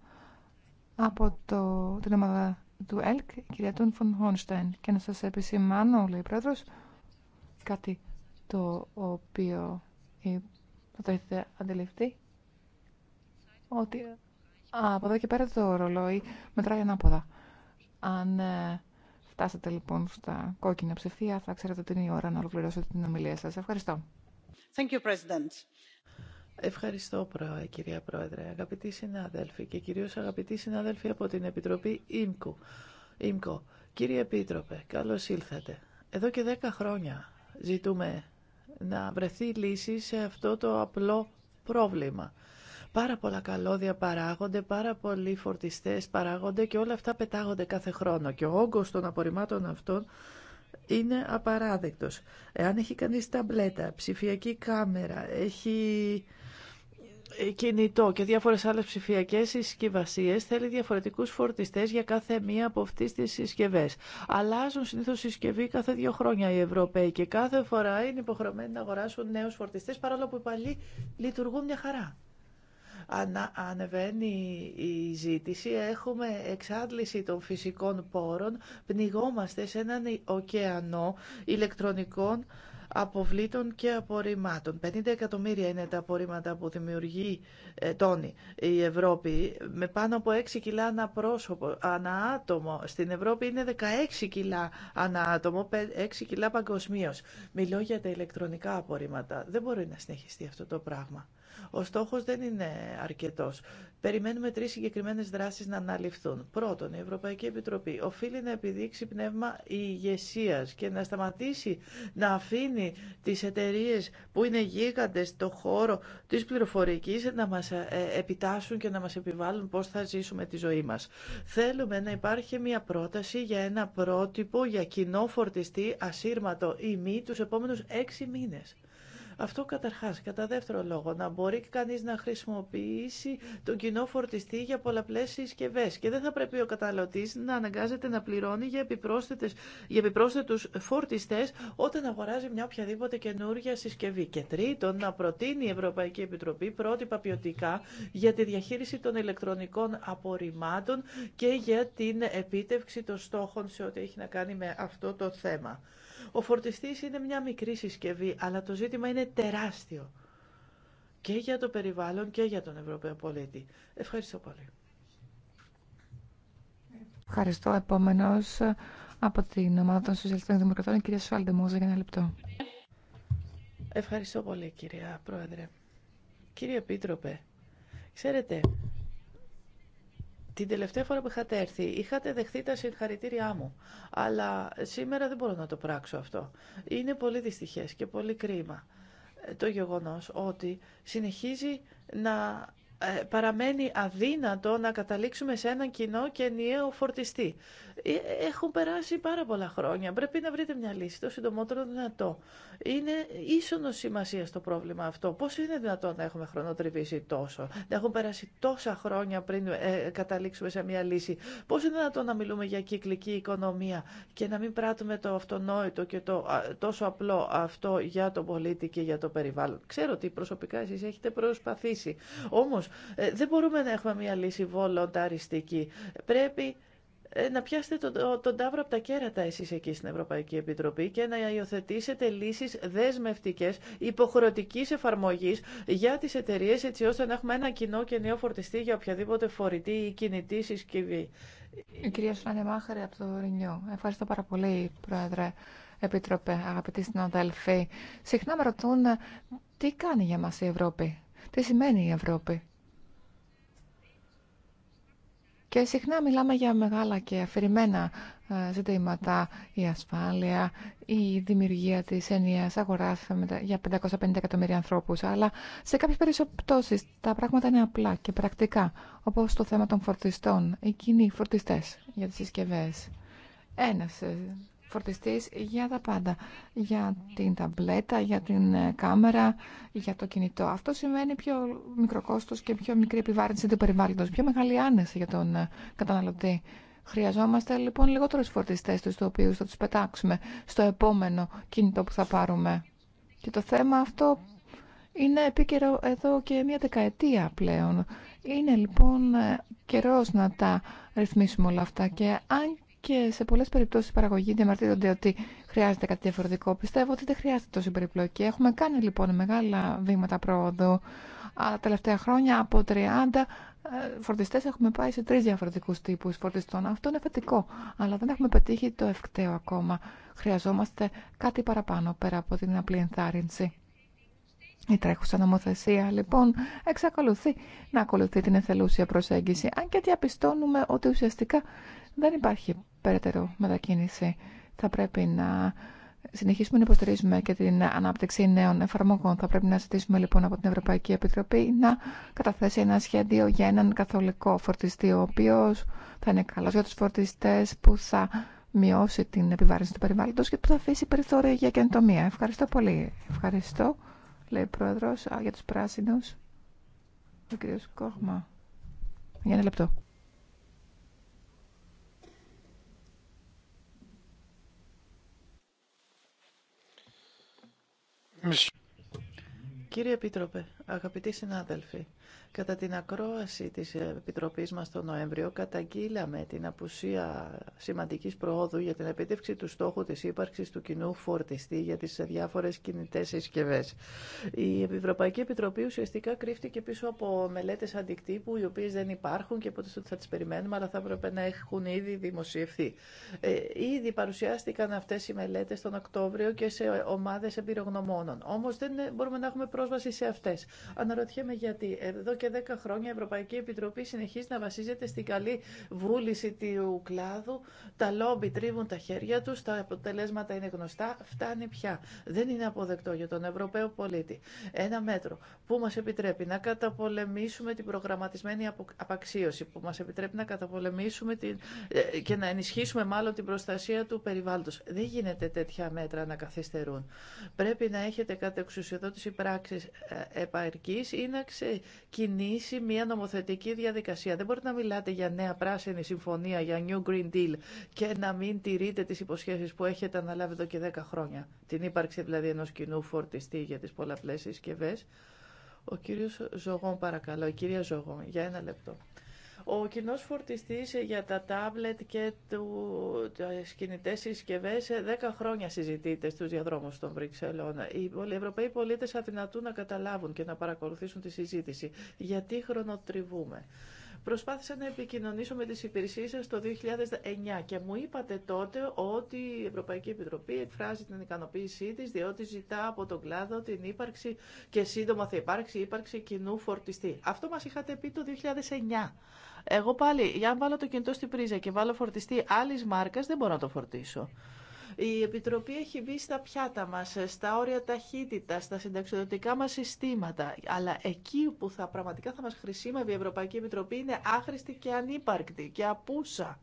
από το, την ομάδα του ΕΛΚ, η κυρία Τούν Φων Χόνστεν. Και να σας επισημάνω, λέει η πρόεδρος, κάτι το οποίο θα το έχετε αντιληφθεί, ότι α, από εδώ και πέρα το ρολόι μετράει ανάποδα. Αν ε, φτάσατε λοιπόν στα κόκκινα ψηφία, θα ξέρετε ότι είναι η ώρα να ολοκληρώσετε την ομιλία σας. Ευχαριστώ. Thank you, President. Ευχαριστώ, κυρία Πρόεδρε, αγαπητοί συνάδελφοι και κυρίως αγαπητοί συνάδελφοι από την Επιτροπή ΙΜΚΟ. ΙΜΚΟ. Κύριε Επίτροπε, καλώς ήλθατε. Εδώ και δέκα χρόνια ζητούμε να βρεθεί λύση σε αυτό το απλό πρόβλημα. Πάρα πολλά καλώδια παράγονται, πάρα πολλοί φορτιστές παράγονται και όλα αυτά πετάγονται κάθε χρόνο. Και ο όγκος των απορριμμάτων αυτών είναι απαράδεκτος. Εάν έχει κανείς ταμπλέτα, ψηφιακή κάμερα, έχει ε, κινητό και διάφορε άλλες ψηφιακές συσκευασίε θέλει διαφορετικούς φορτιστές για κάθε μία από αυτές τις συσκευές. Αλλάζουν συνήθως συσκευή κάθε δύο χρόνια οι Ευρωπαίοι και κάθε φορά είναι υποχρεωμένοι να αγοράσουν νέους φορτιστές παρόλο που οι παλιοί λειτουργούν μια χαρά ανα, ανεβαίνει η ζήτηση, έχουμε εξάντληση των φυσικών πόρων, πνιγόμαστε σε έναν ωκεανό ηλεκτρονικών αποβλήτων και απορριμμάτων. 50 εκατομμύρια είναι τα απορρίμματα που δημιουργεί ε, η Ευρώπη, με πάνω από 6 κιλά ανά πρόσωπο, ανά άτομο. Στην Ευρώπη είναι 16 κιλά ανά άτομο, 6 κιλά παγκοσμίω. Μιλώ για τα ηλεκτρονικά απορρίμματα. Δεν μπορεί να συνεχιστεί αυτό το πράγμα. Ο στόχο δεν είναι αρκετός. Περιμένουμε τρεις συγκεκριμένε δράσεις να αναλυφθούν. Πρώτον, η Ευρωπαϊκή Επιτροπή οφείλει να επιδείξει πνεύμα ηγεσία και να σταματήσει να αφήνει τις εταιρείε που είναι γίγαντες στο χώρο της πληροφορικής να μας ε, επιτάσσουν και να μας επιβάλλουν πώς θα ζήσουμε τη ζωή μας. Θέλουμε να υπάρχει μια πρόταση για ένα πρότυπο για κοινό φορτιστή ασύρματο ή μη τους επόμενου έξι μήνε. Αυτό καταρχάς. Κατά δεύτερο λόγο, να μπορεί κανείς να χρησιμοποιήσει τον κοινό φορτιστή για πολλαπλές συσκευέ. και δεν θα πρέπει ο καταλωτής να αναγκάζεται να πληρώνει για, επιπρόσθετες, για επιπρόσθετους φορτιστές όταν αγοράζει μια οποιαδήποτε καινούργια συσκευή. Και τρίτον, να προτείνει η Ευρωπαϊκή Επιτροπή πρότυπα ποιοτικά για τη διαχείριση των ηλεκτρονικών απορριμμάτων και για την επίτευξη των στόχων σε ό,τι έχει να κάνει με αυτό το θέμα. Ο φορτιστής είναι μια μικρή συσκευή, αλλά το ζήτημα είναι τεράστιο. Και για το περιβάλλον και για τον Ευρωπαίο πολίτη. Ευχαριστώ πολύ. Ευχαριστώ. Επόμενος ε, από την ομάδα των Σοσιαλιστών Δημοκρατών, η κυρία Σουάλντε για ένα λεπτό. Ευχαριστώ πολύ, κυρία Πρόεδρε. Κύριε Επίτροπε, ξέρετε, την τελευταία φορά που είχατε έρθει, είχατε δεχθεί τα συγχαρητήριά μου. Αλλά σήμερα δεν μπορώ να το πράξω αυτό. Είναι πολύ δυστυχέ και πολύ κρίμα ε, το γεγονός ότι συνεχίζει να ε, παραμένει αδύνατο να καταλήξουμε σε έναν κοινό και ενιαίο φορτιστή. Ε, έχουν περάσει πάρα πολλά χρόνια. Πρέπει να βρείτε μια λύση το συντομότερο δυνατό. Είναι ίσονο σημασία στο πρόβλημα αυτό. Πώ είναι δυνατόν να έχουμε χρονοτριβήσει τόσο, να έχουν περάσει τόσα χρόνια πριν ε, καταλήξουμε σε μια λύση. Πώ είναι δυνατόν να μιλούμε για κυκλική οικονομία και να μην πράττουμε το αυτονόητο και το τόσο απλό αυτό για τον πολίτη και για το περιβάλλον. Ξέρω ότι προσωπικά εσεί έχετε προσπαθήσει. Όμω ε, δεν μπορούμε να έχουμε μια λύση βολονταριστική. Πρέπει ε, να πιάσετε τον, τον, τάβρο από τα κέρατα εσείς εκεί στην Ευρωπαϊκή Επιτροπή και να υιοθετήσετε λύσεις δεσμευτικές, υποχρεωτικής εφαρμογής για τις εταιρείε έτσι ώστε να έχουμε ένα κοινό και νέο φορτιστή για οποιαδήποτε φορητή ή κινητή συσκευή. Η κυρία Σουνανεμάχαρη Μάχαρη απο το Ρινιό. Ευχαριστώ πάρα πολύ, Πρόεδρε. Επίτροπε, αγαπητοί συναδέλφοι, συχνά με ρωτούν τι κάνει για μας η Ευρώπη, τι σημαίνει η Ευρώπη. Και συχνά μιλάμε για μεγάλα και αφηρημένα ε, ζητήματα, η ασφάλεια, η δημιουργία της ενιαίας αγοράς για 550 εκατομμύρια ανθρώπους. Αλλά σε κάποιες περισσοπτώσεις τα πράγματα είναι απλά και πρακτικά, όπως το θέμα των φορτιστών, οι κοινοί φορτιστές για τις συσκευές. Ένας ε, φορτιστής για τα πάντα. Για την ταμπλέτα, για την ε, κάμερα, για το κινητό. Αυτό σημαίνει πιο μικρό κόστος και πιο μικρή επιβάρυνση του περιβάλλοντος. Πιο μεγάλη άνεση για τον ε, καταναλωτή. Χρειαζόμαστε λοιπόν λιγότερου φορτιστέ τους, του οποίου θα του πετάξουμε στο επόμενο κινητό που θα πάρουμε. Και το θέμα αυτό είναι επίκαιρο εδώ και μία δεκαετία πλέον. Είναι λοιπόν ε, καιρός να τα ρυθμίσουμε όλα αυτά και αν και σε πολλέ περιπτώσει οι παραγωγοί διαμαρτύρονται ότι χρειάζεται κάτι διαφορετικό. Πιστεύω ότι δεν χρειάζεται τόσο περιπλοκή. Έχουμε κάνει λοιπόν μεγάλα βήματα πρόοδου. τα τελευταία χρόνια από 30 ε, φορτιστέ έχουμε πάει σε τρει διαφορετικού τύπου φορτιστών. Αυτό είναι θετικό. Αλλά δεν έχουμε πετύχει το ευκταίο ακόμα. Χρειαζόμαστε κάτι παραπάνω πέρα από την απλή ενθάρρυνση. Η τρέχουσα νομοθεσία λοιπόν εξακολουθεί να ακολουθεί την εθελούσια προσέγγιση, αν και διαπιστώνουμε ότι ουσιαστικά δεν υπάρχει περαιτέρω μετακίνηση. Θα πρέπει να συνεχίσουμε να υποστηρίζουμε και την ανάπτυξη νέων εφαρμογών. Θα πρέπει να ζητήσουμε λοιπόν από την Ευρωπαϊκή Επιτροπή να καταθέσει ένα σχέδιο για έναν καθολικό φορτιστή, ο οποίο θα είναι καλό για του φορτιστέ που θα μειώσει την επιβάρυνση του περιβάλλοντο και που θα αφήσει περιθώρια για καινοτομία. Ευχαριστώ πολύ. Ευχαριστώ, λέει ο Πρόεδρο, για του πράσινου. Ο κ. Κόχμα. Για ένα λεπτό. Κύριε Επίτροπε, αγαπητοί συνάδελφοι, Κατά την ακρόαση της Επιτροπής μας τον Νοέμβριο καταγγείλαμε την απουσία σημαντικής προόδου για την επίτευξη του στόχου της ύπαρξης του κοινού φορτιστή για τις διάφορες κινητές συσκευέ. Η Ευρωπαϊκή Επιτροπή ουσιαστικά κρύφτηκε πίσω από μελέτες αντικτύπου οι οποίες δεν υπάρχουν και ποτέ θα τις περιμένουμε αλλά θα έπρεπε να έχουν ήδη δημοσιευθεί. Ε, ήδη παρουσιάστηκαν αυτές οι μελέτες τον Οκτώβριο και σε ομάδες εμπειρογνωμόνων. Όμως δεν μπορούμε να έχουμε πρόσβαση σε αυτές. Αναρωτιέμαι γιατί. Εδώ και 10 χρόνια η Ευρωπαϊκή Επιτροπή συνεχίζει να βασίζεται στην καλή βούληση του κλάδου. Τα λόμπι τρίβουν τα χέρια του, τα αποτελέσματα είναι γνωστά. Φτάνει πια. Δεν είναι αποδεκτό για τον Ευρωπαίο πολίτη. Ένα μέτρο που μα επιτρέπει να καταπολεμήσουμε την προγραμματισμένη απαξίωση, που μα επιτρέπει να καταπολεμήσουμε την... Ε, και να ενισχύσουμε μάλλον την προστασία του περιβάλλοντο. Δεν γίνεται τέτοια μέτρα να καθυστερούν. Πρέπει να έχετε κατεξουσιοδότηση πράξη ε, επαρκή ή να ξεκινήσετε μια νομοθετική διαδικασία. Δεν μπορείτε να μιλάτε για νέα πράσινη συμφωνία, για New Green Deal και να μην τηρείτε τις υποσχέσεις που έχετε αναλάβει εδώ και 10 χρόνια. Την ύπαρξη δηλαδή ενός κοινού φορτιστή για τις πολλαπλές συσκευέ. Ο κύριος Ζωγόν παρακαλώ, η κυρία Ζωγόν, για ένα λεπτό. Ο κοινό φορτιστή για τα τάμπλετ και τις κινητέ συσκευέ 10 ε, χρόνια συζητείται στους διαδρόμου των Βρυξελών. Οι Ευρωπαίοι πολίτες αδυνατούν να καταλάβουν και να παρακολουθήσουν τη συζήτηση. Γιατί χρονοτριβούμε. Προσπάθησα να επικοινωνήσω με τις υπηρεσίες σας το 2009 και μου είπατε τότε ότι η Ευρωπαϊκή Επιτροπή εκφράζει την ικανοποίησή της διότι ζητά από τον κλάδο την ύπαρξη και σύντομα θα υπάρξει ύπαρξη κοινού φορτιστή. Αυτό μας είχατε πει το 2009. Εγώ πάλι, για να βάλω το κινητό στην πρίζα και βάλω φορτιστή άλλη μάρκα, δεν μπορώ να το φορτίσω. Η Επιτροπή έχει μπει στα πιάτα μας, στα όρια ταχύτητα, στα συνταξιδοτικά μα συστήματα. Αλλά εκεί που θα πραγματικά θα μας χρησιμεύει η Ευρωπαϊκή Επιτροπή είναι άχρηστη και ανύπαρκτη και απούσα.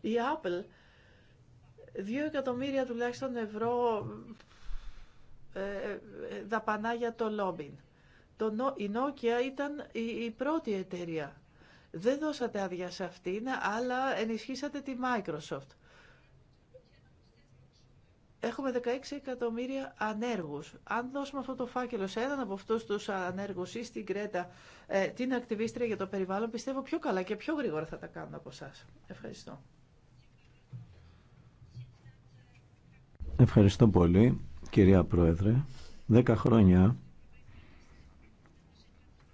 Η Apple, δύο εκατομμύρια τουλάχιστον ευρώ ε, ε δαπανά για το λόμπιν. η Nokia ήταν η πρώτη εταιρεία δεν δώσατε άδεια σε αυτήν, αλλά ενισχύσατε τη Microsoft. Έχουμε 16 εκατομμύρια ανέργους. Αν δώσουμε αυτό το φάκελο σε έναν από αυτούς τους ανέργους ή στην Κρέτα, ε, την ακτιβίστρια για το περιβάλλον, πιστεύω πιο καλά και πιο γρήγορα θα τα κάνουν από εσά. Ευχαριστώ. Ευχαριστώ πολύ, κυρία Πρόεδρε. Δέκα χρόνια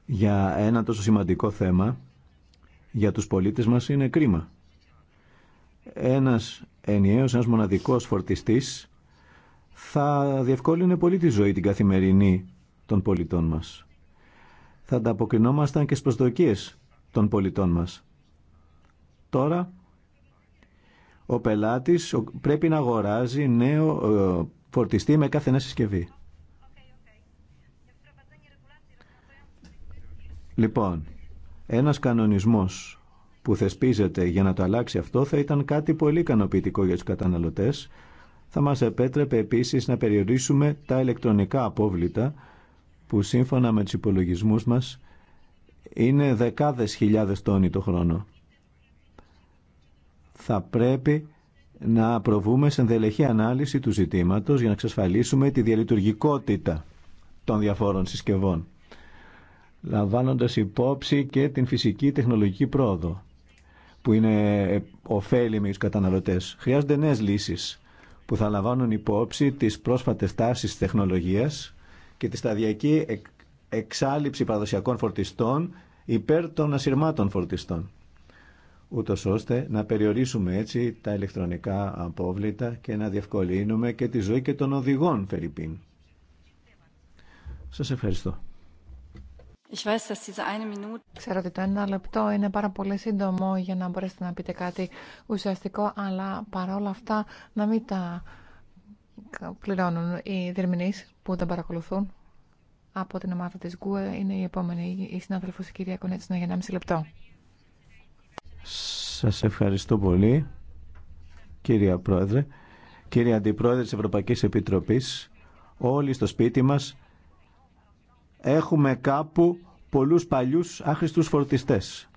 για ένα τόσο σημαντικό θέμα για τους πολίτες μας είναι κρίμα. Ένας ενιαίος, ένας μοναδικός φορτιστής θα διευκόλυνε πολύ τη ζωή την καθημερινή των πολιτών μας. Θα ανταποκρινόμασταν και στις προσδοκίες των πολιτών μας. Τώρα ο πελάτης πρέπει να αγοράζει νέο ε, φορτιστή με κάθε νέα συσκευή. Λοιπόν, ένας κανονισμός που θεσπίζεται για να το αλλάξει αυτό θα ήταν κάτι πολύ ικανοποιητικό για τους καταναλωτές. Θα μας επέτρεπε επίσης να περιορίσουμε τα ηλεκτρονικά απόβλητα που σύμφωνα με τους υπολογισμούς μας είναι δεκάδες χιλιάδες τόνοι το χρόνο. Θα πρέπει να προβούμε σε ενδελεχή ανάλυση του ζητήματος για να εξασφαλίσουμε τη διαλειτουργικότητα των διαφόρων συσκευών λαμβάνοντας υπόψη και την φυσική τεχνολογική πρόοδο που είναι ωφέλιμη στους καταναλωτές. Χρειάζονται νέες λύσεις που θα λαμβάνουν υπόψη τις πρόσφατες τάσεις τεχνολογίας και τη σταδιακή εξάλληψη παραδοσιακών φορτιστών υπέρ των ασυρμάτων φορτιστών ούτω ώστε να περιορίσουμε έτσι τα ηλεκτρονικά απόβλητα και να διευκολύνουμε και τη ζωή και των οδηγών, Φερρυπίν. Σας ευχαριστώ. Ξέρω ότι το ένα λεπτό είναι πάρα πολύ σύντομο για να μπορέσετε να πείτε κάτι ουσιαστικό, αλλά παρόλα αυτά να μην τα πληρώνουν οι δερμηνείς που δεν παρακολουθούν. Από την ομάδα της ΓΚΟΕ είναι η επόμενη, η συνάδελφος η κυρία Κονέτσινα για μισή λεπτό. Σας ευχαριστώ πολύ, κυρία Πρόεδρε. Κύριε Αντιπρόεδρε της Ευρωπαϊκής Επιτροπής, όλοι στο σπίτι μας έχουμε κάπου πολλούς παλιούς άχρηστους φορτιστές.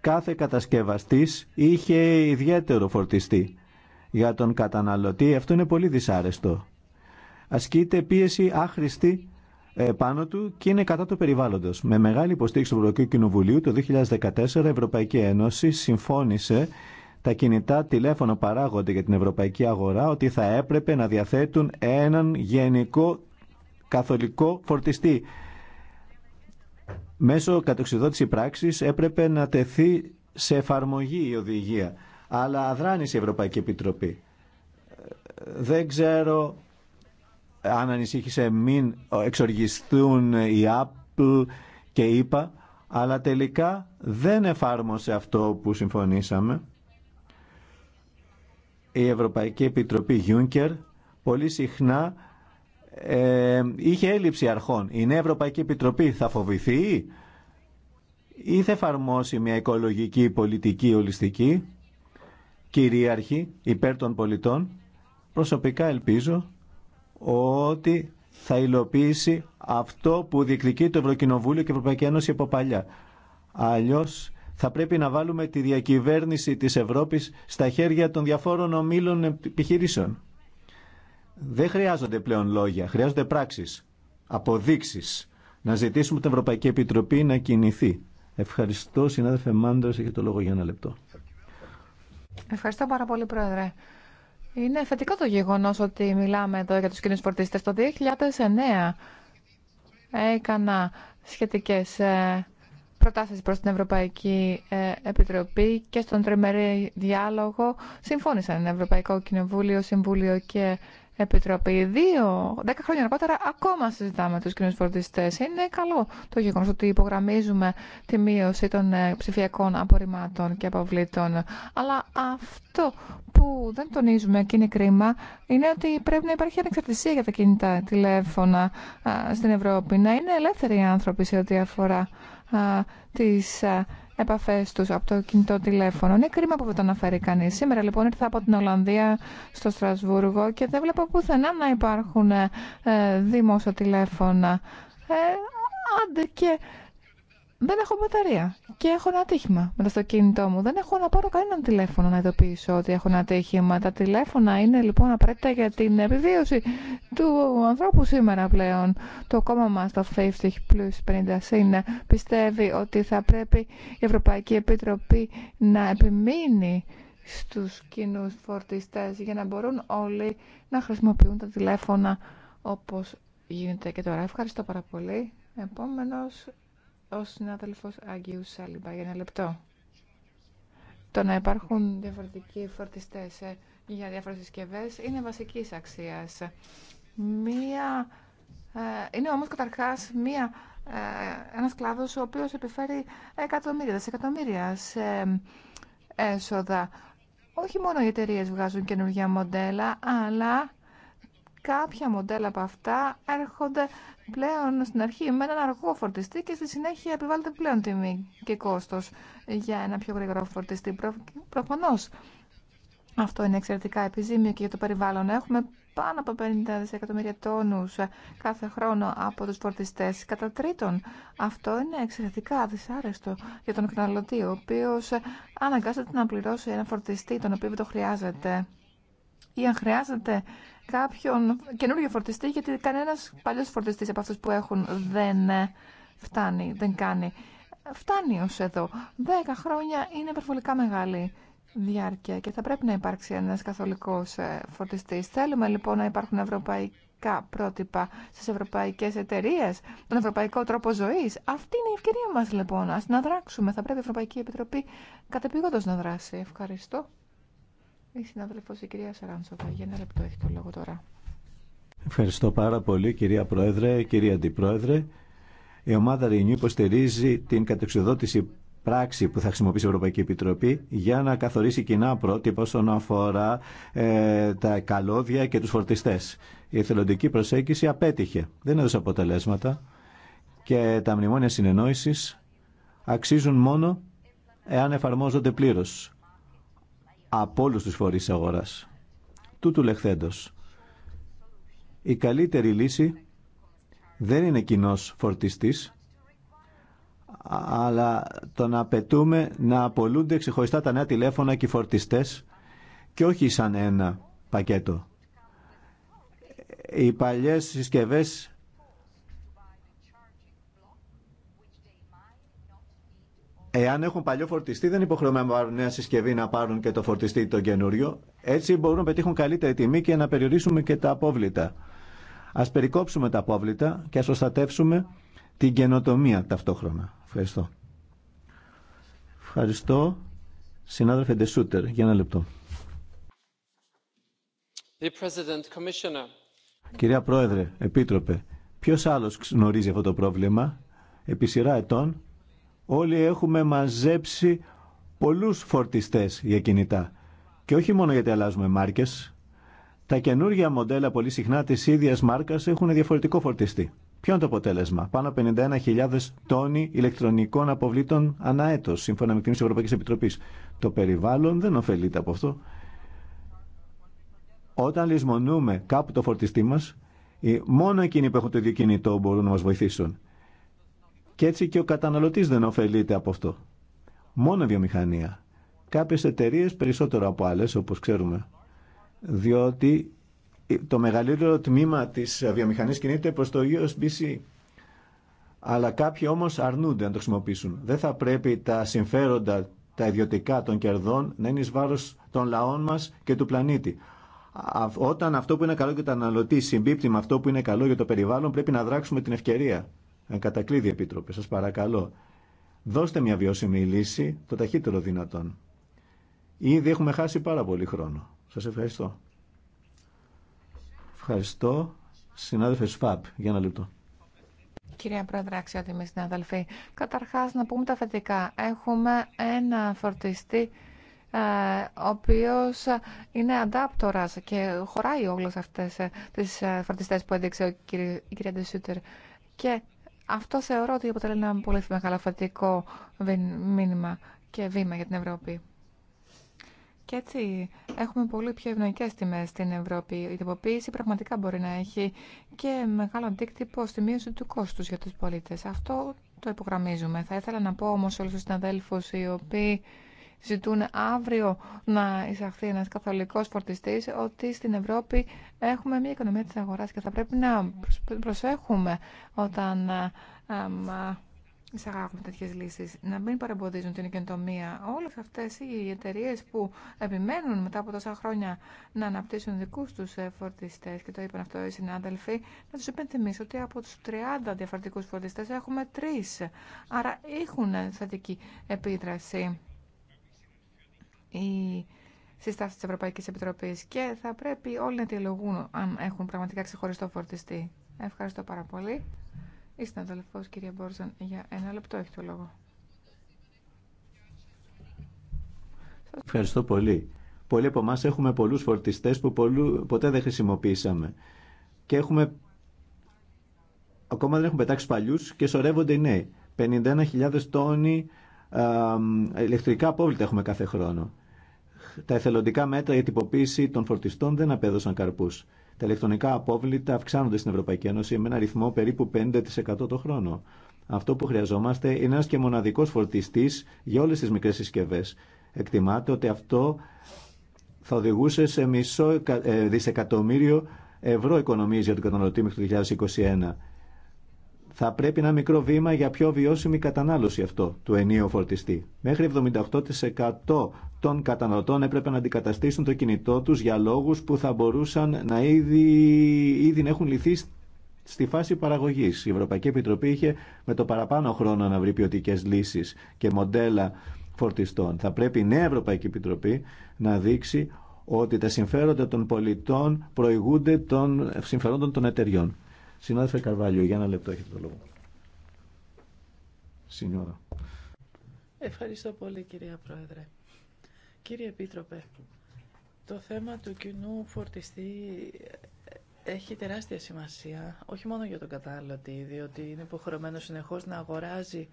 Κάθε κατασκευαστής είχε ιδιαίτερο φορτιστή. Για τον καταναλωτή αυτό είναι πολύ δυσάρεστο. Ασκείται πίεση άχρηστη ε, πάνω του και είναι κατά το περιβάλλοντος. Με μεγάλη υποστήριξη του Ευρωπαϊκού Κοινοβουλίου το 2014 η Ευρωπαϊκή Ένωση συμφώνησε τα κινητά τηλέφωνα παράγονται για την ευρωπαϊκή αγορά ότι θα έπρεπε να διαθέτουν έναν γενικό καθολικό φορτιστή. Μέσω κατοξιδότηση πράξης έπρεπε να τεθεί σε εφαρμογή η οδηγία, αλλά αδράνησε η Ευρωπαϊκή Επιτροπή. Δεν ξέρω αν ανησύχησε μην εξοργιστούν οι Apple και είπα, αλλά τελικά δεν εφάρμοσε αυτό που συμφωνήσαμε. Η Ευρωπαϊκή Επιτροπή Juncker πολύ συχνά ε, είχε έλλειψη αρχών. Η Νέα Ευρωπαϊκή Επιτροπή θα φοβηθεί ή θα εφαρμόσει μια οικολογική πολιτική ολιστική, κυρίαρχη, υπέρ των πολιτών. Προσωπικά ελπίζω ότι θα υλοποιήσει αυτό που διεκδικεί το Ευρωκοινοβούλιο και η Ευρωπαϊκή Ένωση από παλιά. Αλλιώς θα πρέπει να βάλουμε τη διακυβέρνηση της Ευρώπης στα χέρια των διαφόρων ομίλων επιχειρήσεων. Δεν χρειάζονται πλέον λόγια, χρειάζονται πράξεις, αποδείξεις. Να ζητήσουμε την Ευρωπαϊκή Επιτροπή να κινηθεί. Ευχαριστώ, συνάδελφε Μάντρος, για το λόγο για ένα λεπτό. Ευχαριστώ πάρα πολύ, Πρόεδρε. Είναι θετικό το γεγονός ότι μιλάμε εδώ για τους κοινούς φορτίστε. Το 2009 έκανα σχετικές ε, προτάσεις προς την Ευρωπαϊκή ε, Επιτροπή και στον τριμερή διάλογο συμφώνησαν Ευρωπαϊκό Κοινοβούλιο, Συμβούλιο και Επιτροπή. Δύο, δέκα χρόνια αργότερα ακόμα συζητάμε τους κοινούς φορτιστές. Είναι καλό το γεγονός ότι υπογραμμίζουμε τη μείωση των ε, ψηφιακών απορριμμάτων και αποβλήτων. Αλλά αυτό που δεν τονίζουμε και είναι κρίμα είναι ότι πρέπει να υπάρχει ανεξαρτησία για τα κινητά τηλέφωνα ε, στην Ευρώπη. Να είναι ελεύθεροι οι άνθρωποι σε ό,τι αφορά ε, τις επαφέ του από το κινητό τηλέφωνο. Είναι κρίμα που δεν το αναφέρει κανεί. Σήμερα λοιπόν ήρθα από την Ολλανδία στο Στρασβούργο και δεν βλέπω πουθενά να υπάρχουν ε, δημόσια τηλέφωνα. Ε, άντε και δεν έχω μπαταρία και έχω ένα ατύχημα με το αυτοκίνητό μου. Δεν έχω να πάρω κανέναν τηλέφωνο να ειδοποιήσω ότι έχω ένα ατύχημα. Τα τηλέφωνα είναι λοιπόν απαραίτητα για την επιβίωση του ανθρώπου σήμερα πλέον. Το κόμμα μα, το 50 plus 50 Σύνα πιστεύει ότι θα πρέπει η Ευρωπαϊκή Επιτροπή να επιμείνει στους κοινού φορτιστές για να μπορούν όλοι να χρησιμοποιούν τα τηλέφωνα όπως γίνεται και τώρα. Ευχαριστώ πάρα πολύ. Επόμενος ο συνάδελφο Άγγιου Σάλιμπα για ένα λεπτό. Το να υπάρχουν διαφορετικοί φορτιστές ε, για διάφορες συσκευέ είναι βασικής αξίας. Μία, ε, είναι όμως καταρχάς μία, ε, ένας κλάδος ο οποίος επιφέρει εκατομμύρια, δισεκατομμύρια σε έσοδα. Όχι μόνο οι εταιρείε βγάζουν καινούργια μοντέλα, αλλά κάποια μοντέλα από αυτά έρχονται πλέον στην αρχή με έναν αργό φορτιστή και στη συνέχεια επιβάλλεται πλέον τιμή και κόστος για ένα πιο γρήγορο φορτιστή. Προ... Προφανώς αυτό είναι εξαιρετικά επιζήμιο και για το περιβάλλον. Έχουμε πάνω από 50 δισεκατομμύρια τόνους κάθε χρόνο από τους φορτιστές. Κατά τρίτον, αυτό είναι εξαιρετικά δυσάρεστο για τον καταναλωτή, ο οποίος αναγκάζεται να πληρώσει ένα φορτιστή τον οποίο το χρειάζεται ή αν χρειάζεται κάποιον καινούριο φορτιστή, γιατί κανένα παλιό φορτιστή από αυτού που έχουν δεν ε, φτάνει, δεν κάνει. Φτάνει ω εδώ. Δέκα χρόνια είναι υπερβολικά μεγάλη διάρκεια και θα πρέπει να υπάρξει ένα καθολικό ε, φορτιστή. Θέλουμε λοιπόν να υπάρχουν ευρωπαϊκά πρότυπα στι ευρωπαϊκέ εταιρείε, τον ευρωπαϊκό τρόπο ζωή. Αυτή είναι η ευκαιρία μα λοιπόν. Α να δράξουμε. Θα πρέπει η Ευρωπαϊκή Επιτροπή κατεπηγόντω να δράσει. Ευχαριστώ. Η συνάδελφο η κυρία Σαράνσοβα, για ένα λεπτό έχει το λόγο τώρα. Ευχαριστώ πάρα πολύ κυρία Πρόεδρε, κυρία Αντιπρόεδρε. Η ομάδα Ρινιού υποστηρίζει την κατεξοδότηση πράξη που θα χρησιμοποιήσει η Ευρωπαϊκή Επιτροπή για να καθορίσει κοινά πρότυπα όσον αφορά ε, τα καλώδια και τους φορτιστές. Η εθελοντική προσέγγιση απέτυχε, δεν έδωσε αποτελέσματα και τα μνημόνια συνεννόησης αξίζουν μόνο εάν εφαρμόζονται πλήρως από όλους τους φορείς αγοράς. Τούτου λεχθέντος. Η καλύτερη λύση δεν είναι κοινό φορτιστής, αλλά το να απαιτούμε να απολούνται ξεχωριστά τα νέα τηλέφωνα και οι φορτιστές και όχι σαν ένα πακέτο. Οι παλιές συσκευές Εάν έχουν παλιό φορτιστή, δεν υποχρεωμένα να πάρουν νέα συσκευή να πάρουν και το φορτιστή το καινούριο. Έτσι μπορούν να πετύχουν καλύτερη τιμή και να περιορίσουμε και τα απόβλητα. Α περικόψουμε τα απόβλητα και α προστατεύσουμε την καινοτομία ταυτόχρονα. Ευχαριστώ. Ευχαριστώ. Συνάδελφε Ντεσούτερ, για ένα λεπτό. Κυρία Πρόεδρε, Επίτροπε, ποιος άλλος γνωρίζει αυτό το πρόβλημα επί σειρά ετών όλοι έχουμε μαζέψει πολλούς φορτιστές για κινητά. Και όχι μόνο γιατί αλλάζουμε μάρκες. Τα καινούργια μοντέλα πολύ συχνά της ίδιας μάρκας έχουν διαφορετικό φορτιστή. Ποιο είναι το αποτέλεσμα. Πάνω από 51.000 τόνοι ηλεκτρονικών αποβλήτων ανά έτος, σύμφωνα με της Ευρωπαϊκής Επιτροπής. Το περιβάλλον δεν ωφελείται από αυτό. Όταν λησμονούμε κάπου το φορτιστή μας, μόνο εκείνοι που έχουν το ίδιο κινητό μπορούν να μας βοηθήσουν. Και έτσι και ο καταναλωτή δεν ωφελείται από αυτό. Μόνο βιομηχανία. Κάποιε εταιρείε περισσότερο από άλλε όπω ξέρουμε. Διότι το μεγαλύτερο τμήμα τη βιομηχανία κινείται προ το USB-C. Αλλά κάποιοι όμω αρνούνται να το χρησιμοποιήσουν. Δεν θα πρέπει τα συμφέροντα, τα ιδιωτικά των κερδών να είναι ει βάρο των λαών μα και του πλανήτη. Όταν αυτό που είναι καλό για τον αναλωτή συμπίπτει με αυτό που είναι καλό για το περιβάλλον, πρέπει να δράξουμε την ευκαιρία. Κατακλείδη Επίτροπε, σας παρακαλώ, δώστε μια βιώσιμη λύση το ταχύτερο δυνατόν. Ήδη έχουμε χάσει πάρα πολύ χρόνο. Σας ευχαριστώ. Ευχαριστώ. Συνάδελφε ΣΦΑΠ, για ένα λεπτό. Κυρία Πρόεδρε, αξιότιμοι συνάδελφοι, καταρχάς να πούμε τα θετικά. Έχουμε ένα φορτιστή ε, ο οποίος είναι αντάπτορας και χωράει όλες αυτές ε, τις ε, φορτιστές που έδειξε ο η κυρία Ντεσούτερ. Και αυτό θεωρώ ότι αποτελεί ένα πολύ μεγαλαφατικό μήνυμα και βήμα για την Ευρώπη. Και έτσι έχουμε πολύ πιο ευνοϊκέ τιμέ στην Ευρώπη. Η τυποποίηση πραγματικά μπορεί να έχει και μεγάλο αντίκτυπο στη μείωση του κόστου για του πολίτε. Αυτό το υπογραμμίζουμε. Θα ήθελα να πω όμω όλου του συναδέλφου οι οποίοι ζητούν αύριο να εισαχθεί ένας καθολικός φορτιστής ότι στην Ευρώπη έχουμε μια οικονομία της αγοράς και θα πρέπει να προσέχουμε όταν εισαγάγουμε τέτοιες λύσεις, να μην παρεμποδίζουν την οικονομία. Όλες αυτές οι εταιρείε που επιμένουν μετά από τόσα χρόνια να αναπτύσσουν δικούς τους ε, φορτιστές και το είπαν αυτό οι συνάδελφοι, να τους υπενθυμίσω ότι από τους 30 διαφορετικούς φορτιστές έχουμε τρεις. Άρα έχουν θετική επίδραση οι συστάσει τη Ευρωπαϊκή Επιτροπή και θα πρέπει όλοι να λογούν αν έχουν πραγματικά ξεχωριστό φορτιστή. Ευχαριστώ πάρα πολύ. Είστε συναδελφό κυρία Μπόρζαν. για ένα λεπτό έχει το λόγο. Ευχαριστώ πολύ. Πολλοί από εμά έχουμε πολλούς φορτιστές που πολλού, ποτέ δεν χρησιμοποίησαμε. Και έχουμε, ακόμα δεν έχουμε πετάξει παλιούς και σωρεύονται οι νέοι. 51.000 τόνοι ηλεκτρικά απόβλητα έχουμε κάθε χρόνο τα εθελοντικά μέτρα για τυποποίηση των φορτιστών δεν απέδωσαν καρπούς. Τα ηλεκτρονικά απόβλητα αυξάνονται στην Ευρωπαϊκή Ένωση με ένα ρυθμό περίπου 5% το χρόνο. Αυτό που χρειαζόμαστε είναι ένα και μοναδικό φορτιστή για όλε τι μικρέ συσκευέ. Εκτιμάται ότι αυτό θα οδηγούσε σε μισό ε, δισεκατομμύριο ευρώ οικονομίε για τον καταναλωτή μέχρι το 2021. Θα πρέπει ένα μικρό βήμα για πιο βιώσιμη κατανάλωση αυτό του ενίου φορτιστή. Μέχρι 78% των καταναλωτών έπρεπε να αντικαταστήσουν το κινητό τους για λόγους που θα μπορούσαν να ήδη, ήδη να έχουν λυθεί στη φάση παραγωγής. Η Ευρωπαϊκή Επιτροπή είχε με το παραπάνω χρόνο να βρει ποιοτικέ λύσεις και μοντέλα φορτιστών. Θα πρέπει η νέα Ευρωπαϊκή Επιτροπή να δείξει ότι τα συμφέροντα των πολιτών προηγούνται των συμφερόντων των εταιριών. Συνάδελφε Καρβάλιο, για ένα λεπτό έχετε το λόγο. Συνόρα. Ευχαριστώ πολύ κυρία Πρόεδρε. Κύριε Επίτροπε, το θέμα του κοινού φορτιστή έχει τεράστια σημασία, όχι μόνο για τον κατάλληλο διότι είναι υποχρεωμένο συνεχώς να αγοράζει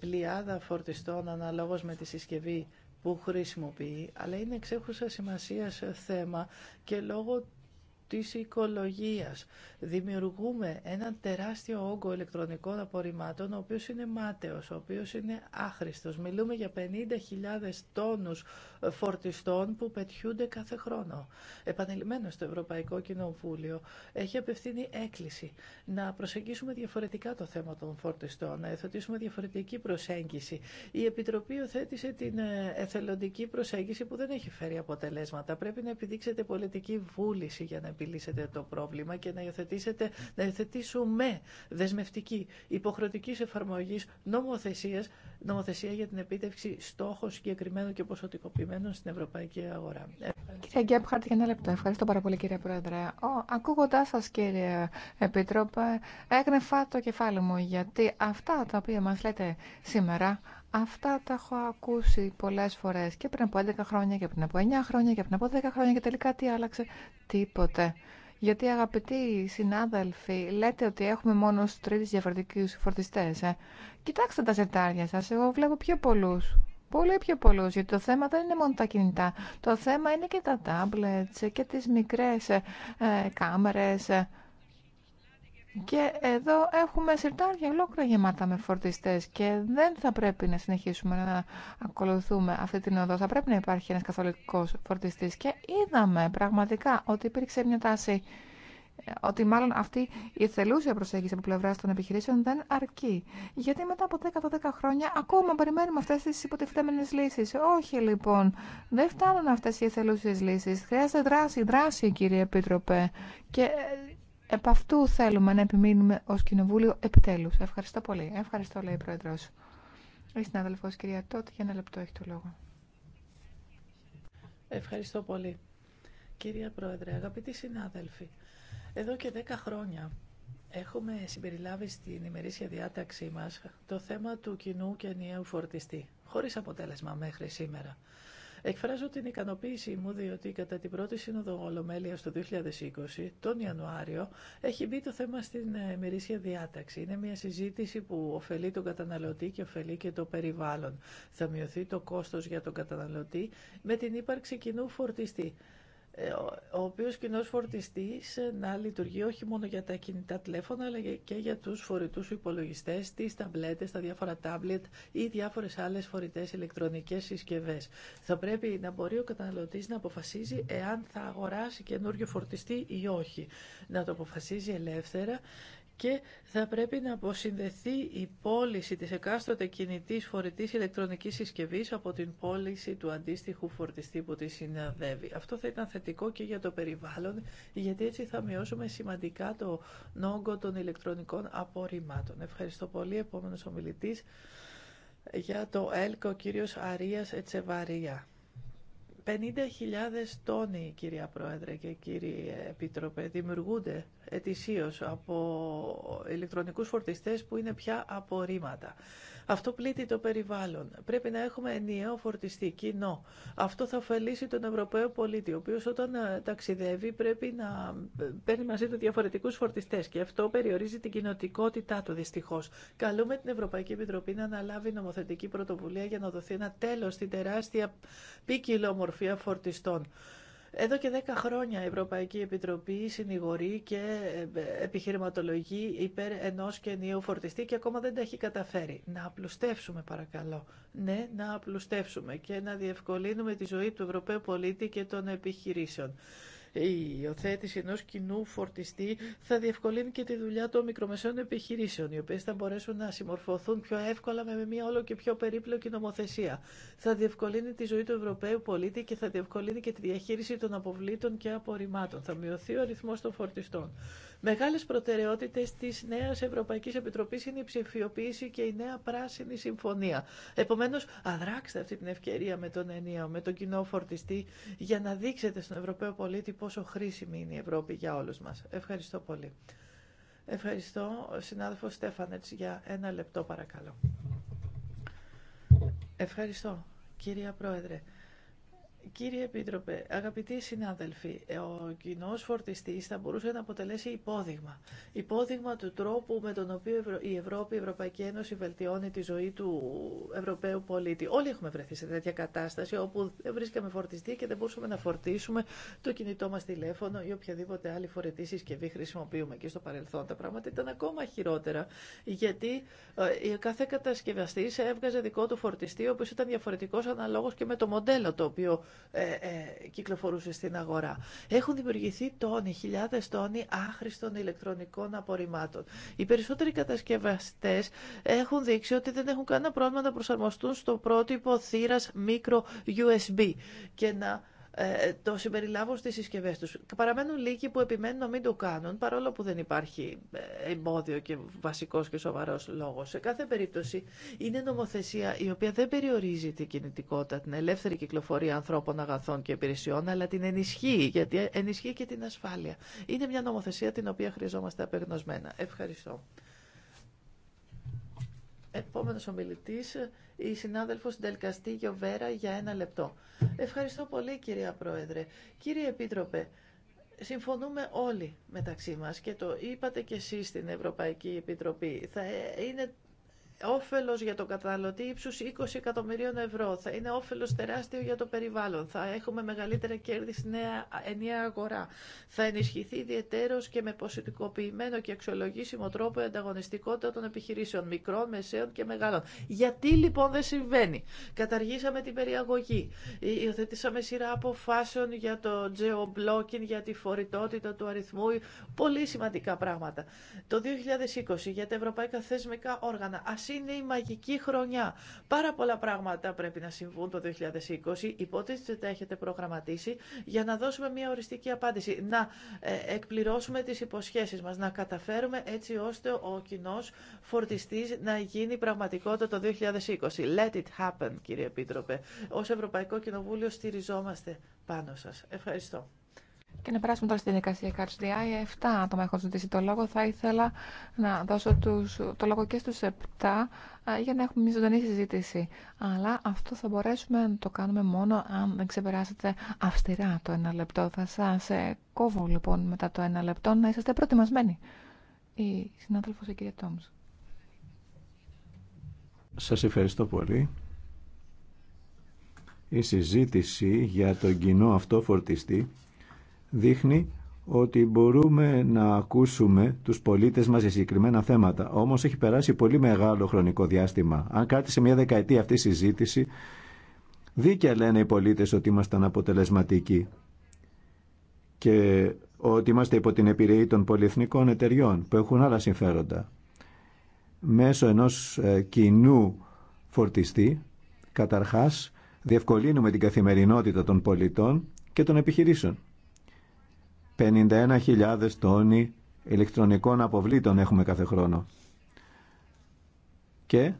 πλειάδα φορτιστών αναλόγως με τη συσκευή που χρησιμοποιεί, αλλά είναι εξέχουσα σημασία σε θέμα και λόγω της οικολογίας. Δημιουργούμε ένα τεράστιο όγκο ηλεκτρονικών απορριμμάτων, ο οποίος είναι μάταιος, ο οποίος είναι άχρηστος. Μιλούμε για 50.000 τόνους φορτιστών που πετιούνται κάθε χρόνο. Επανελειμμένα στο Ευρωπαϊκό Κοινοβούλιο έχει απευθύνει έκκληση να προσεγγίσουμε διαφορετικά το θέμα των φορτιστών, να εθωτήσουμε διαφορετική προσέγγιση. Η Επιτροπή οθέτησε την ε, εθελοντική προσέγγιση που δεν έχει φέρει αποτελέσματα. Πρέπει να επιδείξετε πολιτική βούληση για να επιλύσετε το πρόβλημα και να υιοθετήσετε, να υιοθετήσουμε δεσμευτική υποχρεωτική εφαρμογή νομοθεσία νομοθεσία για την επίτευξη στόχων συγκεκριμένων και ποσοτικοποιημένων αντικειμένων στην ευρωπαϊκή αγορά. Κύριε Γκέπχαρτ, για ένα λεπτό. Ευχαριστώ πάρα πολύ, κύριε Πρόεδρε. Ακούγοντα σα, κύριε Επίτροπε, έγνεφα το κεφάλι μου, γιατί αυτά τα οποία μα λέτε σήμερα, αυτά τα έχω ακούσει πολλές φορές και πριν από 11 χρόνια και πριν από 9 χρόνια και πριν από 10 χρόνια και τελικά τι άλλαξε, τίποτε. Γιατί αγαπητοί συνάδελφοι, λέτε ότι έχουμε μόνο τρει διαφορετικού φορτιστέ. Ε. Κοιτάξτε τα ζετάρια σα. Εγώ βλέπω πιο πολλού. Πολύ πιο πολλού γιατί το θέμα δεν είναι μόνο τα κινητά. Το θέμα είναι και τα τάμπλετ και τις μικρές ε, κάμερες. Και εδώ έχουμε συρτάρια ολόκληρα γεμάτα με φορτιστέ και δεν θα πρέπει να συνεχίσουμε να ακολουθούμε αυτή την οδό. Θα πρέπει να υπάρχει ένα καθολικό φορτιστή. και είδαμε πραγματικά ότι υπήρξε μια τάση ότι μάλλον αυτή η εθελούσια προσέγγιση από πλευρά των επιχειρήσεων δεν αρκεί. Γιατί μετά από 10-10 χρόνια ακόμα περιμένουμε αυτέ τι υποτιθέμενε λύσει. Όχι λοιπόν, δεν φτάνουν αυτέ οι εθελούσιε λύσει. Χρειάζεται δράση, δράση κύριε Επίτροπε. Και ε, επ' αυτού θέλουμε να επιμείνουμε ω Κοινοβούλιο επιτέλου. Ευχαριστώ πολύ. Ευχαριστώ, λέει η Πρόεδρο. Η συνάδελφο κυρία Τότ, για ένα λεπτό έχει το λόγο. Ευχαριστώ πολύ. Κυρία Πρόεδρε, αγαπητοί συνάδελφοι, εδώ και 10 χρόνια έχουμε συμπεριλάβει στην ημερήσια διάταξή μας το θέμα του κοινού και ενιαίου φορτιστή, χωρίς αποτέλεσμα μέχρι σήμερα. Εκφράζω την ικανοποίησή μου διότι κατά την πρώτη σύνοδο Ολομέλεια το 2020, τον Ιανουάριο, έχει μπει το θέμα στην ε, ημερήσια διάταξη. Είναι μια συζήτηση που ωφελεί τον καταναλωτή και ωφελεί και το περιβάλλον. Θα μειωθεί το κόστος για τον καταναλωτή με την ύπαρξη κοινού φορτιστή. Ε, ο οποίος κοινός φορτιστής ε, να λειτουργεί όχι μόνο για τα κινητά τηλέφωνα αλλά και για τους φορητούς υπολογιστές, τις ταμπλέτες, τα διάφορα τάμπλετ ή διάφορες άλλες φορητές ηλεκτρονικές συσκευές. Θα πρέπει να μπορεί ο καταναλωτής να αποφασίζει εάν θα αγοράσει καινούριο φορτιστή ή όχι. Να το αποφασίζει ελεύθερα και θα πρέπει να αποσυνδεθεί η πώληση της εκάστοτε κινητής φορητής ηλεκτρονικής συσκευής από την πώληση του αντίστοιχου φορτιστή που τη συναδεύει. Αυτό θα ήταν θετικό και για το περιβάλλον, γιατί έτσι θα μειώσουμε σημαντικά το νόγκο των ηλεκτρονικών απορριμμάτων. Ευχαριστώ πολύ. Επόμενος ομιλητής για το έλκο ο κύριος Αρίας Ετσεβαρία. 50.000 τόνοι, κυρία Πρόεδρε και κύριε Επίτροπε, δημιουργούνται ετησίως από ηλεκτρονικούς φορτιστές που είναι πια απορρίμματα. Αυτό πλήττει το περιβάλλον. Πρέπει να έχουμε ενιαίο φορτιστή κοινό. Αυτό θα ωφελήσει τον Ευρωπαίο πολίτη, ο οποίο όταν ε, ταξιδεύει πρέπει να ε, παίρνει μαζί του διαφορετικού φορτιστέ και αυτό περιορίζει την κοινοτικότητά του δυστυχώ. Καλούμε την Ευρωπαϊκή Επιτροπή να αναλάβει νομοθετική πρωτοβουλία για να δοθεί ένα τέλο στην τεράστια ποικιλομορφία φορτιστών. Εδώ και 10 χρόνια η Ευρωπαϊκή Επιτροπή συνηγορεί και ε, επιχειρηματολογεί υπέρ ενός και φορτιστή και ακόμα δεν τα έχει καταφέρει. Να απλουστεύσουμε παρακαλώ. Ναι, να απλουστεύσουμε και να διευκολύνουμε τη ζωή του Ευρωπαίου πολίτη και των επιχειρήσεων. Η υιοθέτηση ενό κοινού φορτιστή θα διευκολύνει και τη δουλειά των μικρομεσαίων επιχειρήσεων, οι οποίε θα μπορέσουν να συμμορφωθούν πιο εύκολα με μια όλο και πιο περίπλοκη νομοθεσία. Θα διευκολύνει τη ζωή του Ευρωπαίου πολίτη και θα διευκολύνει και τη διαχείριση των αποβλήτων και απορριμμάτων. Θα μειωθεί ο αριθμό των φορτιστών. Μεγάλες προτεραιότητες τη Νέα Ευρωπαϊκή Επιτροπή είναι η ψηφιοποίηση και η νέα πράσινη συμφωνία. Επομένως, αδράξτε αυτή την ευκαιρία με τον ενίο, με τον κοινό φορτιστή, για να δείξετε στον Ευρωπαίο πολίτη πόσο χρήσιμη είναι η Ευρώπη για όλους μας. Ευχαριστώ πολύ. Ευχαριστώ, συνάδελφο Στέφανετ, για ένα λεπτό παρακαλώ. Ευχαριστώ, κυρία Πρόεδρε. Κύριε Επίτροπε, αγαπητοί συνάδελφοι, ο κοινό φορτιστή θα μπορούσε να αποτελέσει υπόδειγμα. Υπόδειγμα του τρόπου με τον οποίο η Ευρώπη, η Ευρωπαϊκή Ένωση βελτιώνει τη ζωή του Ευρωπαίου πολίτη. Όλοι έχουμε βρεθεί σε τέτοια κατάσταση όπου δεν βρίσκαμε φορτιστή και δεν μπορούσαμε να φορτίσουμε το κινητό μα τηλέφωνο ή οποιαδήποτε άλλη φορετή συσκευή χρησιμοποιούμε. Και στο παρελθόν τα πράγματα ήταν ακόμα χειρότερα, γιατί ε, κάθε κατασκευαστή έβγαζε δικό του φορτιστή, ο οποίο ήταν διαφορετικό αναλόγω και με το μοντέλο το οποίο ε, ε, κυκλοφορούσε στην αγορά. Έχουν δημιουργηθεί τόνοι, χιλιάδε τόνοι άχρηστων ηλεκτρονικών απορριμμάτων. Οι περισσότεροι κατασκευαστές έχουν δείξει ότι δεν έχουν κανένα πρόβλημα να προσαρμοστούν στο πρότυπο θύρα micro USB και να ε, το συμπεριλάβουν στις συσκευές τους. Παραμένουν λίγοι που επιμένουν να μην το κάνουν, παρόλο που δεν υπάρχει ε, εμπόδιο και βασικός και σοβαρός λόγος. Σε κάθε περίπτωση είναι νομοθεσία η οποία δεν περιορίζει την κινητικότητα, την ελεύθερη κυκλοφορία ανθρώπων, αγαθών και υπηρεσιών, αλλά την ενισχύει, γιατί ενισχύει και την ασφάλεια. Είναι μια νομοθεσία την οποία χρειαζόμαστε απεγνωσμένα. Ευχαριστώ. Επόμενος ομιλητής, η συνάδελφος Ντελκαστήγιο Βέρα για ένα λεπτό. Ευχαριστώ πολύ κυρία Πρόεδρε. Κύριε Επίτροπε, συμφωνούμε όλοι μεταξύ μας και το είπατε και εσείς στην Ευρωπαϊκή Επιτροπή. Θα ε, είναι όφελος για τον καταναλωτή ύψους 20 εκατομμυρίων ευρώ. Θα είναι όφελος τεράστιο για το περιβάλλον. Θα έχουμε μεγαλύτερα κέρδη στη νέα ενιαία αγορά. Θα ενισχυθεί ιδιαιτέρως και με ποσοτικοποιημένο και αξιολογήσιμο τρόπο η ανταγωνιστικότητα των επιχειρήσεων μικρών, μεσαίων και μεγάλων. Γιατί λοιπόν δεν συμβαίνει. Καταργήσαμε την περιαγωγή. Υιοθετήσαμε σειρά αποφάσεων για το geo-blocking, για τη φορητότητα του αριθμού. Πολύ σημαντικά πράγματα. Το 2020 για τα ευρωπαϊκά θεσμικά όργανα είναι η μαγική χρονιά. Πάρα πολλά πράγματα πρέπει να συμβούν το 2020. Υπότιτλοι τα έχετε προγραμματίσει για να δώσουμε μια οριστική απάντηση. Να ε, εκπληρώσουμε τις υποσχέσεις μας, να καταφέρουμε έτσι ώστε ο κοινό φορτιστής να γίνει πραγματικότητα το 2020. Let it happen, κύριε Επίτροπε. Ως Ευρωπαϊκό Κοινοβούλιο στηριζόμαστε πάνω σας. Ευχαριστώ. Και να περάσουμε τώρα στη διαδικασία Cards DI. 7 άτομα έχουν ζητήσει το λόγο. Θα ήθελα να δώσω τους, το λόγο και στους επτά για να έχουμε μια ζωντανή συζήτηση. Αλλά αυτό θα μπορέσουμε να το κάνουμε μόνο αν δεν ξεπεράσετε αυστηρά το ένα λεπτό. Θα σας ε, κόβω λοιπόν μετά το ένα λεπτό να είσαστε προετοιμασμένοι. Η συνάδελφος η κυρία Τόμς. Σας ευχαριστώ πολύ. Η συζήτηση για τον κοινό αυτό φορτιστή δείχνει ότι μπορούμε να ακούσουμε τους πολίτες μας για συγκεκριμένα θέματα. Όμως έχει περάσει πολύ μεγάλο χρονικό διάστημα. Αν σε μια δεκαετία αυτή η συζήτηση, δίκαια λένε οι πολίτες ότι ήμασταν αποτελεσματικοί και ότι είμαστε υπό την επιρροή των πολυεθνικών εταιριών που έχουν άλλα συμφέροντα. Μέσω ενός ε, κοινού φορτιστή, καταρχάς, διευκολύνουμε την καθημερινότητα των πολιτών και των επιχειρήσεων. 51.000 τόνοι ηλεκτρονικών αποβλήτων έχουμε κάθε χρόνο. Και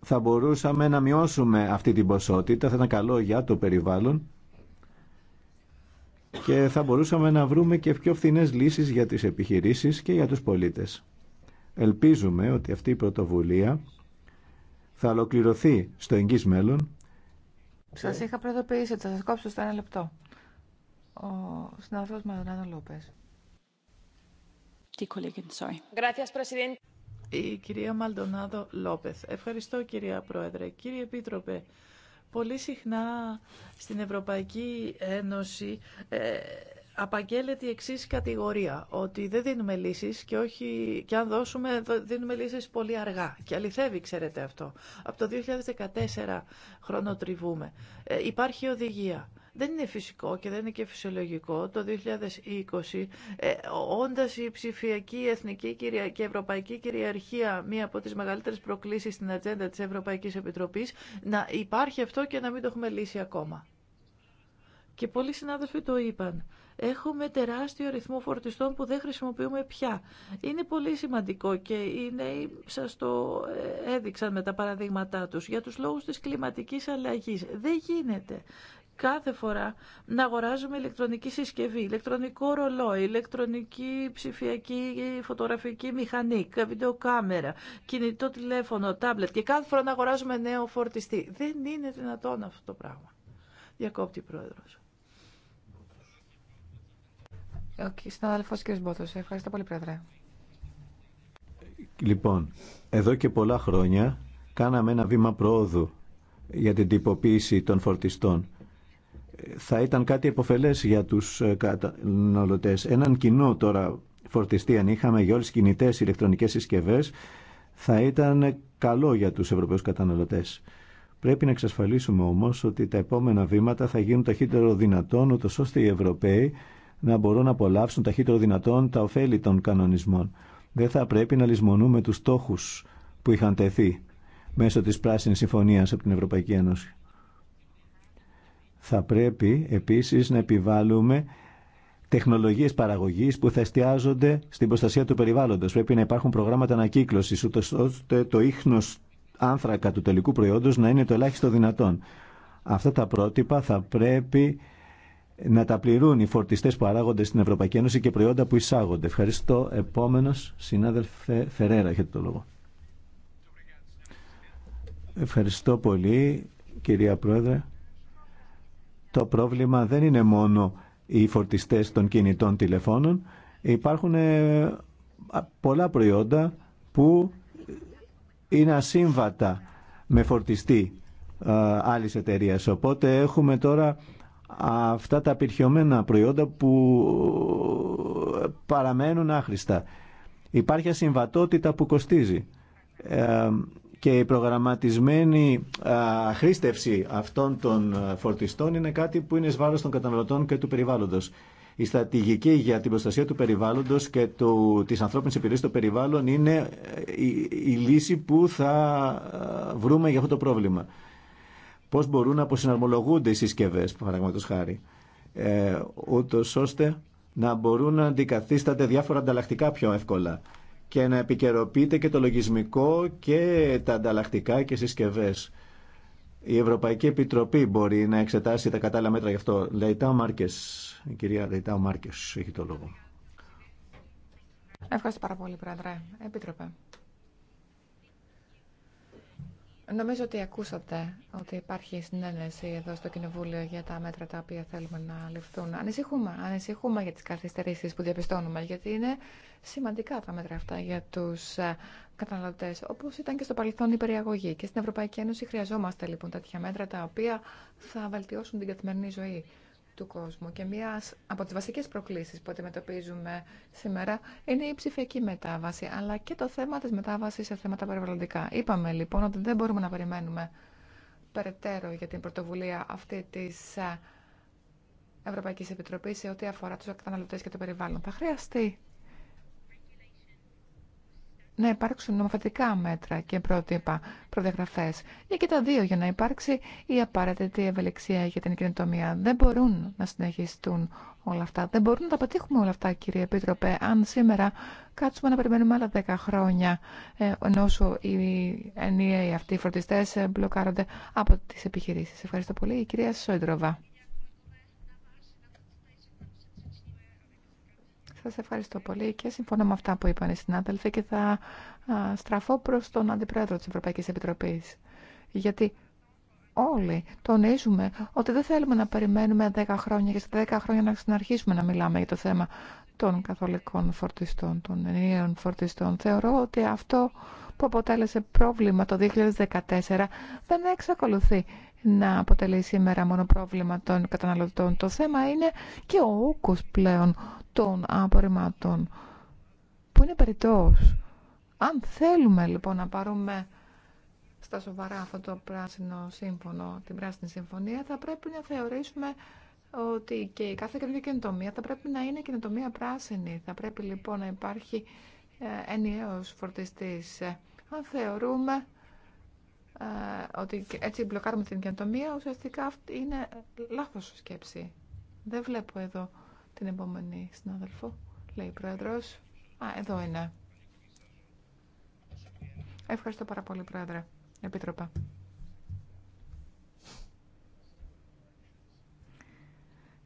θα μπορούσαμε να μειώσουμε αυτή την ποσότητα, θα ήταν καλό για το περιβάλλον και θα μπορούσαμε να βρούμε και πιο φθηνές λύσεις για τις επιχειρήσεις και για τους πολίτες. Ελπίζουμε ότι αυτή η πρωτοβουλία θα ολοκληρωθεί στο εγγύς μέλλον Σα είχα προειδοποιήσει ότι θα σα κόψω στο ένα λεπτό. Ο συναδελφό Μαλδονάδο Λόπε. Η κυρία Μαλτονάδο Λόπεθ. Ευχαριστώ κυρία Πρόεδρε. Κύριε Επίτροπε, πολύ συχνά στην Ευρωπαϊκή Ένωση ε, απαγγέλλεται η εξή κατηγορία, ότι δεν δίνουμε λύσεις και, όχι, και αν δώσουμε δίνουμε λύσεις πολύ αργά. Και αληθεύει, ξέρετε αυτό. Από το 2014 χρονοτριβούμε. Ε, υπάρχει οδηγία. Δεν είναι φυσικό και δεν είναι και φυσιολογικό το 2020, ε, όντας η ψηφιακή εθνική και ευρωπαϊκή κυριαρχία μία από τις μεγαλύτερες προκλήσεις στην ατζέντα της Ευρωπαϊκής Επιτροπής, να υπάρχει αυτό και να μην το έχουμε λύσει ακόμα. Και πολλοί συνάδελφοι το είπαν έχουμε τεράστιο ρυθμό φορτιστών που δεν χρησιμοποιούμε πια. Είναι πολύ σημαντικό και οι νέοι σας το ε, έδειξαν με τα παραδείγματά τους για τους λόγους της κλιματικής αλλαγής. Δεν γίνεται κάθε φορά να αγοράζουμε ηλεκτρονική συσκευή, ηλεκτρονικό ρολόι, ηλεκτρονική ψηφιακή φωτογραφική μηχανή, βιντεοκάμερα, κινητό τηλέφωνο, τάμπλετ και κάθε φορά να αγοράζουμε νέο φορτιστή. Δεν είναι δυνατόν αυτό το πράγμα. Διακόπτη πρόεδρος. Ο συνάδελφος κ. Μπότος. Ευχαριστώ πολύ, Πρόεδρε. Λοιπόν, εδώ και πολλά χρόνια κάναμε ένα βήμα προόδου για την τυποποίηση των φορτιστών. Θα ήταν κάτι επωφελές για τους ε, καταναλωτές. Έναν κοινό τώρα φορτιστή αν είχαμε για όλες τις κινητές ηλεκτρονικές συσκευές θα ήταν καλό για τους Ευρωπαίους καταναλωτές. Πρέπει να εξασφαλίσουμε όμως ότι τα επόμενα βήματα θα γίνουν ταχύτερο δυνατόν ούτως ώστε οι Ευρωπαίοι να μπορούν να απολαύσουν ταχύτερο δυνατόν τα ωφέλη των κανονισμών. Δεν θα πρέπει να λησμονούμε τους στόχους που είχαν τεθεί μέσω της Πράσινης Συμφωνίας από την Ευρωπαϊκή Ένωση. Θα πρέπει επίσης να επιβάλλουμε τεχνολογίες παραγωγής που θα εστιάζονται στην προστασία του περιβάλλοντος. Πρέπει να υπάρχουν προγράμματα ανακύκλωση, ώστε το ίχνος άνθρακα του τελικού προϊόντος να είναι το ελάχιστο δυνατόν. Αυτά τα πρότυπα θα πρέπει να τα πληρούν οι φορτιστές που παράγονται στην Ευρωπαϊκή Ένωση και προϊόντα που εισάγονται. Ευχαριστώ. επόμενο. συνάδελφε Φερέρα, έχετε το λόγο. Ευχαριστώ πολύ, κυρία Πρόεδρε. Το πρόβλημα δεν είναι μόνο οι φορτιστές των κινητών τηλεφώνων. Υπάρχουν ε, πολλά προϊόντα που είναι ασύμβατα με φορτιστή ε, άλλης εταιρείας. Οπότε έχουμε τώρα αυτά τα απειρχιωμένα προϊόντα που ε, παραμένουν άχρηστα. Υπάρχει ασυμβατότητα που κοστίζει ε, και η προγραμματισμένη ε, χρήστευση αυτών των φορτιστών είναι κάτι που είναι σβάρος των καταναλωτών και του περιβάλλοντος. Η στρατηγική για την προστασία του περιβάλλοντος και του, της ανθρώπινης επιρροής στο περιβάλλον είναι η λύση που θα βρούμε για αυτό το πρόβλημα πώς μπορούν να αποσυναρμολογούνται οι συσκευές, παραδείγματο χάρη, ε, ούτως ώστε να μπορούν να αντικαθίστανται διάφορα ανταλλακτικά πιο εύκολα και να επικαιροποιείται και το λογισμικό και τα ανταλλακτικά και συσκευές. Η Ευρωπαϊκή Επιτροπή μπορεί να εξετάσει τα κατάλληλα μέτρα γι' αυτό. Λεϊτάου Μάρκε. η κυρία Λεϊτάου Μάρκε, έχει το λόγο. Ευχαριστώ πάρα πολύ, Πρόεδρε. Επίτροπε. Νομίζω ότι ακούσατε ότι υπάρχει συνένεση εδώ στο Κοινοβούλιο για τα μέτρα τα οποία θέλουμε να ληφθούν. Ανησυχούμε, ανησυχούμε για τις καθυστερήσεις που διαπιστώνουμε, γιατί είναι σημαντικά τα μέτρα αυτά για τους ε, καταναλωτές, όπως ήταν και στο παρελθόν η περιαγωγή. Και στην Ευρωπαϊκή Ένωση χρειαζόμαστε λοιπόν τέτοια μέτρα τα οποία θα βελτιώσουν την καθημερινή ζωή κόσμου και μία από τις βασικές προκλήσεις που αντιμετωπίζουμε σήμερα είναι η ψηφιακή μετάβαση, αλλά και το θέμα της μετάβασης σε θέματα περιβαλλοντικά. Είπαμε λοιπόν ότι δεν μπορούμε να περιμένουμε περαιτέρω για την πρωτοβουλία αυτή της ε, Ευρωπαϊκής Επιτροπής σε ό,τι αφορά τους καταναλωτές και το περιβάλλον. Θα χρειαστεί να υπάρξουν νομοθετικά μέτρα και πρότυπα προδιαγραφέ ή και τα δύο για να υπάρξει η απαραίτητη ευελιξία για την κοινοτομία. Δεν μπορούν να συνεχιστούν όλα αυτά. Δεν μπορούν να τα πετύχουμε όλα αυτά, κύριε Επίτροπε, αν σήμερα κάτσουμε να περιμένουμε άλλα 10 χρόνια ε, ενώ οι ενιαίοι αυτοί οι φροντιστέ ε, μπλοκάρονται από τι επιχειρήσει. Ευχαριστώ πολύ. Η κυρία Σόιντροβα. Σας ευχαριστώ πολύ και συμφωνώ με αυτά που είπαν οι συνάδελφοι και θα στραφώ προς τον Αντιπρόεδρο της Ευρωπαϊκής Επιτροπής. Γιατί όλοι τονίζουμε ότι δεν θέλουμε να περιμένουμε 10 χρόνια και στα 10 χρόνια να ξαναρχίσουμε να μιλάμε για το θέμα των καθολικών φορτιστών, των ενιαίων φορτιστών. Θεωρώ ότι αυτό που αποτέλεσε πρόβλημα το 2014 δεν εξακολουθεί να αποτελεί σήμερα μόνο πρόβλημα των καταναλωτών. Το θέμα είναι και ο όγκος πλέον των απορριμμάτων που είναι περιττός. Αν θέλουμε λοιπόν να πάρουμε στα σοβαρά αυτό το πράσινο σύμφωνο, την πράσινη συμφωνία, θα πρέπει να θεωρήσουμε ότι και η κάθε καινούργια καινοτομία θα πρέπει να είναι καινοτομία πράσινη. Θα πρέπει λοιπόν να υπάρχει ε, ενιαίος φορτιστής. Ε, αν θεωρούμε ε, ότι έτσι μπλοκάρουμε την καινοτομία, ουσιαστικά αυτή είναι λάθος σκέψη. Δεν βλέπω εδώ την επόμενη συνάδελφο, λέει η Πρόεδρος. Α, εδώ είναι. Ευχαριστώ πάρα πολύ, Πρόεδρε. Επίτροπα.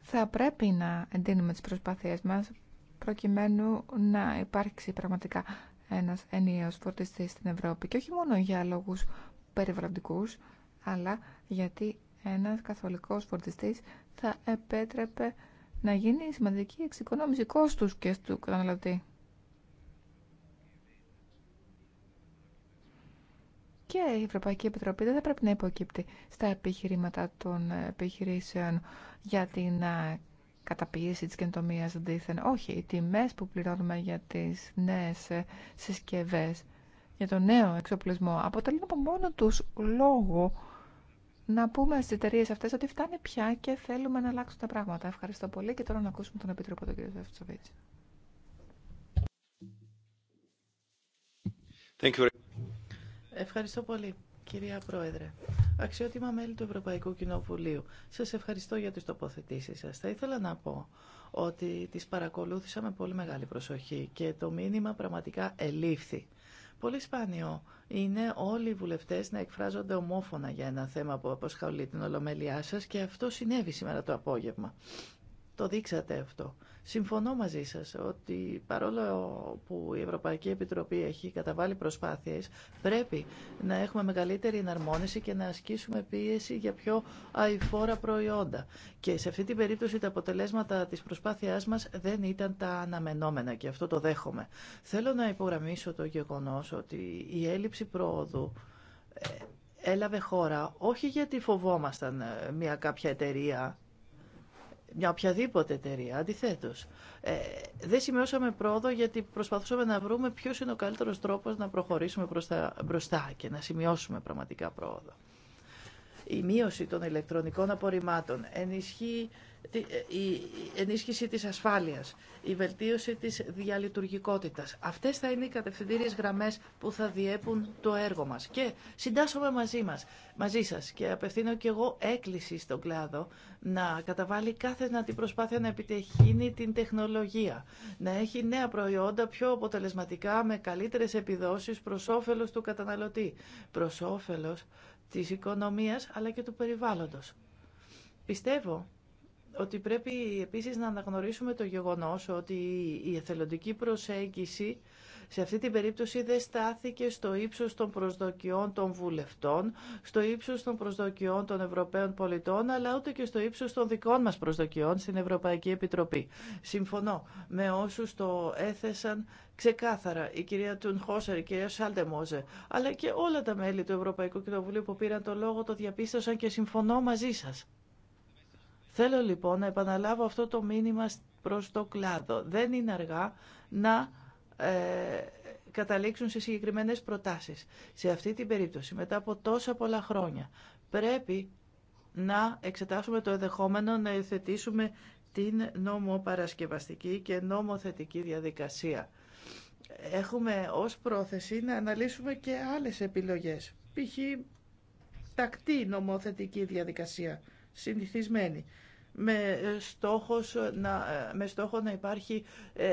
Θα πρέπει να εντείνουμε τις προσπάθειές μας προκειμένου να υπάρξει πραγματικά ένας ενιαίος φορτιστής στην Ευρώπη και όχι μόνο για λόγους αλλά γιατί ένας καθολικός φορτιστής θα επέτρεπε να γίνει σημαντική εξοικονόμηση κόστους και του καταναλωτή. Και η Ευρωπαϊκή Επιτροπή δεν θα πρέπει να υποκύπτει στα επιχειρήματα των επιχειρήσεων για την ε, καταπίεση της καινοτομίας δήθεν. Όχι, οι τιμές που πληρώνουμε για τις νέες ε, συσκευές για τον νέο εξοπλισμό αποτελούν από μόνο τους λόγο να πούμε στις εταιρείε αυτές ότι φτάνει πια και θέλουμε να αλλάξουν τα πράγματα. Ευχαριστώ πολύ και τώρα να ακούσουμε τον Επίτροπο τον κ. Ζεύτσοβίτση. Ευχαριστώ πολύ, κυρία Πρόεδρε. Αξιότιμα μέλη του Ευρωπαϊκού Κοινοβουλίου, σας ευχαριστώ για τις τοποθετήσεις σας. Θα ήθελα να πω ότι τις παρακολούθησα με πολύ μεγάλη προσοχή και το μήνυμα πραγματικά ελήφθη. Πολύ σπάνιο είναι όλοι οι βουλευτές να εκφράζονται ομόφωνα για ένα θέμα που αποσχολεί την ολομέλειά σας και αυτό συνέβη σήμερα το απόγευμα. Το δείξατε αυτό. Συμφωνώ μαζί σας ότι παρόλο που η Ευρωπαϊκή Επιτροπή έχει καταβάλει προσπάθειες, πρέπει να έχουμε μεγαλύτερη εναρμόνιση και να ασκήσουμε πίεση για πιο αηφόρα προϊόντα. Και σε αυτή την περίπτωση τα αποτελέσματα της προσπάθειάς μας δεν ήταν τα αναμενόμενα και αυτό το δέχομαι. Θέλω να υπογραμμίσω το γεγονός ότι η έλλειψη πρόοδου ε, έλαβε χώρα όχι γιατί φοβόμασταν ε, μια κάποια εταιρεία μια οποιαδήποτε εταιρεία. Αντιθέτω, ε, δεν σημειώσαμε πρόοδο γιατί προσπαθούσαμε να βρούμε ποιο είναι ο καλύτερο τρόπο να προχωρήσουμε προς τα, μπροστά και να σημειώσουμε πραγματικά πρόοδο. Η μείωση των ηλεκτρονικών απορριμμάτων ενισχύει ε, η ενίσχυση της ασφάλειας, η βελτίωση της διαλειτουργικότητας. Αυτές θα είναι οι κατευθυντήριες γραμμές που θα διέπουν το έργο μας. Και συντάσσομαι μαζί, μας, μαζί σας και απευθύνω και εγώ έκκληση στον κλάδο να καταβάλει κάθε να την προσπάθεια να επιτεχύνει την τεχνολογία, να έχει νέα προϊόντα πιο αποτελεσματικά με καλύτερες επιδόσεις προς όφελος του καταναλωτή, προς όφελος της οικονομίας αλλά και του περιβάλλοντος. Πιστεύω ότι πρέπει επίσης να αναγνωρίσουμε το γεγονός ότι η εθελοντική προσέγγιση σε αυτή την περίπτωση δεν στάθηκε στο ύψος των προσδοκιών των βουλευτών, στο ύψος των προσδοκιών των Ευρωπαίων πολιτών, αλλά ούτε και στο ύψος των δικών μας προσδοκιών στην Ευρωπαϊκή Επιτροπή. Συμφωνώ με όσους το έθεσαν ξεκάθαρα η κυρία Τουνχώσερ, η κυρία Σάλτεμόζε, αλλά και όλα τα μέλη του Ευρωπαϊκού Κοινοβουλίου που πήραν το λόγο το διαπίστωσαν και συμφωνώ μαζί σας. Θέλω λοιπόν να επαναλάβω αυτό το μήνυμα προς το κλάδο. Δεν είναι αργά να ε, καταλήξουν σε συγκεκριμένες προτάσεις. Σε αυτή την περίπτωση, μετά από τόσα πολλά χρόνια, πρέπει να εξετάσουμε το εδεχόμενο να υιοθετήσουμε την νομοπαρασκευαστική και νομοθετική διαδικασία. Έχουμε ως πρόθεση να αναλύσουμε και άλλες επιλογές, π.χ. τακτή νομοθετική διαδικασία, συνηθισμένη με, στόχος να, με στόχο να υπάρχει ε,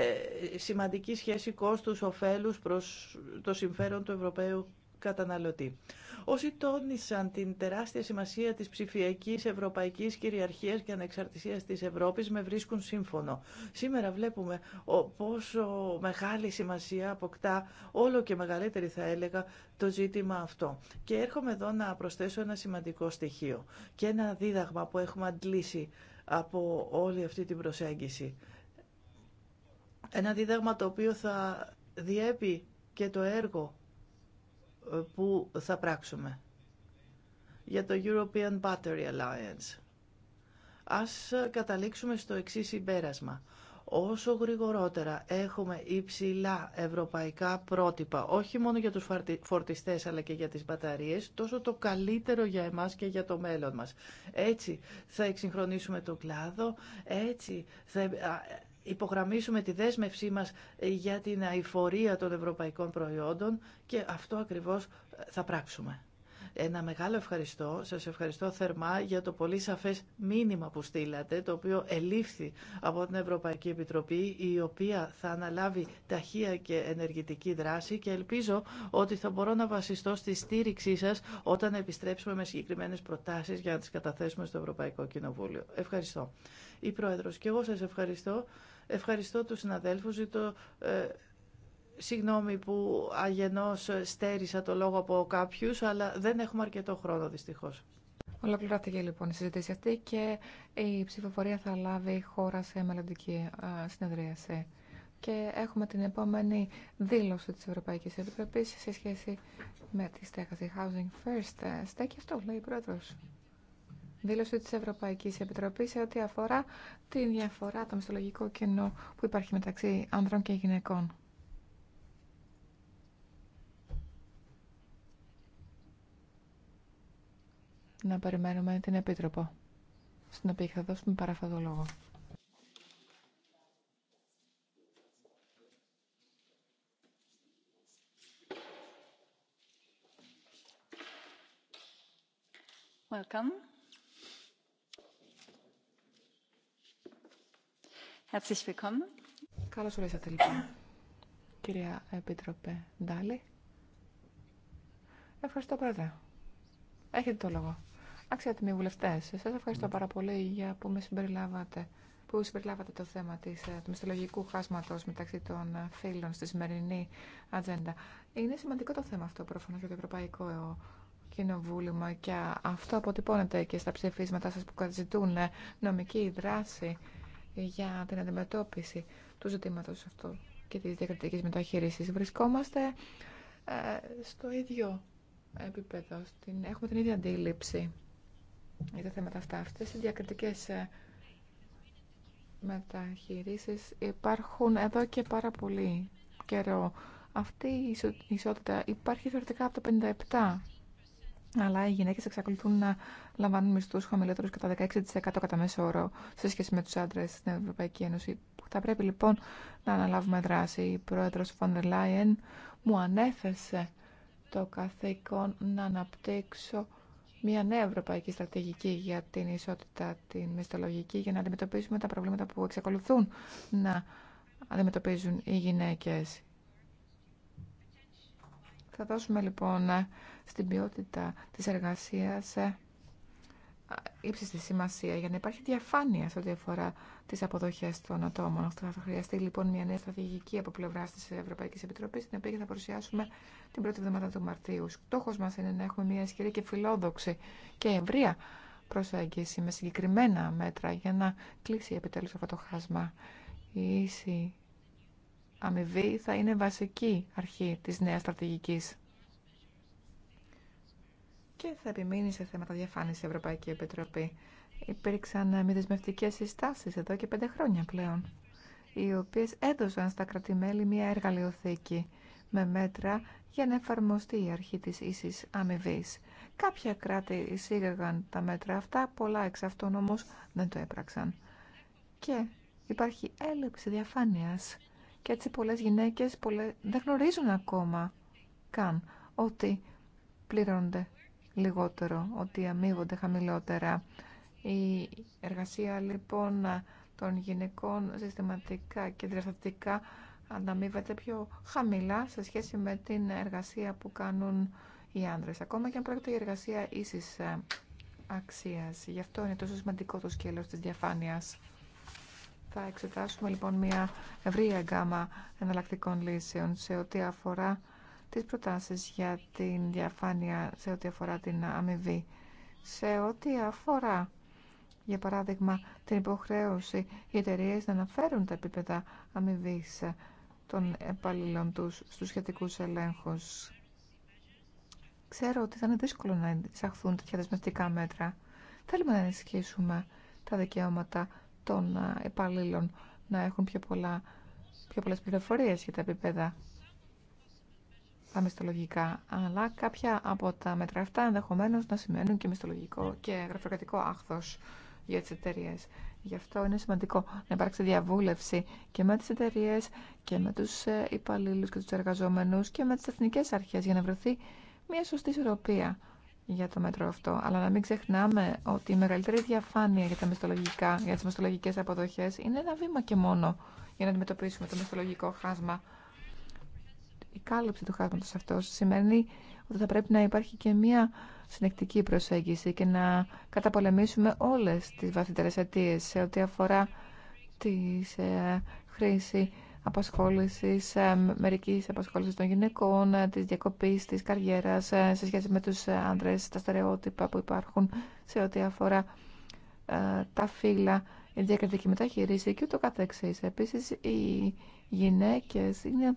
σημαντική σχέση κόστους-οφέλους προς το συμφέρον του Ευρωπαίου καταναλωτή. Όσοι τόνισαν την τεράστια σημασία της ψηφιακής ευρωπαϊκής κυριαρχίας και ανεξαρτησίας της Ευρώπης με βρίσκουν σύμφωνο. Σήμερα βλέπουμε πόσο μεγάλη σημασία αποκτά όλο και μεγαλύτερη θα έλεγα το ζήτημα αυτό. Και έρχομαι εδώ να προσθέσω ένα σημαντικό στοιχείο και ένα δίδαγμα που έχουμε αντλήσει από όλη αυτή την προσέγγιση. Ένα δίδαγμα το οποίο θα διέπει και το έργο ε, που θα πράξουμε για το European Battery Alliance. Ας ε, καταλήξουμε στο εξής συμπέρασμα όσο γρηγορότερα έχουμε υψηλά ευρωπαϊκά πρότυπα, όχι μόνο για τους φορτιστές αλλά και για τις μπαταρίες, τόσο το καλύτερο για εμάς και για το μέλλον μας. Έτσι θα εξυγχρονίσουμε το κλάδο, έτσι θα ε, υπογραμμίσουμε τη δέσμευσή μας για την αηφορία των ευρωπαϊκών προϊόντων και αυτό ακριβώς θα πράξουμε. Ένα μεγάλο ευχαριστώ. Σας ευχαριστώ θερμά για το πολύ σαφές μήνυμα που στείλατε, το οποίο ελήφθη από την Ευρωπαϊκή Επιτροπή, η οποία θα αναλάβει ταχεία και ενεργητική δράση και ελπίζω ότι θα μπορώ να βασιστώ στη στήριξή σας όταν επιστρέψουμε με συγκεκριμένες προτάσεις για να τι καταθέσουμε στο Ευρωπαϊκό Κοινοβούλιο. Ευχαριστώ. Η πρόεδρο, και εγώ σα ευχαριστώ. Ευχαριστώ του συναδέλφου Συγγνώμη που αγενός στέρισα το λόγο από κάποιους, αλλά δεν έχουμε αρκετό χρόνο δυστυχώς. Ολοκληρώθηκε λοιπόν η συζήτηση αυτή και η ψηφοφορία θα λάβει χώρα σε μελλοντική συνεδρίαση. Και έχουμε την επόμενη δήλωση της Ευρωπαϊκής Επιτροπής σε σχέση με τη στέχαση Housing First. Ε, στέκει αυτό, λέει η Πρόεδρος. Δήλωση της Ευρωπαϊκής Επιτροπής σε ό,τι αφορά την διαφορά, το μισθολογικό κενό που υπάρχει μεταξύ άνδρων και γυναικών. να περιμένουμε την Επίτροπο, στην οποία θα δώσουμε παραφαδό λόγο. Welcome. Herzlich Καλώς ορίσατε λοιπόν, κυρία Επίτροπε Ντάλη. Ευχαριστώ, Πρόεδρε. Έχετε το λόγο. Αξιότιμοι βουλευτέ, σα ευχαριστώ πάρα πολύ για που με συμπεριλάβατε που συμπεριλάβατε το θέμα της, ε, του μισθολογικού χάσματος μεταξύ των ε, φίλων στη σημερινή ατζέντα. Είναι σημαντικό το θέμα αυτό προφανώς για το Ευρωπαϊκό Κοινοβούλιο και αυτό αποτυπώνεται και στα ψηφίσματά σας που κατζητούν ε, νομική δράση για την αντιμετώπιση του ζητήματος αυτού και της διακριτικής μεταχείρισης. Βρισκόμαστε στο ίδιο επίπεδο, έχουμε την ίδια αντίληψη για τα θέματα αυτά. Αυτές οι διακριτικές ε, μεταχειρήσεις υπάρχουν εδώ και πάρα πολύ καιρό. Αυτή η ισότητα υπάρχει θεωρητικά από το 57, αλλά οι γυναίκες εξακολουθούν να λαμβάνουν μισθούς χαμηλότερους κατά 16% κατά μέσο όρο σε σχέση με τους άντρες στην Ευρωπαϊκή Ένωση. Θα πρέπει λοιπόν να αναλάβουμε δράση. Η πρόεδρος Φοντερ Λάιεν μου ανέθεσε το καθήκον να αναπτύξω μια νέα ευρωπαϊκή στρατηγική για την ισότητα την μισθολογική για να αντιμετωπίσουμε τα προβλήματα που εξακολουθούν να αντιμετωπίζουν οι γυναίκες. Θα δώσουμε λοιπόν στην ποιότητα της εργασίας ε, ύψιστη σημασία για να υπάρχει διαφάνεια σε ό,τι αφορά τι αποδοχέ των ατόμων. Αυτό θα χρειαστεί λοιπόν μια νέα στρατηγική από πλευρά τη Ευρωπαϊκή Επιτροπή, την οποία θα παρουσιάσουμε την πρώτη εβδομάδα του Μαρτίου. Στόχο μα είναι να έχουμε μια ισχυρή και φιλόδοξη και ευρεία προσέγγιση με συγκεκριμένα μέτρα για να κλείσει επιτέλου αυτό το χάσμα. Η ίση αμοιβή θα είναι βασική αρχή τη νέα στρατηγική και θα επιμείνει σε θέματα διαφάνειας η Ευρωπαϊκή Επιτροπή. Υπήρξαν ε, μη δεσμευτικέ συστάσεις εδώ και πέντε χρόνια πλέον, οι οποίε έδωσαν στα κρατημέλη μια εργαλειοθήκη με μέτρα για να εφαρμοστεί η αρχή της ίση αμοιβή. Κάποια κράτη εισήγαγαν τα μέτρα αυτά, πολλά εξ αυτών όμω δεν το έπραξαν. Και υπάρχει έλλειψη διαφάνεια. και έτσι πολλές γυναίκες δεν γνωρίζουν ακόμα καν ότι πληρώνονται λιγότερο, ότι αμείβονται χαμηλότερα. Η εργασία λοιπόν των γυναικών συστηματικά και διαστατικά ανταμείβεται πιο χαμηλά σε σχέση με την εργασία που κάνουν οι άνδρες, ακόμα και αν πρόκειται για εργασία ίσης ε, αξίας. Γι' αυτό είναι τόσο σημαντικό το σκέλος της διαφάνειας. Θα εξετάσουμε λοιπόν μια ευρία γκάμα εναλλακτικών λύσεων σε ό,τι αφορά τις προτάσεις για την διαφάνεια σε ό,τι αφορά την αμοιβή. Σε ό,τι αφορά, για παράδειγμα, την υποχρέωση οι εταιρείε να αναφέρουν τα επίπεδα αμοιβή των επαλληλών τους στους σχετικούς ελέγχους. Ξέρω ότι θα είναι δύσκολο να εισαχθούν τέτοια δεσμευτικά μέτρα. Θέλουμε να ενισχύσουμε τα δικαιώματα των υπαλλήλων ε, να έχουν πιο, πολλά, πιο πληροφορίες για τα επίπεδα τα μισθολογικά. Αλλά κάποια από τα μέτρα αυτά ενδεχομένω να σημαίνουν και μισθολογικό και γραφειοκρατικό άχθο για τι εταιρείε. Γι' αυτό είναι σημαντικό να υπάρξει διαβούλευση και με τι εταιρείε και με του ε, υπαλλήλου και του εργαζόμενου και με τι εθνικέ αρχέ για να βρεθεί μια σωστή ισορροπία για το μέτρο αυτό. Αλλά να μην ξεχνάμε ότι η μεγαλύτερη διαφάνεια για, τα μισθολογικά, για τις μισθολογικές αποδοχές είναι ένα βήμα και μόνο για να αντιμετωπίσουμε το μισθολογικό χάσμα η κάλυψη του χάσματος αυτός σημαίνει ότι θα πρέπει να υπάρχει και μία συνεκτική προσέγγιση και να καταπολεμήσουμε όλες τις βαθύτερες αιτίε σε ό,τι αφορά τη ε, χρήση απασχόλησης, ε, μερικής απασχόλησης των γυναικών, ε, της διακοπής, της καριέρας σε σχέση με τους άντρες, τα στερεότυπα που υπάρχουν σε ό,τι αφορά τα φύλλα, η διακριτική μεταχείριση και ούτω καθεξής. Επίσης, οι γυναίκες είναι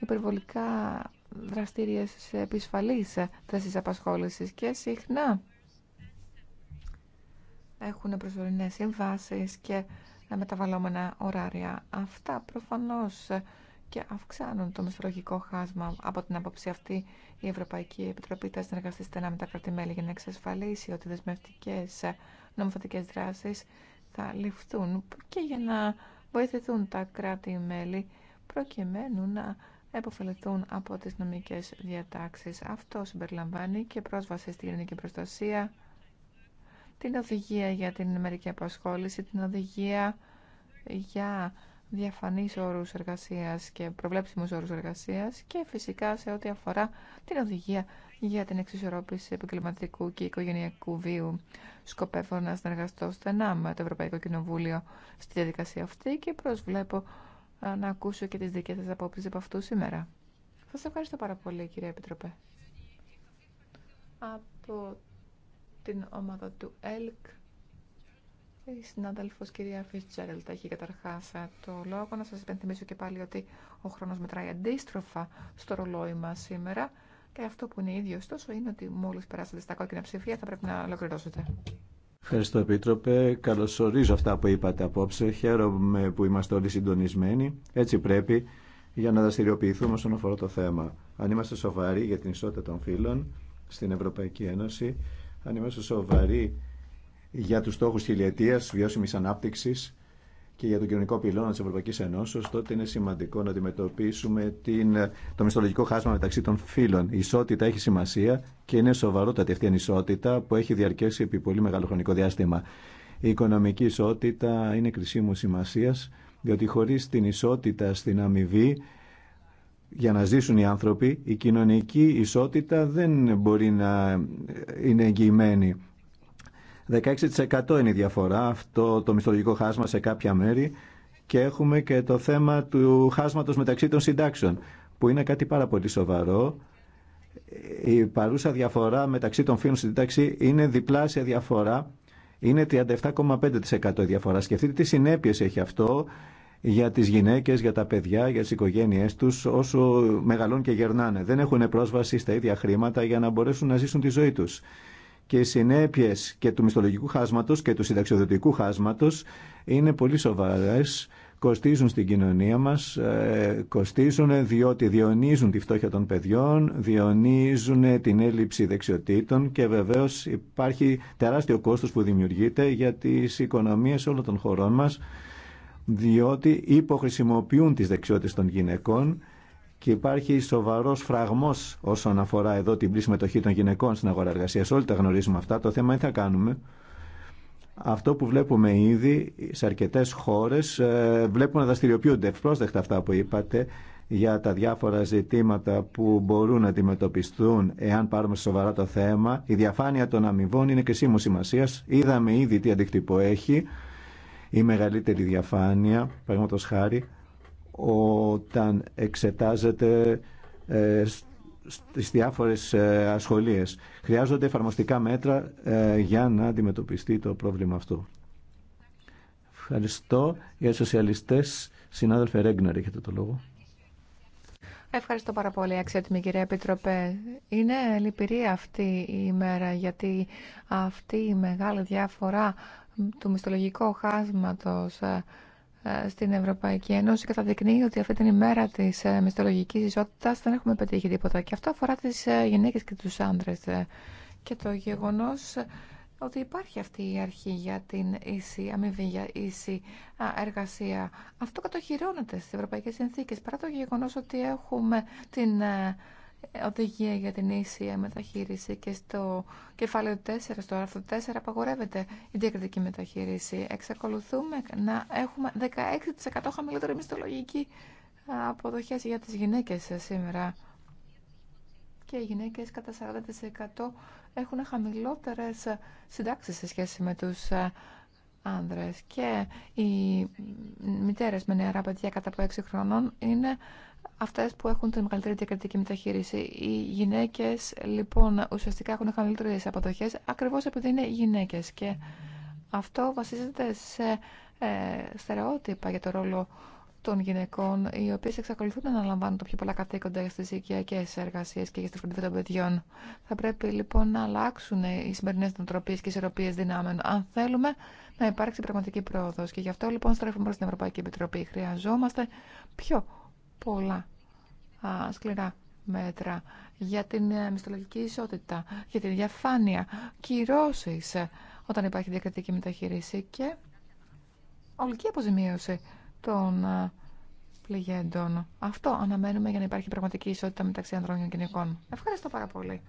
υπερβολικά δραστήριες σε επισφαλείς θέσεις απασχόλησης και συχνά έχουν προσωρινέ συμβάσεις και μεταβαλλόμενα ωράρια. Αυτά προφανώς και αυξάνουν το μισθολογικό χάσμα. Από την άποψη αυτή, η Ευρωπαϊκή Επιτροπή θα συνεργαστεί στενά με τα κρατημέλη για να εξασφαλίσει ότι δεσμευτικέ νομοθετικέ δράσει θα ληφθούν και για να βοηθηθούν τα κράτη-μέλη προκειμένου να επωφεληθούν από τις νομικές διατάξεις. Αυτό συμπεριλαμβάνει και πρόσβαση στην κοινωνική προστασία, την οδηγία για την μερική απασχόληση, την οδηγία για διαφανείς όρους εργασίας και προβλέψιμους όρους εργασίας και φυσικά σε ό,τι αφορά την οδηγία για την εξισορρόπηση επαγγελματικού και οικογενειακού βίου. Σκοπεύω να συνεργαστώ στενά με το Ευρωπαϊκό Κοινοβούλιο στη διαδικασία αυτή και προσβλέπω να ακούσω και τις δικές σας απόψεις από αυτού σήμερα. Σας ευχαριστώ πάρα πολύ κύριε Επιτροπέ. Από την ομάδα του ΕΛΚ η συνάδελφο κυρία τα έχει καταρχά ε, το λόγο. Να σα υπενθυμίσω και πάλι ότι ο χρόνο μετράει αντίστροφα στο ρολόι μα σήμερα. Και αυτό που είναι ίδιο, ωστόσο, είναι ότι μόλι περάσετε στα κόκκινα ψηφία θα πρέπει να ολοκληρώσετε. Ευχαριστώ, Επίτροπε. Καλωσορίζω αυτά που είπατε απόψε. Χαίρομαι που είμαστε όλοι συντονισμένοι. Έτσι πρέπει για να δραστηριοποιηθούμε όσον αφορά το θέμα. Αν είμαστε σοβαροί για την ισότητα των φύλων στην Ευρωπαϊκή Ένωση, αν είμαστε σοβαροί για τους στόχους χιλιετίας βιώσιμης ανάπτυξης, και για τον κοινωνικό πυλώνα τη Ευρωπαϊκή Ενώσεω, τότε είναι σημαντικό να αντιμετωπίσουμε την, το μισθολογικό χάσμα μεταξύ των φύλων. Η ισότητα έχει σημασία και είναι σοβαρότατη αυτή η ανισότητα που έχει διαρκέσει επί πολύ μεγάλο χρονικό διάστημα. Η οικονομική ισότητα είναι κρισίμου σημασία, διότι χωρί την ισότητα στην αμοιβή για να ζήσουν οι άνθρωποι, η κοινωνική ισότητα δεν μπορεί να είναι εγγυημένη. 16% είναι η διαφορά, αυτό το μισθολογικό χάσμα σε κάποια μέρη και έχουμε και το θέμα του χάσματος μεταξύ των συντάξεων, που είναι κάτι πάρα πολύ σοβαρό. Η παρούσα διαφορά μεταξύ των φύλων συντάξη είναι διπλάσια διαφορά, είναι 37,5% η διαφορά. Σκεφτείτε τι συνέπειες έχει αυτό για τις γυναίκες, για τα παιδιά, για τις οικογένειές τους όσο μεγαλών και γερνάνε. Δεν έχουν πρόσβαση στα ίδια χρήματα για να μπορέσουν να ζήσουν τη ζωή τους και οι συνέπειες και του μισθολογικού χάσματος και του συνταξιοδοτικού χάσματος είναι πολύ σοβαρές, κοστίζουν στην κοινωνία μας, ε, κοστίζουν διότι διονύζουν τη φτώχεια των παιδιών, διονύζουν την έλλειψη δεξιοτήτων και βεβαίως υπάρχει τεράστιο κόστος που δημιουργείται για τις οικονομίες όλων των χωρών μας, διότι υποχρησιμοποιούν τις δεξιότητες των γυναικών και υπάρχει σοβαρό φραγμό όσον αφορά εδώ την πλήρη συμμετοχή των γυναικών στην αγορά εργασία. Όλοι τα γνωρίζουμε αυτά. Το θέμα είναι τι θα κάνουμε. Αυτό που βλέπουμε ήδη σε αρκετέ χώρε, βλέπουμε να δραστηριοποιούνται ευπρόσδεκτα αυτά που είπατε για τα διάφορα ζητήματα που μπορούν να αντιμετωπιστούν εάν πάρουμε σοβαρά το θέμα. Η διαφάνεια των αμοιβών είναι κρισίμου σημασία. Είδαμε ήδη τι αντικτυπώ έχει. Η μεγαλύτερη διαφάνεια, παραδείγματο χάρη, όταν εξετάζεται ε, στις διάφορες ε, ασχολίες. Χρειάζονται εφαρμοστικά μέτρα ε, για να αντιμετωπιστεί το πρόβλημα αυτό. Ευχαριστώ. Για σοσιαλιστές, συνάδελφε Ρέγκνερ, έχετε το λόγο. Ευχαριστώ πάρα πολύ, αξιότιμη κυρία Επιτροπέ. Είναι λυπηρή αυτή η ημέρα, γιατί αυτή η μεγάλη διαφορά του μισθολογικού χάσματος ε, στην Ευρωπαϊκή Ένωση καταδεικνύει ότι αυτή την ημέρα τη ε, μισθολογική ισότητα δεν έχουμε πετύχει τίποτα. Και αυτό αφορά τι ε, γυναίκε και του άντρε. Και το γεγονό ότι υπάρχει αυτή η αρχή για την ίση αμοιβή, για ίση εργασία. Αυτό κατοχυρώνεται στι ευρωπαϊκέ συνθήκε. Παρά το γεγονό ότι έχουμε την οδηγία για την ίσια μεταχείριση και στο κεφάλαιο 4, στο άρθρο 4, απαγορεύεται η διακριτική μεταχείριση. Εξακολουθούμε να έχουμε 16% χαμηλότερη μισθολογική αποδοχές για τις γυναίκες σήμερα. Και οι γυναίκες κατά 40% έχουν χαμηλότερες συντάξεις σε σχέση με τους ε, άνδρες. Και οι μητέρες με νεαρά παιδιά κατά από 6 χρονών είναι Αυτέ που έχουν την μεγαλύτερη διακριτική μεταχείριση. Οι γυναίκε λοιπόν ουσιαστικά έχουν χαμηλότερε αποδοχέ, ακριβώ επειδή είναι γυναίκε. και αυτό βασίζεται σε ε, στερεότυπα για το ρόλο των γυναικών οι οποίε εξακολουθούν να αναλαμβάνουν το πιο πολλά καθήκοντα στι οικιακέ εργασίε και για τη φροντίδα των παιδιών. Θα πρέπει λοιπόν να αλλάξουν οι σημερινέ νοοτροπίε και ισορροπίες δυνάμεων αν θέλουμε να υπάρξει πραγματική πρόοδο. και γι' αυτό λοιπόν στρέφουμε προ την Ευρωπαϊκή Επιτροπή. Χρειαζόμαστε πιο πολλά α, σκληρά μέτρα για την ε, μισθολογική ισότητα, για την διαφάνεια, κυρώσεις όταν υπάρχει διακριτική μεταχείριση και ολική αποζημίωση των ε, πληγέντων. Αυτό αναμένουμε για να υπάρχει πραγματική ισότητα μεταξύ ανδρών και γυναικών. Ευχαριστώ πάρα πολύ.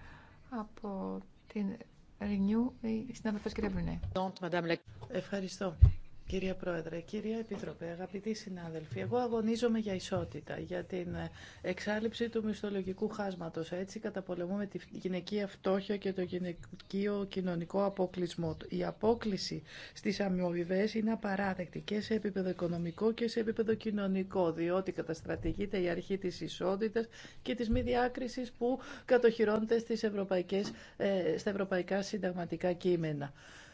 Από την Renew, η κυρία Ευχαριστώ. Κύριε Πρόεδρε, κύριε Επίτροπε, αγαπητοί συνάδελφοι, εγώ αγωνίζομαι για ισότητα, για την εξάλληψη του μισθολογικού χάσματος. Έτσι καταπολεμούμε τη γυναικεία φτώχεια και το γυναικείο κοινωνικό αποκλεισμό. Η απόκληση στις αμοιβέ είναι απαράδεκτη και σε επίπεδο οικονομικό και σε επίπεδο κοινωνικό, διότι καταστρατηγείται η αρχή της ισότητας και της μη διάκρισης που κατοχυρώνεται στις ευρωπαϊκές, ε, στα ευρωπαϊκά συνταγματικά κείμενα.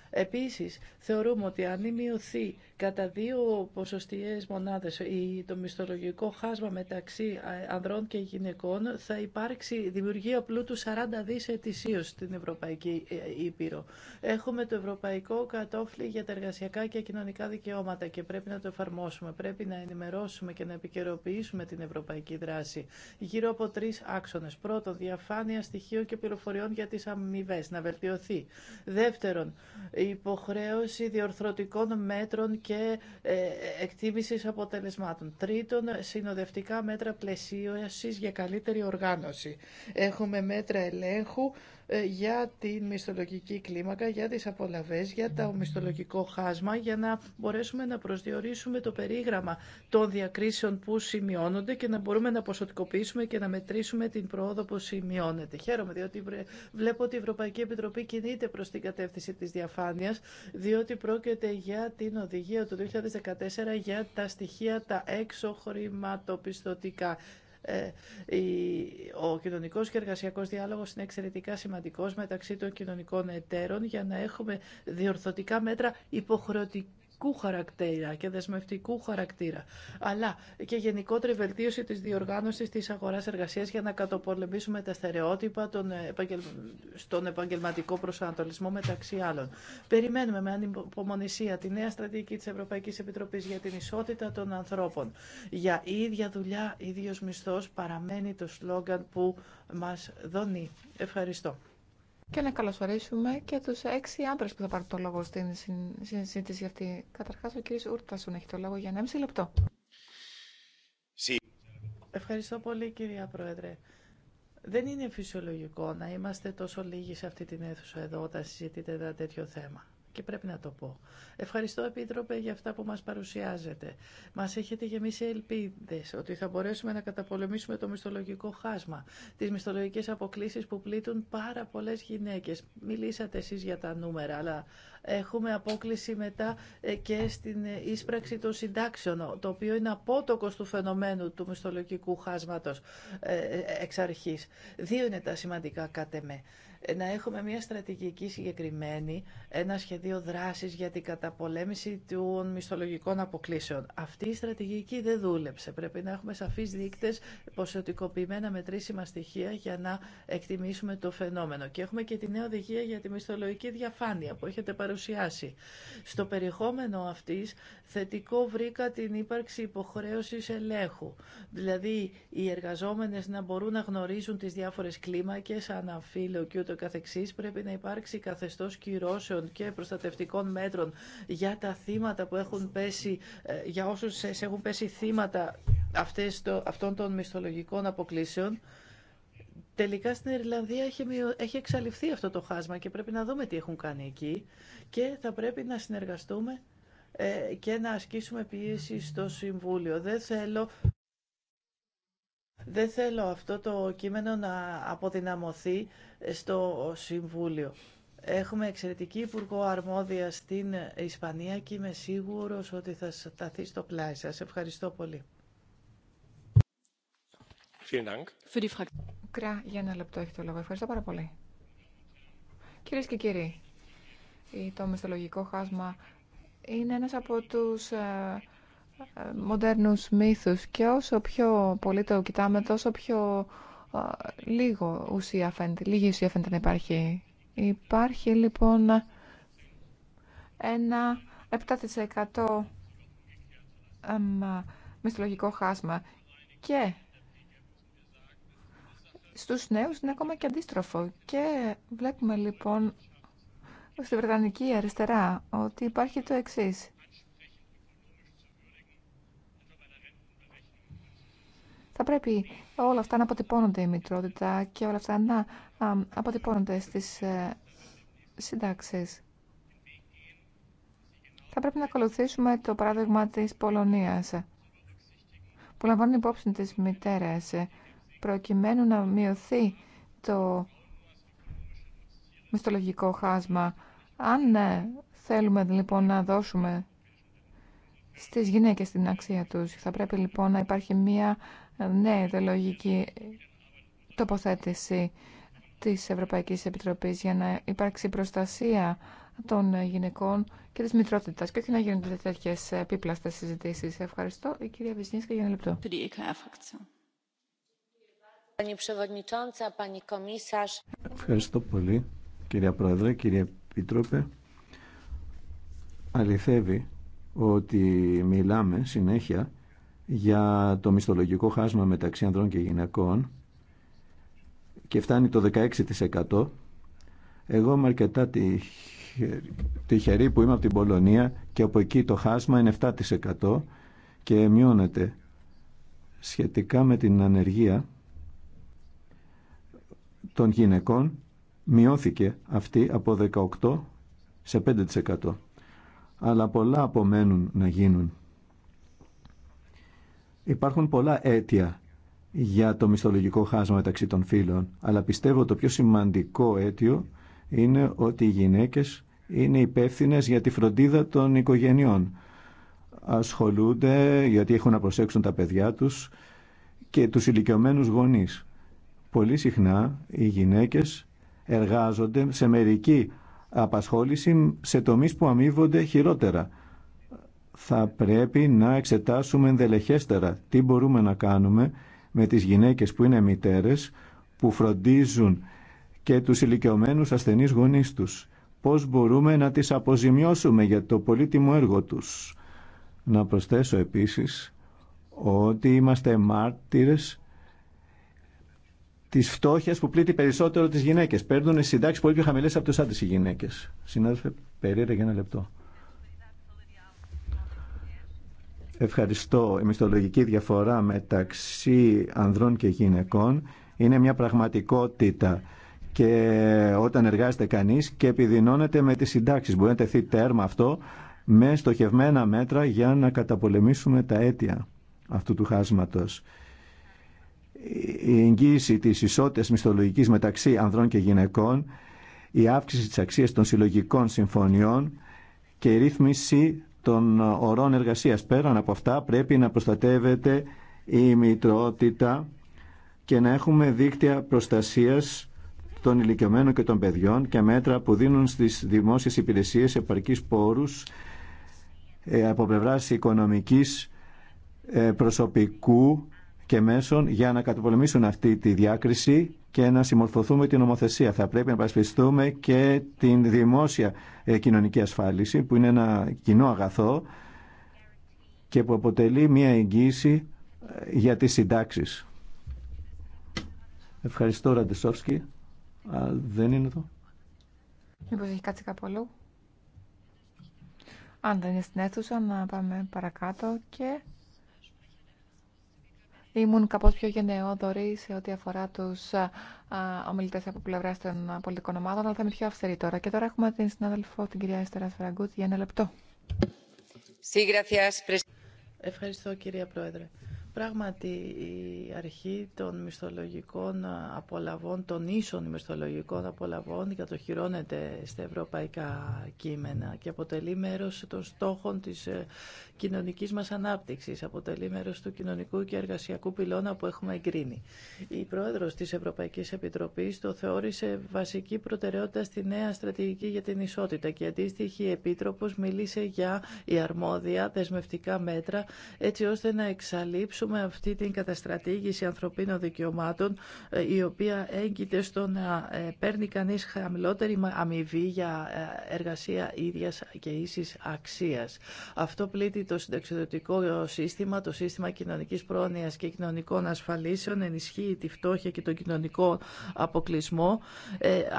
Επίσης, θεωρούμε ότι αν μειωθεί κατά δύο ποσοστιαίες μονάδες το μισθολογικό χάσμα μεταξύ ανδρών και γυναικών, θα υπάρξει δημιουργία πλούτου 40 δις ετησίως στην Ευρωπαϊκή ε, Ήπειρο. Έχουμε το Ευρωπαϊκό Κατόφλι για τα εργασιακά και κοινωνικά δικαιώματα και πρέπει να το εφαρμόσουμε. Πρέπει να ενημερώσουμε και να επικαιροποιήσουμε την ευρωπαϊκή δράση γύρω από τρει άξονε. Πρώτον, διαφάνεια στοιχείων και πληροφοριών για τι αμοιβέ να βελτιωθεί. Δεύτερον, υποχρέωση διορθωτικών μέτρων και ε, εκτίμησης αποτελεσμάτων. Τρίτον, συνοδευτικά μέτρα πλαισίωσης για καλύτερη οργάνωση. Έχουμε μέτρα ελέγχου ε, για τη μισθολογική κλίμακα, για τις απολαβές, για το μισθολογικό χάσμα, για να μπορέσουμε να προσδιορίσουμε το περίγραμμα των διακρίσεων που σημειώνονται και να μπορούμε να ποσοτικοποιήσουμε και να μετρήσουμε την πρόοδο που σημειώνεται. Χαίρομαι, διότι βλέπω ότι η Ευρωπαϊκή Επιτροπή κινείται προς την κατεύθυνση της διαφάνειας, διότι πρόκειται για την οδηγία του 2014 για τα στοιχεία τα έξω χρηματοπιστωτικά. Ε, ο κοινωνικός και εργασιακός διάλογος είναι εξαιρετικά σημαντικός μεταξύ των κοινωνικών εταίρων για να έχουμε διορθωτικά μέτρα υποχρεωτικά χαρακτήρα και δεσμευτικού χαρακτήρα, αλλά και γενικότερη βελτίωση της διοργάνωσης της αγοράς εργασίας για να κατοπολεμήσουμε τα στερεότυπα τον επαγγελ... στον επαγγελματικό προσανατολισμό μεταξύ άλλων. Περιμένουμε με ανυπομονησία τη νέα στρατηγική της Ευρωπαϊκής Επιτροπής για την ισότητα των ανθρώπων. Για ίδια δουλειά, ίδιος μισθός παραμένει το σλόγγαν που μας δονεί. Ευχαριστώ. Και να καλωσορίσουμε και τους έξι άντρες που θα πάρουν το λόγο στην συζήτηση αυτή. Καταρχάς, ο κύριος Ούρτασον έχει το λόγο για μισή λεπτό. Ευχαριστώ πολύ, κυρία Πρόεδρε. Δεν είναι φυσιολογικό να είμαστε τόσο λίγοι σε αυτή την αίθουσα εδώ όταν συζητείτε ένα τέτοιο θέμα και πρέπει να το πω. Ευχαριστώ, Επίτροπε, για αυτά που μας παρουσιάζετε. Μας έχετε γεμίσει ελπίδες ότι θα μπορέσουμε να καταπολεμήσουμε το μισθολογικό χάσμα, τις μισθολογικές αποκλήσεις που πλήττουν πάρα πολλές γυναίκες. Μιλήσατε εσείς για τα νούμερα, αλλά έχουμε απόκληση μετά ε, και στην ίσπραξη ε, των συντάξεων, το οποίο είναι απότοκος του φαινομένου του μισθολογικού χάσματος ε, εξ αρχής. Δύο είναι τα σημαντικά κατεμέ να έχουμε μια στρατηγική συγκεκριμένη, ένα σχεδίο δράσης για την καταπολέμηση των μισθολογικών αποκλήσεων. Αυτή η στρατηγική δεν δούλεψε. Πρέπει να έχουμε σαφείς δείκτες, ποσοτικοποιημένα μετρήσιμα στοιχεία για να εκτιμήσουμε το φαινόμενο. Και έχουμε και τη νέα οδηγία για τη μισθολογική διαφάνεια που έχετε παρουσιάσει στο περιεχόμενο αυτής θετικό βρήκα την ύπαρξη υποχρέωσης ελέγχου, δηλαδή οι εργαζόμενες να μπορούν να γνωρίζουν τις διάφορες κλίμακες, αναφύλλο και ούτω καθεξής, πρέπει να υπάρξει καθεστώς κυρώσεων και προστατευτικών μέτρων για τα θύματα που έχουν πέσει, ε, για όσους έχουν πέσει θύματα αυτές, αυτών των μισθολογικών αποκλήσεων. Τελικά στην Ιρλανδία έχει, εξαλειφθεί αυτό το χάσμα και πρέπει να δούμε τι έχουν κάνει εκεί και θα πρέπει να συνεργαστούμε ε, και να ασκήσουμε πίεση στο Συμβούλιο. Δεν θέλω... Δεν θέλω αυτό το κείμενο να αποδυναμωθεί στο Συμβούλιο. Έχουμε εξαιρετική Υπουργό Αρμόδια στην Ισπανία και είμαι σίγουρος ότι θα σταθεί στο πλάι σας. Ευχαριστώ πολύ. Κρά, για ένα λεπτό έχει το Ευχαριστώ πάρα πολύ. Κυρίε και κύριοι, το μυστολογικό χάσμα είναι ένας από τους ε, ε, μοντέρνους μύθους και όσο πιο πολύ το κοιτάμε τόσο πιο ε, λίγο ουσία φαίνεται, λίγη ουσία φαίνεται να υπάρχει. Υπάρχει λοιπόν ένα 7% μισθολογικό χάσμα και στους νέους είναι ακόμα και αντίστροφο. Και βλέπουμε λοιπόν στη Βρετανική αριστερά ότι υπάρχει το εξής. Θα πρέπει όλα αυτά να αποτυπώνονται η μητρότητα και όλα αυτά να αποτυπώνονται στις ε, συντάξεις. Θα πρέπει να ακολουθήσουμε το παράδειγμα της Πολωνίας που λαμβάνουν υπόψη τις μητέρες προκειμένου να μειωθεί το μισθολογικό χάσμα. Αν ναι, θέλουμε λοιπόν να δώσουμε στις γυναίκες την αξία τους, θα πρέπει λοιπόν να υπάρχει μια νέα ιδεολογική τοποθέτηση της Ευρωπαϊκής Επιτροπής για να υπάρξει προστασία των γυναικών και της μητρότητας και όχι να γίνονται τέτοιες επίπλαστες συζητήσεις. Ευχαριστώ. Η κυρία Βυσνίσκα για ένα λεπτό. Ευχαριστώ πολύ, κυρία Πρόεδρε, κύριε Επίτροπε. Αληθεύει ότι μιλάμε συνέχεια για το μισθολογικό χάσμα μεταξύ ανδρών και γυναικών και φτάνει το 16%. Εγώ είμαι αρκετά τυχερή που είμαι από την Πολωνία και από εκεί το χάσμα είναι 7% και μειώνεται σχετικά με την ανεργία των γυναικών μειώθηκε αυτή από 18% σε 5%. Αλλά πολλά απομένουν να γίνουν. Υπάρχουν πολλά αίτια για το μισθολογικό χάσμα μεταξύ των φίλων, αλλά πιστεύω το πιο σημαντικό αίτιο είναι ότι οι γυναίκες είναι υπεύθυνε για τη φροντίδα των οικογενειών. Ασχολούνται γιατί έχουν να προσέξουν τα παιδιά τους και τους ηλικιωμένους γονείς. Πολύ συχνά οι γυναίκες εργάζονται σε μερική απασχόληση σε τομείς που αμείβονται χειρότερα. Θα πρέπει να εξετάσουμε ενδελεχέστερα τι μπορούμε να κάνουμε με τις γυναίκες που είναι μητέρες, που φροντίζουν και τους ηλικιωμένους ασθενείς γονείς τους. Πώς μπορούμε να τις αποζημιώσουμε για το πολύτιμο έργο τους. Να προσθέσω επίσης ότι είμαστε μάρτυρες τη φτώχεια που πλήττει περισσότερο τι γυναίκε. Παίρνουν συντάξει πολύ πιο χαμηλέ από του άντρε οι γυναίκε. Συνάδελφε, περίεργα για ένα λεπτό. Ευχαριστώ. Η μισθολογική διαφορά μεταξύ ανδρών και γυναικών είναι μια πραγματικότητα και όταν εργάζεται κανείς και επιδεινώνεται με τις συντάξεις. Μπορεί να τεθεί τέρμα αυτό με στοχευμένα μέτρα για να καταπολεμήσουμε τα αίτια αυτού του χάσματος η εγγύηση της ισότητας μισθολογικής μεταξύ ανδρών και γυναικών, η αύξηση της αξίας των συλλογικών συμφωνιών και η ρύθμιση των ορών εργασίας. Πέραν από αυτά πρέπει να προστατεύεται η μητρότητα και να έχουμε δίκτυα προστασίας των ηλικιωμένων και των παιδιών και μέτρα που δίνουν στις δημόσιες υπηρεσίες επαρκείς πόρους ε, από πλευράς οικονομικής ε, προσωπικού και μέσων για να καταπολεμήσουν αυτή τη διάκριση και να συμμορφωθούμε την νομοθεσία. Θα πρέπει να πασπιστούμε και την δημόσια ε, κοινωνική ασφάλιση που είναι ένα κοινό αγαθό και που αποτελεί μια εγγύηση ε, για τις συντάξεις. Ευχαριστώ Ραντισόφσκι. δεν είναι εδώ. Μήπως έχει κάτσει κάπου αλλού. Αν δεν είναι στην αίθουσα να πάμε παρακάτω και ήμουν κάπως πιο γενναιόδορη σε ό,τι αφορά τους ομιλητέ ομιλητές από πλευρά των πολιτικών ομάδων, αλλά θα είμαι πιο αυστηρή τώρα. Και τώρα έχουμε την συνάδελφο, την κυρία Εστέρα Σφραγκούτ, για ένα λεπτό. Ευχαριστώ, κυρία Πρόεδρε. Πράγματι, η αρχή των μισθολογικών απολαβών, των ίσων μισθολογικών απολαβών, κατοχυρώνεται στα ευρωπαϊκά κείμενα και αποτελεί μέρος των στόχων της ε, κοινωνικής μας ανάπτυξης, αποτελεί μέρος του κοινωνικού και εργασιακού πυλώνα που έχουμε εγκρίνει. Η πρόεδρος της Ευρωπαϊκής Επιτροπής το θεώρησε βασική προτεραιότητα στη νέα στρατηγική για την ισότητα και αντίστοιχη η Επίτροπος μίλησε για η αρμόδια δεσμευτικά μέτρα έτσι ώστε να εξαλείψουμε με αυτή την καταστρατήγηση ανθρωπίνων δικαιωμάτων ε, η οποία έγκυται στο να ε, παίρνει κανείς χαμηλότερη αμοιβή για ε, εργασία ίδιας και ίσης αξίας. Αυτό πλήττει το συνταξιδοτικό σύστημα, το σύστημα κοινωνικής πρόνοιας και κοινωνικών ασφαλίσεων, ενισχύει τη φτώχεια και τον κοινωνικό αποκλεισμό.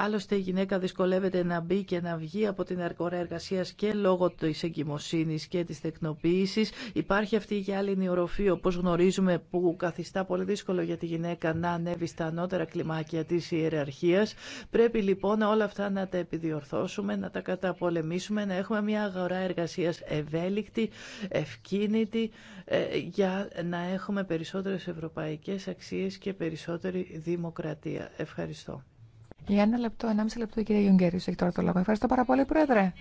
άλλωστε η γυναίκα δυσκολεύεται να μπει και να βγει από την αρκορά εργασία και λόγω της εγκυμοσύνης και της τεκνοποίησης. Υπάρχει αυτή η γυάλινη οροφή, όπως γνωρίζουμε που καθιστά πολύ δύσκολο για τη γυναίκα να ανέβει στα ανώτερα κλιμάκια της ιεραρχίας. Πρέπει λοιπόν όλα αυτά να τα επιδιορθώσουμε, να τα καταπολεμήσουμε, να έχουμε μια αγορά εργασίας ευέλικτη, ευκίνητη, ε, για να έχουμε περισσότερες ευρωπαϊκές αξίες και περισσότερη δημοκρατία. Ευχαριστώ. Για ένα λεπτό, ένα λεπτό, κύριε Γιουγκέρη, έχει τώρα Ευχαριστώ πάρα πολύ, Πρόεδρε.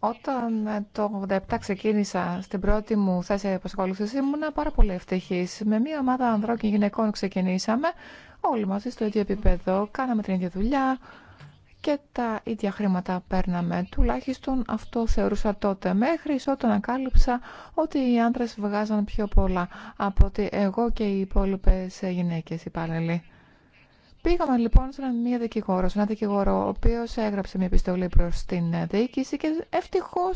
Όταν ε, το 87 ξεκίνησα στην πρώτη μου θέση απασχόλησης ήμουν πάρα πολύ ευτυχής. Με μία ομάδα ανδρών και γυναικών ξεκινήσαμε, όλοι μαζί στο ίδιο επίπεδο, κάναμε την ίδια δουλειά και τα ίδια χρήματα παίρναμε. Τουλάχιστον αυτό θεωρούσα τότε, μέχρι όταν ακάλυψα ότι οι άντρες βγάζαν πιο πολλά από ότι εγώ και οι υπόλοιπε γυναίκε υπάλληλοι. Πήγαμε λοιπόν σε μία δικηγόρο, σε έναν δικηγόρο ο οποίο έγραψε μία επιστολή προ την ε, διοίκηση και ευτυχώ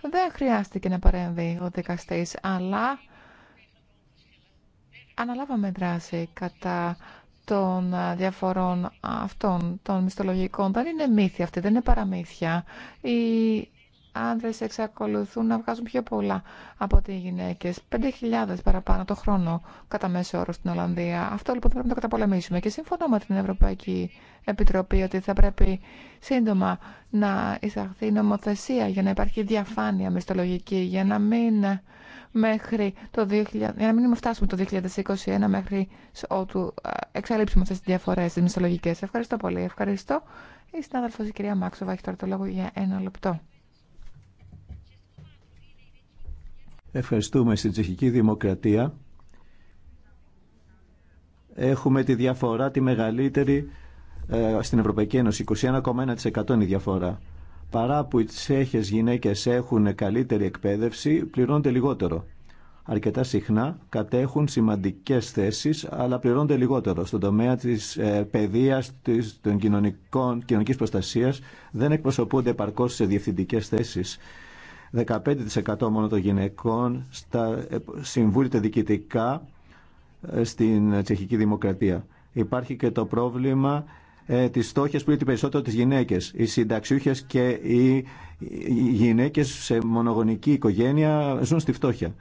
δεν χρειάστηκε να παρέμβει ο δικαστή, αλλά αναλάβαμε δράση κατά των ε, διαφορών αυτών των μισθολογικών. Δεν είναι μύθια αυτή, δεν είναι παραμύθια. Η άντρε εξακολουθούν να βγάζουν πιο πολλά από ότι οι γυναίκε. 5.000 παραπάνω το χρόνο κατά μέσο όρο στην Ολλανδία. Αυτό λοιπόν πρέπει να το καταπολεμήσουμε. Και συμφωνώ με την Ευρωπαϊκή Επιτροπή ότι θα πρέπει σύντομα να εισαχθεί νομοθεσία για να υπάρχει διαφάνεια μισθολογική, για να μην μέχρι το 2000, για να μην φτάσουμε το 2021 μέχρι ότου εξαλείψουμε αυτές τις διαφορές τις μισθολογικές. Ευχαριστώ πολύ. Ευχαριστώ. Η συνάδελφος η κυρία Μάξοβα έχει τώρα το λόγο για ένα λεπτό. Ευχαριστούμε στην Τσεχική Δημοκρατία. Έχουμε τη διαφορά τη μεγαλύτερη ε, στην Ευρωπαϊκή Ένωση. 21,1% είναι η διαφορά. Παρά που οι Τσέχες γυναίκες έχουν καλύτερη εκπαίδευση, πληρώνονται λιγότερο. Αρκετά συχνά κατέχουν σημαντικές θέσεις, αλλά πληρώνονται λιγότερο. Στον τομέα της ε, παιδείας, των κοινωνικών, κοινωνικής προστασίας, δεν εκπροσωπούνται επαρκώς σε διευθυντικές θέσεις. 15% μόνο των γυναικών στα ε, συμβούλια διοικητικά ε, στην Τσεχική Δημοκρατία. Υπάρχει και το πρόβλημα ε, τις που είναι περισσότερο τις γυναίκες. Οι συνταξιούχες και οι γυναίκες σε μονογονική οικογένεια ζουν στη φτώχεια.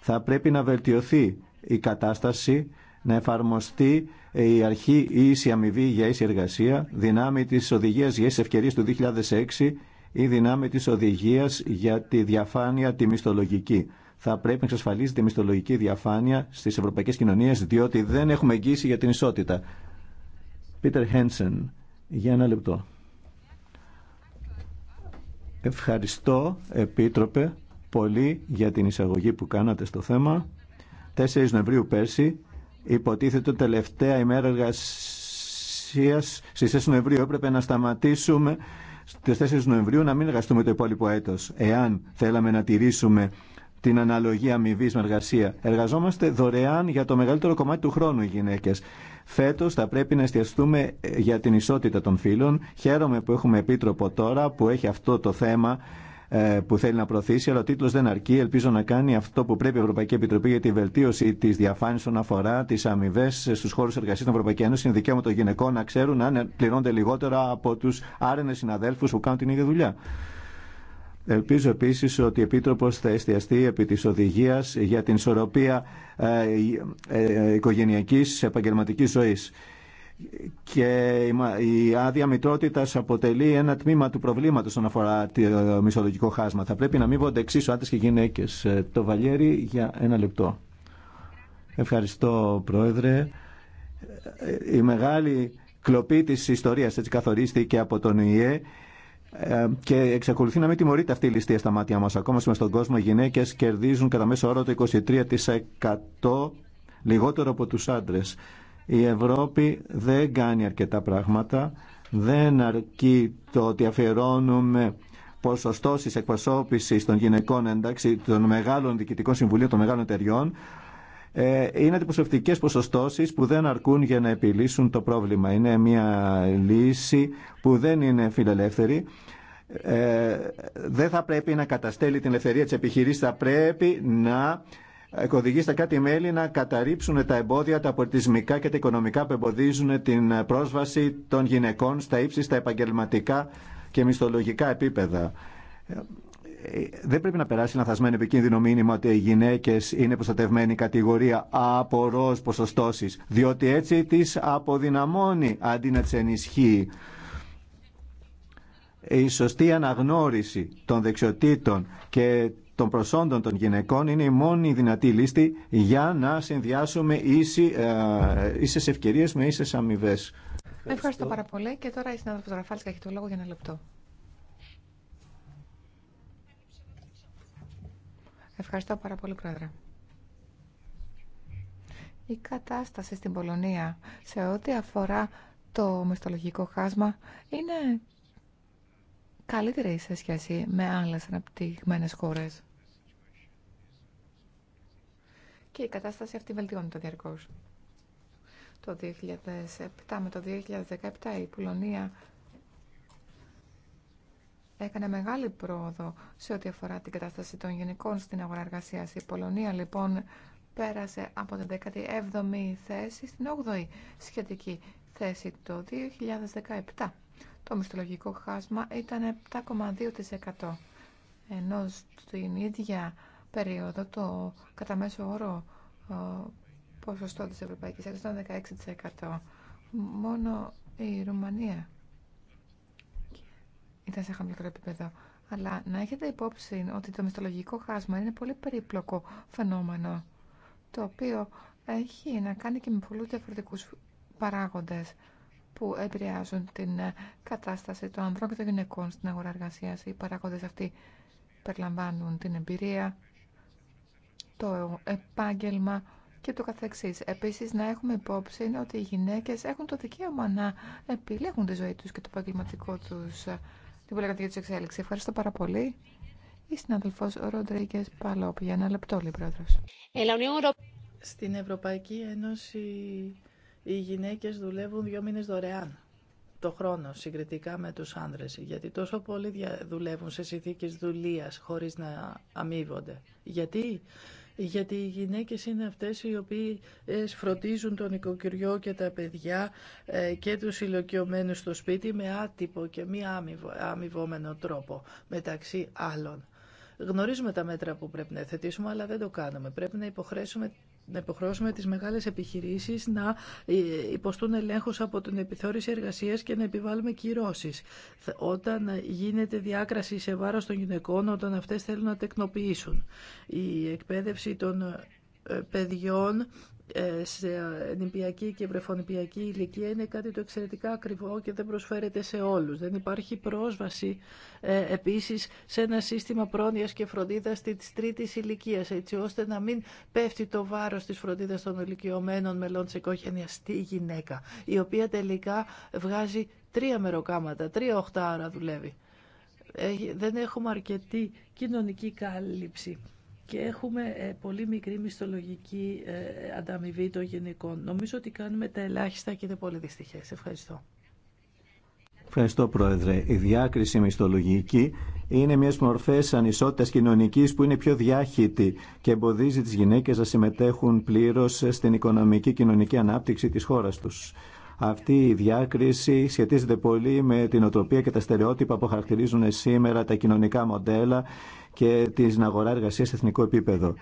Θα πρέπει να βελτιωθεί η κατάσταση, να εφαρμοστεί ε, η αρχή ίση αμοιβή για ίση εργασία, δυνάμει της οδηγίας για ίση ευκαιρίες του 2006 ή δυνάμει της οδηγίας για τη διαφάνεια τη μισθολογική. Θα πρέπει να εξασφαλίζεται τη μισθολογική διαφάνεια στις ευρωπαϊκές κοινωνίες, διότι δεν έχουμε εγγύηση για την ισότητα. Πίτερ Χένσεν, για ένα λεπτό. Ευχαριστώ, Επίτροπε, πολύ για την εισαγωγή που κάνατε στο θέμα. 4 Νοεμβρίου πέρσι υποτίθεται τελευταία ημέρα εργασία στι 4 Νοεμβρίου έπρεπε να σταματήσουμε στις 4 Νοεμβρίου να μην εργαστούμε το υπόλοιπο έτος, εάν θέλαμε να τηρήσουμε την αναλογία αμοιβή με εργασία. Εργαζόμαστε δωρεάν για το μεγαλύτερο κομμάτι του χρόνου οι γυναίκε. Φέτο θα πρέπει να εστιαστούμε ε, για την ισότητα των φύλων. Χαίρομαι που έχουμε επίτροπο τώρα που έχει αυτό το θέμα ε, που θέλει να προωθήσει, αλλά ο τίτλο δεν αρκεί. Ελπίζω να κάνει αυτό που πρέπει η Ευρωπαϊκή Επιτροπή για τη βελτίωση τη διαφάνεια όσον αφορά τι αμοιβέ στου χώρου εργασία των Ευρωπαϊκή Ένωση. Είναι δικαίωμα των γυναικών να ξέρουν αν πληρώνται λιγότερα από του άρενε συναδέλφου που κάνουν την ίδια δουλειά. Ελπίζω επίση ότι η Επίτροπο θα εστιαστεί επί τη οδηγία για την ισορροπία ε, ε, οικογενειακή επαγγελματική ζωή και η άδεια μητρότητα αποτελεί ένα τμήμα του προβλήματο όσον αφορά το ε, μισολογικό χάσμα. Θα πρέπει να μείβονται εξίσου άντρε και γυναίκε. Ε, το Βαλιέρη για ένα λεπτό. Ευχαριστώ, Πρόεδρε. Ε, η μεγάλη κλοπή τη ιστορία έτσι καθορίστηκε από τον ΙΕ και εξακολουθεί να μην τιμωρείται αυτή η ληστεία στα μάτια μα. Ακόμα σήμερα στον κόσμο οι γυναίκε κερδίζουν κατά μέσο όρο το 23% λιγότερο από του άντρε. Η Ευρώπη δεν κάνει αρκετά πράγματα, δεν αρκεί το ότι αφιερώνουμε ποσοστώσεις εκπροσώπησης των γυναικών εντάξει, των μεγάλων διοικητικών συμβουλίων, των μεγάλων εταιριών, ε, είναι αντιπροσωπευτικές ποσοστώσεις που δεν αρκούν για να επιλύσουν το πρόβλημα. Είναι μια λύση που δεν είναι φιλελεύθερη. Ε, δεν θα πρέπει να καταστέλει την ελευθερία της επιχειρήσης, θα πρέπει να εκοδηγεί στα κάτι μέλη να καταρρύψουν τα εμπόδια, τα πολιτισμικά και τα οικονομικά που εμποδίζουν την πρόσβαση των γυναικών στα ύψιστα επαγγελματικά και μισθολογικά επίπεδα. Ε, δεν πρέπει να περάσει θασμένο επικίνδυνο μήνυμα ότι οι γυναίκε είναι προστατευμένη κατηγορία από ροζ ποσοστώσει, διότι έτσι τι αποδυναμώνει αντί να τι ενισχύει. Η σωστή αναγνώριση των δεξιοτήτων και των προσόντων των γυναικών είναι η μόνη δυνατή λίστη για να συνδυάσουμε ίση, ε, ίσες ευκαιρίες με ίσες αμοιβέ. Ευχαριστώ πάρα πολύ και τώρα η συνάδελφος Ραφάλσκα έχει το λόγο για ένα λεπτό. Ευχαριστώ πάρα πολύ, Πρόεδρε. Η κατάσταση στην Πολωνία σε ό,τι αφορά το μισθολογικό χάσμα είναι καλύτερη σε σχέση με άλλες αναπτυγμένες χώρες και η κατάσταση αυτή βελτιώνεται διαρκώς. Το 2007 με το 2017 η Πολωνία έκανε μεγάλη πρόοδο σε ό,τι αφορά την κατάσταση των γενικών στην αγορά εργασία. Η Πολωνία λοιπόν πέρασε από την 17η θέση στην 8η σχετική θέση το 2017. Το μισθολογικό χάσμα ήταν 7,2% ενώ στην ίδια περίοδο το κατά μέσο όρο ε, ποσοστό της Ευρωπαϊκής Ένωσης ήταν 16%. Μόνο η Ρουμανία ήταν σε χαμηλότερο επίπεδο. Αλλά να έχετε υπόψη ότι το μισθολογικό χάσμα είναι πολύ περίπλοκο φαινόμενο, το οποίο έχει να κάνει και με πολλούς διαφορετικού παράγοντες που επηρεάζουν την ε, κατάσταση των ανθρώπων και των γυναικών στην αγορά εργασίας. Οι παράγοντες αυτοί περιλαμβάνουν την εμπειρία, το επάγγελμα και το καθεξής. Επίσης να έχουμε υπόψη είναι ότι οι γυναίκες έχουν το δικαίωμα να επιλέγουν τη ζωή τους και το επαγγελματικό τους, την πολιτική τους εξέλιξη. Ευχαριστώ πάρα πολύ. Η συνάδελφος Ροντρίγκες Παλόπ για ένα λεπτό, λέει πρόεδρος. Ε, Στην Ευρωπαϊκή Ένωση οι γυναίκες δουλεύουν δύο μήνες δωρεάν το χρόνο συγκριτικά με τους άνδρες γιατί τόσο πολλοί δουλεύουν σε συνθήκες δουλείας χωρίς να αμείβονται. Γιατί γιατί οι γυναίκες είναι αυτές οι οποίες φροντίζουν τον οικοκυριό και τα παιδιά ε, και τους υλοκιωμένους στο σπίτι με άτυπο και μη αμοιβόμενο τρόπο μεταξύ άλλων. Γνωρίζουμε τα μέτρα που πρέπει να θετήσουμε, αλλά δεν το κάνουμε. Πρέπει να υποχρέσουμε να υποχρεώσουμε τις μεγάλες επιχειρήσεις να ε, υποστούν ελέγχους από την επιθεώρηση εργασίας και να επιβάλλουμε κυρώσεις. Όταν γίνεται διάκραση σε βάρος των γυναικών, όταν αυτές θέλουν να τεκνοποιήσουν. Η εκπαίδευση των ε, παιδιών ε, σε νηπιακή και βρεφονηπιακή ηλικία είναι κάτι το εξαιρετικά ακριβό και δεν προσφέρεται σε όλους. Δεν υπάρχει πρόσβαση ε, επίσης σε ένα σύστημα πρόνοιας και φροντίδας της τρίτης ηλικίας, έτσι ώστε να μην πέφτει το βάρος της φροντίδας των ηλικιωμένων μελών της οικογένειας στη γυναίκα, η οποία τελικά βγάζει τρία μεροκάματα, τρία οχτάρα δουλεύει. Ε, δεν έχουμε αρκετή κοινωνική κάλυψη και έχουμε ε, πολύ μικρή μισθολογική ε, ανταμοιβή των γενικών. Νομίζω ότι κάνουμε τα ελάχιστα και είναι πολύ δυστυχέ. Ευχαριστώ. Ευχαριστώ, Πρόεδρε. Η διάκριση μισθολογική είναι μια μορφέ ανισότητα κοινωνική που είναι πιο διάχυτη και εμποδίζει τι γυναίκε να συμμετέχουν πλήρω στην οικονομική και κοινωνική ανάπτυξη τη χώρα του. Αυτή η διάκριση σχετίζεται πολύ με την οτροπία και τα στερεότυπα που χαρακτηρίζουν σήμερα τα κοινωνικά μοντέλα και την αγορά εργασία σε εθνικό επίπεδο.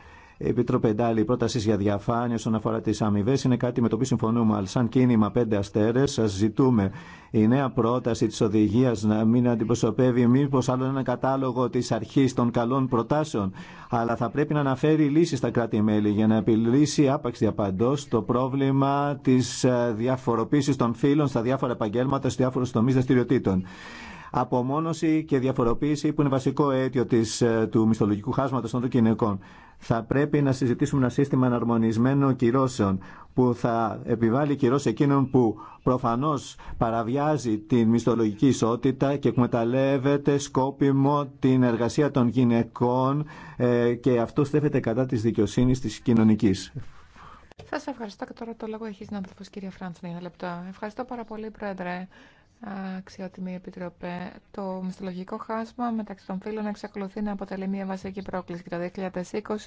Επίτροπε Ντάλη, η πρόταση για διαφάνεια όσον αφορά τι αμοιβέ είναι κάτι με το οποίο συμφωνούμε. Αλλά σαν κίνημα πέντε αστέρε, σα ζητούμε η νέα πρόταση τη οδηγία να μην αντιπροσωπεύει μήπω άλλο ένα κατάλογο τη αρχή των καλών προτάσεων. Αλλά θα πρέπει να αναφέρει λύσει στα κράτη-μέλη για να επιλύσει άπαξ διαπαντό το πρόβλημα τη ε, διαφοροποίηση των φύλων στα διάφορα επαγγέλματα, στου διάφορου τομεί δραστηριοτήτων. Απομόνωση και διαφοροποίηση που είναι βασικό αίτιο της, ε, του μισθολογικού χάσματος των κυναικών. Θα πρέπει να συζητήσουμε ένα σύστημα αναρμονισμένων κυρώσεων που θα επιβάλλει κυρώσει εκείνων που προφανώς παραβιάζει την μισθολογική ισότητα και εκμεταλλεύεται σκόπιμο την εργασία των γυναικών ε, και αυτό στέφεται κατά της δικαιοσύνης της κοινωνικής. Σα ευχαριστώ και τώρα το λόγο έχει συνάδελφο κυρία Φράντσνα για ένα λεπτό. Ευχαριστώ πάρα πολύ, Πρόεδρε αξιότιμη επιτροπέ, το μυστολογικό χάσμα μεταξύ των φύλων εξακολουθεί να αποτελεί μια βασική πρόκληση. Και το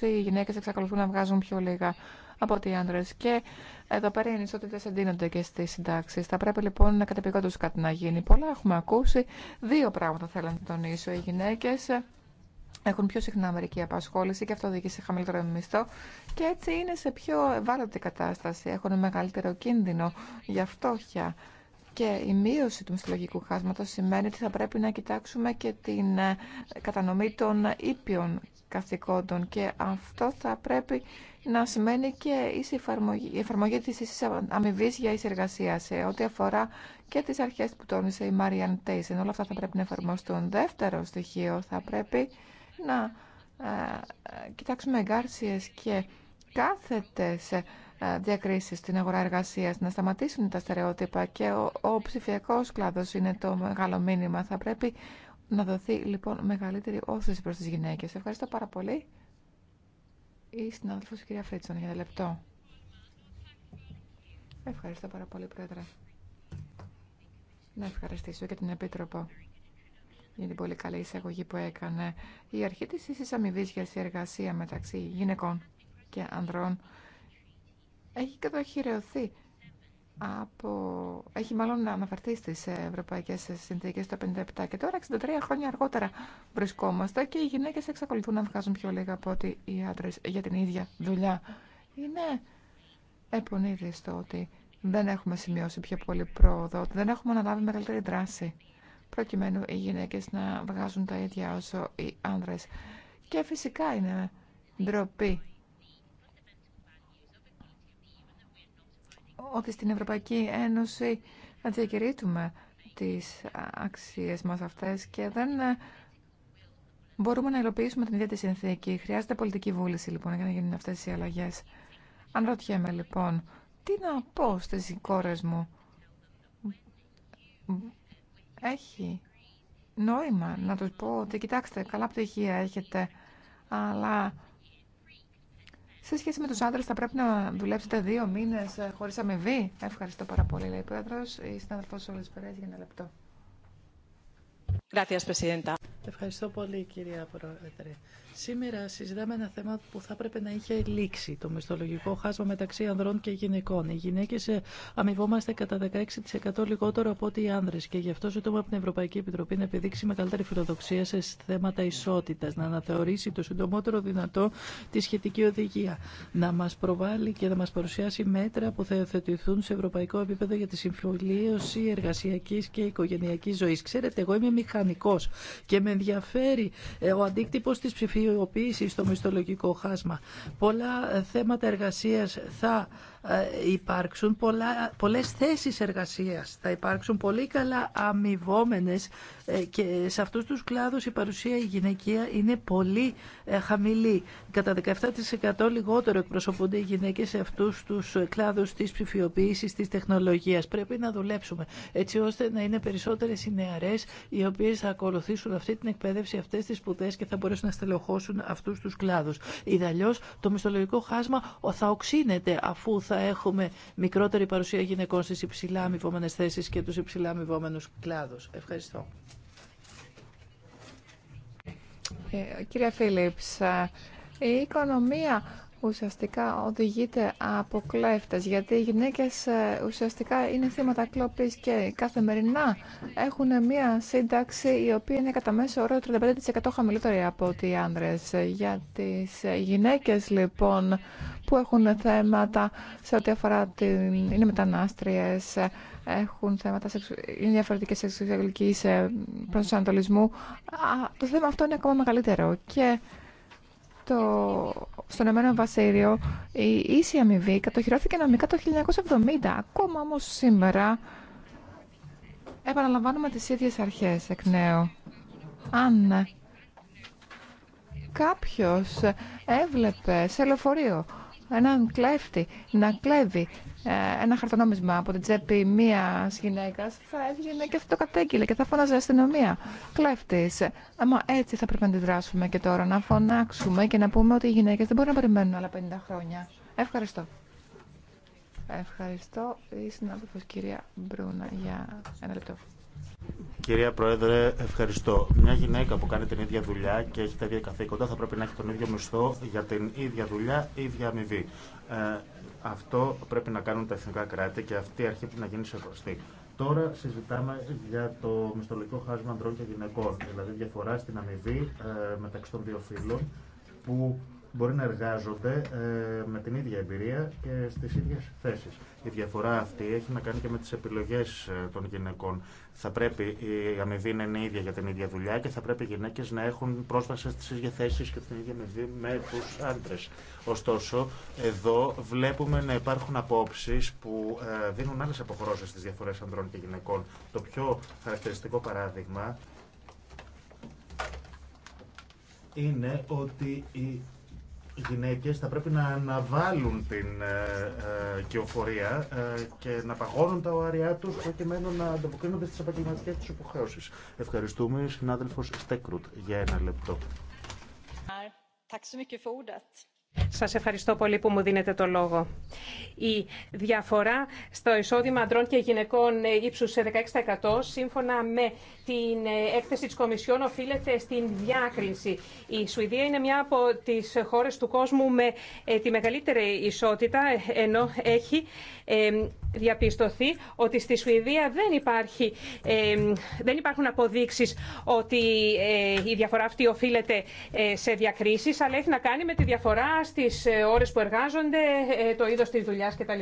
2020 οι γυναίκε εξακολουθούν να βγάζουν πιο λίγα από ότι οι άντρε. Και εδώ πέρα οι ανισότητε εντείνονται και στι συντάξει. Θα πρέπει λοιπόν να κατεπηγόντω κάτι να γίνει. Πολλά έχουμε ακούσει. Δύο πράγματα θέλω να τονίσω. Οι γυναίκε έχουν πιο συχνά μερική απασχόληση και αυτό οδηγεί σε χαμηλότερο μισθό και έτσι είναι σε πιο ευάλωτη κατάσταση. Έχουν μεγαλύτερο κίνδυνο για φτώχεια. Και η μείωση του μυστολογικού χάσματος σημαίνει ότι θα πρέπει να κοιτάξουμε και την ε, κατανομή των ήπιων καθηκόντων και αυτό θα πρέπει να σημαίνει και η εφαρμογή, η εφαρμογή της ίσης αμοιβή για ίση εργασία σε ό,τι αφορά και τις αρχές που τόνισε η Μάριαν Τέισεν. Όλα αυτά θα πρέπει να εφαρμοστούν. Δεύτερο στοιχείο θα πρέπει να ε, κοιτάξουμε εγκάρσιες και σε διακρίσεις στην αγορά εργασίας, να σταματήσουν τα στερεότυπα και ο, ο ψηφιακός κλάδος είναι το μεγάλο μήνυμα. Θα πρέπει να δοθεί λοιπόν μεγαλύτερη όθηση προς τις γυναίκες. Ευχαριστώ πάρα πολύ. Η συνάδελφος αδελφός κυρία Φρίτσον για ένα λεπτό. Ευχαριστώ πάρα πολύ, Πρόεδρε. Να ευχαριστήσω και την Επίτροπο για την πολύ καλή εισαγωγή που έκανε. Η αρχή της ίσης αμοιβής για συνεργασία μεταξύ γυναικών και ανδρών έχει κατοχυρεωθεί από... έχει μάλλον αναφερθεί στι ευρωπαϊκές συνθήκες το 57 και τώρα 63 χρόνια αργότερα βρισκόμαστε και οι γυναίκες εξακολουθούν να βγάζουν πιο λίγα από ότι οι άντρε για την ίδια δουλειά. Είναι το ότι δεν έχουμε σημειώσει πιο πολύ πρόοδο, ότι δεν έχουμε αναλάβει μεγαλύτερη δράση προκειμένου οι γυναίκες να βγάζουν τα ίδια όσο οι άνδρες. Και φυσικά είναι ντροπή ότι στην Ευρωπαϊκή Ένωση διακηρύττουμε τις αξίες μας αυτές και δεν ε, μπορούμε να υλοποιήσουμε την ίδια τη συνθήκη. Χρειάζεται πολιτική βούληση λοιπόν για να γίνουν αυτές οι αλλαγές. Αν ρωτιέμαι λοιπόν, τι να πω στις κόρες μου. Έχει νόημα να τους πω ότι κοιτάξτε καλά πτυχία έχετε, αλλά σε σχέση με του άντρε, θα πρέπει να δουλέψετε δύο μήνε χωρί αμοιβή. Ευχαριστώ πάρα πολύ, λέει η Πρόεδρο. Η συνάδελφο για ένα λεπτό. Ευχαριστώ πολύ, κυρία Πρόεδρε. Σήμερα συζητάμε ένα θέμα που θα έπρεπε να είχε λήξει, το μισθολογικό χάσμα μεταξύ ανδρών και γυναικών. Οι γυναίκε ε, αμοιβόμαστε κατά 16% λιγότερο από ότι οι άνδρε και γι' αυτό ζητούμε από την Ευρωπαϊκή Επιτροπή να επιδείξει μεγαλύτερη φιλοδοξία σε θέματα ισότητα, να αναθεωρήσει το συντομότερο δυνατό τη σχετική οδηγία, να μα προβάλλει και να μα παρουσιάσει μέτρα που θα υιοθετηθούν σε ευρωπαϊκό επίπεδο για τη συμφιλίωση εργασιακή και οικογενειακή ζωή. Ξέρετε, εγώ είμαι μηχανικό και με ενδιαφέρει ε, ο αντίκτυπο τη ψηφία στο μισθολογικό χάσμα. Πολλά θέματα εργασίας θα ε, υπάρξουν πολλά, πολλές θέσεις εργασίας, θα υπάρξουν πολύ καλά αμοιβόμενε ε, και σε αυτούς τους κλάδους η παρουσία η γυναικεία είναι πολύ ε, χαμηλή. Κατά 17% λιγότερο εκπροσωπούνται οι γυναίκες σε αυτούς τους κλάδους της ψηφιοποίησης, της τεχνολογίας. Πρέπει να δουλέψουμε έτσι ώστε να είναι περισσότερες οι νεαρές οι οποίες θα ακολουθήσουν αυτή την εκπαίδευση, αυτές τις σπουδέ και θα μπορέσουν να στελεχώσουν αυτούς τους κλάδους. Ιδαλλιώς το μισθολογικό χάσμα θα οξύνεται αφού θα θα έχουμε μικρότερη παρουσία γυναικών στις υψηλά αμοιβόμενες θέσεις και τους υψηλά αμοιβόμενους κλάδους. Ευχαριστώ. Ε, κύριε Φίλιπς, ε, η οικονομία ουσιαστικά οδηγείται από κλέφτες, γιατί οι γυναίκες ε, ουσιαστικά είναι θύματα κλοπής και καθημερινά έχουν μία σύνταξη η οποία είναι κατά μέσο όρο 35% χαμηλότερη από ό,τι οι άνδρες. Για τις ε, γυναίκες λοιπόν που έχουν θέματα σε ό,τι αφορά την... είναι μετανάστριες, ε, έχουν θέματα σεξου... είναι διαφορετικές σεξουαλικής προσανατολισμού, το θέμα αυτό είναι ακόμα μεγαλύτερο και στο, στον Εμένο Βασίλειο η ίση αμοιβή κατοχυρώθηκε νομικά το 1970. Ακόμα όμω σήμερα επαναλαμβάνουμε τις ίδιες αρχές εκ νέου. Αν κάποιο έβλεπε σε λεωφορείο έναν κλέφτη να κλέβει ε, ένα χαρτονόμισμα από την τσέπη μία γυναίκα, θα έβγαινε και θα το κατέκυλε και θα φώναζε αστυνομία. Κλέφτη. Αλλά έτσι θα πρέπει να αντιδράσουμε και τώρα, να φωνάξουμε και να πούμε ότι οι γυναίκε δεν μπορούν να περιμένουν άλλα 50 χρόνια. Ευχαριστώ. Ευχαριστώ. Η συνάδελφο κυρία Μπρούνα για ένα λεπτό. Κυρία Πρόεδρε, ευχαριστώ. Μια γυναίκα που κάνει την ίδια δουλειά και έχει τα ίδια καθήκοντα θα πρέπει να έχει τον ίδιο μισθό για την ίδια δουλειά, ίδια αμοιβή. Ε, αυτό πρέπει να κάνουν τα εθνικά κράτη και αυτή η αρχή πρέπει να γίνει σε σεβαστή. Τώρα συζητάμε για το μισθολογικό χάσμα ανδρών και γυναικών, δηλαδή διαφορά στην αμοιβή ε, μεταξύ των δύο φύλων που μπορεί να εργάζονται ε, με την ίδια εμπειρία και στι ίδιε θέσει. Η διαφορά αυτή έχει να κάνει και με τις επιλογές ε, των γυναικών. Θα πρέπει η αμοιβή να είναι ίδια για την ίδια δουλειά και θα πρέπει οι γυναίκες να έχουν πρόσβαση στι ίδιε θέσει και την ίδια αμοιβή με του άντρε. Ωστόσο, εδώ βλέπουμε να υπάρχουν απόψει που ε, δίνουν άλλε αποχρώσεις στι διαφορέ ανδρών και γυναικών. Το πιο χαρακτηριστικό παράδειγμα είναι ότι οι οι γυναίκες θα πρέπει να αναβάλουν την ε, ε κυοφορία ε, και να παγώνουν τα ωάριά τους προκειμένου να ανταποκρίνονται στις επαγγελματικέ τους υποχρεώσεις. Ευχαριστούμε συνάδελφος Στέκρουτ για ένα λεπτό. Σας ευχαριστώ πολύ που μου δίνετε το λόγο. Η διαφορά στο εισόδημα αντρών και γυναικών ύψους σε 16% σύμφωνα με την έκθεση της Κομισιόν οφείλεται στην διάκριση. Η Σουηδία είναι μια από τις χώρες του κόσμου με ε, τη μεγαλύτερη ισότητα ενώ έχει ε, διαπιστωθεί ότι στη Σουηδία δεν, υπάρχει, ε, δεν υπάρχουν αποδείξεις ότι η διαφορά αυτή οφείλεται σε διακρίσεις αλλά έχει να κάνει με τη διαφορά τις ε, ώρες που εργάζονται, ε, ε, το είδος τη δουλειάς κτλ.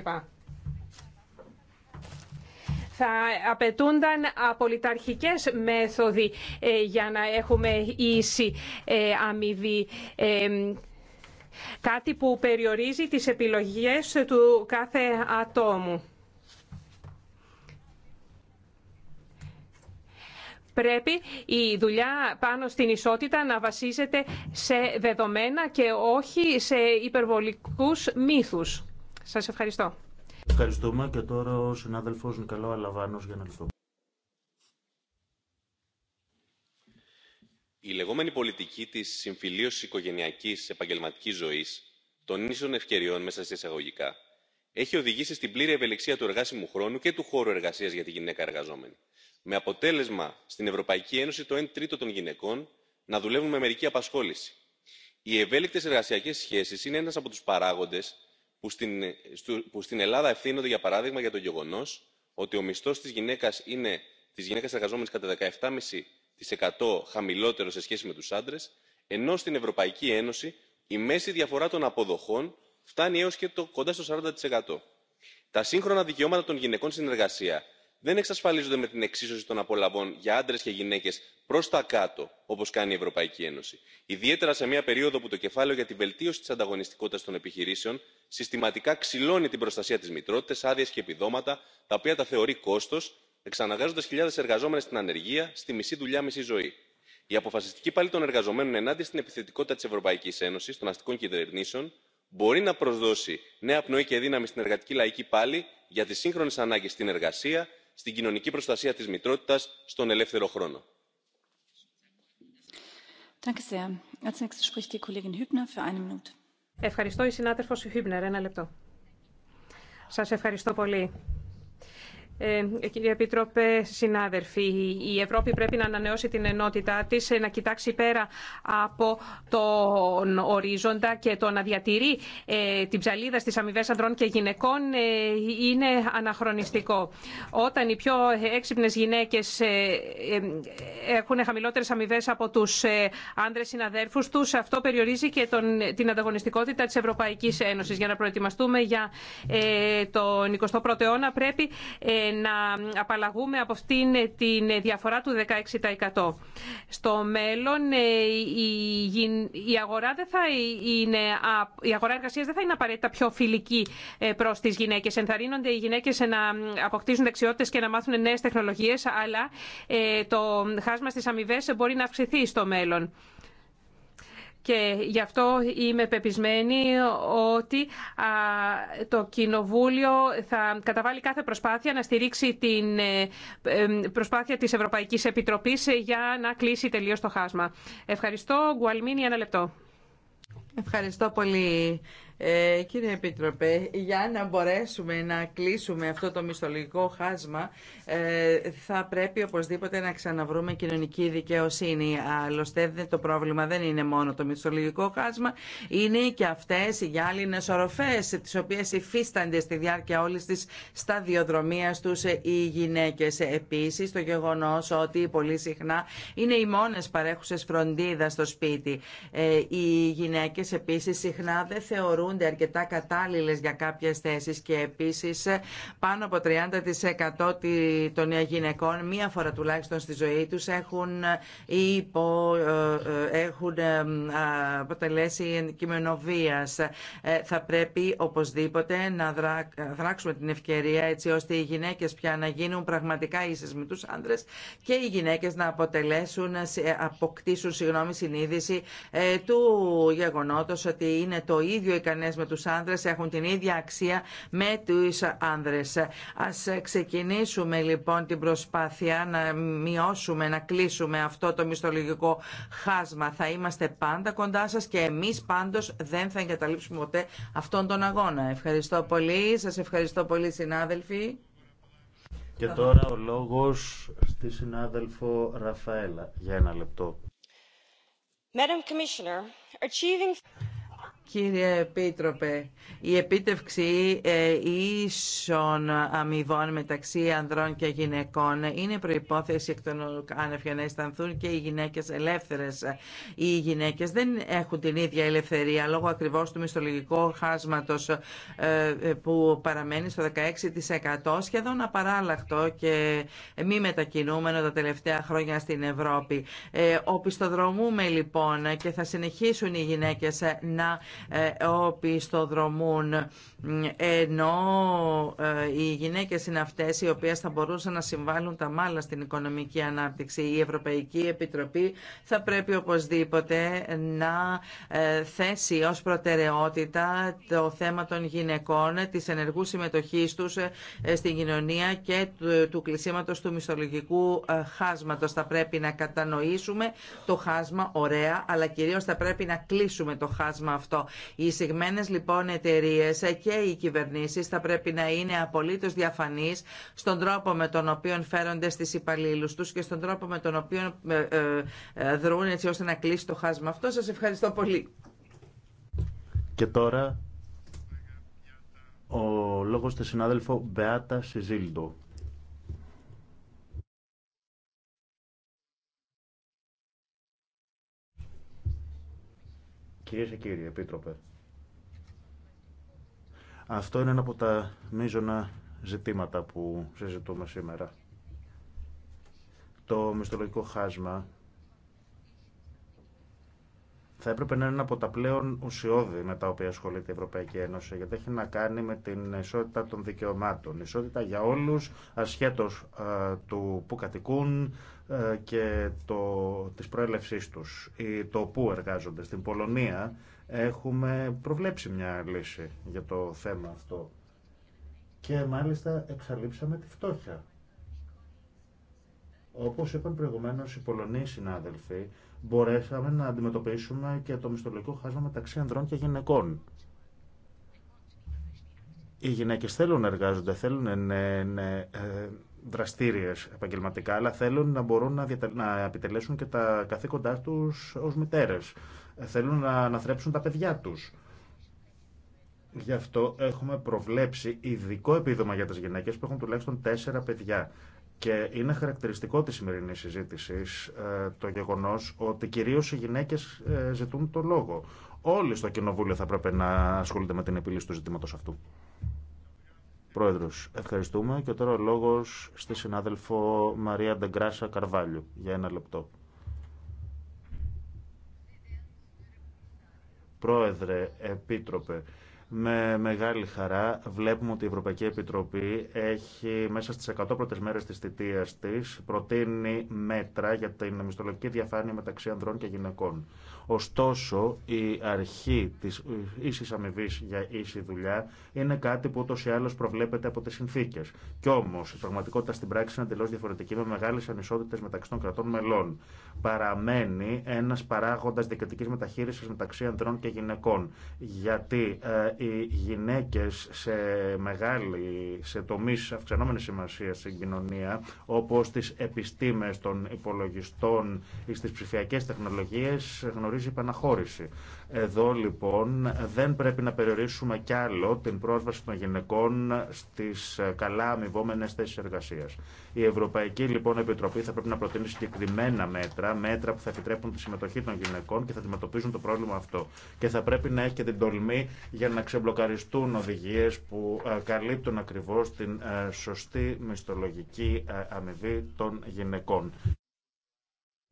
Θα απαιτούνταν απολυταρχικές μέθοδοι για να έχουμε ίση αμοιβή κάτι που περιορίζει τις επιλογές του κάθε ατόμου. Πρέπει η δουλειά πάνω στην ισότητα να βασίζεται σε δεδομένα και όχι σε υπερβολικούς μύθους. Σας ευχαριστώ. Ευχαριστούμε και τώρα ο συνάδελφος Νικαλό Αλαβάνος για να λυθώ. Η λεγόμενη πολιτική της συμφιλίωσης οικογενειακής επαγγελματικής ζωής των ίσων ευκαιριών μέσα στις εισαγωγικά έχει οδηγήσει στην πλήρη ευελιξία του εργάσιμου χρόνου και του χώρου εργασίας για τη γυναίκα εργαζόμενη με αποτέλεσμα στην ευρωπαϊκή ένωση το 1 τρίτο των γυναικών να δουλεύουν με μερική απασχόληση. οι ευέλικτε εργασιακέ σχέσει είναι ένα από του παράγοντε που στην ελλάδα ευθύνονται για παράδειγμα για το γεγονό ότι ο μισθό τη γυναίκα είναι τη γυναίκα εργαζόμενης κατά 17,5% χαμηλότερο σε σχέση με του άντρε ενώ στην ευρωπαϊκή ένωση η μέση διαφορά των αποδοχών φτάνει έω και το, κοντά στο 40%. τα σύγχρονα δικαιώματα των γυναικών στην εργασία δεν εξασφαλίζονται με την εξίσωση των απολαβών για άντρε και γυναίκε προ τα κάτω όπω κάνει η ευρωπαϊκή ένωση ιδιαίτερα σε μια περίοδο που το κεφάλαιο για τη βελτίωση τη ανταγωνιστικότητα των επιχειρήσεων συστηματικά ξυλώνει την προστασία τη μητρότητα άδειε και επιδόματα τα οποία τα θεωρεί κόστο εξαναγκάζοντα χιλιάδε εργαζόμενε στην ανεργία στη μισή δουλειά μισή ζωή. η αποφασιστική πάλι των εργαζομένων ενάντια στην επιθετικότητα τη ευρωπαϊκή ένωση των αστικών κυβερνήσεων μπορεί να προσδώσει νέα πνοή και δύναμη στην εργατική λαϊκή πάλι για τι σύγχρονε ανάγκε στην εργασία στην κοινωνική προστασία της μητρότητας στον ελεύθερο χρόνο. Ευχαριστώ η συνάδελφος Hübner. Ένα λεπτό. Σας ευχαριστώ πολύ. Ε, κύριε Επίτροπε, συνάδελφοι, η Ευρώπη πρέπει να ανανεώσει την ενότητά της, να κοιτάξει πέρα από τον ορίζοντα και το να διατηρεί ε, την ψαλίδα στις αμοιβέ ανδρών και γυναικών ε, είναι αναχρονιστικό. Όταν οι πιο έξυπνες γυναίκες έχουν χαμηλότερες αμοιβέ από τους άνδρες συναδέρφους τους, αυτό περιορίζει και τον, την ανταγωνιστικότητα της Ευρωπαϊκής Ένωσης. Για να προετοιμαστούμε για τον 21ο αιώνα πρέπει να απαλλαγούμε από αυτήν την διαφορά του 16%. Στο μέλλον ε, η αγορά, δεν θα είναι, η αγορά εργασίας δεν θα είναι απαραίτητα πιο φιλική ε, προς τις γυναίκες. Ενθαρρύνονται οι γυναίκες να αποκτήσουν δεξιότητες και να μάθουν νέες τεχνολογίες, αλλά ε, το χάσμα στις αμοιβέ μπορεί να αυξηθεί στο μέλλον. Και γι' αυτό είμαι πεπισμένη ότι το Κοινοβούλιο θα καταβάλει κάθε προσπάθεια να στηρίξει την ε, προσπάθεια της Ευρωπαϊκής Επιτροπής για να κλείσει τελείως το χάσμα. Ευχαριστώ. Γκουαλμίνη, ένα λεπτό. Ευχαριστώ πολύ ε, κύριε Επίτροπε, για να μπορέσουμε να κλείσουμε αυτό το μισθολογικό χάσμα, ε, θα πρέπει οπωσδήποτε να ξαναβρούμε κοινωνική δικαιοσύνη. Άλλωστε, το πρόβλημα δεν είναι μόνο το μισθολογικό χάσμα, είναι και αυτέ οι γυάλινε οροφές, τι οποίε υφίστανται στη διάρκεια όλη τη σταδιοδρομία τους ε, οι γυναίκε. Επίση, το γεγονό ότι πολύ συχνά είναι οι μόνες παρέχουσε φροντίδα στο σπίτι. Ε, οι γυναίκε επίση συχνά δεν θεωρούν θεωρούνται αρκετά κατάλληλες για κάποιες θέσεις και επίσης πάνω από 30% των γυναικών μία φορά τουλάχιστον στη ζωή τους έχουν, υπο, ε, ε, έχουν ε, αποτελέσει κειμενοβία. Θα πρέπει οπωσδήποτε να δράξουμε την ευκαιρία έτσι ώστε οι γυναίκες πια να γίνουν πραγματικά ίσες με τους άντρες και οι γυναίκες να αποκτήσουν συγγνώμη συνείδηση του γεγονότος ότι είναι το ίδιο ικανό με με του άνδρε έχουν την ίδια αξία με του άνδρε. Α ξεκινήσουμε λοιπόν την προσπάθεια να μειώσουμε, να κλείσουμε αυτό το μισθολογικό χάσμα. Θα είμαστε πάντα κοντά σα και εμεί πάντω δεν θα εγκαταλείψουμε ποτέ αυτόν τον αγώνα. Ευχαριστώ πολύ. σα ευχαριστώ πολύ συνάδελφοι. Και τώρα ο λόγο στη συνάδελφο Ραφαέλα για ένα λεπτό. Madam Commissioner, achieving... Κύριε Επίτροπε, η επίτευξη ε, ίσων αμοιβών μεταξύ ανδρών και γυναικών είναι προϋπόθεση εκ των να αισθανθούν και οι γυναίκες ελεύθερες. Οι γυναίκες δεν έχουν την ίδια ελευθερία λόγω ακριβώς του μισθολογικού χάσματος ε, που παραμένει στο 16% σχεδόν απαράλλαχτο και μη μετακινούμενο τα τελευταία χρόνια στην Ευρώπη. Ε, οπισθοδρομούμε λοιπόν και θα συνεχίσουν οι γυναίκες να ε, δρομούν ενώ ε, οι γυναίκες είναι αυτές οι οποίες θα μπορούσαν να συμβάλλουν τα μάλλα στην οικονομική ανάπτυξη. Η Ευρωπαϊκή Επιτροπή θα πρέπει οπωσδήποτε να ε, θέσει ως προτεραιότητα το θέμα των γυναικών, της ενεργού συμμετοχής τους ε, στην κοινωνία και του κλεισίματος του μισθολογικού χάσματος. Θα πρέπει να κατανοήσουμε το χάσμα ωραία, αλλά κυρίως θα πρέπει να κλείσουμε το χάσμα αυτό. Οι συγμένες λοιπόν εταιρείε και οι κυβερνήσεις θα πρέπει να είναι απολύτως διαφανείς στον τρόπο με τον οποίο φέρονται στις υπαλλήλου τους και στον τρόπο με τον οποίο ε, ε, ε, δρούν έτσι ώστε να κλείσει το χάσμα αυτό. Σας ευχαριστώ πολύ. Και τώρα ο λόγος του συνάδελφου Μπεάτα Σιζίλντο. Κυρίες και κύριοι, επίτροπε. Αυτό είναι ένα από τα μείζωνα ζητήματα που συζητούμε σήμερα. Το μισθολογικό χάσμα θα έπρεπε να είναι ένα από τα πλέον ουσιώδη με τα οποία ασχολείται η Ευρωπαϊκή Ένωση, γιατί έχει να κάνει με την ισότητα των δικαιωμάτων. Ισότητα για όλους, ασχέτως του που κατοικούν και το, της προέλευσής τους, ή το που εργάζονται. Στην Πολωνία έχουμε προβλέψει μια λύση για το θέμα αυτό. Και μάλιστα εξαλείψαμε τη φτώχεια. Όπως είπαν προηγουμένως οι Πολωνοί συνάδελφοι, μπορέσαμε να αντιμετωπίσουμε και το μισθολογικό χάσμα μεταξύ ανδρών και γυναικών. Οι γυναίκες θέλουν να εργάζονται, θέλουν ε, να ναι, ε, δραστήριες επαγγελματικά, αλλά θέλουν να μπορούν να επιτελέσουν και τα καθήκοντά τους ως μητέρες. Θέλουν να αναθρέψουν τα παιδιά τους. Γι' αυτό έχουμε προβλέψει ειδικό επίδομα για τις γυναίκες που έχουν τουλάχιστον τέσσερα παιδιά. Και είναι χαρακτηριστικό της σημερινής συζήτησης ε, το γεγονός ότι κυρίως οι γυναίκες ε, ζητούν το λόγο. Όλοι στο Κοινοβούλιο θα πρέπει να ασχολούνται με την επίλυση του ζητήματος αυτού. Πρόεδρος, ευχαριστούμε και τώρα ο λόγος στη συνάδελφο Μαρία Ντεγκράσα Καρβάλιου για ένα λεπτό. Πρόεδρε, Επίτροπε, με μεγάλη χαρά βλέπουμε ότι η Ευρωπαϊκή Επιτροπή έχει μέσα στις 100 πρώτες μέρες της θητείας της προτείνει μέτρα για την μισθολογική διαφάνεια μεταξύ ανδρών και γυναικών. Ωστόσο, η αρχή τη ίση αμοιβή για ίση δουλειά είναι κάτι που ούτω ή άλλω προβλέπεται από τι συνθήκε. Κι όμω, η πραγματικότητα στην πράξη είναι εντελώ διαφορετική με μεγάλε ανισότητε μεταξύ των κρατών μελών. Παραμένει ένα παράγοντα δικαιωτική μεταχείριση μεταξύ ανδρών και γυναικών. Γιατί ε, οι γυναίκε σε μεγάλη, σε τομεί αυξανόμενη σημασία στην κοινωνία, όπω τι επιστήμε των υπολογιστών ή στι ψηφιακέ τεχνολογίε, η επαναχώρηση. Εδώ λοιπόν δεν πρέπει να περιορίσουμε κι άλλο την πρόσβαση των γυναικών στις ε, καλά αμοιβόμενε θέσει εργασία. Η Ευρωπαϊκή λοιπόν Επιτροπή θα πρέπει να προτείνει συγκεκριμένα μέτρα, μέτρα που θα επιτρέπουν τη συμμετοχή των γυναικών και θα αντιμετωπίζουν το πρόβλημα αυτό. Και θα πρέπει να έχει και την τολμή για να ξεμπλοκαριστούν οδηγίε που ε, καλύπτουν ακριβώ την ε, σωστή μισθολογική αμοιβή των γυναικών.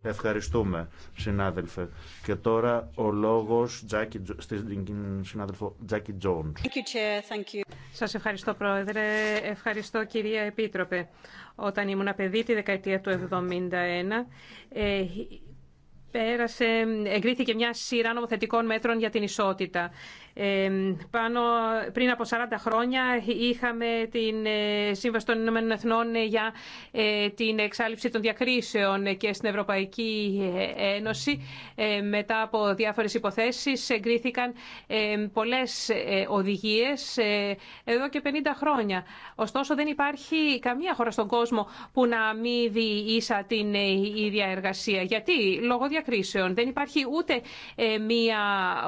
Ευχαριστούμε, συνάδελφε. Και τώρα ο λόγος Jackie, στην συνάδελφο Τζάκι Τζόντς. Σας ευχαριστώ, Πρόεδρε. Ευχαριστώ, κυρία Επίτροπε. Όταν ήμουν παιδί τη δεκαετία του 1971, ε, πέρασε, εγκρίθηκε μια σειρά νομοθετικών μέτρων για την ισότητα πάνω, πριν από 40 χρόνια είχαμε την ε, Σύμβαση των Ηνωμένων Εθνών για ε, την εξάλληψη των διακρίσεων και στην Ευρωπαϊκή ε, Ένωση. Μετά από διάφορες υποθέσεις εγκρίθηκαν πολλές οδηγίες εδώ και 50 χρόνια. Ωστόσο δεν υπάρχει καμία χώρα στον κόσμο που να αμύδει ίσα την ίδια εργασία. Γιατί λόγω διακρίσεων δεν υπάρχει ούτε μία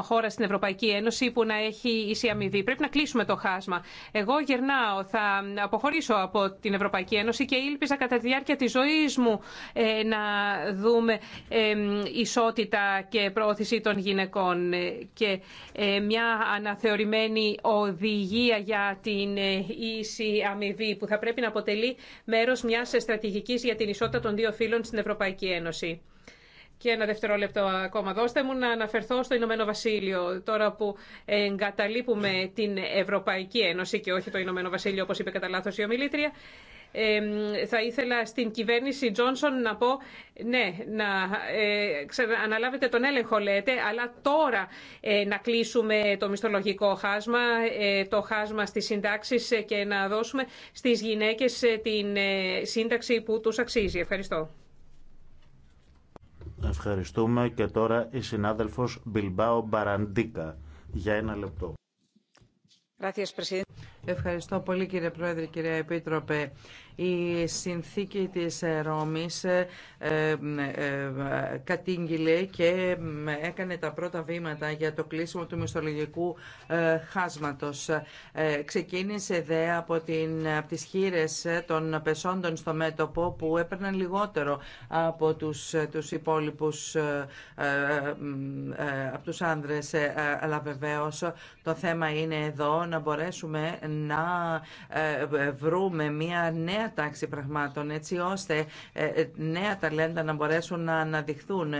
χώρα στην Ευρωπαϊκή Ένωση που να έχει ίση αμοιβή. Πρέπει να κλείσουμε το χάσμα. Εγώ γερνάω, θα αποχωρήσω από την Ευρωπαϊκή Ένωση και ήλπιζα κατά τη διάρκεια τη ζωή μου ε, να δούμε ισότητα και προώθηση των γυναικών ε, και ε, μια αναθεωρημένη οδηγία για την ίση αμοιβή που θα πρέπει να αποτελεί μέρος μιας στρατηγικής για την ισότητα των δύο φύλων στην Ευρωπαϊκή Ένωση. Και ένα δευτερόλεπτο ακόμα. Δώστε μου να αναφερθώ στο Ηνωμένο Βασίλειο, τώρα που εγκαταλείπουμε την Ευρωπαϊκή Ένωση και όχι το Ηνωμένο Βασίλειο, όπως είπε κατά λάθο η ομιλήτρια. θα ήθελα στην κυβέρνηση Τζόνσον να πω ναι, να ε, αναλάβετε τον έλεγχο λέτε, αλλά τώρα ε, να κλείσουμε το μισθολογικό χάσμα, ε, το χάσμα στις συντάξεις και να δώσουμε στις γυναίκες την σύνταξη που τους αξίζει. Ευχαριστώ. Ευχαριστούμε και τώρα η συνάδελφος Μπιλμπάο Μπαραντίκα για ένα λεπτό. Ευχαριστώ πολύ κύριε Πρόεδρε, κύριε Επίτροπε. Η συνθήκη της Ρώμης ε, ε, ε κατήγγειλε και έκανε τα πρώτα βήματα για το κλείσιμο του μισθολογικού ε, χάσματος. ξεκίνησε δε από, την, από τις χείρες των πεσόντων στο μέτωπο που έπαιρναν λιγότερο από τους, τους υπόλοιπους από τους άνδρες. αλλά βεβαίως το θέμα είναι εδώ να μπορέσουμε να ε, ε, βρούμε μια νέα τάξη πραγμάτων έτσι ώστε ε, νέα ταλέντα να μπορέσουν να αναδειχθούν.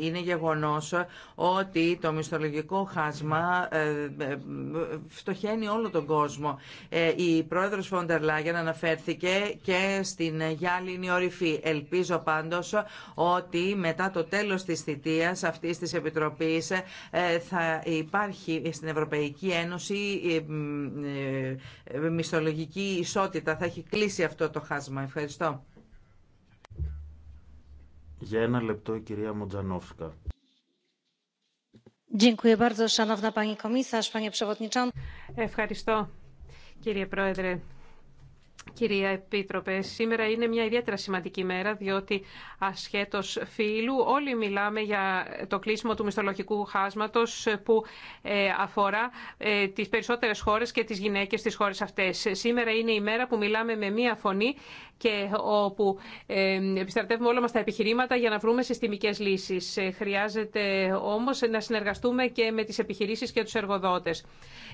Είναι γεγονός ότι το μισθολογικό χάσμα φτωχαίνει όλο τον κόσμο. Η πρόεδρος Φόντερ Λάγεν αναφέρθηκε και στην γυάλινη ορυφή. Ελπίζω πάντως ότι μετά το τέλος της θητείας αυτής της Επιτροπής θα υπάρχει στην Ευρωπαϊκή Ένωση ε, μισθολογική ισότητα. Θα έχει κλείσει αυτό το χάσμα. Ευχαριστώ. Για ένα λεπτό η κυρία Μοντζανόφσκα. Ευχαριστώ κύριε Πρόεδρε. Κυρία Επίτροπε, σήμερα είναι μια ιδιαίτερα σημαντική μέρα, διότι ασχέτως φίλου, όλοι μιλάμε για το κλείσιμο του μισθολογικού χάσματος που ε, αφορά ε, τις περισσότερες χώρες και τις γυναίκες στις χώρες αυτές. Σήμερα είναι η μέρα που μιλάμε με μία φωνή και όπου επιστρατεύουμε όλα μας τα επιχειρήματα για να βρούμε συστημικές λύσεις. Ε, χρειάζεται όμως να συνεργαστούμε και με τις επιχειρήσεις και τους εργοδότες.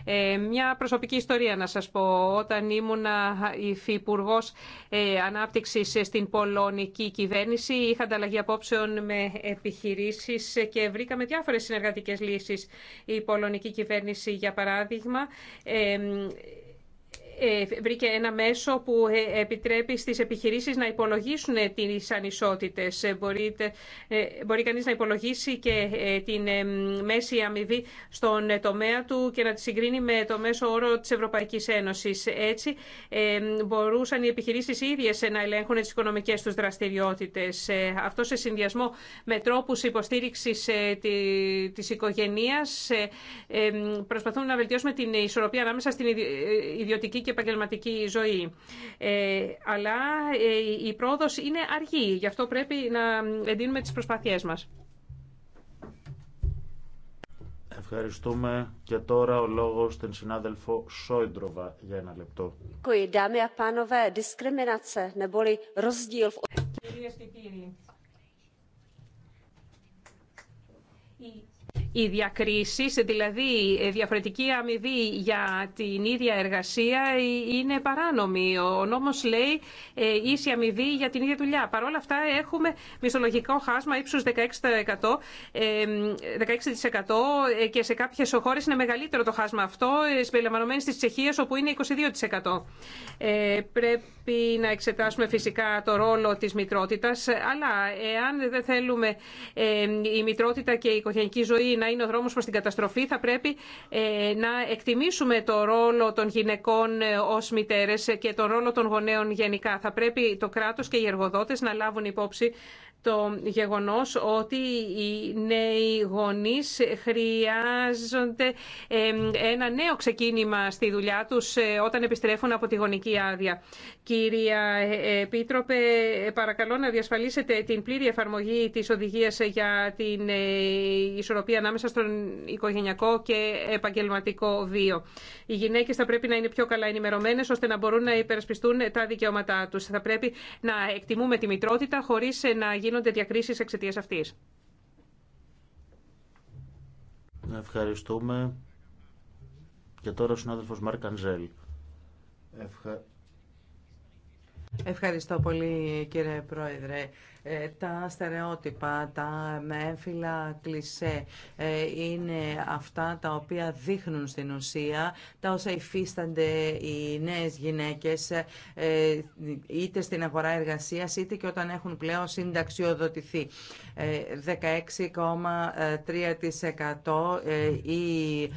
Ε, μια προσωπική ιστορία να σας πω. Όταν ήμουν υφυπουργό ε, ανάπτυξης στην πολωνική κυβέρνηση είχα ανταλλαγή απόψεων με επιχειρήσεις και βρήκαμε διάφορες συνεργατικές λύσεις. Η πολωνική κυβέρνηση, για παράδειγμα, ε, βρήκε ένα μέσο που ε, επιτρέπει στις επιχειρήσεις να υπολογίσουν ε, τις ανισότητες. Μπορείτε, μπορεί κανείς να υπολογίσει και την μέση αμοιβή στον τομέα του και να τη συγκρίνει με το μέσο όρο της Ευρωπαϊκής Ένωσης. Έτσι μπορούσαν οι επιχειρήσεις ίδιες να ελέγχουν τις οικονομικές τους δραστηριότητες. Αυτό σε συνδυασμό με τρόπους υποστήριξης της οικογένειας προσπαθούν να βελτιώσουμε την ισορροπία ανάμεσα στην ιδιωτική και επαγγελματική ζωή. Ε, αλλά ε, η πρόοδος είναι αργή, γι' αυτό πρέπει να εντείνουμε τις προσπάθειές μας. Ευχαριστούμε και τώρα ο λόγος στην συνάδελφο Σόιντροβα για ένα λεπτό. Κυρίες και κύριοι, η οι διακρίσεις, δηλαδή διαφορετική αμοιβή για την ίδια εργασία είναι παράνομη. Ο νόμος λέει ε, ίση αμοιβή για την ίδια δουλειά. Παρ' όλα αυτά έχουμε μισολογικό χάσμα ύψους 16%, 16% και σε κάποιες χώρες είναι μεγαλύτερο το χάσμα αυτό, ε, συμπεριλαμβανομένες της Τσεχίας όπου είναι 22%. Ε, πρέπει να εξετάσουμε φυσικά το ρόλο της μητρότητας, αλλά εάν δεν θέλουμε η μητρότητα και η οικογενειακή ζωή να είναι ο δρόμος προς την καταστροφή. Θα πρέπει ε, να εκτιμήσουμε το ρόλο των γυναικών ε, ως μητέρες και τον ρόλο των γονέων γενικά. Θα πρέπει το κράτος και οι εργοδότες να λάβουν υπόψη το γεγονός ότι οι νέοι γονείς χρειάζονται ένα νέο ξεκίνημα στη δουλειά τους ε, όταν επιστρέφουν από τη γονική άδεια. Κυρία ε, Επίτροπε, ε, παρακαλώ να διασφαλίσετε την πλήρη εφαρμογή της οδηγίας για την ισορροπία ανάμεσα στον οικογενειακό και επαγγελματικό βίο. Οι γυναίκες θα πρέπει να είναι πιο καλά ενημερωμένες ώστε να μπορούν να υπερασπιστούν τα δικαιώματά τους. Θα πρέπει να εκτιμούμε τη μητρότητα χωρίς να γίνονται διακρίσει εξαιτία αυτή. Ευχαριστούμε. Και τώρα ο συνάδελφος Μάρκ Αντζέλ. Ευχαριστώ πολύ κύριε Πρόεδρε. Ε, τα στερεότυπα, τα με έμφυλα κλισέ ε, είναι αυτά τα οποία δείχνουν στην ουσία τα όσα υφίστανται οι νέες γυναίκες ε, είτε στην αγορά εργασίας είτε και όταν έχουν πλέον συνταξιοδοτηθεί. 16,3% η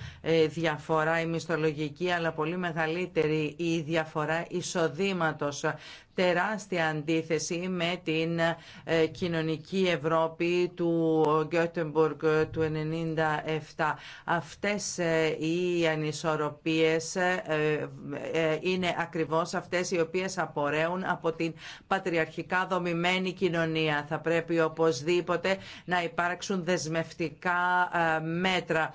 διαφορά η μισθολογική αλλά πολύ μεγαλύτερη η διαφορά εισοδήματος τεράστια αντίθεση με την ε, κοινωνική Ευρώπη του Γκέτεμπουργκ του 1997. Αυτές ε, οι ανισορροπίες ε, είναι ακριβώς αυτές οι οποίες απορρέουν από την πατριαρχικά δομημένη κοινωνία. Θα πρέπει οπωσδήποτε να υπάρξουν δεσμευτικά μέτρα,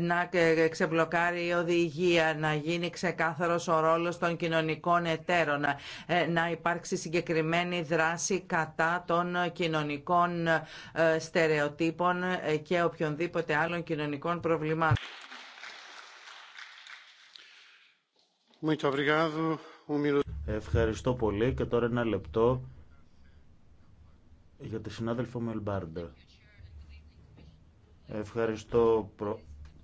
να ξεμπλοκάρει η οδηγία, να γίνει ξεκάθαρος ο ρόλος των κοινωνικών εταίρων, να υπάρξει συγκεκριμένη δράση κατά των κοινωνικών ε, στερεοτύπων ε, και οποιονδήποτε άλλων κοινωνικών προβλημάτων. Um Ευχαριστώ πολύ και τώρα ένα λεπτό για τη συνάδελφο Μελμπάρντα. Ευχαριστώ,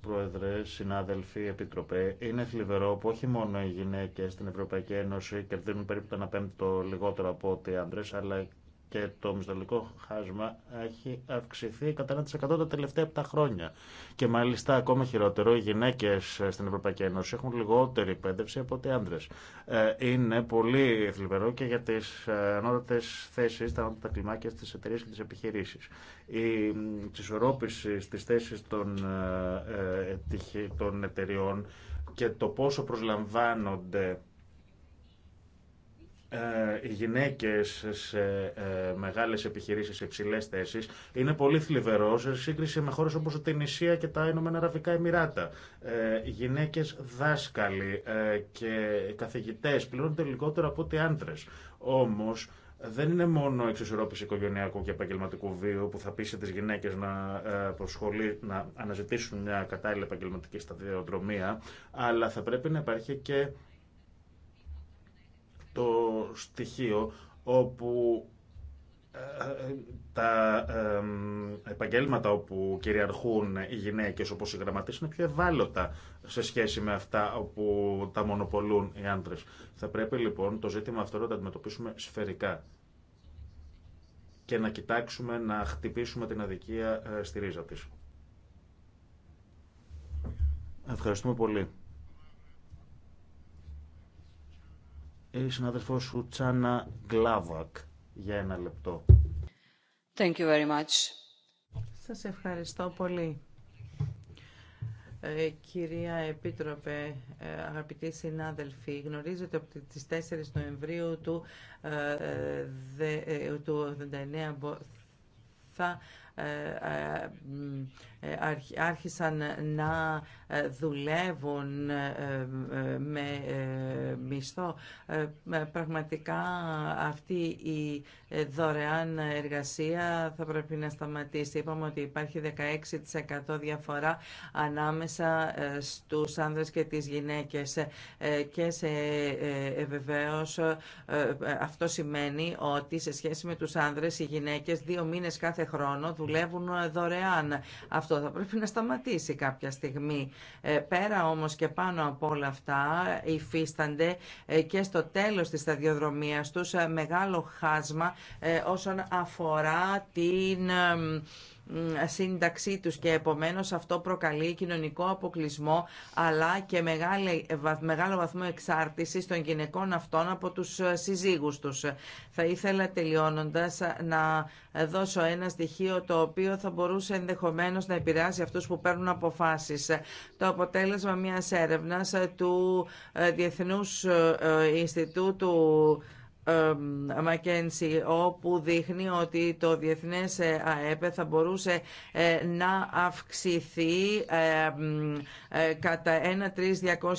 Πρόεδρε, συνάδελφοι, επιτροπέ, είναι θλιβερό που όχι μόνο οι γυναίκε στην Ευρωπαϊκή Ένωση κερδίζουν περίπου το 1 πέμπτο λιγότερο από ό,τι οι άντρε, αλλά και το μισθολογικό χάσμα έχει αυξηθεί κατά 1% τα τελευταία 7 χρόνια. Και μάλιστα ακόμα χειρότερο, οι γυναίκε στην Ευρωπαϊκή Ένωση έχουν λιγότερη εκπαίδευση από ότι άντρε. Ε, είναι πολύ θλιβερό και για τι ε, ανώτατε θέσει, τα ανώτατα κλιμάκια στι εταιρείε και τι επιχειρήσει. Η ισορρόπηση στι θέσει των, ε, των και το πόσο προσλαμβάνονται ε, οι γυναίκες σε ε, μεγάλες επιχειρήσεις, σε υψηλές θέσεις, είναι πολύ θλιβερό σε σύγκριση με χώρες όπως την Ισία και τα Ηνωμένα Αραβικά Εμμυράτα. Ε, γυναίκες δάσκαλοι ε, και καθηγητές πληρώνονται λιγότερο από ότι άντρες. Όμως, δεν είναι μόνο εξισορρόπηση οικογενειακού και επαγγελματικού βίου που θα πείσει τι γυναίκε να, να αναζητήσουν μια κατάλληλη επαγγελματική σταδιοδρομία, αλλά θα πρέπει να υπάρχει και το στοιχείο όπου ε, τα επαγγέλματα όπου κυριαρχούν οι γυναίκες όπως οι γραμματείς είναι πιο ευάλωτα σε σχέση με αυτά όπου τα μονοπολούν οι άντρες. Θα πρέπει λοιπόν το ζήτημα αυτό να το αντιμετωπίσουμε σφαιρικά και να κοιτάξουμε να χτυπήσουμε την αδικία ε, στη ρίζα της. Ευχαριστούμε πολύ. Ε, η συνάδελφός σου Τσάνα Γκλάβακ για ένα λεπτό. Thank Σας ευχαριστώ πολύ. Ε, κυρία Επίτροπε, ε, αγαπητοί συνάδελφοι, γνωρίζετε ότι τις 4 Νοεμβρίου του, ε, ε θα ε, ε, ε, άρχισαν να δουλεύουν με μισθό. Πραγματικά αυτή η δωρεάν εργασία θα πρέπει να σταματήσει. Είπαμε ότι υπάρχει 16% διαφορά ανάμεσα στους άνδρες και τις γυναίκες και σε βεβαίως αυτό σημαίνει ότι σε σχέση με τους άνδρες οι γυναίκες δύο μήνες κάθε χρόνο δουλεύουν δωρεάν. Αυτό θα πρέπει να σταματήσει κάποια στιγμή. Ε, πέρα όμως και πάνω από όλα αυτά υφίστανται ε, και στο τέλος της σταδιοδρομίας τους ε, μεγάλο χάσμα όσον αφορά την σύνταξή τους και επομένως αυτό προκαλεί κοινωνικό αποκλεισμό αλλά και μεγάλο βαθμό εξάρτησης των γυναικών αυτών από τους ε, συζύγους τους. Θα ήθελα τελειώνοντας να δώσω ένα στοιχείο το οποίο θα μπορούσε ενδεχομένως να επηρεάσει αυτούς που παίρνουν αποφάσεις. Το αποτέλεσμα μιας έρευνας του ε, Διεθνούς ε, Ινστιτούτου Μακένση, όπου δείχνει ότι το διεθνές ε, ΑΕΠ θα μπορούσε ε, να αυξηθεί ε, κατά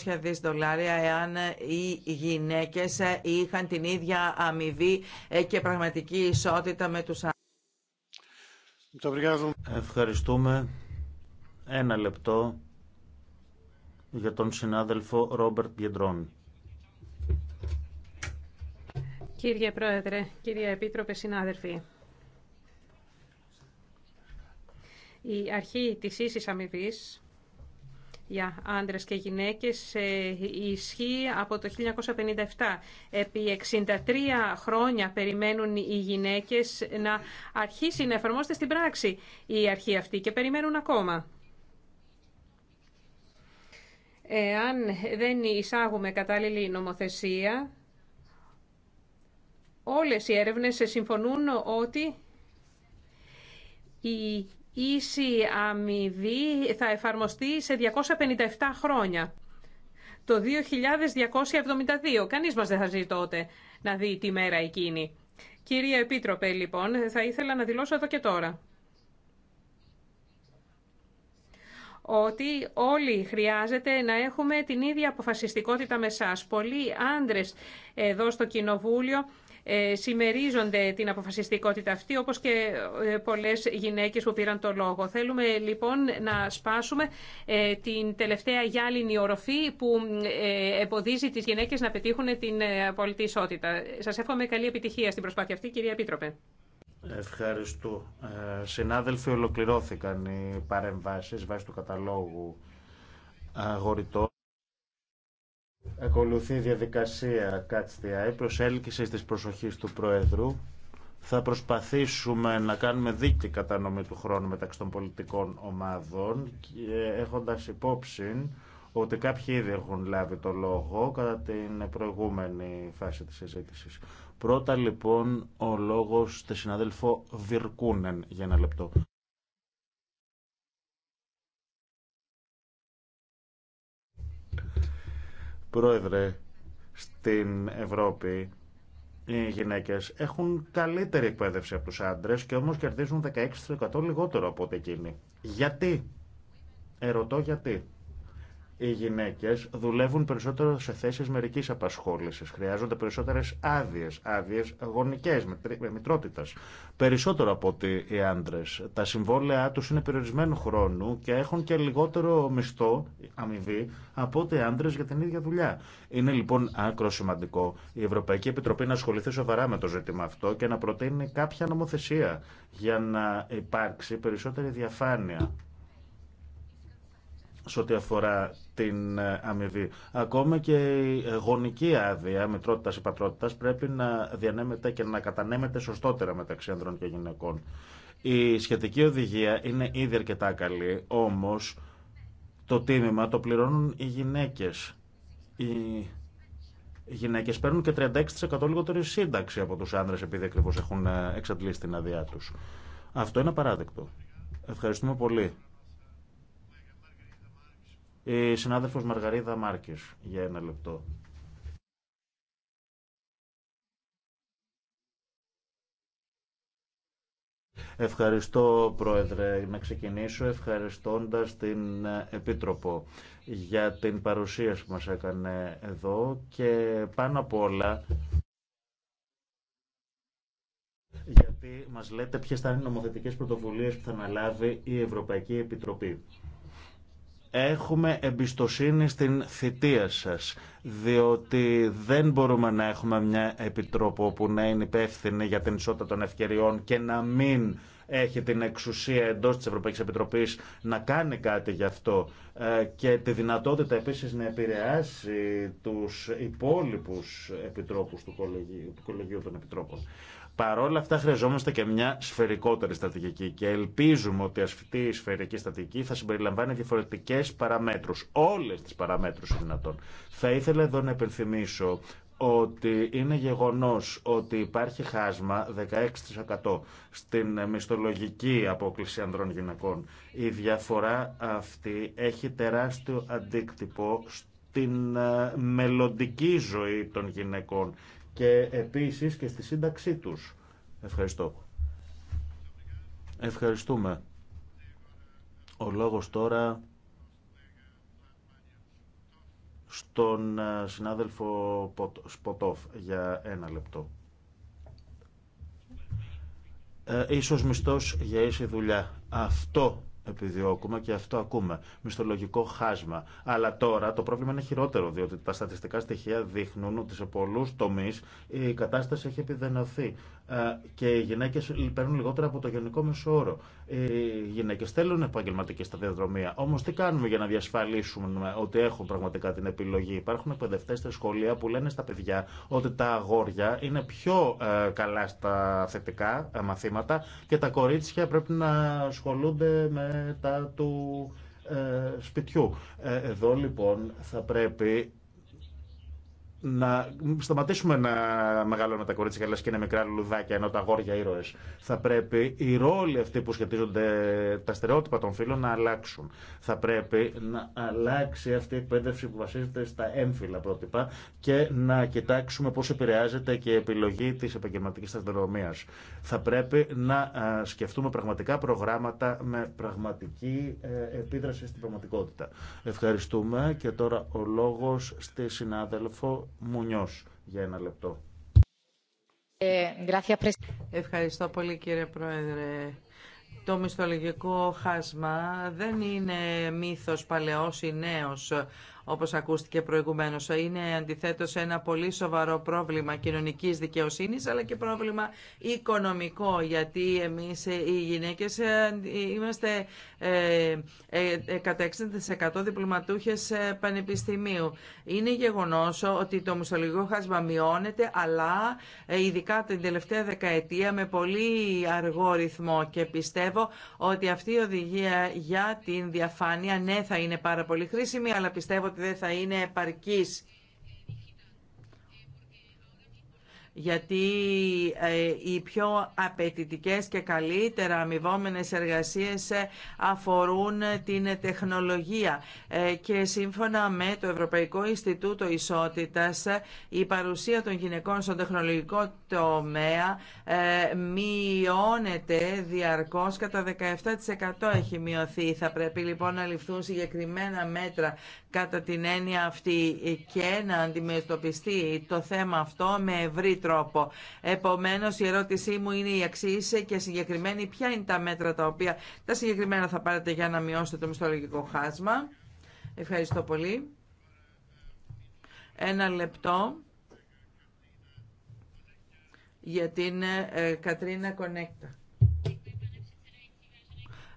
1-3-200 δις δολάρια εάν οι γυναίκες είχαν την ίδια αμοιβή και πραγματική ισότητα με τους άντρες. Ευχαριστούμε. Ένα λεπτό για τον συνάδελφο Ρόμπερτ Πιεντρών. Κύριε Πρόεδρε, κυρία Επίτροπε, συνάδελφοι. Η αρχή της ίσης αμοιβή για άντρες και γυναίκες ε, ισχύει από το 1957. Επί 63 χρόνια περιμένουν οι γυναίκες να αρχίσει να εφαρμόζεται στην πράξη η αρχή αυτή και περιμένουν ακόμα. Εάν δεν εισάγουμε κατάλληλη νομοθεσία, όλες οι έρευνες συμφωνούν ότι η ίση αμοιβή θα εφαρμοστεί σε 257 χρόνια. Το 2272. Κανείς μας δεν θα ζει τότε να δει τη μέρα εκείνη. Κυρία Επίτροπε, λοιπόν, θα ήθελα να δηλώσω εδώ και τώρα. ότι όλοι χρειάζεται να έχουμε την ίδια αποφασιστικότητα με σας. Πολλοί άντρες εδώ στο Κοινοβούλιο ε, συμμερίζονται την αποφασιστικότητα αυτή, όπως και ε, πολλές γυναίκες που πήραν το λόγο. Θέλουμε λοιπόν να σπάσουμε ε, την τελευταία γυάλινη οροφή που εμποδίζει τις γυναίκες να πετύχουν την πολιτική ισότητα. Σας εύχομαι καλή επιτυχία στην προσπάθεια αυτή, κυρία Επίτροπε. Ευχαριστώ. συνάδελφοι, ολοκληρώθηκαν οι παρεμβάσεις βάσει του καταλόγου αγορητών. Ακολουθεί η διαδικασία ΚΑΤΣΤΙΑΕ, προσέλκυση της προσοχής του Προέδρου. Θα προσπαθήσουμε να κάνουμε δίκη κατανομή του χρόνου μεταξύ των πολιτικών ομάδων και έχοντας υπόψη ότι κάποιοι ήδη έχουν λάβει το λόγο κατά την προηγούμενη φάση της συζήτηση. Πρώτα λοιπόν ο λόγος στη συναδέλφο Βιρκούνεν για ένα λεπτό. Πρόεδρε, στην Ευρώπη οι γυναίκες έχουν καλύτερη εκπαίδευση από τους άντρες και όμως κερδίζουν 16% λιγότερο από ό,τι εκείνοι. Γιατί? Ερωτώ γιατί οι γυναίκε δουλεύουν περισσότερο σε θέσει μερική απασχόληση. Χρειάζονται περισσότερες άδειε. γονικέ, με μητρότητα. Περισσότερο από ότι οι άντρε. Τα συμβόλαιά του είναι περιορισμένου χρόνου και έχουν και λιγότερο μισθό, αμοιβή, από ότι οι άντρε για την ίδια δουλειά. Είναι λοιπόν άκρο σημαντικό η Ευρωπαϊκή Επιτροπή να ασχοληθεί σοβαρά με το ζήτημα αυτό και να προτείνει κάποια νομοθεσία για να υπάρξει περισσότερη διαφάνεια σε ό,τι αφορά την ε, αμοιβή. Ακόμα και η γονική άδεια μητρότητα ή πατρότητα πρέπει να διανέμεται και να κατανέμεται σωστότερα μεταξύ ανδρών και γυναικών. Η σχετική οδηγία είναι ήδη αρκετά καλή, όμω το τίμημα το πληρώνουν οι γυναίκε. Οι γυναίκε παίρνουν και 36% λιγότερη σύνταξη από του άνδρες επειδή ακριβώ έχουν ε, εξαντλήσει την άδειά του. Αυτό είναι απαράδεκτο. Ευχαριστούμε πολύ. Η ε, συνάδελφος Μαργαρίδα Μάρκης για ένα λεπτό. Ευχαριστώ Πρόεδρε. Να ξεκινήσω ευχαριστώντας την Επίτροπο για την παρουσίαση που μας έκανε εδώ και πάνω απ' όλα γιατί μας λέτε ποιες θα είναι οι νομοθετικές πρωτοβουλίες που θα αναλάβει η Ευρωπαϊκή Επιτροπή έχουμε εμπιστοσύνη στην θητεία σας, διότι δεν μπορούμε να έχουμε μια επιτρόπο που να είναι υπεύθυνη για την ισότητα των ευκαιριών και να μην έχει την εξουσία εντός της Ευρωπαϊκής Επιτροπής να κάνει κάτι γι' αυτό ε, και τη δυνατότητα επίσης να επηρεάσει τους υπόλοιπους επιτρόπους του Κολεγίου, του Κολεγίου των Επιτρόπων. Παρόλα αυτά χρειαζόμαστε και μια σφαιρικότερη στρατηγική και ελπίζουμε ότι αυτή η σφαιρική στρατηγική θα συμπεριλαμβάνει διαφορετικές παραμέτρους, όλες τις παραμέτρους δυνατόν. Θα ήθελα εδώ να επενθυμίσω ότι είναι γεγονός ότι υπάρχει χάσμα 16% στην μισθολογική απόκληση ανδρών γυναικών. Η διαφορά αυτή έχει τεράστιο αντίκτυπο στην ε, μελλοντική ζωή των γυναικών και επίσης και στη σύνταξή τους. Ευχαριστώ. Ευχαριστούμε. Ο λόγος τώρα στον ε, συνάδελφο Σποτόφ για ένα λεπτό. Ε, ίσως μισθός για ίση δουλειά. Αυτό επιδιώκουμε και αυτό ακούμε. Μισθολογικό χάσμα. Αλλά τώρα το πρόβλημα είναι χειρότερο, διότι τα στατιστικά στοιχεία δείχνουν ότι σε πολλού τομεί η κατάσταση έχει επιδενωθεί. Ε, και οι γυναίκε παίρνουν λιγότερα από το γενικό μέσο όρο. Οι γυναίκε θέλουν επαγγελματική σταδιοδρομία. Όμω τι κάνουμε για να διασφαλίσουμε ότι έχουν πραγματικά την επιλογή. Υπάρχουν εκπαιδευτέ στα σχολεία που λένε στα παιδιά ότι τα αγόρια είναι πιο ε, καλά στα θετικά ε, μαθήματα και τα κορίτσια πρέπει να ασχολούνται με τα του σπιτιού. Εδώ λοιπόν θα πρέπει να σταματήσουμε να μεγαλώνουμε τα κορίτσια καλά και είναι μικρά λουλουδάκια ενώ τα αγόρια ήρωε. Θα πρέπει οι ρόλοι αυτοί που σχετίζονται τα στερεότυπα των φίλων να αλλάξουν. Θα πρέπει να αλλάξει αυτή η εκπαίδευση που βασίζεται στα έμφυλα πρότυπα και να κοιτάξουμε πώς επηρεάζεται και η επιλογή τη επαγγελματική σταθερομίας. Θα πρέπει να ε, σκεφτούμε πραγματικά προγράμματα με πραγματική ε, επίδραση στην πραγματικότητα. Ευχαριστούμε και τώρα ο λόγο στη συνάδελφο ε, Ευχαριστώ πολύ κύριε Πρόεδρε. Το μισθολογικό χάσμα δεν είναι μύθος παλαιός ή νέος όπως ακούστηκε προηγουμένως. Είναι αντιθέτως ένα πολύ σοβαρό πρόβλημα κοινωνικής δικαιοσύνης, αλλά και πρόβλημα οικονομικό, γιατί εμείς ε, οι γυναίκες ε, είμαστε ε, ε, ε διπλωματούχες πανεπιστημίου. Είναι γεγονός ότι το μισθολογικό χάσμα μειώνεται, αλλά ειδικά την τελευταία δεκαετία με πολύ αργό ρυθμό και πιστεύω ότι αυτή η οδηγία για την διαφάνεια ναι θα είναι πάρα πολύ χρήσιμη αλλά πιστεύω ότι δεν θα είναι επαρκής γιατί ε, οι πιο απαιτητικές και καλύτερα αμοιβόμενες εργασίες ε, αφορούν την τεχνολογία ε, και σύμφωνα με το Ευρωπαϊκό Ινστιτούτο Ισότητας η παρουσία των γυναικών στον τεχνολογικό τομέα μειώνεται διαρκώς κατά 17% έχει μειωθεί. Θα πρέπει λοιπόν να ληφθούν συγκεκριμένα μέτρα κατά την έννοια αυτή και να αντιμετωπιστεί το θέμα αυτό με ευρύ τρόπο. Επομένως η ερώτησή μου είναι η αξίση και συγκεκριμένη ποια είναι τα μέτρα τα οποία τα συγκεκριμένα θα πάρετε για να μειώσετε το μισθολογικό χάσμα. Ευχαριστώ πολύ. Ένα λεπτό για την ε, Κατρίνα Κονέκτα.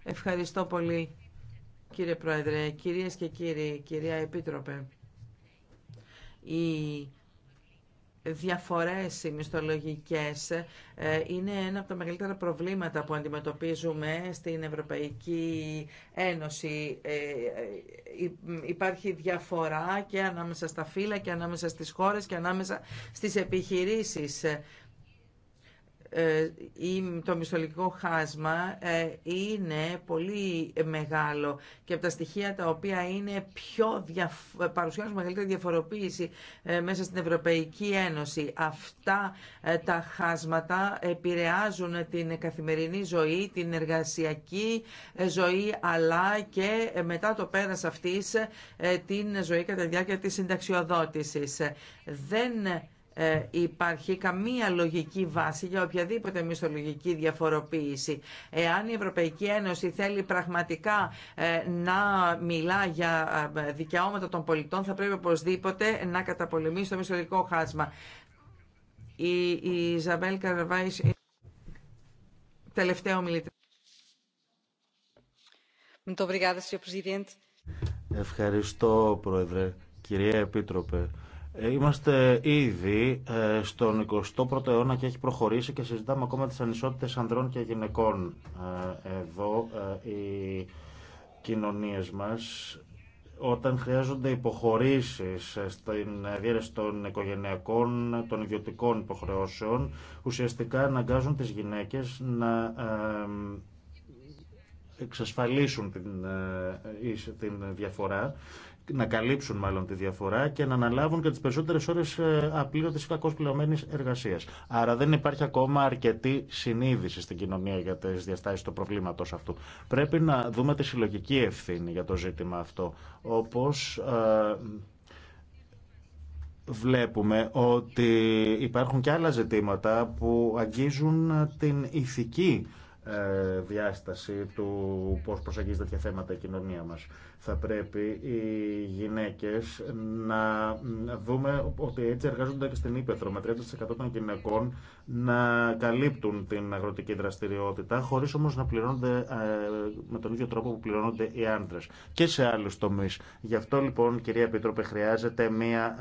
Ευχαριστώ πολύ. Κύριε Πρόεδρε, κυρίες και κύριοι, κυρία Επίτροπε, οι διαφορές οι μισθολογικές ε, είναι ένα από τα μεγαλύτερα προβλήματα που αντιμετωπίζουμε στην Ευρωπαϊκή Ένωση. Ε, ε, υπάρχει διαφορά και ανάμεσα στα φύλλα και ανάμεσα στις χώρες και ανάμεσα στις επιχειρήσεις. Ε, το μισθολογικό χάσμα ε, είναι πολύ μεγάλο και από τα στοιχεία τα οποία είναι πιο δια παρουσιάζουν μεγαλύτερη διαφοροποίηση ε, μέσα στην Ευρωπαϊκή Ένωση. Αυτά τα χάσματα επηρεάζουν την καθημερινή ζωή, την εργασιακή ζωή, αλλά και μετά το πέρας αυτής την ζωή κατά τη διάρκεια της συνταξιοδότησης. Δεν ε, υπάρχει καμία λογική βάση για οποιαδήποτε μισθολογική διαφοροποίηση. Εάν η Ευρωπαϊκή Ένωση θέλει πραγματικά ε, να μιλά για ε, δικαιώματα των πολιτών, θα πρέπει οπωσδήποτε να καταπολεμήσει το μισθολογικό χάσμα. Η, η Ζαμπέλ Καρβάης, τελευταίο ομιλητρία. Ευχαριστώ, Πρόεδρε. Κυρία Επίτροπε, Είμαστε ήδη ε, στον 21ο αιώνα και έχει προχωρήσει και συζητάμε ακόμα τις ανισότητες ανδρών και γυναικών. Ε, εδώ ε, οι κοινωνίες μας όταν χρειάζονται υποχωρήσεις στην διέρεση των οικογενειακών, των ιδιωτικών υποχρεώσεων, ουσιαστικά αναγκάζουν τις γυναίκες να εξασφαλίσουν την, την διαφορά να καλύψουν μάλλον τη διαφορά και να αναλάβουν και τις περισσότερες ώρες ε, απλήρωτης κακώς πληρωμένης εργασίας. Άρα δεν υπάρχει ακόμα αρκετή συνείδηση στην κοινωνία για τις διαστάσεις του προβλήματος αυτού. Πρέπει να δούμε τη συλλογική ευθύνη για το ζήτημα αυτό, όπως ε, βλέπουμε ότι υπάρχουν και άλλα ζητήματα που αγγίζουν την ηθική ε, διάσταση του πώς προσεγγίζει τέτοια θέματα η κοινωνία μας. Θα πρέπει οι γυναίκες να δούμε ότι έτσι εργάζονται και στην Ήπεθρο με 30% των γυναικών να καλύπτουν την αγροτική δραστηριότητα χωρίς όμως να πληρώνονται ε, με τον ίδιο τρόπο που πληρώνονται οι άντρες και σε άλλους τομείς. Γι' αυτό λοιπόν κυρία Επίτροπε χρειάζεται μια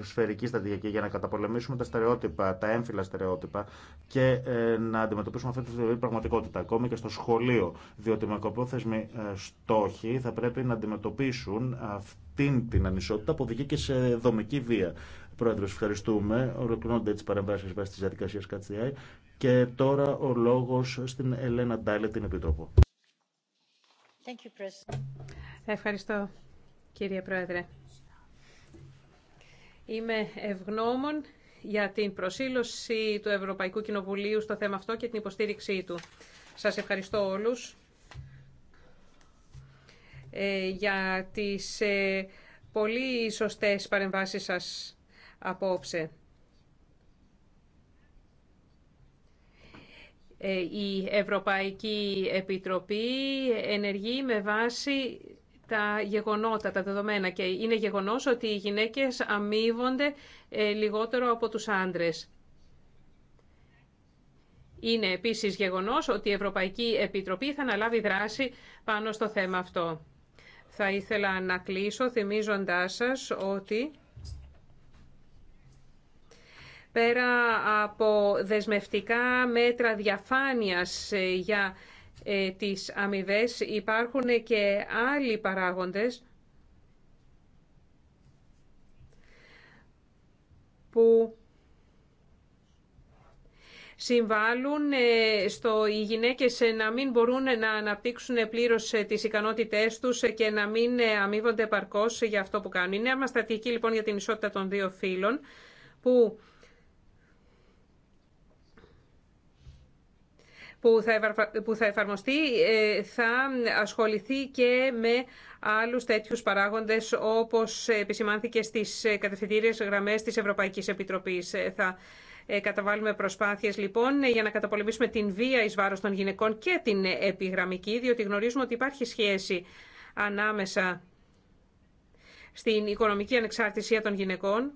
σφαιρική στρατηγική για να καταπολεμήσουμε τα στερεότυπα, τα έμφυλα στερεότυπα και ε, να αντιμετωπίσουμε αυτή τη πραγματικότητα ακόμη και στο σχολείο διότι με ε, στόχοι θα πρέπει να να αντιμετωπίσουν αυτήν την ανισότητα που οδηγεί και σε δομική βία. Πρόεδρος, ευχαριστούμε. Ολοκληρώνονται τι παρεμβάσει βάσει της διαδικασία ΚΑΤΣΙΑΙ και τώρα ο λόγος στην Ελένα Ντάιλε, την Επιτρόπο. Ευχαριστώ, κύριε Πρόεδρε. Είμαι ευγνώμων για την προσήλωση του Ευρωπαϊκού Κοινοβουλίου στο θέμα αυτό και την υποστήριξή του. Σας ευχαριστώ όλους ε, για τις ε, πολύ σωστές παρεμβάσεις σας απόψε. Ε, η Ευρωπαϊκή Επιτροπή ενεργεί με βάση τα γεγονότα, τα δεδομένα και είναι γεγονός ότι οι γυναίκες αμείβονται λιγότερο από τους άντρες. Είναι επίσης γεγονός ότι η Ευρωπαϊκή Επιτροπή θα αναλάβει δράση πάνω στο θέμα αυτό. Θα ήθελα να κλείσω θυμίζοντάς σας ότι πέρα από δεσμευτικά μέτρα διαφάνειας ε, για ε, τις αμοιβέ υπάρχουν και άλλοι παράγοντες που συμβάλλουν ε, στο οι γυναίκες ε, να μην μπορούν να αναπτύξουν πλήρως ε, τις ικανότητές τους και να μην αμείβονται παρκώς για αυτό που κάνουν. Η νέα μας στρατηγική λοιπόν για την ισότητα των δύο φύλων που που θα εφαρμοστεί θα ασχοληθεί και με άλλους τέτοιους παράγοντες όπως επισημάνθηκε στις κατευθυντήριες γραμμές της Ευρωπαϊκής Επιτροπής. Θα ε, καταβάλουμε προσπάθειες λοιπόν ε, για να καταπολεμήσουμε την βία ει βάρο των γυναικών και την ε, επιγραμμική, διότι γνωρίζουμε ότι υπάρχει σχέση ανάμεσα στην οικονομική ανεξαρτησία των γυναικών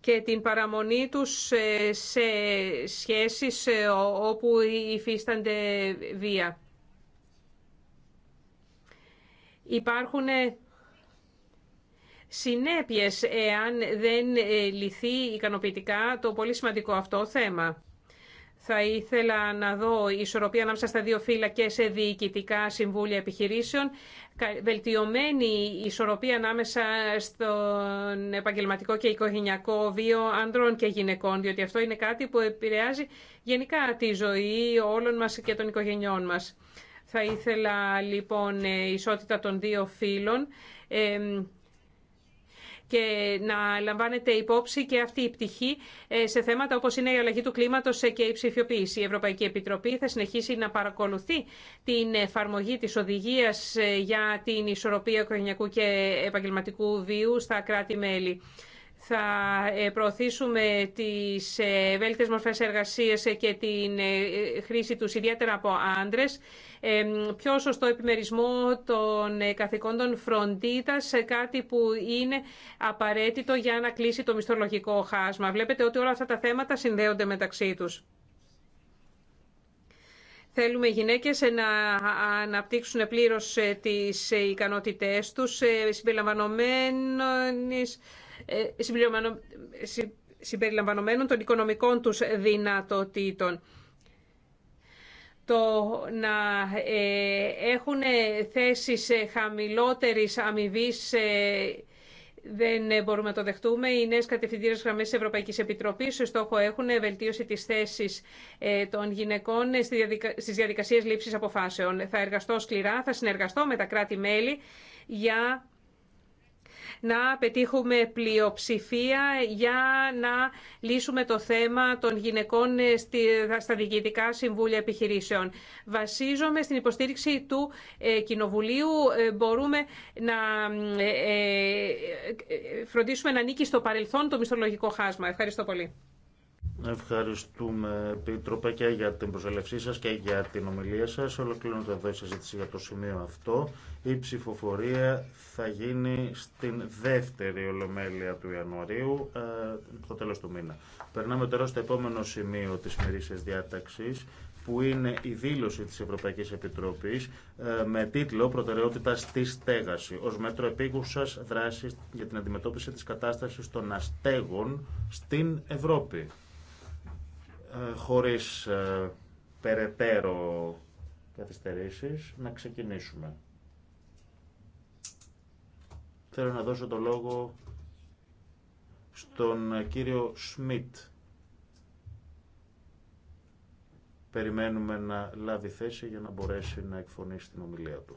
και την παραμονή τους σε σχέσεις όπου υφίστανται βία. Υπάρχουν συνέπειες εάν δεν ε, λυθεί ικανοποιητικά το πολύ σημαντικό αυτό θέμα. Θα ήθελα να δω ισορροπία ανάμεσα στα δύο φύλλα και σε διοικητικά συμβούλια επιχειρήσεων, βελτιωμένη ισορροπία ανάμεσα στον επαγγελματικό και οικογενειακό βίο άνδρων και γυναικών, διότι αυτό είναι κάτι που επηρεάζει γενικά τη ζωή όλων μας και των οικογενειών μας. Θα ήθελα λοιπόν ε, ισότητα των δύο φύλων, και να λαμβάνεται υπόψη και αυτή η πτυχή ε, σε θέματα όπως είναι η αλλαγή του κλίματος ε, και η ψηφιοποίηση. Η Ευρωπαϊκή Επιτροπή θα συνεχίσει να παρακολουθεί την εφαρμογή της οδηγίας ε, για την ισορροπία οικογενειακού και επαγγελματικού βίου στα κράτη-μέλη θα ε, προωθήσουμε τις ευέλικτες μορφές εργασίας ε, και την ε, χρήση του ιδιαίτερα από άντρες, πιο σωστό επιμερισμό των καθηκόντων φροντίδα σε κάτι που είναι απαραίτητο για να κλείσει το μισθολογικό χάσμα. Βλέπετε ότι όλα αυτά τα θέματα συνδέονται μεταξύ τους. Θέλουμε οι γυναίκες να αναπτύξουν πλήρως τις ικανότητές τους συμπεριλαμβανομένες ε, συμπεριλαμβανομένων των οικονομικών τους δυνατοτήτων. Το να ε, έχουν θέσεις χαμηλότερης αμοιβή ε, δεν μπορούμε να το δεχτούμε. Οι κατευθυντήρες γραμμές της Ευρωπαϊκής Ευρωπαϊκή Επιτροπή στόχο έχουν βελτίωση τη θέση των γυναικών στις διαδικασίες λήψης αποφάσεων. Θα εργαστώ σκληρά, θα συνεργαστώ με τα κράτη-μέλη για να πετύχουμε πλειοψηφία για να λύσουμε το θέμα των γυναικών στα διοικητικά συμβούλια επιχειρήσεων. Βασίζομαι στην υποστήριξη του ε, Κοινοβουλίου. Ε, μπορούμε να ε, φροντίσουμε να νίκει στο παρελθόν το μισθολογικό χάσμα. Ευχαριστώ πολύ. Ευχαριστούμε, Επίτροπε, και για την προσελευσή σας και για την ομιλία σας. Ολοκληρώνεται εδώ η συζήτηση για το σημείο αυτό. Η ψηφοφορία θα γίνει στην δεύτερη ολομέλεια του Ιανουαρίου, ε, το τέλος του μήνα. Περνάμε τώρα στο επόμενο σημείο της μερίσιας διάταξης, που είναι η δήλωση της Ευρωπαϊκής Επιτροπής ε, με τίτλο «Προτεραιότητα στη στέγαση» ως μέτρο επίγουσας δράσης για την αντιμετώπιση της κατάστασης των αστέγων στην Ευρώπη. Ε, χωρίς ε, περαιτέρω καθυστερήσεις, να ξεκινήσουμε. Θέλω να δώσω το λόγο στον ε, κύριο Σμιτ. Περιμένουμε να λάβει θέση για να μπορέσει να εκφωνήσει την ομιλία του.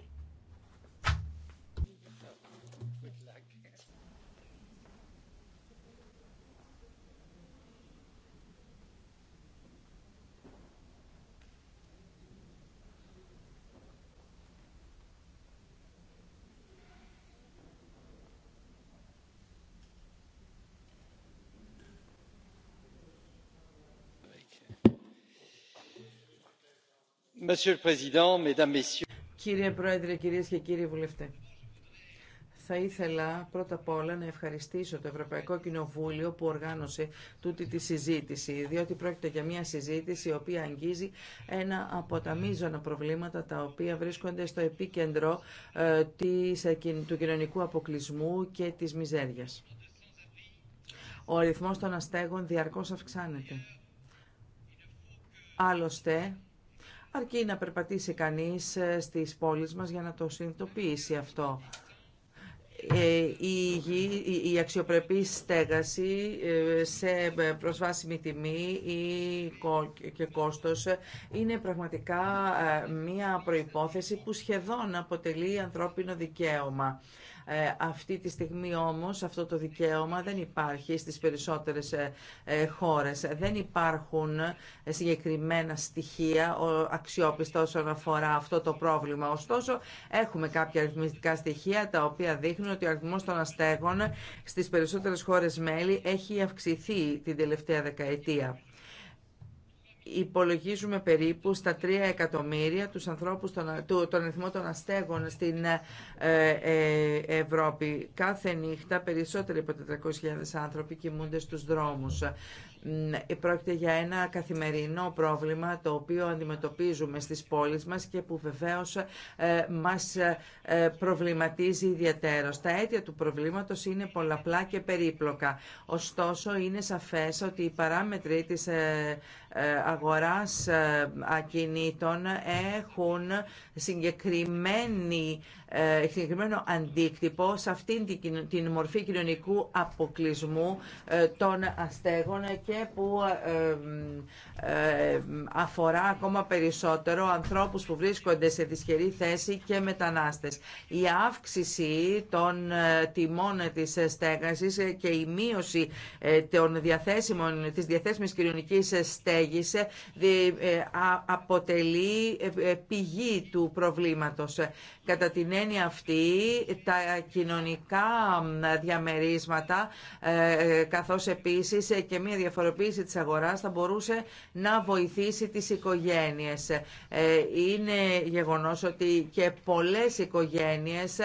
Κύριε Πρόεδρε, κυρίες και κύριοι βουλευτές, θα ήθελα πρώτα απ' όλα να ευχαριστήσω το Ευρωπαϊκό Κοινοβούλιο που οργάνωσε τούτη τη συζήτηση, διότι πρόκειται για μια συζήτηση η οποία αγγίζει ένα από τα μείζωνα προβλήματα τα οποία βρίσκονται στο επίκεντρο ε, ε, του κοινωνικού αποκλεισμού και της μιζέριας. Ο αριθμός των αστέγων διαρκώς αυξάνεται. Άλλωστε, αρκεί να περπατήσει κανείς ε, στις πόλεις μας για να το συνειδητοποιήσει αυτό. Ε, η, η αξιοπρεπή στέγαση ε, σε προσβάσιμη τιμή και κόστος είναι πραγματικά μία προϋπόθεση που σχεδόν αποτελεί ανθρώπινο δικαίωμα. Ε, αυτή τη στιγμή όμως αυτό το δικαίωμα δεν υπάρχει στις περισσότερες ε, ε, χώρες. Δεν υπάρχουν συγκεκριμένα στοιχεία αξιόπιστα όσον αφορά αυτό το πρόβλημα. Ωστόσο, έχουμε κάποια αριθμιστικά στοιχεία τα οποία δείχνουν ότι ο αριθμός των αστέγων στις περισσότερες χώρες μέλη έχει αυξηθεί την τελευταία δεκαετία υπολογίζουμε περίπου στα 3 εκατομμύρια τους ανθρώπους, τον, τον αριθμό των αστέγων στην ε, ε, Ευρώπη. Κάθε νύχτα περισσότεροι από 400.000 άνθρωποι κοιμούνται στους δρόμους. Ε, πρόκειται για ένα καθημερινό πρόβλημα το οποίο αντιμετωπίζουμε στις πόλεις μας και που βεβαίως μας προβληματίζει ιδιαίτερα. Τα αίτια του προβλήματος είναι πολλαπλά και περίπλοκα. Ωστόσο είναι σαφές ότι οι παράμετροι της ε, αγοράς ε, ακινήτων έχουν συγκεκριμένη, ε, συγκεκριμένο αντίκτυπο σε αυτήν την μορφή κοινωνικού αποκλεισμού των αστέγων και που αφορά ακόμα περισσότερο ανθρώπους που βρίσκονται σε δυσχερή θέση και μετανάστες. Η αύξηση των τιμών της στέγασης και η μείωση των διαθέσιμων, της διαθέσιμης κοινωνικής στέγης ε, α, αποτελεί ε, πηγή του προβλήματος. Κατά την έννοια αυτή, τα κοινωνικά διαμερίσματα, ε, καθώς επίσης και μια διαφοροποίηση της αγοράς θα μπορούσε να βοηθήσει τις οικογένειες. Είναι γεγονός ότι και πολλές οικογένειες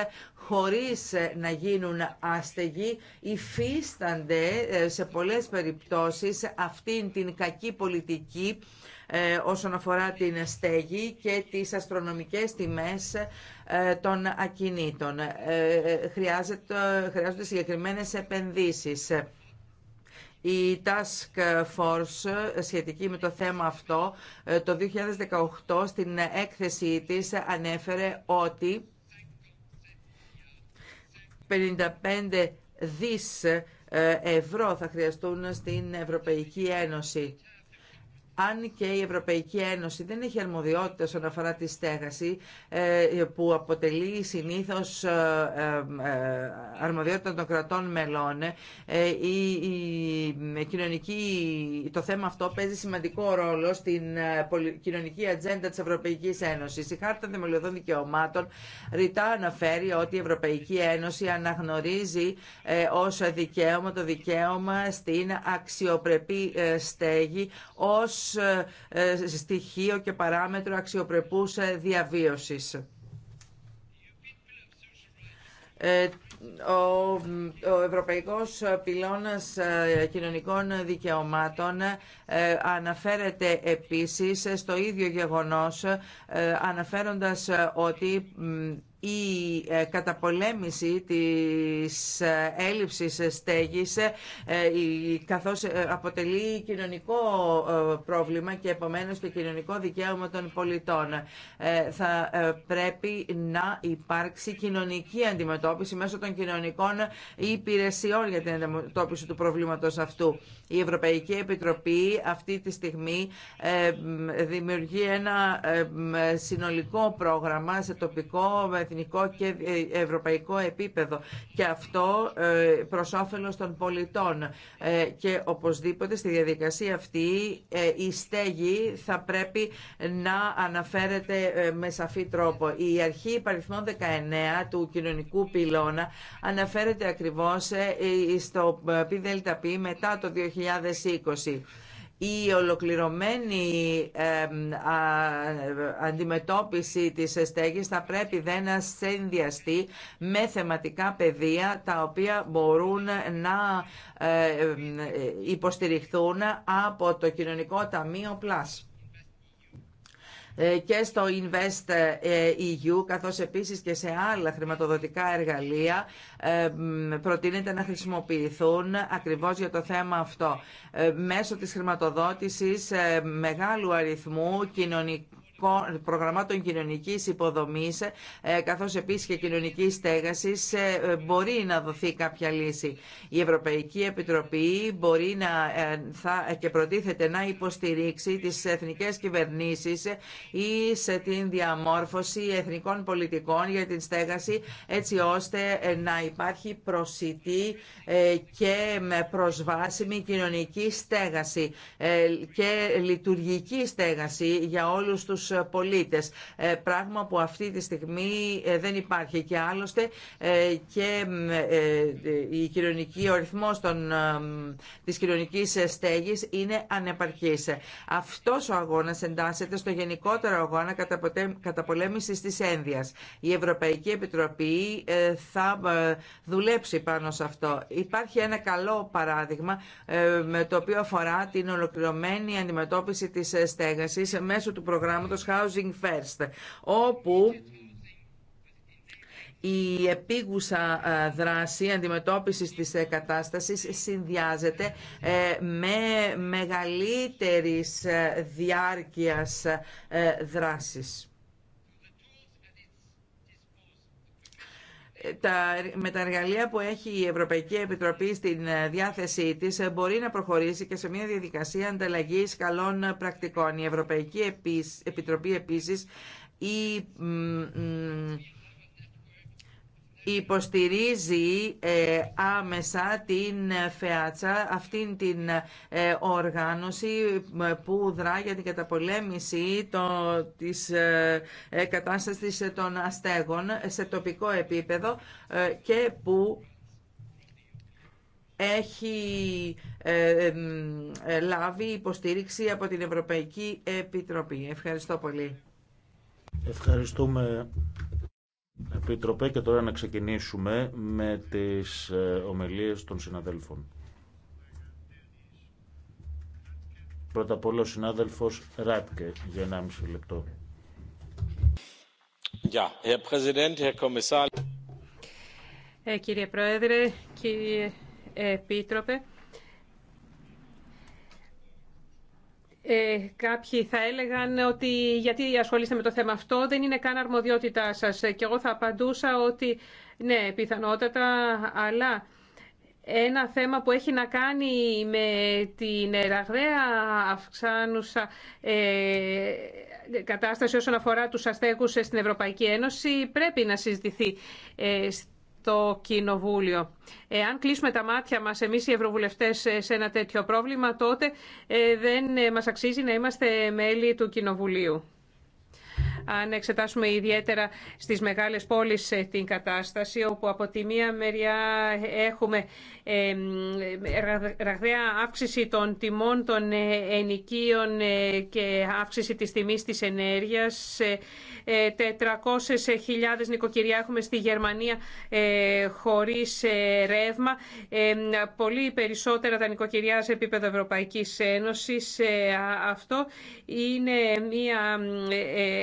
χωρίς ε, να γίνουν άστεγοι υφίστανται ε, σε πολλές περιπτώσεις αυτήν την κακή πολιτική ε, όσον αφορά την στέγη και τις αστρονομικές τιμές των ακινήτων. χρειάζονται συγκεκριμένες επενδύσεις. Η Task Force σχετική με το θέμα αυτό το 2018 στην έκθεσή της ανέφερε ότι 55 δις ε, ευρώ θα χρειαστούν στην Ευρωπαϊκή Ένωση αν και η Ευρωπαϊκή Ένωση δεν έχει αρμοδιότητα όσον αφορά τη στέγαση ε, που αποτελεί συνήθως ε, ε, αρμοδιότητα των κρατών μελών η, κοινωνική, το θέμα αυτό παίζει σημαντικό ρόλο στην κοινωνική ατζέντα της Ευρωπαϊκής Ένωσης. Η Χάρτα Δημολιωδών Δικαιωμάτων ρητά αναφέρει ότι η Ευρωπαϊκή Ένωση αναγνωρίζει ως δικαίωμα το δικαίωμα στην αξιοπρεπή στέγη ως ε, ε, στοιχείο και παράμετρο αξιοπρεπούς ε, διαβίωσης ο, ο Ευρωπαϊκός Πυλώνας Κοινωνικών Δικαιωμάτων αναφέρεται επίσης στο ίδιο γεγονός αναφέροντας ότι η ε, καταπολέμηση της ε, έλλειψης στέγης ε, καθώς αποτελεί κοινωνικό πρόβλημα και επομένως και κοινωνικό δικαίωμα των πολιτών. Θα πρέπει να υπάρξει κοινωνική αντιμετώπιση μέσω των κοινωνικών υπηρεσιών για την αντιμετώπιση του προβλήματος αυτού. Η Ευρωπαϊκή Επιτροπή αυτή τη στιγμή δημιουργεί ένα συνολικό πρόγραμμα σε τοπικό, εθνικό και ε, ευρωπαϊκό επίπεδο και αυτό ε, προς όφελος των πολιτών ε, και οπωσδήποτε στη διαδικασία αυτή η στέγη θα πρέπει να αναφέρεται με σαφή τρόπο. Η αρχή παριθμών 19 του κοινωνικού πυλώνα αναφέρεται ακριβώς στο ΠΔΠ μετά το 2020 η ολοκληρωμένη αντιμετώπιση της στέγης θα πρέπει δεν να συνδυαστεί με θεματικά πεδία τα οποία μπορούν να ε, υποστηριχθούν από το Κοινωνικό Ταμείο πλάσμα. Ε, και στο Invest ε, EU, καθώς επίσης και σε άλλα χρηματοδοτικά εργαλεία ε, προτείνεται να χρησιμοποιηθούν ακριβώς για το θέμα αυτό. Μέσω της χρηματοδότησης μεγάλου αριθμού κοινωνικών προγραμμάτων κοινωνικής υποδομής ε, καθώς επίσης και κοινωνικής στέγασης ε, μπορεί να δοθεί κάποια λύση. Η Ευρωπαϊκή Επιτροπή μπορεί να ε, θα, και προτίθεται να υποστηρίξει τις εθνικές κυβερνήσεις ή σε την διαμόρφωση εθνικών πολιτικών για την στέγαση έτσι ώστε να υπάρχει προσιτή και προσβάσιμη κοινωνική στέγαση και λειτουργική στέγαση για όλους τους πολίτες. Ε, πράγμα που αυτή τη στιγμή ε, δεν υπάρχει και άλλωστε ε, και η κοινωνική, ο ρυθμός των, της κοινωνικής είναι ανεπαρκής. Αυτός ο αγώνας εντάσσεται στο γενικότερο αγώνα καταπολέμησης της ένδυας. Η Ευρωπαϊκή Επιτροπή θα δουλέψει πάνω σε αυτό. Υπάρχει ένα καλό παράδειγμα με το οποίο αφορά την ολοκληρωμένη αντιμετώπιση της στέγασης μέσω του προγράμματος Housing First, όπου η επίγουσα ε, δράση αντιμετώπισης της ε, κατάστασης συνδυάζεται ε, με μεγαλύτερης διάρκειας δράσης. με τα εργαλεία που έχει η Ευρωπαϊκή Επιτροπή στην ε, διάθεσή της ε, μπορεί να προχωρήσει και σε μια διαδικασία ανταλλαγής καλών πρακτικών. Η Ευρωπαϊκή Επιτροπή επίσης η υποστηρίζει ε, άμεσα την ΦΕΑΤΣΑ, αυτήν την ε, οργάνωση ε, που δρά για την καταπολέμηση το, της κατάστασης των αστέγων σε τοπικό επίπεδο και που έχει λάβει υποστήριξη από την Ευρωπαϊκή Επιτροπή. Ευχαριστώ πολύ. Ευχαριστούμε Επίτροπε και τώρα να ξεκινήσουμε με τις ε, ομιλίες των συναδέλφων. Πρώτα απ' όλα ο συνάδελφος Ράτκε για 1,5 λεπτό. Ja, Herr ε, κύριε Πρόεδρε, κύριε Επίτροπε, Ε, κάποιοι θα έλεγαν ότι γιατί ασχολείστε με το θέμα αυτό, δεν είναι καν αρμοδιότητά σας. Και εγώ θα απαντούσα ότι ναι, πιθανότατα, αλλά ένα θέμα που έχει να κάνει με την ραγδαία αυξάνουσα ε, κατάσταση όσον αφορά τους αστέγους στην Ευρωπαϊκή Ένωση πρέπει να συζητηθεί. Ε, το Κοινοβούλιο. Εάν κλείσουμε τα μάτια μας εμείς οι Ευρωβουλευτές σε ένα τέτοιο πρόβλημα, τότε ε, δεν ε, μας αξίζει να είμαστε μέλη του Κοινοβουλίου. Αν εξετάσουμε ιδιαίτερα στις μεγάλες πόλεις ε, την κατάσταση, όπου από τη μία μεριά έχουμε ε, ραγδαία αύξηση των τιμών των ε, ενοικίων ε, και αύξηση της τιμής της ενέργειας. 400.000 νοικοκυριά έχουμε στη Γερμανία χωρίς ρεύμα. Πολύ περισσότερα τα νοικοκυριά σε επίπεδο Ευρωπαϊκής Ένωσης. Αυτό είναι μια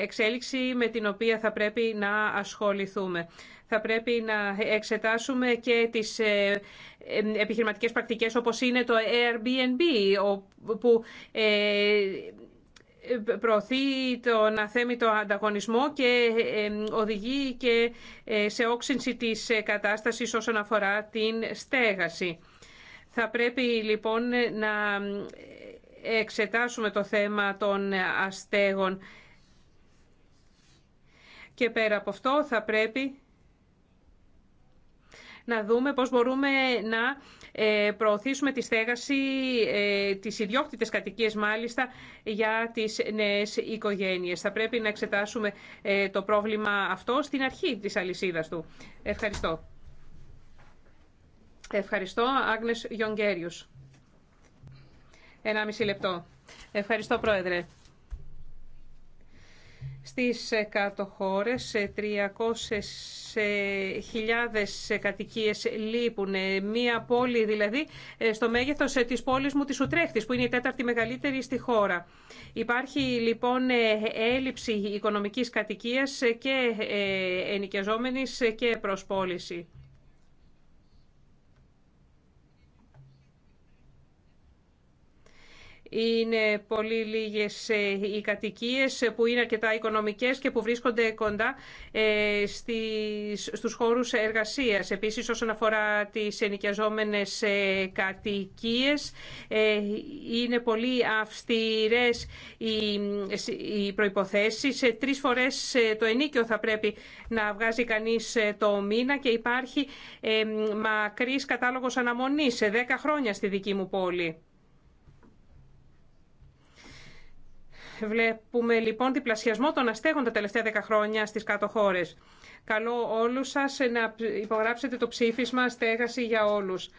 εξέλιξη με την οποία θα πρέπει να ασχοληθούμε θα πρέπει να εξετάσουμε και τις ε, ε, επιχειρηματικές πρακτικές όπως είναι το Airbnb που ε, προωθεί τον αθέμητο ανταγωνισμό και οδηγεί και σε όξυνση της κατάστασης όσον αφορά την στέγαση. Θα πρέπει λοιπόν να εξετάσουμε το θέμα των αστέγων και πέρα από αυτό θα πρέπει να δούμε πώς μπορούμε να ε, προωθήσουμε τη στέγαση, ε, τις ιδιόκτητες κατοικίες μάλιστα, για τις νέες οικογένειες. Θα πρέπει να εξετάσουμε ε, το πρόβλημα αυτό στην αρχή της αλυσίδας του. Ευχαριστώ. Ευχαριστώ, Άγνες Γιονγκέριους. Ένα μισή λεπτό. Ευχαριστώ, Πρόεδρε. Στις κάτω χώρες 300.000 κατοικίες λείπουν. Ε, μία πόλη δηλαδή ε, στο μέγεθος ε, της πόλης μου της Ουτρέχτης που είναι η τέταρτη μεγαλύτερη στη χώρα. Υπάρχει λοιπόν έλλειψη οικονομικής κατοικίας και ενοικιαζόμενης και προσπόληση. Είναι πολύ λίγες ε, οι κατοικίες που είναι αρκετά οικονομικές και που βρίσκονται κοντά ε, στους χώρους εργασίας. Επίσης, όσον αφορά τις ενοικιαζόμενες ε, κατοικίες, είναι πολύ αυστηρές οι προϋποθέσεις. Τρεις φορές το ενίκιο θα πρέπει να βγάζει κανείς το μήνα και υπάρχει μακρύς κατάλογος αναμονής σε 10 χρόνια στη δική μου πόλη. Βλέπουμε λοιπόν διπλασιασμό των αστέγων τα τελευταία δέκα χρόνια στις κάτω χώρες. Καλώ όλους σας να υπογράψετε το ψήφισμα «Στέγαση για όλους».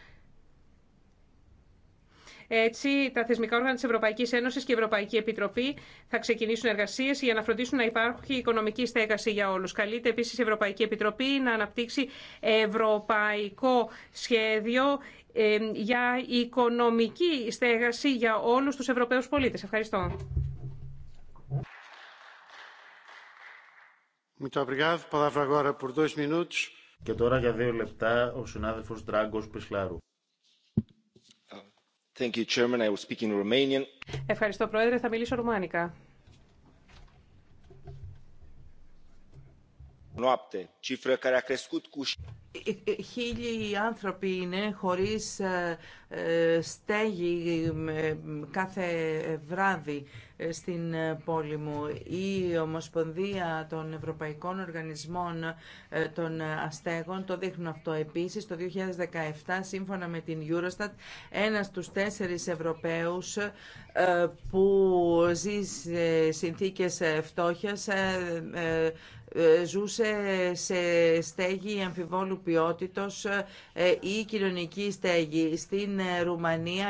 Έτσι, τα θεσμικά όργανα τη Ευρωπαϊκή Ένωση και η Ευρωπαϊκή Επιτροπή θα ξεκινήσουν εργασίε για να φροντίσουν να υπάρχει οικονομική στέγαση για όλου. Καλείται επίση η Ευρωπαϊκή Επιτροπή να αναπτύξει ευρωπαϊκό σχέδιο ε, για οικονομική στέγαση για όλου του Ευρωπαίου πολίτε. Ευχαριστώ. Και τώρα για δύο λεπτά ο συνάδελφος Πισλάρου. Ευχαριστώ, Πρόεδρε. Θα μιλήσω ρουμάνικα. Χίλιοι άνθρωποι είναι χωρίς ε, ε, στέγη ε, κάθε βράδυ στην πόλη μου. Η Ομοσπονδία των Ευρωπαϊκών Οργανισμών των Αστέγων το δείχνουν αυτό. Επίσης, το 2017, σύμφωνα με την Eurostat, ένας στους τέσσερις Ευρωπαίους που ζει σε συνθήκες φτώχειας ε, ζούσε σε στέγη αμφιβόλου ποιότητος ε, ή κοινωνική στέγη. Στην ε, Ρουμανία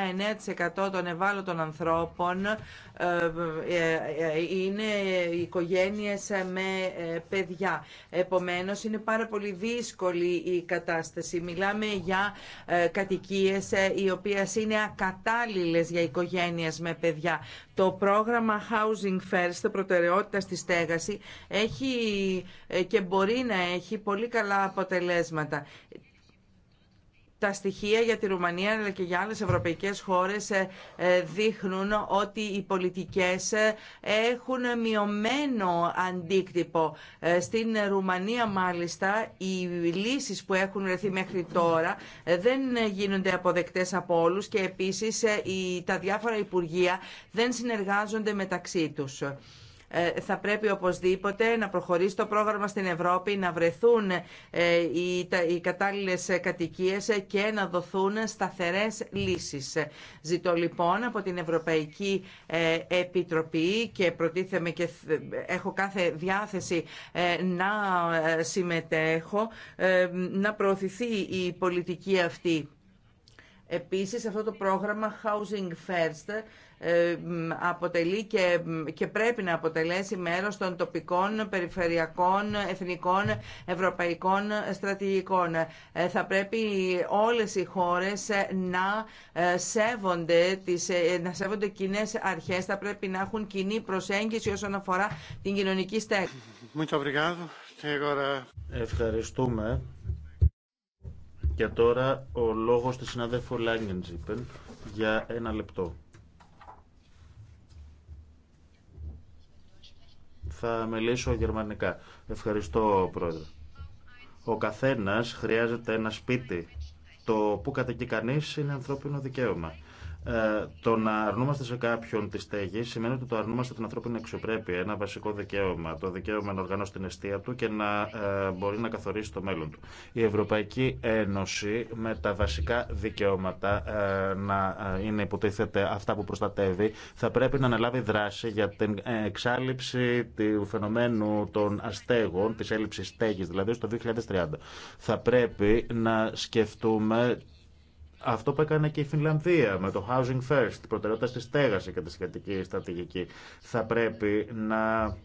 9% των ευάλωτων ανθρώπων ε, ε, είναι οικογένειες με ε, παιδιά. Επομένως είναι πάρα πολύ δύσκολη η κατάσταση. Μιλάμε για κατοικίες οι οποίες είναι ακατάλληλες για οικογένειες με παιδιά. Το πρόγραμμα Housing First, προτεραιότητα στη στέγαση, έχει και μπορεί να έχει πολύ καλά αποτελέσματα τα στοιχεία για τη Ρουμανία αλλά και για άλλες ευρωπαϊκές χώρες ε, ε, δείχνουν ότι οι πολιτικές ε, έχουν μειωμένο αντίκτυπο. Στην Ρουμανία μάλιστα οι λύσεις που έχουν βρεθεί μέχρι τώρα δεν γίνονται αποδεκτές από όλους και επίσης τα διάφορα υπουργεία δεν συνεργάζονται μεταξύ τους. Ε, θα πρέπει οπωσδήποτε να προχωρήσει το πρόγραμμα στην Ευρώπη, να βρεθούν ε, οι κατάλληλες κατοικίες και να δοθούν σταθερές λύσεις. Ζητώ λοιπόν από την Ευρωπαϊκή ε, Επιτροπή και προτίθεμαι και έχω κάθε διάθεση να συμμετέχω, να προωθηθεί η πολιτική αυτή. Επίσης, αυτό το πρόγραμμα Housing First αποτελεί και, και πρέπει να αποτελέσει μέρος των τοπικών, περιφερειακών, εθνικών, ευρωπαϊκών στρατηγικών. Ε, θα πρέπει όλες οι χώρες ε, ε, να σέβονται, τις, να σέβονται κοινέ αρχές, θα πρέπει να έχουν κοινή προσέγγιση όσον αφορά την κοινωνική στέγη. Ευχαριστούμε. Και τώρα ο λόγος του συναδέλφου Λάγκεντζιπεν για ένα λεπτό. Θα μιλήσω γερμανικά. Ευχαριστώ, Πρόεδρε. Ο καθένας χρειάζεται ένα σπίτι. Το που κατοικεί κανείς είναι ανθρώπινο δικαίωμα. Ε, το να αρνούμαστε σε κάποιον τη στέγη σημαίνει ότι το αρνούμαστε την ανθρώπινη αξιοπρέπεια, ένα βασικό δικαίωμα, το δικαίωμα να οργανώσει την αιστεία του και να ε, μπορεί να καθορίσει το μέλλον του. Η Ευρωπαϊκή Ένωση με τα βασικά δικαιώματα ε, να ε, είναι υποτίθεται αυτά που προστατεύει, θα πρέπει να αναλάβει δράση για την εξάλληψη του φαινομένου των αστέγων, τη έλλειψη στέγη δηλαδή, στο 2030. Θα πρέπει να σκεφτούμε αυτό που έκανε και η Φινλανδία με το Housing First, προτεραιότητα στη στέγαση και τη σχετική στρατηγική. Θα πρέπει να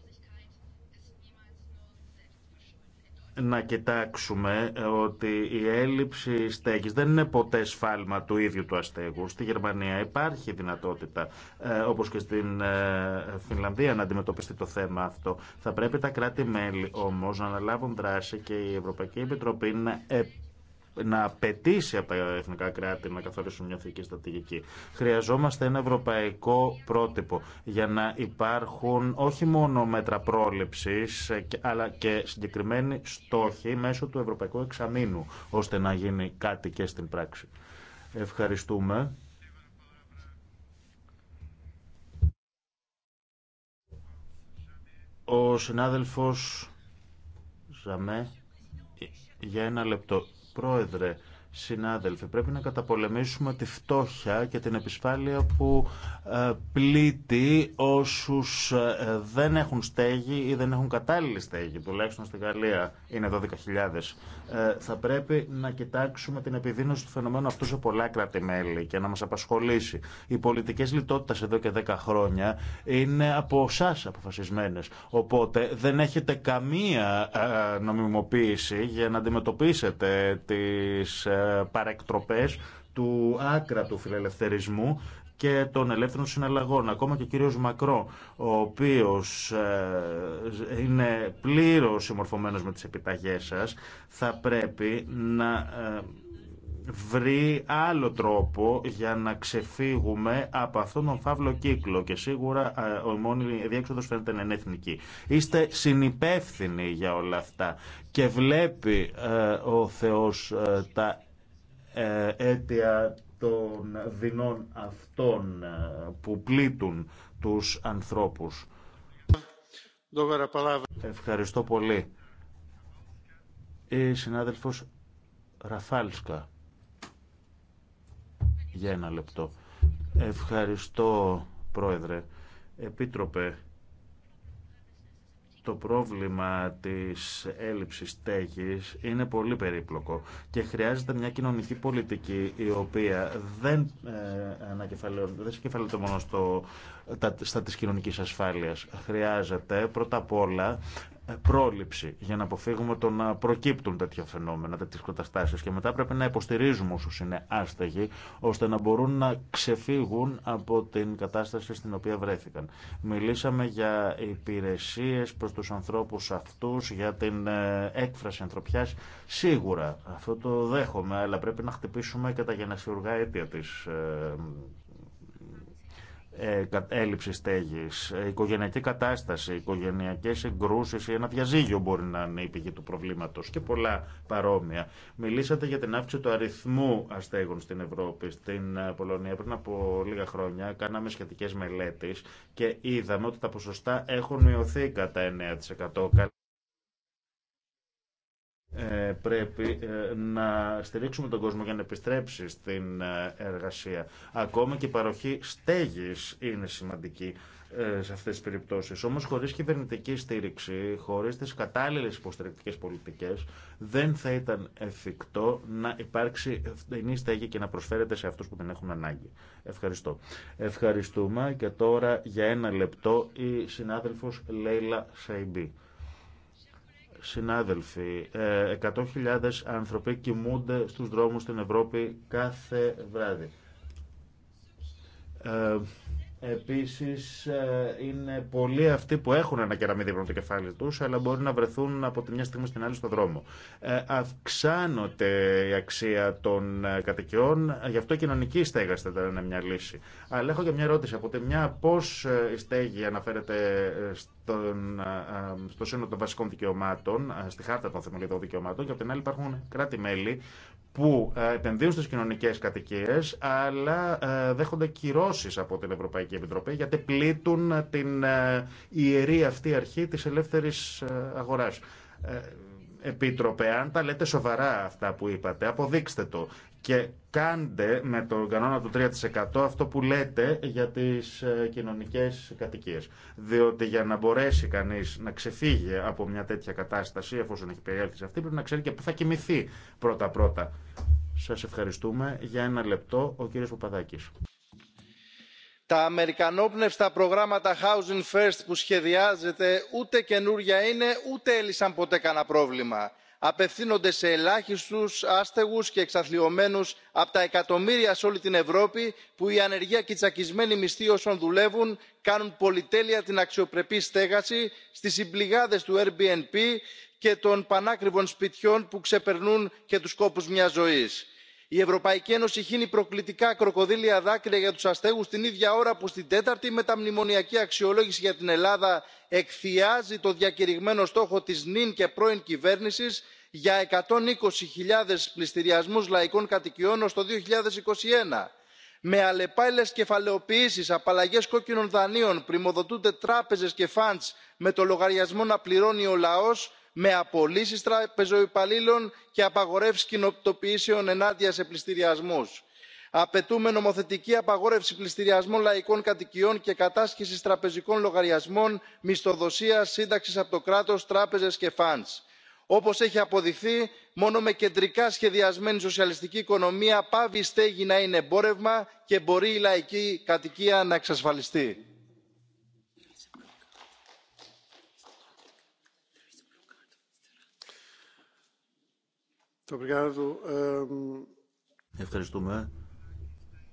να κοιτάξουμε ότι η έλλειψη στέγης δεν είναι ποτέ σφάλμα του ίδιου του αστέγου. Στη Γερμανία υπάρχει δυνατότητα, ε, όπως και στην ε, Φινλανδία, να αντιμετωπιστεί το θέμα αυτό. Θα πρέπει τα κράτη-μέλη όμως να αναλάβουν δράση και η Ευρωπαϊκή Επιτροπή να να απαιτήσει από τα εθνικά κράτη να καθορίσουν μια θετική στρατηγική. Χρειαζόμαστε ένα ευρωπαϊκό πρότυπο για να υπάρχουν όχι μόνο μέτρα πρόληψη, αλλά και συγκεκριμένοι στόχοι μέσω του ευρωπαϊκού εξαμήνου, ώστε να γίνει κάτι και στην πράξη. Ευχαριστούμε. Ο συνάδελφος Ζαμέ για ένα λεπτό. Πρόεδρε, Συνάδελφοι, πρέπει να καταπολεμήσουμε τη φτώχεια και την επισφάλεια που ε, πλήττει όσους ε, δεν έχουν στέγη ή δεν έχουν κατάλληλη στέγη, τουλάχιστον στη Γαλλία είναι 12.000. Ε, θα πρέπει να κοιτάξουμε την επιδείνωση του φαινομένου αυτού σε πολλά κράτη-μέλη και να μας απασχολήσει. Οι πολιτικές λιτότητες εδώ και 10 χρόνια είναι από εσά αποφασισμένες. Οπότε δεν έχετε καμία νομιμοποίηση για να αντιμετωπίσετε τις παρεκτροπές του άκρα του φιλελευθερισμού και των ελεύθερων συναλλαγών. Ακόμα και ο κύριος Μακρό, ο οποίος ε, είναι πλήρως συμμορφωμένος με τις επιταγές σας, θα πρέπει να ε, βρει άλλο τρόπο για να ξεφύγουμε από αυτόν τον φαύλο κύκλο και σίγουρα ε, ο μόνη διέξοδος φαίνεται να είναι εθνική. Είστε συνυπεύθυνοι για όλα αυτά και βλέπει ο Θεός τα ε, αίτια των δεινών αυτών ε, που πλήττουν τους ανθρώπους. Ευχαριστώ πολύ. Η συνάδελφος Ραφάλσκα. Για ένα λεπτό. Ευχαριστώ, Πρόεδρε. Επίτροπε, το πρόβλημα της έλλειψης στέγης είναι πολύ περίπλοκο και χρειάζεται μια κοινωνική πολιτική η οποία δεν, ε, δεν συγκεφαλείται μόνο στο, στα της κοινωνικής ασφάλειας. Χρειάζεται πρώτα απ' όλα ε, πρόληψη για να αποφύγουμε το να προκύπτουν τέτοια φαινόμενα, τέτοιε καταστάσει. Και μετά πρέπει να υποστηρίζουμε όσου είναι άστεγοι, ώστε να μπορούν να ξεφύγουν από την κατάσταση στην οποία βρέθηκαν. Μιλήσαμε για υπηρεσίε προ του ανθρώπου αυτού, για την ε, έκφραση ανθρωπιά. Σίγουρα αυτό το δέχομαι, αλλά πρέπει να χτυπήσουμε και τα γενεσιουργά αίτια τη ε, ε, έλλειψη στέγης, ε, οικογενειακή κατάσταση, οικογενειακές συγκρούσεις ή ένα διαζύγιο μπορεί να είναι η πηγή του προβλήματος και πολλά παρόμοια. Μιλήσατε για την αύξηση του αριθμού αστέγων στην Ευρώπη, στην ε, Πολωνία. Πριν από λίγα χρόνια κάναμε σχετικές μελέτες και είδαμε ότι τα ποσοστά έχουν μειωθεί κατά 9%. Ε, πρέπει ε, να στηρίξουμε τον κόσμο για να επιστρέψει στην ε, εργασία. Ακόμα και η παροχή στέγης είναι σημαντική ε, σε αυτές τις περιπτώσεις. Όμως χωρίς κυβερνητική στήριξη, χωρίς τις κατάλληλες υποστηρικτικές πολιτικές, δεν θα ήταν εφικτό να υπάρξει ευθυνή στέγη και να προσφέρεται σε αυτούς που την έχουν ανάγκη. Ευχαριστώ. Ευχαριστούμε και τώρα για ένα λεπτό η συνάδελφος Λέιλα Σαϊμπή. Συνάδελφοι, 100.000 ε, άνθρωποι κοιμούνται στους δρόμους στην Ευρώπη κάθε βράδυ. Ε, επίσης, ε, είναι πολλοί αυτοί που έχουν ένα κεραμίδι από το κεφάλι τους, αλλά μπορεί να βρεθούν από τη μια στιγμή στην άλλη στο δρόμο. Ε, αυξάνονται η αξία των ε, κατοικιών, γι' αυτό η κοινωνική στέγαση θα ήταν μια λύση. Αλλά έχω και μια ερώτηση. Από τη μια, πώς η στέγη αναφέρεται ε, ε, στο σύνολο των βασικών δικαιωμάτων, ε, στη χάρτα των θεμελιωδών δικαιωμάτων και από την άλλη υπάρχουν κράτη-μέλη που επενδύουν στις κοινωνικές κατοικίες αλλά δέχονται κυρώσεις από την Ευρωπαϊκή Επιτροπή γιατί πλήττουν την ιερή αυτή αρχή της ελεύθερης αγοράς. Επίτροπε, αν τα λέτε σοβαρά αυτά που είπατε, αποδείξτε το και κάντε με τον κανόνα του 3% αυτό που λέτε για τις ε, κοινωνικές κατοικίες. Διότι για να μπορέσει κανείς να ξεφύγει από μια τέτοια κατάσταση, εφόσον έχει περιέλθει σε αυτή, πρέπει να ξέρει και πού θα κοιμηθεί πρώτα-πρώτα. Σας ευχαριστούμε. Για ένα λεπτό, ο κύριος Παπαδάκης. Τα αμερικανόπνευστα προγράμματα Housing First που σχεδιάζεται ούτε καινούρια είναι, ούτε έλυσαν ποτέ κανένα πρόβλημα απευθύνονται σε ελάχιστους άστεγους και εξαθλιωμένους από τα εκατομμύρια σε όλη την ευρώπη που η ανεργία και οι τσακισμένοι μισθοί όσων δουλεύουν κάνουν πολυτέλεια την αξιοπρεπή στέγαση στις συμπληγάδες του airbnb και των πανάκριβων σπιτιών που ξεπερνούν και τους κόπους μιας ζωής η ευρωπαϊκή ένωση χύνει προκλητικά κροκοδίλια δάκρυα για τους αστέγους την ίδια ώρα που στην τέταρτη μεταμνημονιακή αξιολόγηση για την ελλάδα εκθιάζει το διακηρυγμένο στόχο της νυν και πρώην κυβέρνησης για 120.000 πληστηριασμούς λαϊκών κατοικιών ως το 2021. Με αλλεπάλληλες κεφαλαιοποιήσεις, απαλλαγές κόκκινων δανείων, πρημοδοτούνται τράπεζες και φαντς με το λογαριασμό να πληρώνει ο λαός με απολύσεις τραπεζοϋπαλλήλων και απαγορεύσεις κινητοποιήσεων ενάντια σε πληστηριασμούς. απαιτούμε νομοθετική απαγόρευση πληστηριασμών λαϊκών κατοικιών και κατάσχεση τραπεζικών λογαριασμών μισθοδοσίας σύνταξης από το κράτος τράπεζες και funds. όπως έχει αποδειχθεί μόνο με κεντρικά σχεδιασμένη σοσιαλιστική οικονομία πάβει η στέγη να είναι εμπόρευμα και μπορεί η λαϊκή κατοικία να εξασφαλιστεί. Ευχαριστούμε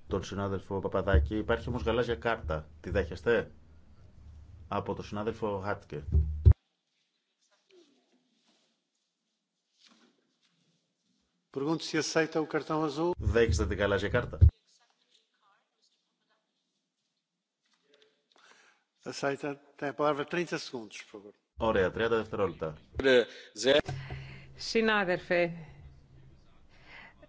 τον συνάδελφο Παπαδάκη. Υπάρχει όμως γαλάζια κάρτα. Τη δέχεστε? Από τον συνάδελφο Χάτκε. Δέχεστε την γαλάζια κάρτα. Ε, Ωραία, 30 δευτερόλεπτα. Συνάδελφε,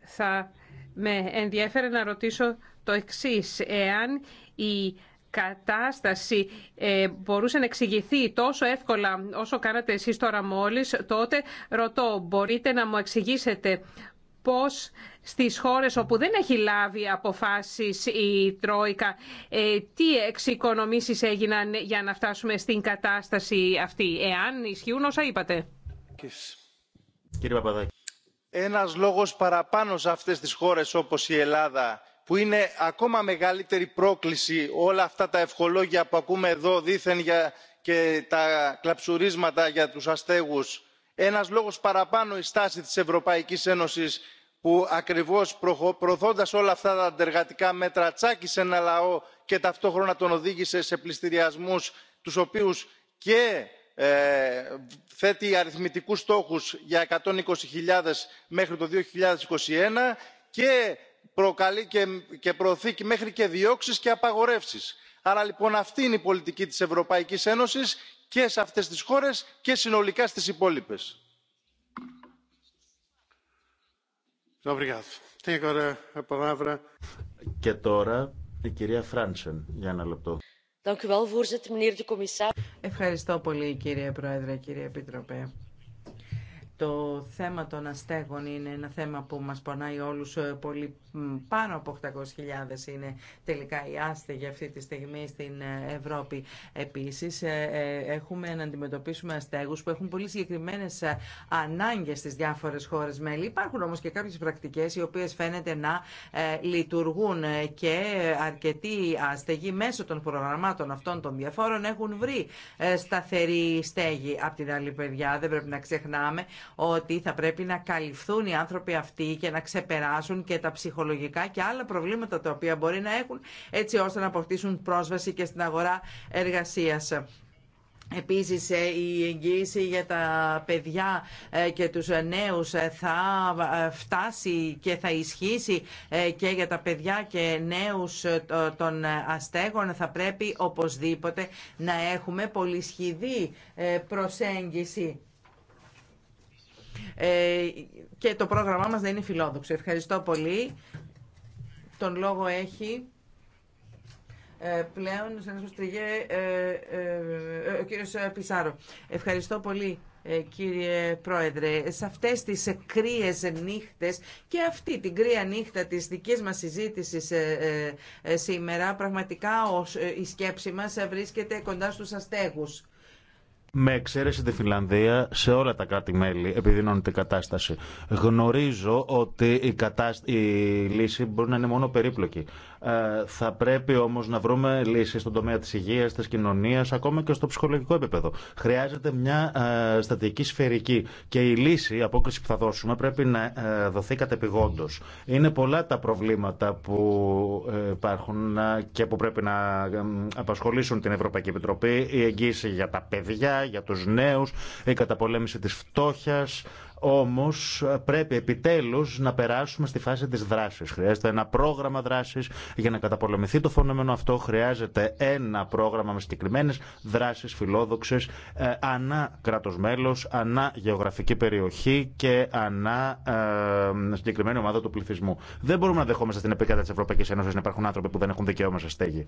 θα με ενδιέφερε να ρωτήσω το εξής. Εάν η κατάσταση ε, μπορούσε να εξηγηθεί τόσο εύκολα όσο κάνατε εσείς τώρα μόλις, τότε ρωτώ, μπορείτε να μου εξηγήσετε πώς στις χώρες όπου δεν έχει λάβει αποφάσεις η Τρόικα, ε, τι εξοικονομήσεις έγιναν για να φτάσουμε στην κατάσταση αυτή, εάν ισχύουν όσα είπατε. Κύριε Παπαδάκη ένας λόγος παραπάνω σε αυτές τις χώρες όπως η ελλάδα που είναι ακόμα μεγαλύτερη πρόκληση όλα αυτά τα ευχολόγια που ακούμε εδώ δήθεν και τα κλαψουρίσματα για τους αστέγους ένας λόγος παραπάνω η στάση της ευρωπαϊκής ένωσης που ακριβώς προωθώντας όλα αυτά τα αντεργατικά μέτρα τσάκισε ένα λαό και ταυτόχρονα τον οδήγησε σε πληστηριασμούς τους οποίους και ε, θέτει αριθμητικούς στόχους για 120.000 μέχρι το 2021 και προκαλεί και προωθεί μέχρι και διώξεις και απαγορεύσεις. άρα λοιπόν αυτή είναι η πολιτική της ευρωπαϊκής ένωσης και σε αυτές τις χώρες και συνολικά στις υπόλοιπες. Και τώρα η κυρία Φράνσεν για ένα λεπτό. Ευχαριστώ πολύ κύριε Πρόεδρε, κύριε Επιτροπέ. Το θέμα των αστέγων είναι ένα θέμα που μας πονάει όλους ε, πολύ πάνω από 800.000 είναι τελικά οι άστεγοι αυτή τη στιγμή στην ε, Ευρώπη. Επίσης ε, έχουμε να αντιμετωπίσουμε αστέγους που έχουν πολύ συγκεκριμένες ανάγκες στις διάφορες χώρες μέλη. Υπάρχουν όμως και κάποιες πρακτικές οι οποίες φαίνεται να λειτουργούν και αρκετοί αστεγοί μέσω των προγραμμάτων αυτών των διαφόρων έχουν βρει σταθερή στέγη. από την άλλη παιδιά δεν πρέπει να ξεχνάμε ότι θα πρέπει να καλυφθούν οι άνθρωποι αυτοί και να ξεπεράσουν και τα ψυχολογικά και άλλα προβλήματα τα οποία μπορεί να έχουν έτσι ώστε να αποκτήσουν πρόσβαση και στην αγορά εργασίας. Επίσης ε, η εγγύηση για τα παιδιά ε, και τους ε, νέους θα φτάσει και θα ισχύσει και για τα παιδιά και νέους των αστέγων θα πρέπει οπωσδήποτε να έχουμε πολυσχηδή προσέγγιση ε, και το πρόγραμμά μας να είναι φιλόδοξο. Ευχαριστώ πολύ. Τον λόγο έχει ε, πλέον ε, ο κύριος Πισάρο. Ευχαριστώ πολύ κύριε Πρόεδρε, σε αυτές τις κρύες νύχτες και αυτή την κρύα νύχτα της δικής μας συζήτησης σήμερα, πραγματικά η σκέψη μας βρίσκεται κοντά στους αστέγους. Με εξαίρεση τη Φιλανδία, σε όλα τα κράτη-μέλη επιδεινώνεται η κατάσταση. Γνωρίζω ότι η, η λύση μπορεί να είναι μόνο περίπλοκη. Ε, θα πρέπει όμω να βρούμε λύσει στον τομέα τη υγεία, τη κοινωνία, ακόμα και στο ψυχολογικό επίπεδο. Χρειάζεται μια ε, στατική σφαιρική και η λύση, η απόκριση που θα δώσουμε, πρέπει να ε, δοθεί κατεπηγόντω. Είναι πολλά τα προβλήματα που υπάρχουν και που πρέπει να απασχολήσουν την Ευρωπαϊκή Επιτροπή. Η εγγύηση για τα παιδιά, για του νέου, η καταπολέμηση τη φτώχεια, Όμω ε, πρέπει επιτέλου να περάσουμε στη φάση τη δράση. Χρειάζεται ένα πρόγραμμα δράση για να καταπολεμηθεί το φαινόμενο αυτό. Χρειάζεται ένα πρόγραμμα με συγκεκριμένε δράσει φιλόδοξε ε, ανά κράτο μέλο, ανά γεωγραφική περιοχή και ανά ε, συγκεκριμένη ομάδα του πληθυσμού. Δεν μπορούμε να δεχόμαστε στην επίκαιρα τη Ευρωπαϊκή Ένωση να υπάρχουν άνθρωποι που δεν έχουν δικαίωμα σε στέγη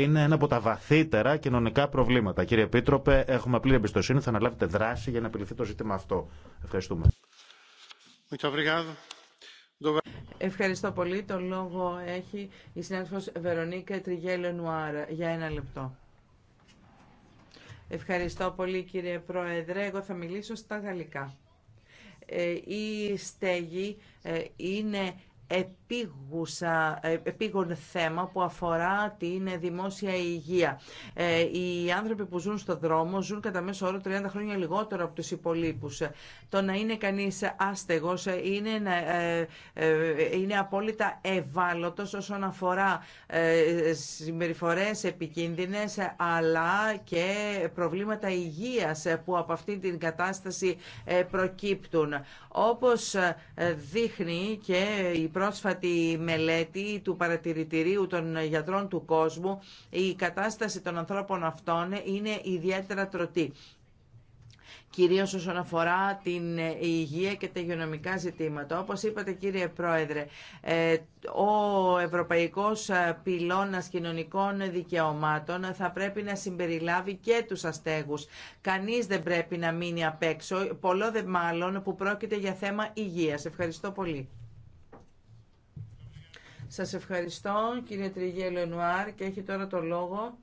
είναι ένα από τα βαθύτερα κοινωνικά προβλήματα. Κύριε Επίτροπε, έχουμε πλήρη εμπιστοσύνη. Θα αναλάβετε δράση για να επιληθεί το ζήτημα αυτό. Ευχαριστούμε. Ευχαριστώ πολύ. Το λόγο έχει η συνάδελφος Βερονίκα Τριγέλιο Νουάρα. Για ένα λεπτό. Ευχαριστώ πολύ κύριε Πρόεδρε. Εγώ θα μιλήσω στα γαλλικά. Ε, η στέγη ε, είναι επίγουσα, ε, επίγον θέμα που αφορά την δημόσια υγεία. Ε, οι άνθρωποι που ζουν στο δρόμο ζουν κατά μέσο όρο 30 χρόνια λιγότερο από τους υπολείπους. Το να είναι κανείς άστεγος είναι, ε, είναι απόλυτα ευάλωτος όσον αφορά συμπεριφορές επικίνδυνες αλλά και προβλήματα υγείας που από αυτή την κατάσταση προκύπτουν. Όπως δείχνει και η πρόσφατη τη μελέτη του παρατηρητηρίου των γιατρών του κόσμου η κατάσταση των ανθρώπων αυτών είναι ιδιαίτερα τροτή. κυρίως όσον αφορά την υγεία και τα υγειονομικά ζητήματα. Όπως είπατε κύριε Πρόεδρε, ε, ο Ευρωπαϊκός Πυλώνας Κοινωνικών Δικαιωμάτων θα πρέπει να συμπεριλάβει και τους αστέγους. Κανείς δεν πρέπει να μείνει απ' έξω, πολλό δε μάλλον που πρόκειται για θέμα υγείας. Ευχαριστώ πολύ. Σας ευχαριστώ κύριε Τριγέλο Νουάρ και έχει τώρα το λόγο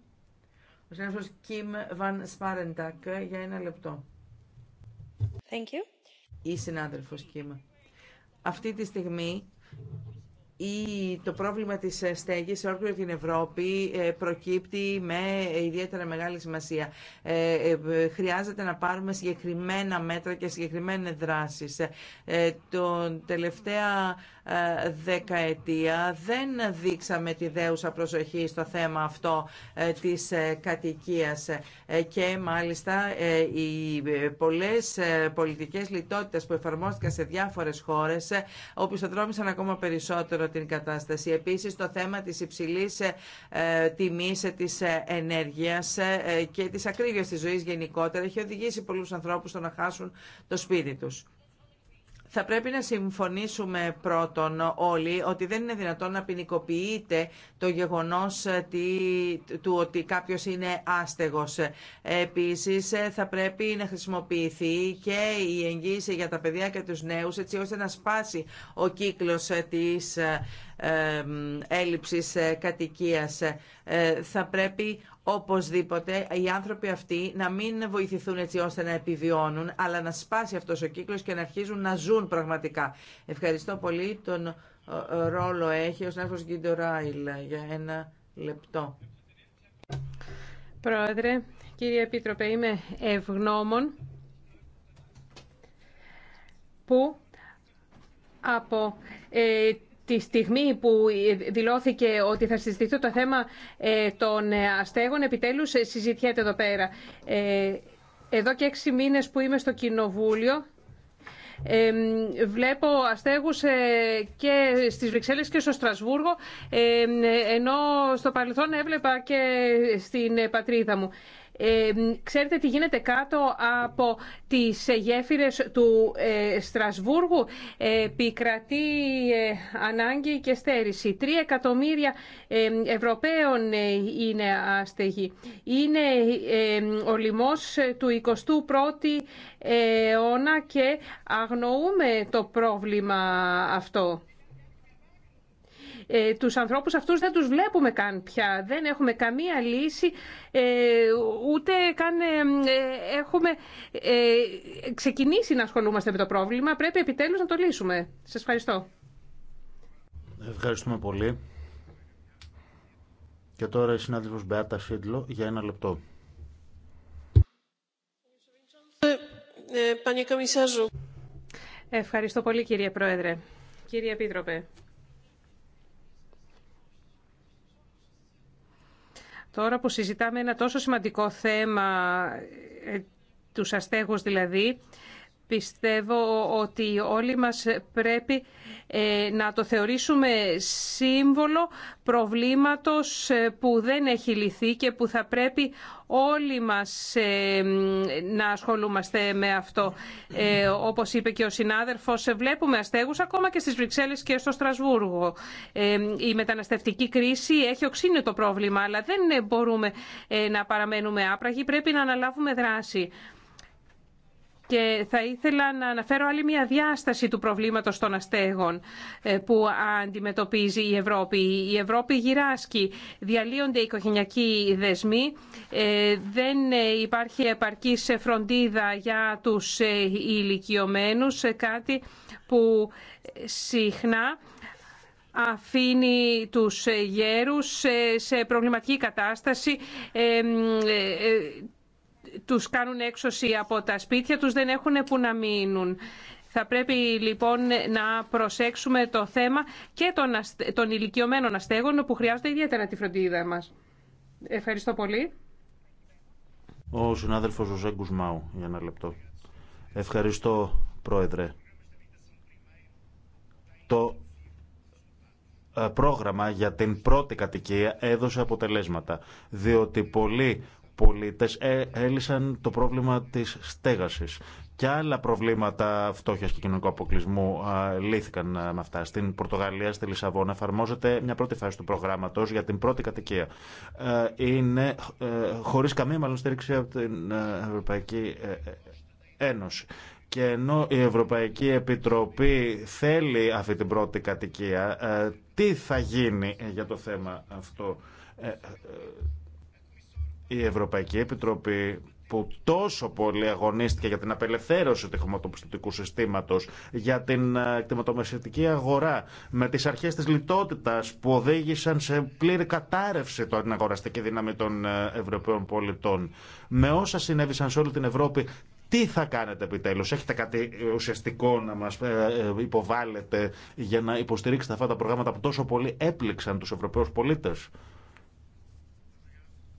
ο συνάδελφος Κιμ Βαν Σπάρεντακ για ένα λεπτό. Thank you. Η συνάδελφος Κιμ. Αυτή τη στιγμή ή το πρόβλημα της ε, στέγης σε όλη την Ευρώπη ε, προκύπτει με ιδιαίτερα μεγάλη σημασία. Ε, χρειάζεται να πάρουμε συγκεκριμένα μέτρα και συγκεκριμένες δράσεις. Το τελευταία δεκαετία δεν δείξαμε τη δέουσα προσοχή στο θέμα αυτό ε, της ε, κατοικίας ε, και μάλιστα οι πολλές πολιτικές λιτότητες που εφαρμόστηκαν σε διάφορες χώρες οπισθοδρόμησαν ακόμα περισσότερο την κατάσταση. Επίσης το θέμα της υψηλής τιμής της ενέργειας και της ακρίβειας της ζωής γενικότερα έχει οδηγήσει πολλούς ανθρώπους στο να χάσουν το σπίτι τους θα πρέπει να συμφωνήσουμε πρώτον όλοι ότι δεν είναι δυνατόν να ποινικοποιείται το γεγονός ε, του ότι κάποιος είναι άστεγος. Επίσης ε, θα πρέπει να χρησιμοποιηθεί και η εγγύηση για τα παιδιά και τους νέους έτσι ώστε να σπάσει ο κύκλος ε, της έλλειψης ε, κατοικίας. Ε, θα πρέπει οπωσδήποτε οι άνθρωποι αυτοί να μην βοηθηθούν έτσι ώστε να επιβιώνουν, αλλά να σπάσει αυτός ο κύκλος και να αρχίζουν να ζουν πραγματικά. Ευχαριστώ πολύ. Τον ε, ρόλο έχει ο Σνέφος Γκίντο για ένα λεπτό. Πρόεδρε, κύριε Επίτροπε, είμαι ευγνώμων που από τη στιγμή που δηλώθηκε ότι θα συζητηθεί το θέμα ε, των ε, αστέγων, επιτέλους ε, συζητιέται εδώ πέρα. Εδώ και έξι μήνες που είμαι στο Κοινοβούλιο, βλέπω αστέγους και στις Βρυξέλλες και στο Στρασβούργο, ενώ στο παρελθόν έβλεπα και στην πατρίδα μου ξέρετε τι γίνεται κάτω από τις γέφυρες του ε, Στρασβούργου. Επικρατεί ε, ανάγκη και στέρηση. Τρία εκατομμύρια Ευρωπαίων ε, είναι άστεγοι. Είναι ο λοιμός του 21 ου αιώνα και αγνοούμε το πρόβλημα αυτό ε, τους ανθρώπους αυτούς δεν τους βλέπουμε καν πια. Δεν έχουμε καμία λύση, ε, ούτε καν ε, έχουμε ε, ξεκινήσει να ασχολούμαστε με το πρόβλημα. Πρέπει επιτέλους να το λύσουμε. Σας ευχαριστώ. Ευχαριστούμε πολύ. Και τώρα η συνάδελφος Μπεάτα Σίτλο για ένα λεπτό. Ε, ε, ευχαριστώ πολύ κύριε Πρόεδρε. Κύριε Επίτροπε. Τώρα που συζητάμε ένα τόσο σημαντικό θέμα, ε, τους αστέγους δηλαδή, Πιστεύω ότι όλοι μας πρέπει ε, να το θεωρήσουμε σύμβολο προβλήματος ε, που δεν έχει λυθεί και που θα πρέπει όλοι μας ε, να ασχολούμαστε με αυτό. Όπως είπε και ο συνάδελφος, βλέπουμε αστέγους ακόμα και στις Βρυξέλλες και στο Στρασβούργο. Η μεταναστευτική κρίση έχει οξύνει το πρόβλημα, αλλά δεν μπορούμε να παραμένουμε άπραγοι, πρέπει να αναλάβουμε δράση. Και θα ήθελα να αναφέρω άλλη μια διάσταση του προβλήματος των αστέγων ε, που αντιμετωπίζει η Ευρώπη. Η Ευρώπη γυράσκει, διαλύονται οι οικογενειακοί δεσμοί, ε, δεν ε, υπάρχει επαρκής φροντίδα για τους ηλικιωμένους, κάτι που συχνά αφήνει τους γέρους σε προβληματική κατάσταση τους κάνουν έξωση από τα σπίτια τους, δεν έχουν που να μείνουν. Θα πρέπει λοιπόν να προσέξουμε το θέμα και των, αστε... των ηλικιωμένων αστέγων που χρειάζονται ιδιαίτερα τη φροντίδα μας. Ευχαριστώ πολύ. Ο συνάδελφος Ζωζέ Μάου, για ένα λεπτό. Ευχαριστώ, Πρόεδρε. Το ε, πρόγραμμα για την πρώτη κατοικία έδωσε αποτελέσματα, διότι πολλοί πολίτες ε, έλυσαν το πρόβλημα της στέγασης και άλλα προβλήματα φτώχεια και κοινωνικού αποκλεισμού λύθηκαν με αυτά. Στην Πορτογαλία, στη Λισαβόνα, εφαρμόζεται μια πρώτη φάση του προγράμματο για την πρώτη κατοικία. Ε, είναι ε, χωρί καμία μάλλον στήριξη από την Ευρωπαϊκή Ένωση. Και ενώ η Ευρωπαϊκή Επιτροπή θέλει αυτή την πρώτη κατοικία, τι θα γίνει για το θέμα αυτό η Ευρωπαϊκή Επιτροπή που τόσο πολύ αγωνίστηκε για την απελευθέρωση του χρηματοπιστωτικού συστήματο, για την ε, κτηματομεσητική αγορά, με τι αρχέ τη λιτότητα που οδήγησαν σε πλήρη κατάρρευση των αγοραστική δύναμη των ε, Ευρωπαίων πολιτών, με όσα συνέβησαν σε όλη την Ευρώπη, τι θα κάνετε επιτέλου, έχετε κάτι ουσιαστικό να μα ε, υποβάλλετε για να υποστηρίξετε αυτά τα προγράμματα που τόσο πολύ έπληξαν του Ευρωπαίου πολίτε.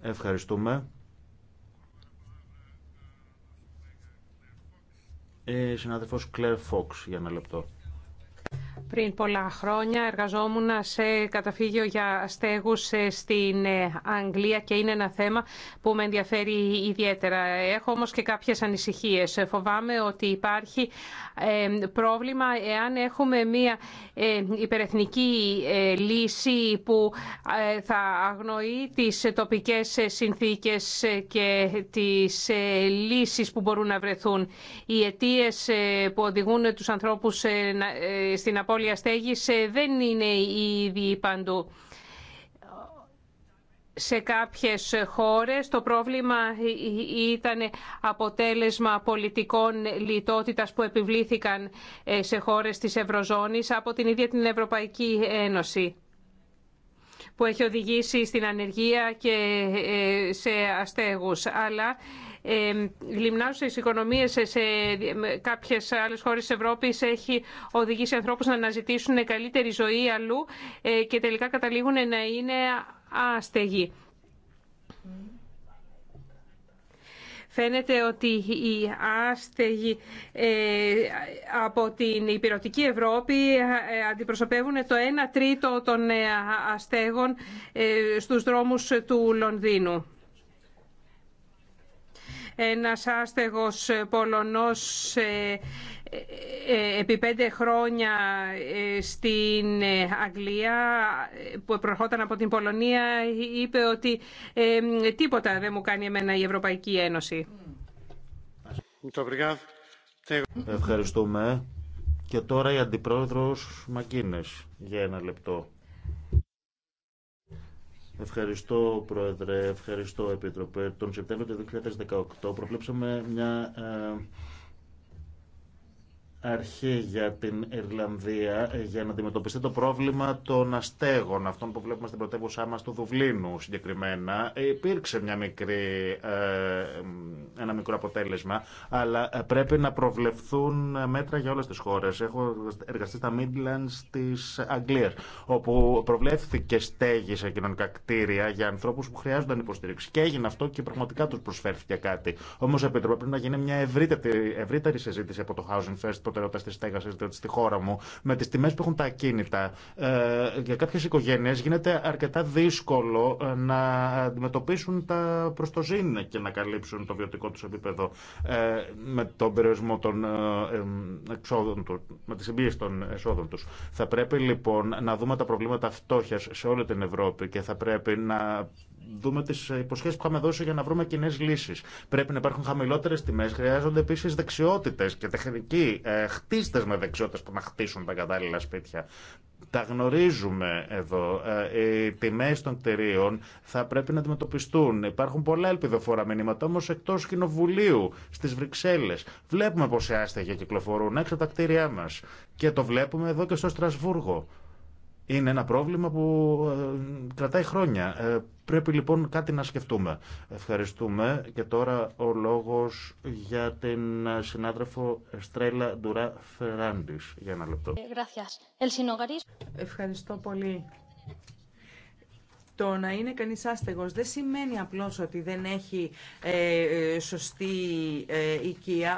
Ευχαριστούμε. Η ε, συνάδελφος Κλέρ Φόξ για ένα λεπτό. Πριν πολλά χρόνια εργαζόμουν σε καταφύγιο για στέγους ε, στην ε, Αγγλία και είναι ένα θέμα που με ενδιαφέρει ιδιαίτερα. Έχω όμως και κάποιες ανησυχίες. Φοβάμαι ότι υπάρχει ε, πρόβλημα εάν έχουμε μία υπερεθνική λύση που θα αγνοεί τις τοπικές συνθήκες και τις λύσεις που μπορούν να βρεθούν. Οι αιτίες που οδηγούν τους ανθρώπους στην απόλυτη σχόλια ε, δεν είναι ήδη παντού. Σε κάποιες χώρες το πρόβλημα ε, ε, ήταν αποτέλεσμα πολιτικών λιτότητας που επιβλήθηκαν σε χώρες της Ευρωζώνης από την ίδια την Ευρωπαϊκή Ένωση που έχει οδηγήσει στην ανεργία και σε αστέγους. Αλλά γλυμνάζουσες οικονομίες σε κάποιες άλλες χώρες της Ευρώπης έχει οδηγήσει ανθρώπους να αναζητήσουν καλύτερη ζωή αλλού ε, και τελικά καταλήγουν να είναι άστεγοι. Φαίνεται ότι οι άστεγοι ε, από την υπηρετική Ευρώπη ε, αντιπροσωπεύουν το 1 τρίτο των αστέγων στους δρόμους του Λονδίνου ένας άστεγος Πολωνός ε, ε, επί πέντε χρόνια ε, στην Αγγλία που προχώταν από την Πολωνία είπε ότι τίποτα δεν μου κάνει εμένα η Ευρωπαϊκή Ένωση. Ευχαριστούμε. Και τώρα η Αντιπρόεδρος Μακίνες για ένα λεπτό. Ευχαριστώ, Πρόεδρε. Ευχαριστώ, Επίτροπε. Τον Σεπτέμβριο του 2018 προβλέψαμε μια ε, αρχή για την Ιρλανδία για να αντιμετωπιστεί το πρόβλημα των αστέγων, αυτών που βλέπουμε στην πρωτεύουσά μας του Δουβλίνου συγκεκριμένα. Υπήρξε μια μικρή, ε, ένα μικρό αποτέλεσμα, αλλά πρέπει να προβλεφθούν μέτρα για όλες τις χώρες. Έχω εργαστεί στα Midlands της Αγγλίας, όπου προβλέφθηκε στέγη σε κοινωνικά κτίρια για ανθρώπους που χρειάζονταν υποστήριξη. Και έγινε αυτό και πραγματικά τους προσφέρθηκε κάτι. Όμως, Επίτροπε, πρέπει να γίνει μια ευρύτερη, ευρύτερη συζήτηση από το Housing First προτεραιότητα τη στέγαση, διότι δηλαδή στη χώρα μου, με τι τιμέ που έχουν τα ακίνητα, ε, για κάποιε οικογένειε γίνεται αρκετά δύσκολο ε, να αντιμετωπίσουν τα προστοζήν και να καλύψουν το βιωτικό του επίπεδο ε, με τον περιορισμό των εξόδων του, με τι εμπειρίε των εσόδων του. Θα πρέπει λοιπόν να δούμε τα προβλήματα φτώχεια σε όλη την Ευρώπη και θα πρέπει να δούμε τι υποσχέσει που είχαμε δώσει για να βρούμε κοινέ λύσει. Πρέπει να υπάρχουν χαμηλότερε τιμέ. Χρειάζονται επίση δεξιότητε και τεχνικοί ε, χτίστε με δεξιότητε που να χτίσουν τα κατάλληλα σπίτια. Τα γνωρίζουμε εδώ. Ε, οι τιμέ των κτηρίων θα πρέπει να αντιμετωπιστούν. Υπάρχουν πολλά ελπιδοφόρα μηνύματα όμω εκτό κοινοβουλίου, στι Βρυξέλλε. Βλέπουμε πω οι άστεγοι κυκλοφορούν έξω από τα κτίρια μα. Και το βλέπουμε εδώ και στο Στρασβούργο. Είναι ένα πρόβλημα που ε, κρατάει χρόνια. Ε, πρέπει λοιπόν κάτι να σκεφτούμε. Ευχαριστούμε και τώρα ο λόγος για την ε, συνάδελφο Στρέλα Ντουρά Φεράντης. Για ένα λεπτό. Ευχαριστώ πολύ. Το να είναι κανείς άστεγος δεν σημαίνει απλώς ότι δεν έχει σωστή ε,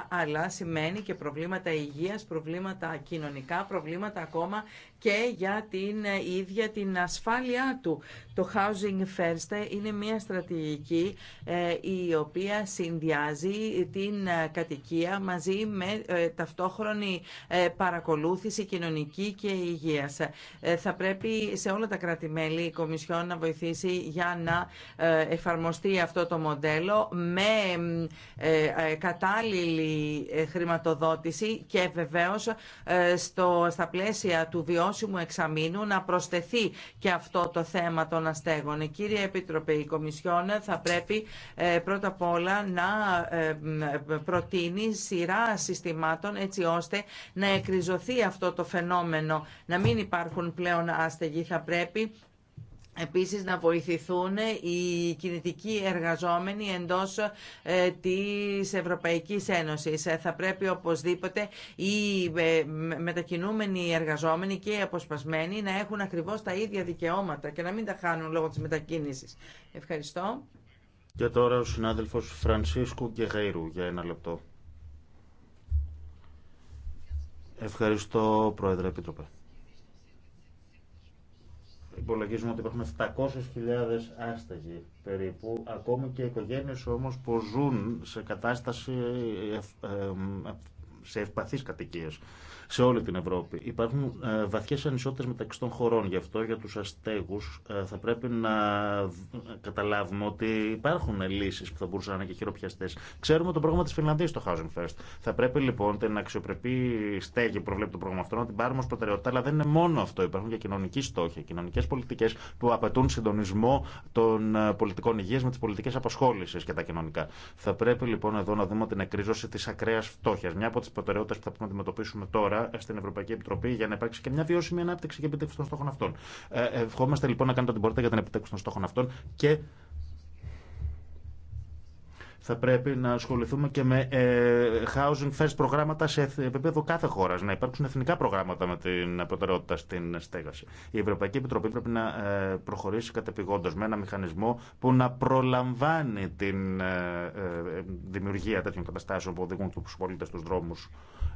αλλά σημαίνει και προβλήματα υγείας, προβλήματα κοινωνικά, προβλήματα ακόμα και για την ε, ίδια την ασφάλειά του. Το Housing First είναι μια στρατηγική ε, η οποία συνδυάζει την ε, κατοικία μαζί με ταυτόχρονη παρακολούθηση κοινωνική και υγείας. Θα πρέπει σε όλα τα κράτη-μέλη η Κομισιόν να βοηθήσει για να εφαρμοστεί αυτό το μοντέλο με κατάλληλη χρηματοδότηση και βεβαίως στο, στα πλαίσια του βιώσιμου βιώσιμου εξαμήνου να προσθεθεί και αυτό το θέμα των αστέγων. Κύριε Επίτροπε, η Κομισιόν θα πρέπει ε, πρώτα απ' όλα να ε, ε, προτείνει σειρά συστημάτων έτσι ώστε να εκριζωθεί αυτό το φαινόμενο, να μην υπάρχουν πλέον άστεγοι. Θα πρέπει Επίσης να βοηθηθούν οι κινητικοί εργαζόμενοι εντός ε, της Ευρωπαϊκής Ένωσης. Ε, θα πρέπει οπωσδήποτε οι ε, μετακινούμενοι εργαζόμενοι και οι αποσπασμένοι να έχουν ακριβώς τα ίδια δικαιώματα και να μην τα χάνουν λόγω της μετακίνησης. Ευχαριστώ. Και τώρα ο συνάδελφος Φρανσίσκου Γκεγαϊρου για ένα λεπτό. Ευχαριστώ Πρόεδρε Επίτροπε. Υπολογίζουμε ότι υπάρχουν 700.000 άστεγοι περίπου, ακόμη και οικογένειες όμως που ζουν σε κατάσταση ε, ε, ε, σε ευπαθείς κατοικίες σε όλη την Ευρώπη. Υπάρχουν ε, βαθιέ ανισότητε μεταξύ των χωρών. Γι' αυτό για του αστέγου ε, θα πρέπει να ε, καταλάβουμε ότι υπάρχουν λύσει που θα μπορούσαν να είναι και χειροπιαστέ. Ξέρουμε το πρόγραμμα τη Φιλανδία στο Housing First. Θα πρέπει λοιπόν την αξιοπρεπή στέγη που προβλέπει το πρόγραμμα αυτό να την πάρουμε ω προτεραιότητα. Αλλά δεν είναι μόνο αυτό. Υπάρχουν και κοινωνικοί στόχοι, κοινωνικέ πολιτικέ που απαιτούν συντονισμό των πολιτικών υγεία με τι πολιτικέ απασχόληση και τα κοινωνικά. Θα πρέπει λοιπόν εδώ να δούμε την εκρίζωση τη ακραία φτώχεια. Μια από τι προτεραιότητε που θα πρέπει να αντιμετωπίσουμε τώρα στην Ευρωπαϊκή Επιτροπή για να υπάρξει και μια βιώσιμη ανάπτυξη και επιτεύξη των στόχων αυτών. Ε, ευχόμαστε λοιπόν να κάνετε την πόρτα για την επιτεύξη των στόχων αυτών και θα πρέπει να ασχοληθούμε και με ε, housing first προγράμματα σε επίπεδο κάθε χώρα. Να υπάρξουν εθνικά προγράμματα με την προτεραιότητα στην στέγαση. Η Ευρωπαϊκή Επιτροπή πρέπει να ε, προχωρήσει κατεπηγόντω με ένα μηχανισμό που να προλαμβάνει την ε, δημιουργία τέτοιων καταστάσεων που οδηγούν του πολίτε στου δρόμου.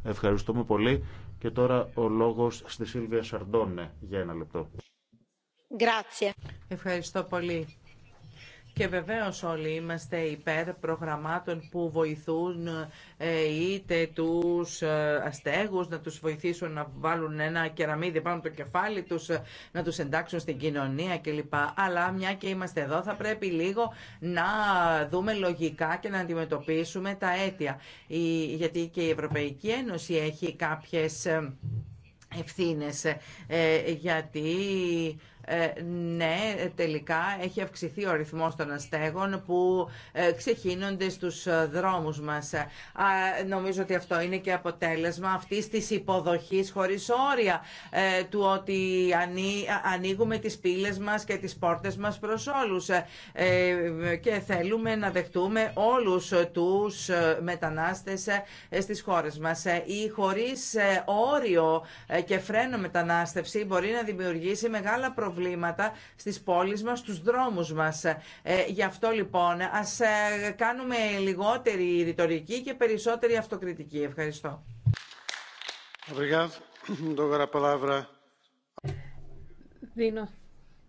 Ευχαριστούμε πολύ. Και τώρα ο λόγο στη Σίλβια Σαρντόνε για ένα λεπτό. Ευχαριστώ πολύ. Και βεβαίω όλοι είμαστε υπέρ προγραμμάτων που βοηθούν ε, είτε τους ε, αστέγους να του βοηθήσουν να βάλουν ένα κεραμίδι πάνω το κεφάλι τους, ε, να τους εντάξουν στην κοινωνία κλπ. Αλλά μια και είμαστε εδώ θα πρέπει λίγο να δούμε λογικά και να αντιμετωπίσουμε τα αίτια. Γιατί και η Ευρωπαϊκή Ένωση έχει κάποιες ευθύνες γιατί ε, ναι, τελικά έχει αυξηθεί ο αριθμός των αστέγων που ε, ξεχύνονται στους ε, δρόμους μας. νομίζω ότι αυτό είναι και αποτέλεσμα αυτής της υποδοχής χωρίς όρια του ότι ανοίγουμε τις πύλες μας και τις πόρτες μας προς όλους και θέλουμε να δεχτούμε όλους τους μετανάστες στις χώρες μας. Ή χωρίς όριο και φρένο μετανάστευση μπορεί να δημιουργήσει μεγάλα προβλήματα προβλήματα στις πόλεις μας, στους δρόμους μας. Ε, γι' αυτό λοιπόν ας ε, κάνουμε λιγότερη ρητορική και περισσότερη αυτοκριτική. Ευχαριστώ. Δίνω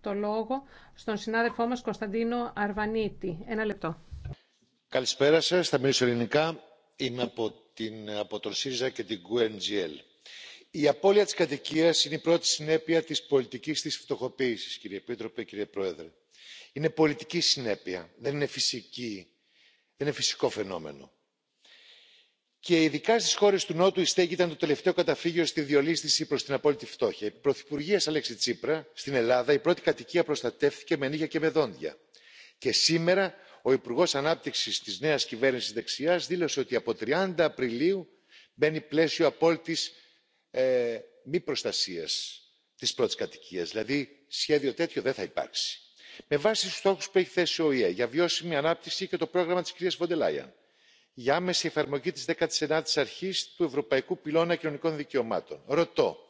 το λόγο στον συνάδελφό μας Κωνσταντίνο Αρβανίτη. Ένα λεπτό. Καλησπέρα σας. Θα μιλήσω ελληνικά. Είμαι από, την, από τον ΣΥΡΙΖΑ και την QNGL η απώλεια της κατοικίας είναι η πρώτη συνέπεια της πολιτικής της φτωχοποίησης κύριε επίτροπε κύριε πρόεδρε. είναι πολιτική συνέπεια δεν είναι φυσική δεν είναι φυσικό φαινόμενο. Και ειδικά στι χώρε του Νότου η στέγη ήταν το τελευταίο καταφύγιο στη διολίσθηση προ την απόλυτη φτώχεια. Επί Πρωθυπουργία Αλέξη Τσίπρα στην Ελλάδα η πρώτη κατοικία προστατεύθηκε με νύχια και με δόντια. Και σήμερα ο Υπουργό Ανάπτυξη τη νέα κυβέρνηση δεξιά δήλωσε ότι από 30 Απριλίου μπαίνει πλαίσιο απόλυτη ε, μη προστασίας της πρώτης κατοικίας δηλαδή σχέδιο τέτοιο δεν θα υπάρξει. με βάση τους στόχους που έχει θέσει ο οηε για βιώσιμη ανάπτυξη και το πρόγραμμα της κυρίας φον για άμεση εφαρμογή της 19ης αρχής του ευρωπαϊκού πυλώνα κοινωνικών δικαιωμάτων ρωτώ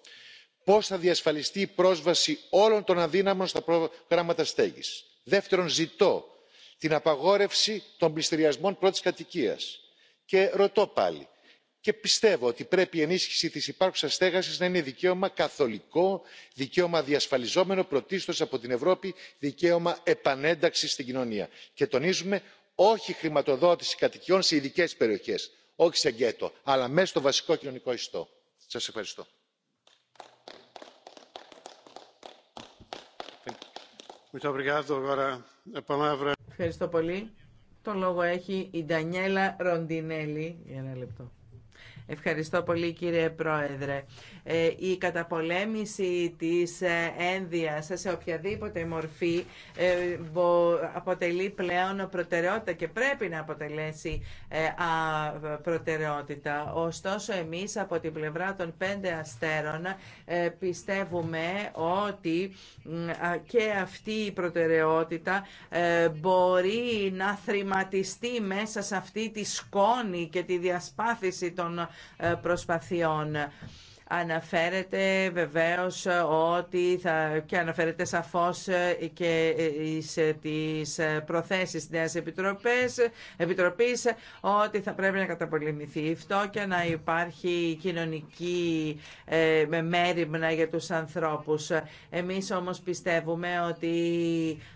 πώς θα διασφαλιστεί η πρόσβαση όλων των αδύναμων στα προγράμματα στέγης. δεύτερον ζητώ την απαγόρευση των πληστηριασμών πρώτη κατοικία. και ρωτώ πάλι και πιστεύω ότι πρέπει η ενίσχυση της υπάρχουσας στέγασης να είναι δικαίωμα καθολικό δικαίωμα διασφαλιζόμενο πρωτίστως από την ευρώπη δικαίωμα επανένταξης στην κοινωνία. και τονίζουμε όχι χρηματοδότηση κατοικιών σε ειδικέ περιοχές όχι σε γκέτο αλλά μέσα στο βασικό κοινωνικό ιστό. σας ευχαριστώ. Ευχαριστώ πολύ. Το λόγο έχει η Ντανιέλα Ροντινέλη. Ευχαριστώ πολύ κύριε Πρόεδρε. Ε, η καταπολέμηση της ε, ένδυας σε οποιαδήποτε μορφή ε, αποτελεί πλέον προτεραιότητα και πρέπει να αποτελέσει προτεραιότητα. Ωστόσο εμείς από την πλευρά των πέντε αστέρων πιστεύουμε ότι και αυτή η προτεραιότητα μπορεί να θρηματιστεί μέσα σε αυτή τη σκόνη και τη διασπάθηση των ε, προσπαθειών. Αναφέρεται βεβαίως ότι θα, και αναφέρεται σαφώς και τις προθέσεις της Νέας Επιτροπής, ότι θα πρέπει να καταπολεμηθεί αυτό και να υπάρχει κοινωνική ε, μέρημνα για τους ανθρώπους. Εμείς όμως πιστεύουμε ότι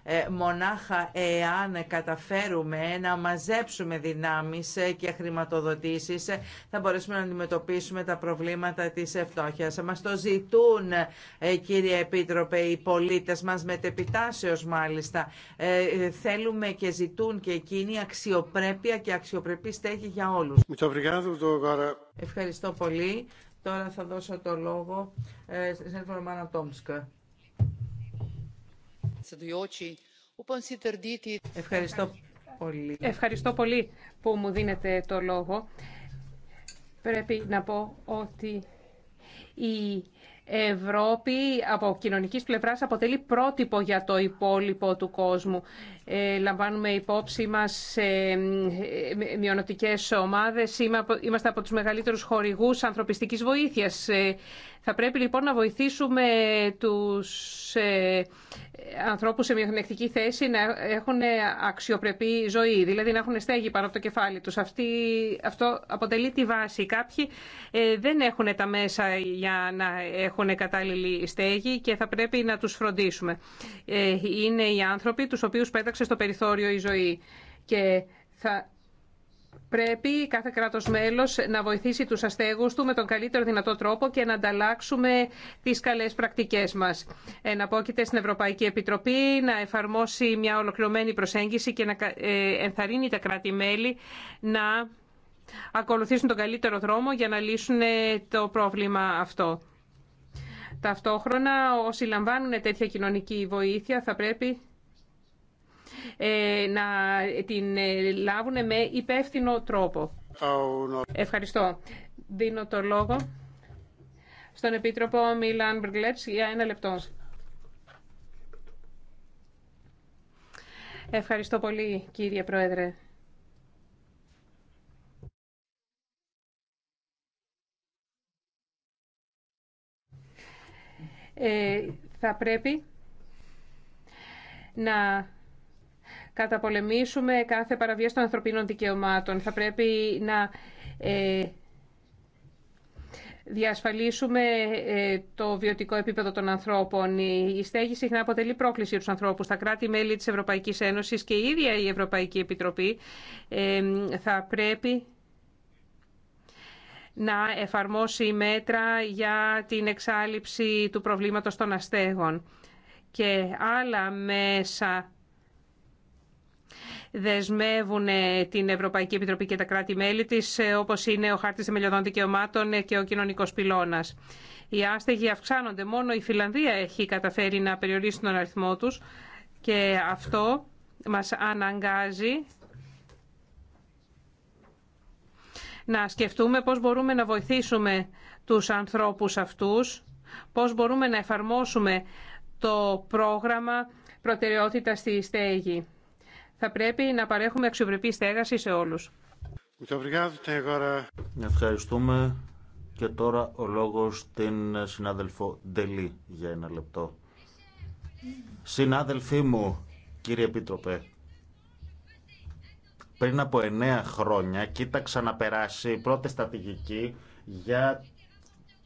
ε, μονάχα εάν καταφέρουμε να μαζέψουμε δυνάμεις και χρηματοδοτήσεις θα μπορέσουμε να αντιμετωπίσουμε τα προβλήματα της φτώχειας. Μας το ζητούν, ε, κύριε Επίτροπε, οι πολίτες μας τεπιτάσεως μάλιστα. Ε, ε, θέλουμε και ζητούν και εκείνη αξιοπρέπεια και αξιοπρεπή στέγη για όλους. Ευχαριστώ πολύ. Τώρα θα δώσω το λόγο στην Σέντρο Τόμσκα. Ευχαριστώ πολύ. Ευχαριστώ πολύ που μου δίνετε το λόγο. Πρέπει να πω ότι η Ευρώπη από κοινωνικής πλευράς αποτελεί πρότυπο για το υπόλοιπο του κόσμου. Ε, λαμβάνουμε υπόψη μας ε, ε, μειονοτικές ομάδες. Είμαστε από τους μεγαλύτερους χορηγούς ανθρωπιστικής βοήθειας. Θα πρέπει λοιπόν να βοηθήσουμε τους ανθρώπους σε μειονεκτική θέση να έχουν αξιοπρεπή ζωή, δηλαδή να έχουν στέγη πάνω από το κεφάλι τους. αυτό αποτελεί τη βάση. Κάποιοι δεν έχουν τα μέσα για να έχουν κατάλληλη στέγη και θα πρέπει να τους φροντίσουμε. είναι οι άνθρωποι τους οποίους πέταξαν στο περιθώριο η ζωή. Και θα πρέπει κάθε κράτος μέλος να βοηθήσει τους αστέγους του με τον καλύτερο δυνατό τρόπο και να ανταλλάξουμε τις καλές πρακτικές μας. Εναπόκειται στην Ευρωπαϊκή Επιτροπή να εφαρμόσει μια ολοκληρωμένη προσέγγιση και να ε, ενθαρρύνει τα κράτη-μέλη να ακολουθήσουν τον καλύτερο δρόμο για να λύσουν ε, το πρόβλημα αυτό. Ταυτόχρονα όσοι λαμβάνουν τέτοια κοινωνική βοήθεια θα πρέπει ε, να την ε, λάβουν με υπεύθυνο τρόπο. Ευχαριστώ. Δίνω το λόγο στον Επίτροπο Μίλαν Μπριγκλέτς για ένα λεπτό. Ευχαριστώ πολύ κύριε Πρόεδρε. Ε, θα πρέπει να καταπολεμήσουμε κάθε παραβίαση των ανθρωπίνων δικαιωμάτων. Θα πρέπει να ε, διασφαλίσουμε ε, το βιωτικό επίπεδο των ανθρώπων. Η στέγη συχνά αποτελεί πρόκληση για του ανθρώπου. Τα κράτη-μέλη τη Ευρωπαϊκή Ένωση και η ίδια η Ευρωπαϊκή Επιτροπή ε, θα πρέπει να εφαρμόσει μέτρα για την εξάλληψη του προβλήματος των αστέγων και άλλα μέσα δεσμεύουν ε, την Ευρωπαϊκή Επιτροπή και τα κράτη-μέλη τη, ε, όπως είναι ο Χάρτης Θεμελιωδών Δικαιωμάτων ε, και ο κοινωνικό Πυλώνα. Οι άστεγοι αυξάνονται. Μόνο η Φιλανδία έχει καταφέρει να περιορίσει τον αριθμό τους και αυτό μας αναγκάζει να σκεφτούμε πώς μπορούμε να βοηθήσουμε τους ανθρώπους αυτούς, πώς μπορούμε να εφαρμόσουμε το πρόγραμμα προτεραιότητα στη στέγη θα πρέπει να παρέχουμε αξιοπρεπή στέγαση σε όλους. Ευχαριστούμε και τώρα ο λόγος στην συνάδελφο Ντελή για ένα λεπτό. Συνάδελφοί μου, κύριε Επίτροπε, πριν από εννέα χρόνια κοίταξα να περάσει η πρώτη στρατηγική για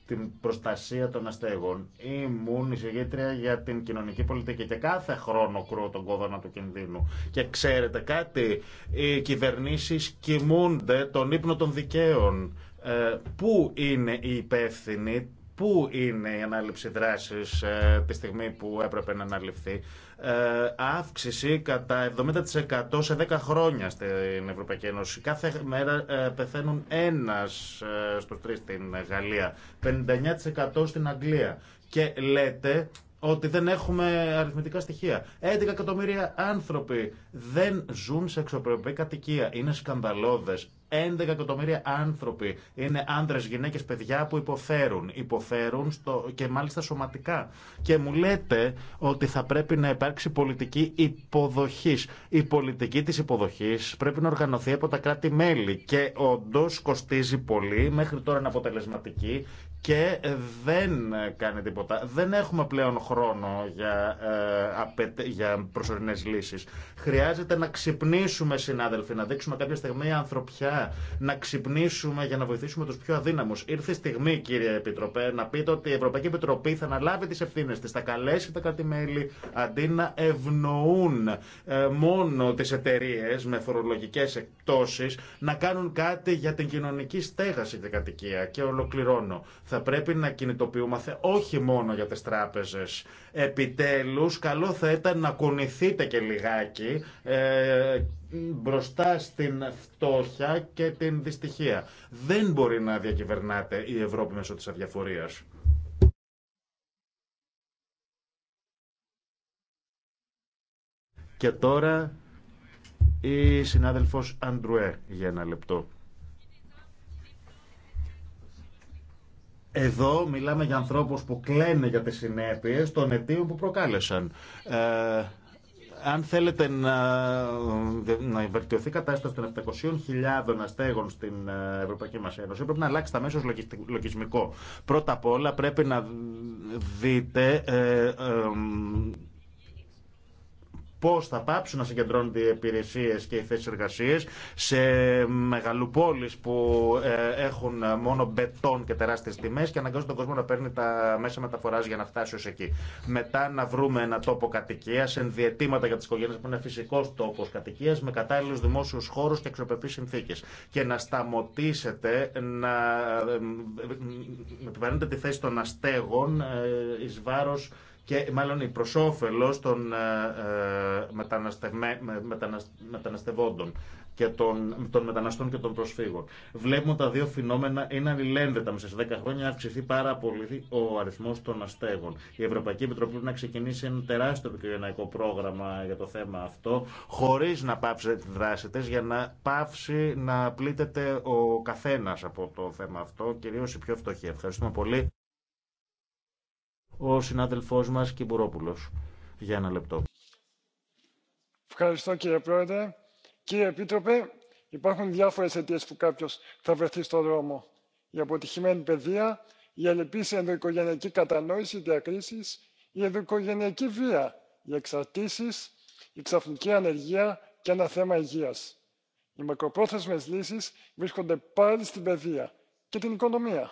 την προστασία των αστέγων. Ήμουν εισηγήτρια για την κοινωνική πολιτική και κάθε χρόνο κρούω τον κόδωνα του κινδύνου. Και ξέρετε κάτι, οι κυβερνήσεις κοιμούνται τον ύπνο των δικαίων. Ε, πού είναι η υπεύθυνοι, πού είναι η ανάληψη δράσης ε, τη στιγμή που έπρεπε να αναλυφθεί. Ε, αύξηση κατά 70% σε 10 χρόνια στην Ευρωπαϊκή Ένωση. Κάθε μέρα ε, πεθαίνουν ένας ε, στους τρεις στην Γαλλία, 59% στην Αγγλία. Και λέτε ότι δεν έχουμε αριθμητικά στοιχεία. 11 εκατομμύρια άνθρωποι δεν ζουν σε εξωπρεπή κατοικία. Είναι σκανδαλώδες. 11 εκατομμύρια άνθρωποι είναι άντρε, γυναίκε, παιδιά που υποφέρουν. Υποφέρουν στο... και μάλιστα σωματικά. Και μου λέτε ότι θα πρέπει να υπάρξει πολιτική υποδοχή. Η πολιτική τη υποδοχή πρέπει να οργανωθεί από τα κράτη-μέλη. Και όντω κοστίζει πολύ, μέχρι τώρα είναι αποτελεσματική και δεν κάνει τίποτα. Δεν έχουμε πλέον χρόνο για, ε, για προσωρινές λύσεις. Χρειάζεται να ξυπνήσουμε συνάδελφοι, να δείξουμε κάποια στιγμή ανθρωπιά, να ξυπνήσουμε για να βοηθήσουμε τους πιο αδύναμους. Ήρθε η στιγμή κύριε Επιτροπέ να πείτε ότι η Ευρωπαϊκή Επιτροπή θα αναλάβει τις ευθύνες της, θα καλέσει τα κράτη-μέλη αντί να ευνοούν ε, μόνο τις εταιρείε με φορολογικές εκτόσεις να κάνουν κάτι για την κοινωνική στέγαση και κατοικία και ολοκληρώνω. Θα πρέπει να κινητοποιούμαστε όχι μόνο για τις τράπεζες. Επιτέλους, καλό θα ήταν να κουνηθείτε και λιγάκι ε, μπροστά στην φτώχεια και την δυστυχία. Δεν μπορεί να διακυβερνάτε η Ευρώπη μέσω της αδιαφορίας. Και τώρα η συνάδελφος Αντρουέ για ένα λεπτό. Εδώ μιλάμε για ανθρώπους που κλαίνε για τις συνέπειες των αιτίων που προκάλεσαν. Ε, αν θέλετε να, να βελτιωθεί η κατάσταση των 700.000 αστέγων στην ε, Ευρωπαϊκή μας Ένωση, πρέπει να αλλάξει τα μέσο λογισμικό. Πρώτα απ' όλα πρέπει να δείτε ε, ε πώ θα πάψουν να συγκεντρώνονται οι υπηρεσίε και οι θέσει εργασία σε μεγαλοπόλει που ε, έχουν μόνο μπετόν και τεράστιε τιμέ και αναγκάζουν τον κόσμο να παίρνει τα μέσα μεταφορά για να φτάσει ω εκεί. Μετά να βρούμε ένα τόπο κατοικία, ενδιαιτήματα για τι οικογένειε που είναι φυσικό τόπο κατοικία με κατάλληλου δημόσιου χώρου και αξιοπρεπεί συνθήκε. Και να σταματήσετε να ε, επιβαρύνετε τη θέση των αστέγων ε, ει βάρο και μάλλον η προς όφελος των ε, ε, μεταναστευόντων και των, των μεταναστών και των προσφύγων. Βλέπουμε ότι τα δύο φαινόμενα είναι αλληλένδετα. Μέσα σε 10 χρόνια αυξηθεί πάρα πολύ ο αριθμό των αστέγων. Η Ευρωπαϊκή Επιτροπή πρέπει να ξεκινήσει ένα τεράστιο επικοινωνιακό πρόγραμμα για το θέμα αυτό, χωρί να πάψει τη δράση τη, για να πάψει να πλήττεται ο καθένα από το θέμα αυτό, κυρίω οι πιο φτωχοί. Ευχαριστούμε πολύ ο συνάδελφός μας Κυμπουρόπουλος. Για ένα λεπτό. Ευχαριστώ κύριε Πρόεδρε. Κύριε Επίτροπε, υπάρχουν διάφορες αιτίε που κάποιος θα βρεθεί στον δρόμο. Η αποτυχημένη παιδεία, η ελλειπής ενδοοικογενειακή κατανόηση διακρίσεις, η ενδοοικογενειακή βία, οι εξαρτήσεις, η ξαφνική ανεργία και ένα θέμα υγείας. Οι μακροπρόθεσμες λύσεις βρίσκονται πάλι στην παιδεία και την οικονομία.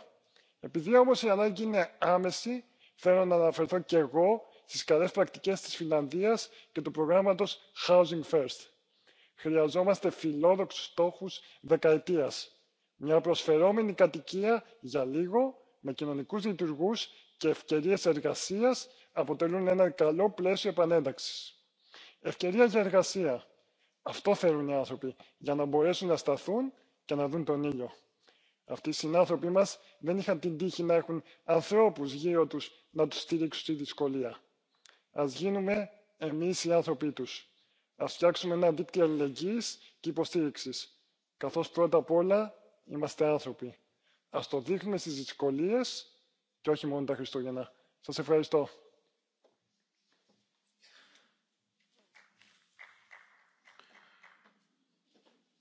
Επειδή όμω η ανάγκη είναι άμεση, θέλω να αναφερθώ και εγώ στις καλές πρακτικές της Φιλανδίας και του προγράμματος Housing First. Χρειαζόμαστε φιλόδοξους στόχους δεκαετίας. Μια προσφερόμενη κατοικία για λίγο, με κοινωνικούς λειτουργούς και ευκαιρίες εργασίας αποτελούν ένα καλό πλαίσιο επανένταξης. Ευκαιρία για εργασία. Αυτό θέλουν οι άνθρωποι, για να μπορέσουν να σταθούν και να δουν τον ήλιο αυτοί οι συνάνθρωποι μας δεν είχαν την τύχη να έχουν ανθρώπους γύρω τους να τους στηρίξουν στη δυσκολία. Ας γίνουμε εμείς οι άνθρωποι τους. Ας φτιάξουμε ένα δίκτυο αλληλεγγύης και υποστήριξης, καθώς πρώτα απ' όλα είμαστε άνθρωποι. Ας το δείχνουμε στις δυσκολίες και όχι μόνο τα Χριστούγεννα. Σας ευχαριστώ.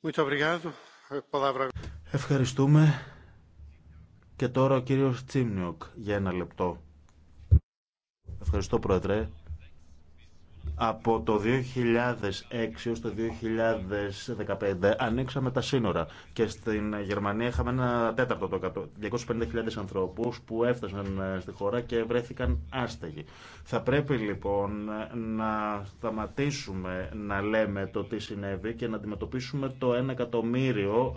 Muito obrigado. Ευχαριστούμε. Και τώρα ο κύριος Τσίμνιοκ για ένα λεπτό. Ευχαριστώ, Πρόεδρε. Από το 2006 έως το 2015 ανοίξαμε τα σύνορα και στην Γερμανία είχαμε ένα τέταρτο το 250.000 ανθρώπους που έφτασαν ε, στη χώρα και βρέθηκαν άστεγοι. Θα πρέπει λοιπόν να σταματήσουμε να λέμε το τι συνέβη και να αντιμετωπίσουμε το 1 εκατομμύριο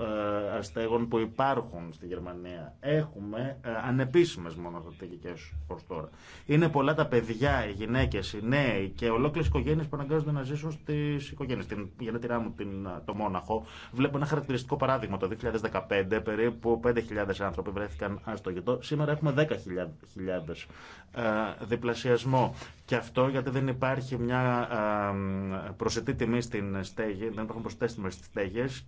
ε, αστέγων που υπάρχουν στη Γερμανία. Έχουμε ε, ανεπίσημες μόνο στρατηγικές ως τώρα. Είναι πολλά τα παιδιά, οι γυναίκες, οι νέοι και ολόκληρο ολόκληρε οικογένειε που αναγκάζονται να ζήσουν στι οικογένειε. Την γενέτειρά μου, την, το Μόναχο, βλέπω ένα χαρακτηριστικό παράδειγμα. Το 2015 περίπου 5.000 άνθρωποι βρέθηκαν στο γετό. Σήμερα έχουμε 10.000 διπλασιασμό. Και αυτό γιατί δεν υπάρχει μια προσιτή τιμή στην στέγη, δεν υπάρχουν προσιτέ τιμέ στι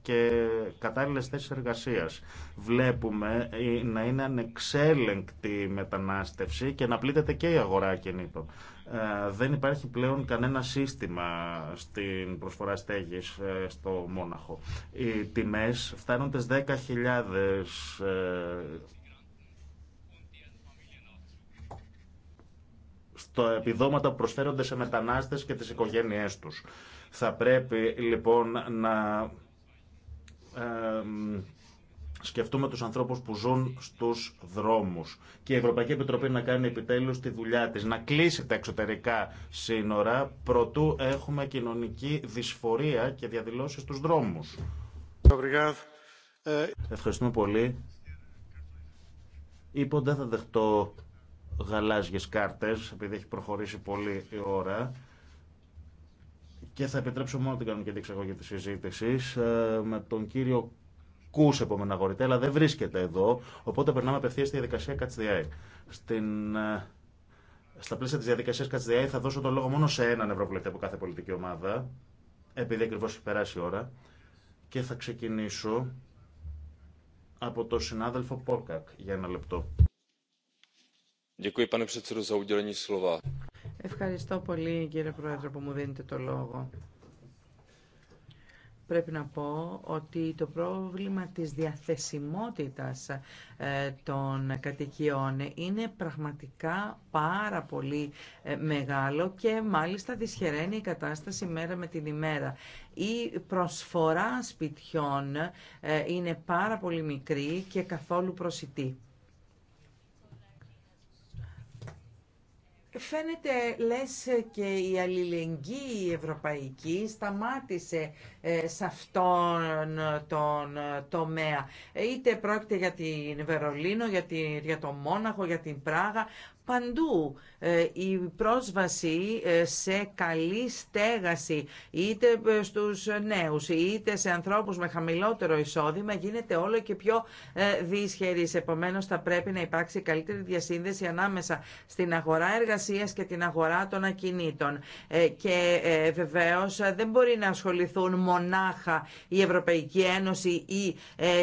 και κατάλληλε θέσει εργασία. Βλέπουμε ε, να είναι ανεξέλεγκτη η μετανάστευση και να πλήττεται και η αγορά κινήτων. Ε, δεν υπάρχει πλέον κανένα σύστημα στην προσφορά στέγης ε, στο Μόναχο. Οι τιμές φτάνουν τις 10.000 ε, στο επιδόματα που προσφέρονται σε μετανάστες και τις οικογένειές τους. Θα πρέπει λοιπόν να σκεφτούμε τους ανθρώπους που ζουν στους δρόμους. Και η Ευρωπαϊκή Επιτροπή να κάνει επιτέλους τη δουλειά της, να κλείσει τα εξωτερικά σύνορα, προτού έχουμε κοινωνική δυσφορία και διαδηλώσεις στους δρόμους. Ευχαριστούμε πολύ. Είπα δεν θα δεχτώ γαλάζιες κάρτες, επειδή έχει προχωρήσει πολύ η ώρα. Και θα επιτρέψω μόνο την κανονική διεξαγωγή της συζήτησης ε, με τον κύριο από επόμενα αγορητέ, αλλά δεν βρίσκεται εδώ, οπότε περνάμε απευθεία στη διαδικασία Κατσδιάη. Στην, ε, στα πλαίσια τη διαδικασία Κατσδιάη θα δώσω το λόγο μόνο σε έναν ευρωβουλευτή από κάθε πολιτική ομάδα, επειδή ακριβώ έχει περάσει η ώρα, και θα ξεκινήσω από τον συνάδελφο Πόλκακ για ένα λεπτό. Ευχαριστώ πολύ κύριε Πρόεδρε που μου δίνετε το λόγο πρέπει να πω ότι το πρόβλημα της διαθεσιμότητας ε, των κατοικιών είναι πραγματικά πάρα πολύ ε, μεγάλο και μάλιστα δυσχεραίνει η κατάσταση μέρα με την ημέρα. Η προσφορά σπιτιών ε, είναι πάρα πολύ μικρή και καθόλου προσιτή. Φαίνεται λες και η αλληλεγγύη η ευρωπαϊκή σταμάτησε ε, σε αυτόν τον ε, τομέα. Είτε πρόκειται για την Βερολίνο, για, τον για το Μόναχο, για την Πράγα παντού. Ε, η πρόσβαση ε, σε καλή στέγαση είτε ε, στους νέους είτε σε ανθρώπους με χαμηλότερο εισόδημα γίνεται όλο και πιο δύσχερης. Επομένως θα πρέπει να υπάρξει καλύτερη διασύνδεση ανάμεσα στην αγορά εργασίας και την αγορά των ακινήτων. Και βεβαίως δεν μπορεί να ασχοληθούν μονάχα η Ευρωπαϊκή Ένωση ή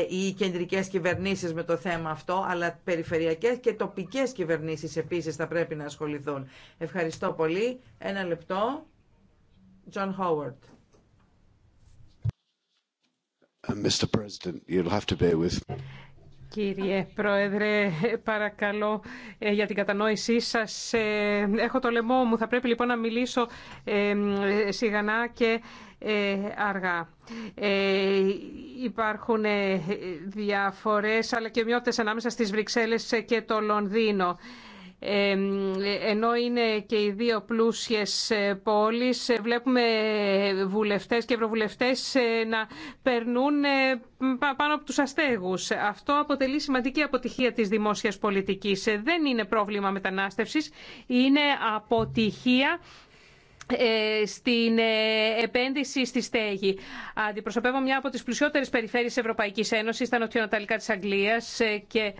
οι κεντρικές κυβερνήσεις με το θέμα αυτό, αλλά περιφερειακές και τοπικές κυβερνήσεις επίσης επίσης θα πρέπει να ασχοληθούν. Ευχαριστώ πολύ. Ένα λεπτό. John Howard. Uh, Mr. President, you'll have to bear with Κύριε Πρόεδρε, παρακαλώ ε, για την κατανόησή σας. Ε, έχω το λαιμό μου, θα πρέπει λοιπόν να μιλήσω ε, σιγανά και αργά. Υπάρχουν διαφορές αλλά και ομοιότητες ανάμεσα στις Βρυξέλλες και το Λονδίνο ενώ είναι και οι δύο πλούσιες ε, πόλεις, ε, βλέπουμε ε, βουλευτές και ευρωβουλευτές να περνούν πάνω από τους αστέγους. Αυτό αποτελεί σημαντική αποτυχία της δημόσιας πολιτικής. Δεν είναι πρόβλημα μετανάστευσης, είναι αποτυχία ε, στην ε, επένδυση στη στέγη. Αντιπροσωπεύω μια από τις πλουσιότερες περιφέρειες Ευρωπαϊκής Ένωσης, τα νοτιοανατολικά της Αγγλίας ε, και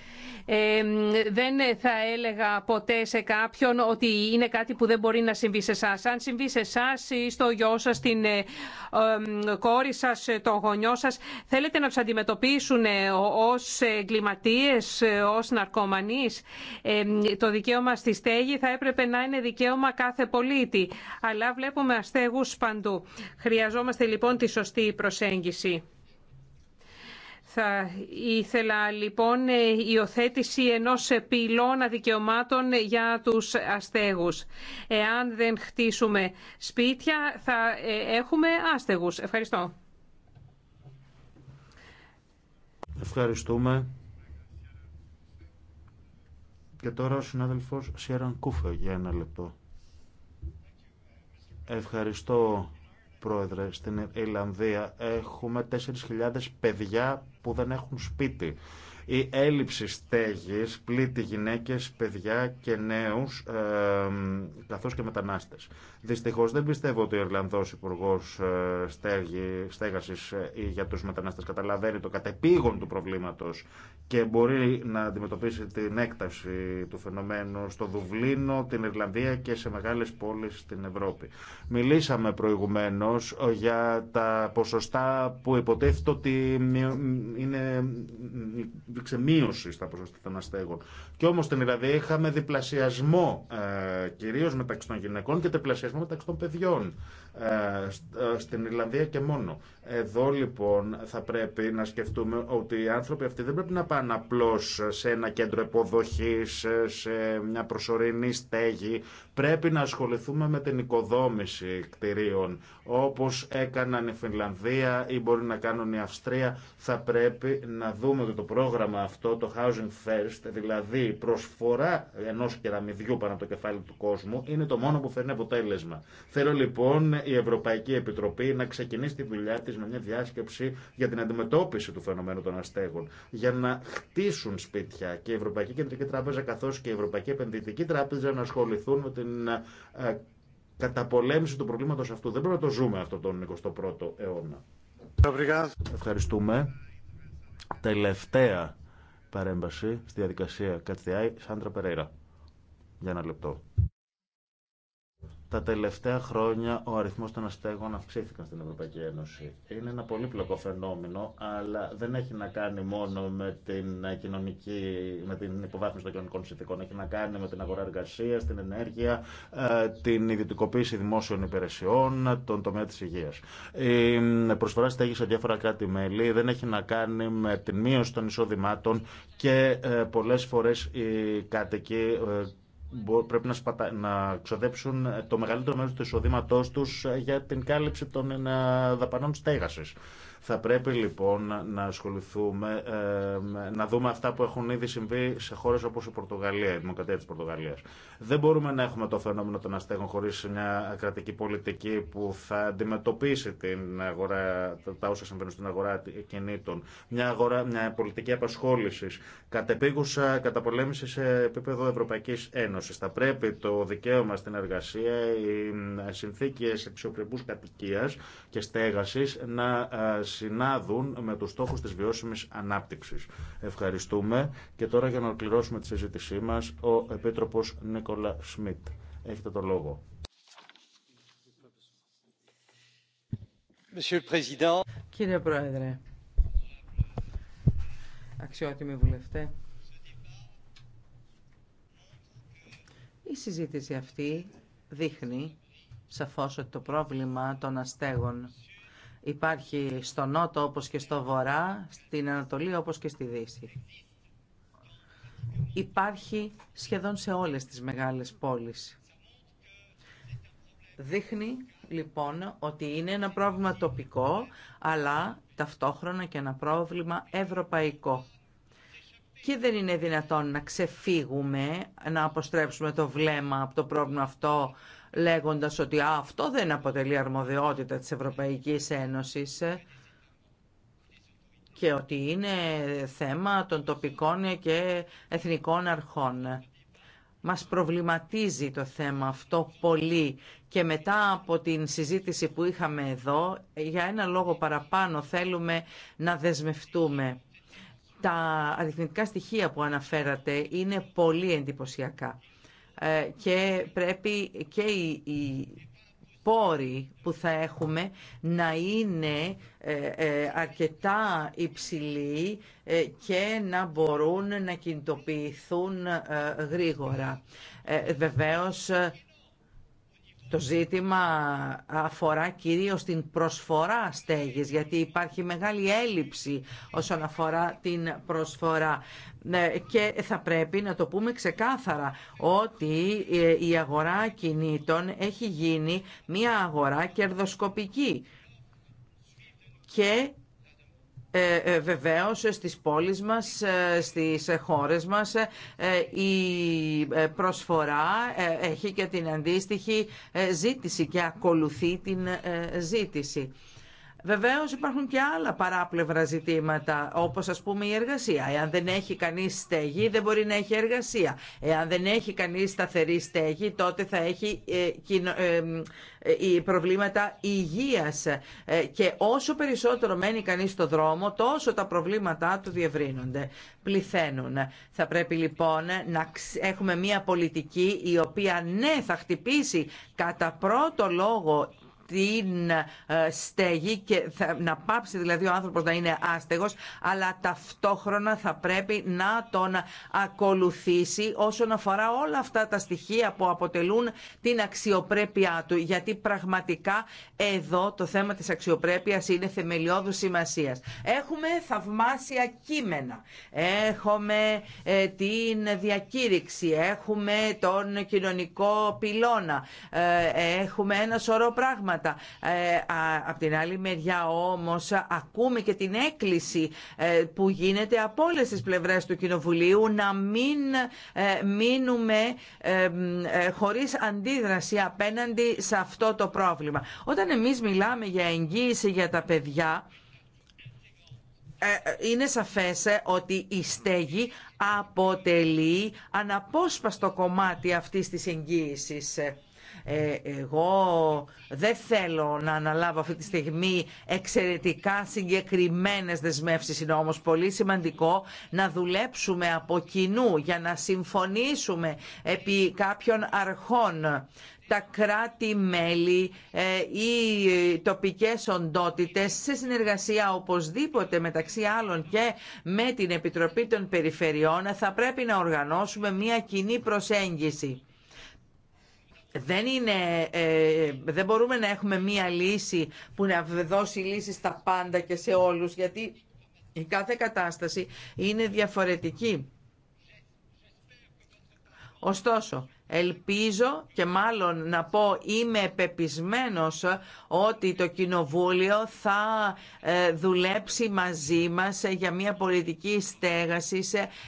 δεν θα έλεγα ποτέ σε κάποιον ότι είναι κάτι που δεν μπορεί να συμβεί σε εσά. Αν συμβεί σε εσά ή στο γιο σα, την κόρη σα, το γονιό σα, θέλετε να του αντιμετωπίσουν ως εγκληματίες, ως ναρκωμανείς. Το δικαίωμα στη στέγη θα έπρεπε να είναι δικαίωμα κάθε πολίτη αλλά βλέπουμε αστέγους παντού. Χρειαζόμαστε λοιπόν τη σωστή προσέγγιση. Θα ήθελα λοιπόν η οθέτηση ενός πυλώνα δικαιωμάτων για τους αστέγους. Εάν δεν χτίσουμε σπίτια θα ε, έχουμε άστεγους. Ευχαριστώ. Ευχαριστούμε. Και τώρα ο συνάδελφος Σιέραν Κούφε για ένα λεπτό. Ευχαριστώ, Πρόεδρε. Στην Ιρλανδία έχουμε 4.000 παιδιά που δεν έχουν σπίτι. Η έλλειψη στέγης πλήττει γυναίκες, παιδιά και νέους, ε, καθώς και μετανάστες. Δυστυχώς δεν πιστεύω ότι ο Ιρλανδός υπουργό ε, στέγασης ε, για τους μετανάστες καταλαβαίνει το κατεπήγον του προβλήματος και μπορεί να αντιμετωπίσει την έκταση του φαινομένου στο Δουβλίνο, την Ιρλανδία και σε μεγάλες πόλεις στην Ευρώπη. Μιλήσαμε προηγουμένως ε, για τα ποσοστά που υποτίθεται ότι είναι υπήρξε μείωση στα ποσοστά των αστέγων. Και όμω στην Ιρλανδία είχαμε διπλασιασμό ε, κυρίω μεταξύ των γυναικών και διπλασιασμό μεταξύ των παιδιών. Ε, ε, στην Ιρλανδία και μόνο. Εδώ λοιπόν θα πρέπει να σκεφτούμε ότι οι άνθρωποι αυτοί δεν πρέπει να πάνε απλώ σε ένα κέντρο υποδοχή, σε μια προσωρινή στέγη. Πρέπει να ασχοληθούμε με την οικοδόμηση κτηρίων, όπω έκαναν η Φινλανδία ή μπορεί να κάνουν η Αυστρία. Θα πρέπει να δούμε ότι το πρόγραμμα αυτό, το Housing First, δηλαδή η προσφορά ενό κεραμιδιού πάνω από το κεφάλι του κόσμου, είναι το μόνο που φέρνει αποτέλεσμα. Θέλω λοιπόν η Ευρωπαϊκή Επιτροπή να ξεκινήσει τη δουλειά τη με μια διάσκεψη για την αντιμετώπιση του φαινομένου των αστέγων, για να χτίσουν σπίτια και η Ευρωπαϊκή Κεντρική Τράπεζα καθώ και η Ευρωπαϊκή Επενδυτική Τράπεζα να ασχοληθούν με την ε, καταπολέμηση του προβλήματος αυτού. Δεν πρέπει να το ζούμε αυτό τον 21ο αιώνα. Ευχαριστούμε. Τελευταία παρέμβαση στη διαδικασία Κατσιάη Σάντρα Περέιρα. Για ένα λεπτό. Τα τελευταία χρόνια ο αριθμός των αστέγων αυξήθηκαν στην Ευρωπαϊκή Ένωση. Είναι ένα πολύπλοκο φαινόμενο, αλλά δεν έχει να κάνει μόνο με την, κοινωνική, με την υποβάθμιση των κοινωνικών συνθήκων. Έχει να κάνει με την αγορά εργασία, την ενέργεια, ε, την ιδιωτικοποίηση δημόσιων υπηρεσιών, τον τομέα της υγείας. Η προσφορά στέγη σε διάφορα κράτη-μέλη δεν έχει να κάνει με την μείωση των εισόδημάτων και ε, πολλές φορές οι κάτοικοι ε, πρέπει να, σπατα... ξοδέψουν το μεγαλύτερο μέρος του εισοδήματός τους ε, για την κάλυψη των ε, δαπανών στέγασης. Θα πρέπει λοιπόν να ασχοληθούμε, ε, να δούμε αυτά που έχουν ήδη συμβεί σε χώρε όπω η Πορτογαλία, η Δημοκρατία τη Πορτογαλία. Δεν μπορούμε να έχουμε το φαινόμενο των αστέγων χωρί μια κρατική πολιτική που θα αντιμετωπίσει την αγορά, τα όσα συμβαίνουν στην αγορά κινήτων. Μια, αγορά, μια πολιτική απασχόληση. Κατεπίγουσα καταπολέμηση σε επίπεδο Ευρωπαϊκή Ένωση. Θα πρέπει το δικαίωμα στην εργασία, οι συνθήκε αξιοπρεπού κατοικία και στέγαση να ε, συνάδουν με τους στόχους της βιώσιμης ανάπτυξης. Ευχαριστούμε και τώρα για να ολοκληρώσουμε τη συζήτησή μας ο Επίτροπος Νίκολα Σμιτ. Έχετε το λόγο. Κύριε Πρόεδρε, αξιότιμοι βουλευτέ, η συζήτηση αυτή δείχνει σαφώς ότι το πρόβλημα των αστέγων υπάρχει στο νότο όπως και στο βορρά, στην Ανατολή όπως και στη Δύση. Υπάρχει σχεδόν σε όλες τις μεγάλες πόλεις. Δείχνει λοιπόν ότι είναι ένα πρόβλημα τοπικό, αλλά ταυτόχρονα και ένα πρόβλημα ευρωπαϊκό. Και δεν είναι δυνατόν να ξεφύγουμε, να αποστρέψουμε το βλέμμα από το πρόβλημα αυτό λέγοντας ότι αυτό δεν αποτελεί αρμοδιότητα της Ευρωπαϊκής Ένωσης και ότι είναι θέμα των τοπικών και εθνικών αρχών. Μας προβληματίζει το θέμα αυτό πολύ και μετά από την συζήτηση που είχαμε εδώ, για ένα λόγο παραπάνω θέλουμε να δεσμευτούμε. Τα αριθμητικά στοιχεία που αναφέρατε είναι πολύ εντυπωσιακά. Ε, και πρέπει και οι πόροι που θα έχουμε να είναι ε, ε, αρκετά υψηλοί και να μπορούν να κινητοποιηθούν γρήγορα. Βεβαίως το ζήτημα αφορά κυρίως την προσφορά στέγης, γιατί υπάρχει μεγάλη έλλειψη όσον αφορά την προσφορά. Ναι, και θα πρέπει να το πούμε ξεκάθαρα ότι ε, η αγορά κινήτων έχει γίνει μια αγορά κερδοσκοπική και ε, ε, βεβαίως στις πόλεις μας, ε, στις χώρες μας ε, η προσφορά έχει και την αντίστοιχη ζήτηση και ακολουθεί την ζήτηση. Βεβαίως υπάρχουν και άλλα παράπλευρα ζητήματα, όπως ας πούμε η εργασία. Εάν δεν έχει κανείς στέγη, δεν μπορεί να έχει εργασία. Εάν δεν έχει κανείς σταθερή στέγη, τότε θα έχει ε, ε, ε, προβλήματα υγείας. Και όσο περισσότερο μένει κανείς στο δρόμο, τόσο τα προβλήματά του διευρύνονται, πληθαίνουν. Θα πρέπει λοιπόν να έχουμε μια πολιτική η οποία ναι θα χτυπήσει κατά πρώτο λόγο την ε, στέγη και να πάψει δηλαδή ο άνθρωπος να είναι άστεγος αλλά ταυτόχρονα θα πρέπει να τον ακολουθήσει όσον αφορά όλα αυτά τα στοιχεία που αποτελούν την αξιοπρέπειά του γιατί πραγματικά εδώ το θέμα της αξιοπρέπειας είναι θεμελιώδους σημασίας. Έχουμε θαυμάσια κείμενα, έχουμε ε, την διακήρυξη, έχουμε τον κοινωνικό πυλώνα, ε, έχουμε ένα σωρό πράγματα ε, από την άλλη μεριά όμως ακούμε και την έκκληση ε, που γίνεται από όλες τις πλευρές του Κοινοβουλίου να μην ε, μείνουμε χωρίς αντίδραση απέναντι σε αυτό το πρόβλημα. Όταν εμείς μιλάμε για εγγύηση για τα παιδιά, είναι σαφές ότι η στέγη αποτελεί αναπόσπαστο κομμάτι αυτής της εγγύησης. Ε, εγώ δεν θέλω να αναλάβω αυτή τη στιγμή εξαιρετικά συγκεκριμένες δεσμεύσεις. Είναι όμως πολύ σημαντικό να δουλέψουμε από κοινού για να συμφωνήσουμε επί κάποιων αρχών τα κράτη-μέλη ή ε, τοπικές οντότητες σε συνεργασία οπωσδήποτε μεταξύ άλλων και με την Επιτροπή των Περιφερειών θα πρέπει να οργανώσουμε μια κοινή προσέγγιση δεν, είναι, ε, δεν μπορούμε να έχουμε μία λύση που να δώσει λύση στα πάντα και σε όλους, γιατί η κάθε κατάσταση είναι διαφορετική. Ωστόσο, Ελπίζω και μάλλον να πω είμαι πεπισμένος ότι το Κοινοβούλιο θα ε, δουλέψει μαζί μας για μια πολιτική στέγαση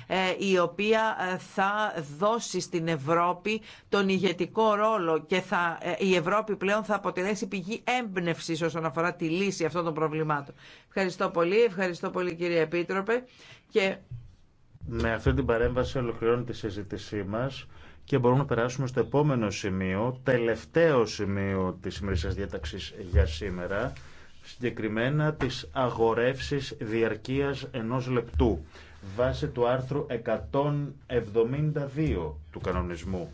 ε, η οποία ε, θα δώσει στην Ευρώπη τον ηγετικό ρόλο και θα, η Ευρώπη πλέον θα αποτελέσει πηγή έμπνευση όσον αφορά τη λύση αυτών των προβλημάτων. Ευχαριστώ πολύ, ευχαριστώ πολύ κύριε Επίτροπε. Και... Με αυτή την παρέμβαση ολοκληρώνει τη συζήτησή μας. Και μπορούμε να περάσουμε στο επόμενο σημείο, τελευταίο σημείο της σημερινής διάταξης για σήμερα, συγκεκριμένα τις αγορεύσεις διαρκείας ενός λεπτού, βάσει του άρθρου 172 του κανονισμού.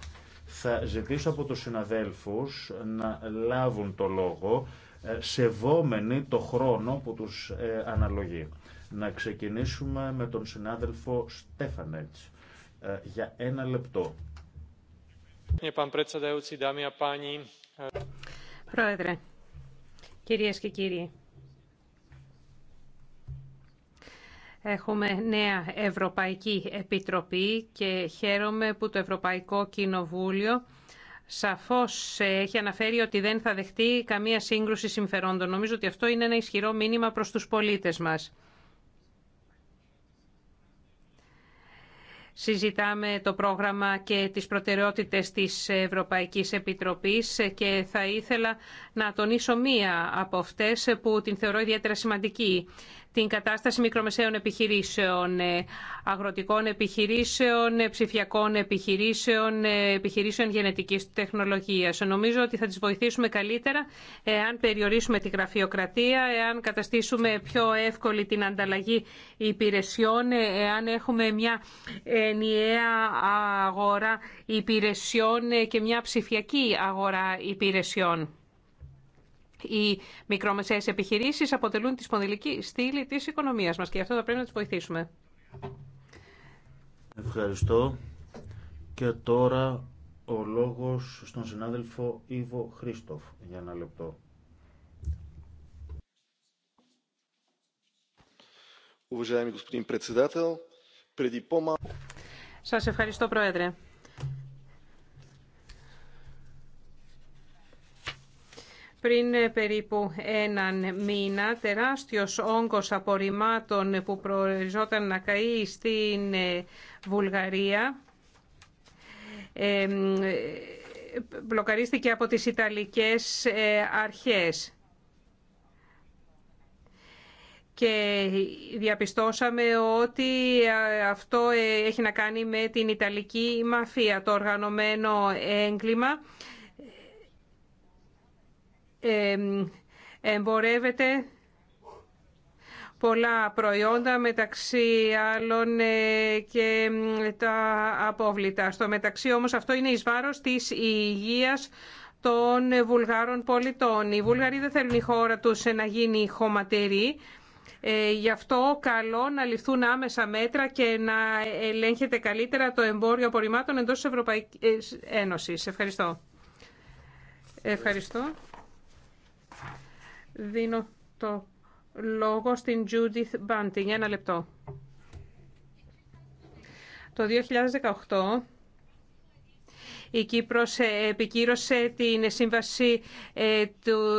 Θα ζητήσω από τους συναδέλφους να λάβουν το λόγο, ε, σεβόμενοι το χρόνο που τους ε, αναλογεί. Να ξεκινήσουμε με τον συνάδελφο Στέφανετς ε, για ένα λεπτό. Πρόεδρε, κυρίες και κύριοι, Έχουμε νέα Ευρωπαϊκή Επιτροπή και χαίρομαι που το Ευρωπαϊκό Κοινοβούλιο σαφώς έχει αναφέρει ότι δεν θα δεχτεί καμία σύγκρουση συμφερόντων. Νομίζω ότι αυτό είναι ένα ισχυρό μήνυμα προς τους πολίτες μας. συζητάμε το πρόγραμμα και τις προτεραιότητες της Ευρωπαϊκής Επιτροπής και θα ήθελα να τονίσω μία από αυτές που την θεωρώ ιδιαίτερα σημαντική την κατάσταση μικρομεσαίων επιχειρήσεων, ε, αγροτικών επιχειρήσεων, ε, ψηφιακών επιχειρήσεων, ε, επιχειρήσεων γενετικής τεχνολογίας. Νομίζω ότι θα τις βοηθήσουμε καλύτερα εάν περιορίσουμε τη γραφειοκρατία, εάν καταστήσουμε πιο εύκολη την ανταλλαγή υπηρεσιών, εάν έχουμε μια ενιαία αγορά υπηρεσιών και μια ψηφιακή αγορά υπηρεσιών. Οι μικρομεσαίες επιχειρήσεις αποτελούν τη σπονδυλική στήλη της οικονομίας μας και γι' αυτό θα πρέπει να τις βοηθήσουμε. Ευχαριστώ. Και τώρα ο λόγος στον συνάδελφο Ιβο Χρήστοφ για ένα λεπτό. Σας ευχαριστώ, Πρόεδρε. Πριν ε, περίπου έναν μήνα, τεράστιος όγκος απορριμμάτων που προοριζόταν να καεί στην ε, Βουλγαρία μπλοκαρίστηκε από τις Ιταλικές ε, αρχές. Και διαπιστώσαμε ότι αυτό έχει να κάνει με την Ιταλική μαφία, το οργανωμένο έγκλημα εμπορεύεται πολλά προϊόντα, μεταξύ άλλων ε, και τα απόβλητα. Στο μεταξύ όμως αυτό είναι εις βάρος της υγείας των Βουλγάρων πολιτών. Οι Βούλγαροι δεν θέλουν η χώρα τους να γίνει χωματερή. Ε, γι' αυτό καλό να ληφθούν άμεσα μέτρα και να ελέγχεται καλύτερα το εμπόριο απορριμμάτων εντός της Ευρωπαϊκής Ένωσης. Ευχαριστώ. Ευχαριστώ. Δίνω το λόγο στην Judith Bunting. Ένα λεπτό. Το 2018 η Κύπρος ε, επικύρωσε την σύμβαση ε,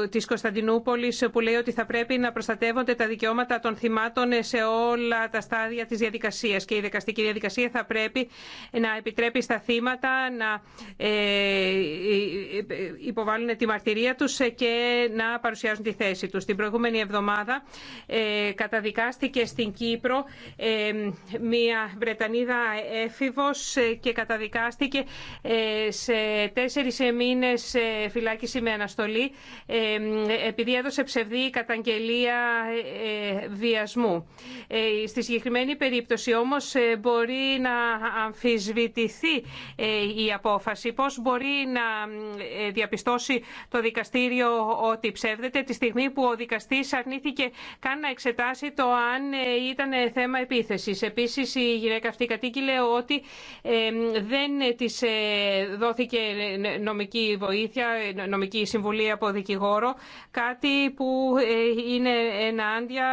της Κωνσταντινούπολης που λέει ότι θα πρέπει να προστατεύονται τα δικαιώματα των θυμάτων ε, σε όλα τα στάδια της διαδικασίας και η δικαστική διαδικασία θα πρέπει να επιτρέπει στα θύματα να υποβάλουν τη μαρτυρία τους και να παρουσιάζουν τη θέση τους. Την προηγούμενη εβδομάδα καταδικάστηκε στην Κύπρο μια Βρετανίδα έφηβος και καταδικάστηκε σε τέσσερις μήνες ε, φυλάκιση με αναστολή ε, επειδή έδωσε ψευδή καταγγελία ε, βιασμού. Στη συγκεκριμένη περίπτωση όμως μπορεί να αμφισβητηθεί η απόφαση. Πώς μπορεί να διαπιστώσει το δικαστήριο ότι ψεύδεται τη στιγμή που ο δικαστής αρνήθηκε καν να εξετάσει το αν ήταν θέμα επίθεσης. Επίσης η γυναίκα αυτή κατήγγειλε ότι δεν της δόθηκε νομική βοήθεια, νομική συμβουλή από δικηγόρο, κάτι που ε, είναι ενάντια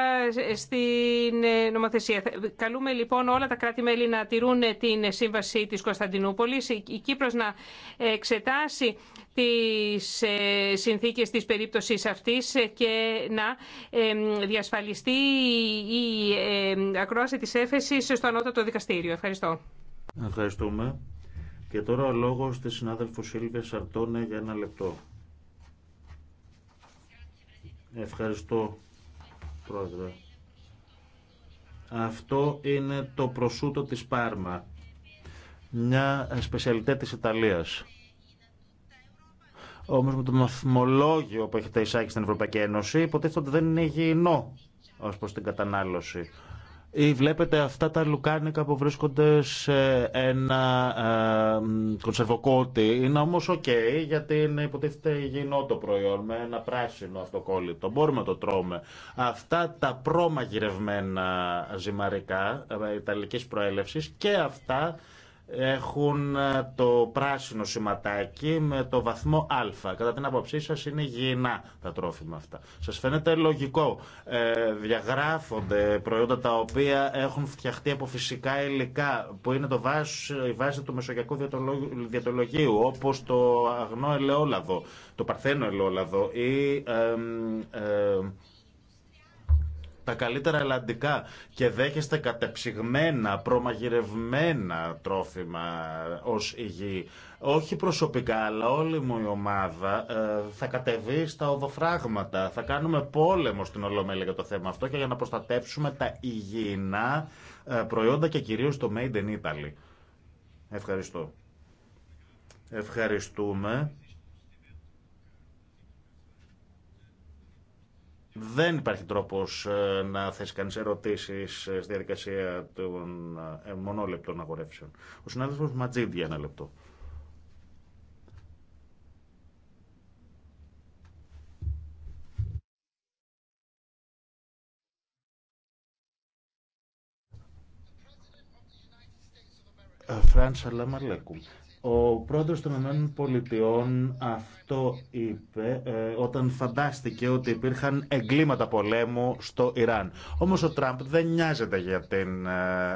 στην ε, νομοθεσία. Καλούμε λοιπόν όλα τα κράτη-μέλη να τηρούν την σύμβαση της Κωνσταντινούπολης, η Κύπρος να εξετάσει τις ε, συνθήκες της περίπτωσης αυτής και να διασφαλιστεί η ακρόαση της έφεσης στο ανώτατο δικαστήριο. Ευχαριστώ. Ευχαριστούμε. Και τώρα ο λόγος της συνάδελφος Σίλβια Σαρτώνε για ένα λεπτό. Ευχαριστώ, Πρόεδρε. Αυτό είναι το προσούτο της Πάρμα, μια σπεσιαλιτέ της Ιταλίας. Όμως με το μαθμολόγιο που έχετε εισάγει στην Ευρωπαϊκή Ένωση, υποτίθεται ότι δεν είναι υγιεινό ως προς την κατανάλωση. Ή βλέπετε αυτά τα λουκάνικα που βρίσκονται σε ένα ε, κονσερβοκότη. Είναι όμως οκ, γιατί είναι υποτίθεται υγιεινό το προϊόν με ένα πράσινο αυτοκόλλητο. Μπορούμε να το τρώμε. Αυτά τα προμαγειρευμένα ζυμαρικά ε, ε ιταλικής προέλευσης και αυτά έχουν ε, το πράσινο σηματάκι με το βαθμό α. Κατά την άποψή σα είναι υγιεινά τα τρόφιμα αυτά. Σας φαίνεται λογικό. Ε, διαγράφονται προϊόντα τα οποία έχουν φτιαχτεί από φυσικά υλικά που είναι το βάση, η βάση του μεσογειακού διατολογίου όπως το αγνό ελαιόλαδο, το παρθένο ελαιόλαδο ή... Ε, τα καλύτερα ελλαντικά και δέχεστε κατεψυγμένα, προμαγειρευμένα τρόφιμα ως υγιή. Όχι προσωπικά, αλλά όλη μου η ομάδα ε, θα κατεβεί στα οδοφράγματα. Θα κάνουμε πόλεμο στην Ολομέλεια για το θέμα αυτό και για να προστατεύσουμε τα υγιεινά ε, προϊόντα και κυρίως το Made in Italy. Ευχαριστώ. Ευχαριστούμε. Δεν υπάρχει τρόπος ε, να θέσει κανείς ερωτήσεις ε, στη διαδικασία των ε, μονόλεπτων αγορεύσεων. Ο συνάδελφος Ματζίδη για ένα λεπτό. Φράνσα Λαμάλεκου. Ο πρόεδρος των ΗΠΑ αυτό είπε ε, όταν φαντάστηκε ότι υπήρχαν εγκλήματα πολέμου στο Ιράν. Όμως ο Τραμπ δεν νοιάζεται για την ε,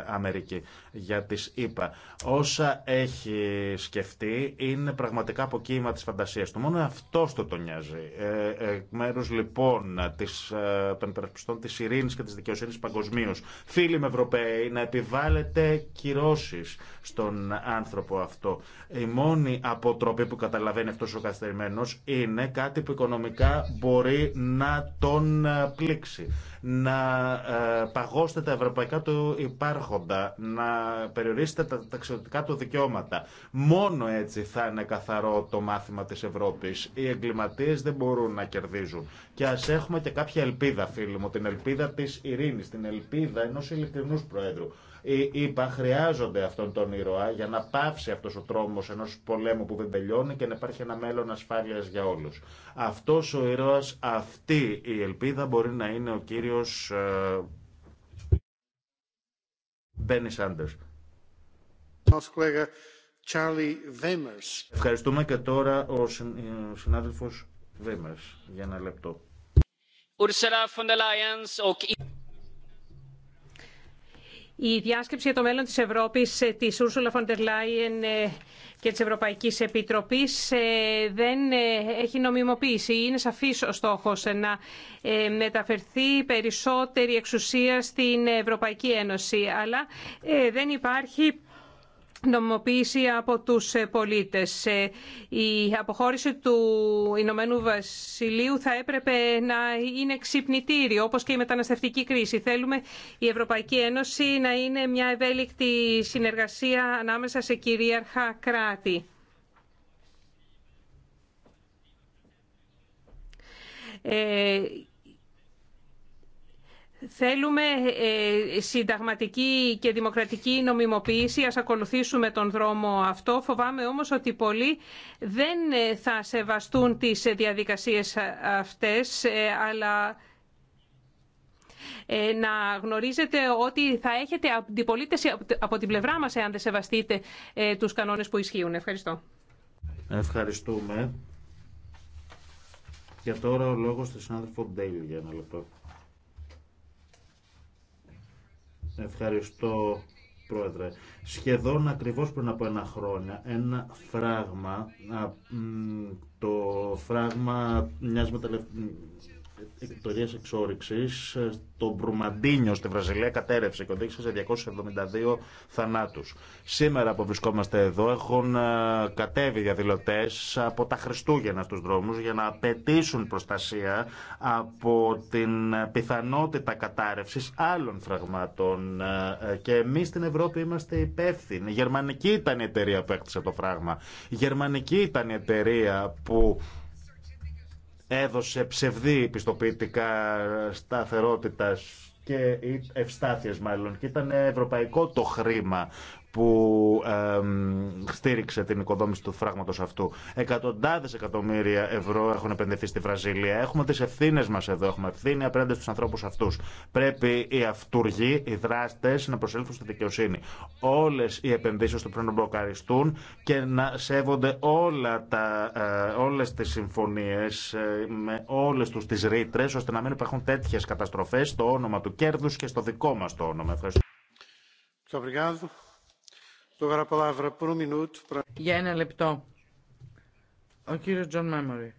Αμερική, για τις ΗΠΑ. Όσα έχει σκεφτεί είναι πραγματικά από κύμα της φαντασίας του. Μόνο αυτό το τον νοιάζει. Ε, λοιπόν της, ε, των υπερασπιστών της ειρήνης και της δικαιοσύνης παγκοσμίω. Φίλοι με Ευρωπαίοι, να επιβάλλετε κυρώσεις στον άνθρωπο αυτό η μόνη αποτροπή που καταλαβαίνει αυτός ο καθυστερημένος είναι κάτι που οικονομικά μπορεί να τον ε, πλήξει, να ε, παγώσετε τα ευρωπαϊκά του υπάρχοντα, να περιορίσετε τα ταξιδιωτικά του δικαιώματα. Μόνο έτσι θα είναι καθαρό το μάθημα της Ευρώπης. Οι εγκληματίες δεν μπορούν να κερδίζουν. Και ας έχουμε και κάποια ελπίδα, φίλοι μου, την ελπίδα της ειρήνης, την ελπίδα ενός ειλικρινούς Προέδρου. Είπα, χρειάζονται αυτόν τον ήρωα για να πάψει αυτό ο τρόμο ενό πολέμου που δεν τελειώνει και να υπάρχει ένα μέλλον ασφάλεια για όλου. Αυτό ο ήρωα, αυτή η ελπίδα μπορεί να είναι ο κύριο Μπένι Σάντερ. Ευχαριστούμε και τώρα ο ε, συνάδελφος Βέμερς για ένα λεπτό. Η διάσκεψη για το μέλλον της Ευρώπης ε, της Ursula von der Leyen ε, και της Ευρωπαϊκής Επιτροπής ε, δεν έχει νομιμοποίηση. Είναι σαφής ο στόχος να μεταφερθεί περισσότερη εξουσία στην Ευρωπαϊκή Ένωση. Αλλά δεν υπάρχει νομιμοποίηση από τους ε, πολίτες. Ε, η αποχώρηση του Ηνωμένου Βασιλείου θα έπρεπε να είναι ξυπνητήριο, όπως και η μεταναστευτική κρίση. Θέλουμε η Ευρωπαϊκή Ένωση να είναι μια ευέλικτη συνεργασία ανάμεσα σε κυρίαρχα κράτη. Ε, Θέλουμε ε, συνταγματική και δημοκρατική νομιμοποίηση, ας ακολουθήσουμε τον δρόμο αυτό. Φοβάμαι όμως ότι πολλοί δεν ε, θα σεβαστούν τις διαδικασίες αυτές, ε, αλλά να γνωρίζετε ότι θα έχετε αντιπολίτευση από την πλευρά μας εάν δεν σεβαστείτε τους κανόνες που ισχύουν. Ευχαριστώ. Ευχαριστούμε. Και τώρα ο λόγος του συνάδελφου Ντέιλ για ένα λεπτό. Ευχαριστώ, Πρόεδρε. Σχεδόν ακριβώς πριν από ένα χρόνο, ένα φράγμα, το φράγμα μιας μεταλλευτικής εκτορίας εξόριξης ε, το Μπρουμαντίνιο στη Βραζιλία κατέρευσε και οδήγησε σε 272 θανάτους. Σήμερα που βρισκόμαστε εδώ έχουν ε, κατέβει διαδηλωτέ από τα Χριστούγεννα στους δρόμους για να απαιτήσουν προστασία από την πιθανότητα κατάρρευσης άλλων φραγμάτων ε, και εμείς στην Ευρώπη είμαστε υπεύθυνοι. Η Γερμανική ήταν η εταιρεία που έκτισε το φράγμα. Η Γερμανική ήταν η εταιρεία που έδωσε ψευδή πιστοποιητικά σταθερότητας και ευστάθειες μάλλον και ήταν ευρωπαϊκό το χρήμα που στήριξε την οικοδόμηση του φράγματο αυτού. Εκατοντάδε εκατομμύρια ευρώ έχουν επενδυθεί στη Βραζιλία. Έχουμε τι ευθύνε μα εδώ, έχουμε ευθύνη απέναντι στου ανθρώπου αυτού. Πρέπει οι αυτούργοι, οι δράστες να προσέλθουν στη δικαιοσύνη. Όλε οι επενδύσει του πρέπει να μπλοκαριστούν και να σέβονται όλα τα, ε, όλες τις συμφωνίες ε, με όλες τους τις ρήτρε, ώστε να μην υπάρχουν τέτοιες καταστροφές στο όνομα του κέρδους και στο δικό μας το όνομα. Ευχαριστώ. Για ένα λεπτό. Ο κύριος Τζον Μέμορι.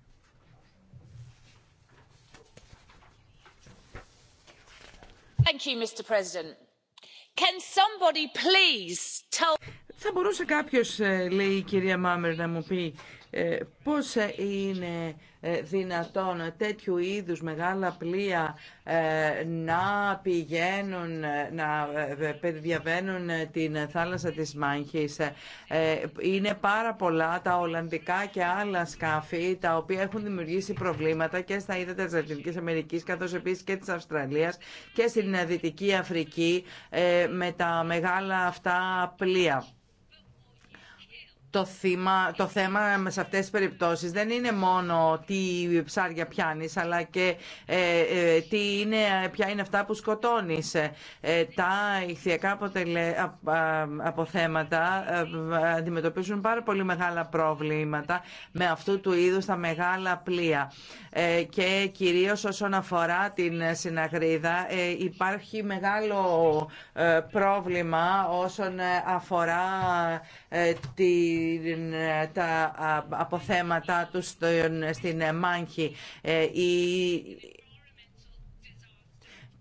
Θα μπορούσε κάποιος, ε, λέει η κυρία Μάμερ, να μου πει ε, πώς ε, είναι ε, δυνατόν τέτοιου είδους μεγάλα πλοία να πηγαίνουν, να διαβαίνουν την θάλασσα της Μάνχης. Είναι πάρα πολλά τα Ολλανδικά και άλλα σκάφη τα οποία έχουν δημιουργήσει προβλήματα και στα είδα της Λατινικής Αμερικής καθώς επίσης και της Αυστραλίας και στην Δυτική Αφρική με τα μεγάλα αυτά πλοία το, το θέμα σε αυτές τις περιπτώσεις δεν είναι μόνο τι ψάρια πιάνεις, αλλά και ε, ε, τι είναι, ποια είναι αυτά που σκοτώνεις. Ε, τα ηχθιακά αποτελε, αποθέματα αντιμετωπίζουν πάρα πολύ μεγάλα προβλήματα με αυτού του είδους τα μεγάλα πλοία. Ε, και κυρίως όσον αφορά την συναγρίδα ε, υπάρχει μεγάλο ε, πρόβλημα όσον αφορά τα αποθέματα του στην Μάνχη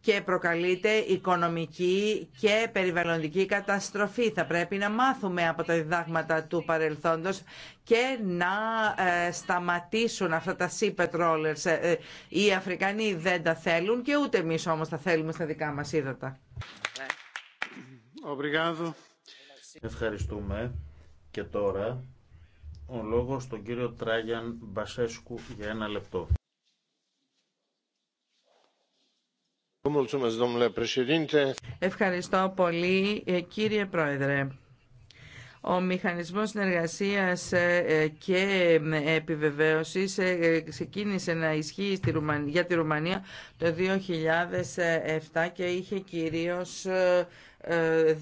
και προκαλείται οικονομική και περιβαλλοντική καταστροφή. Θα πρέπει να μάθουμε από τα διδάγματα του παρελθόντος και να ε, σταματήσουν αυτά τα sea ε, ε, οι Αφρικανοί δεν τα θέλουν και ούτε εμείς όμως τα θέλουμε στα δικά μας ύδατα. Ευχαριστούμε. Και τώρα ο λόγος στον κύριο Τράγιαν Μπασέσκου για ένα λεπτό. Ευχαριστώ πολύ ε, κύριε Πρόεδρε. Ο μηχανισμός συνεργασίας ε, ε, και επιβεβαίωσης ξεκίνησε να ισχύει για τη Ρουμανία το 2007 και είχε κυρίως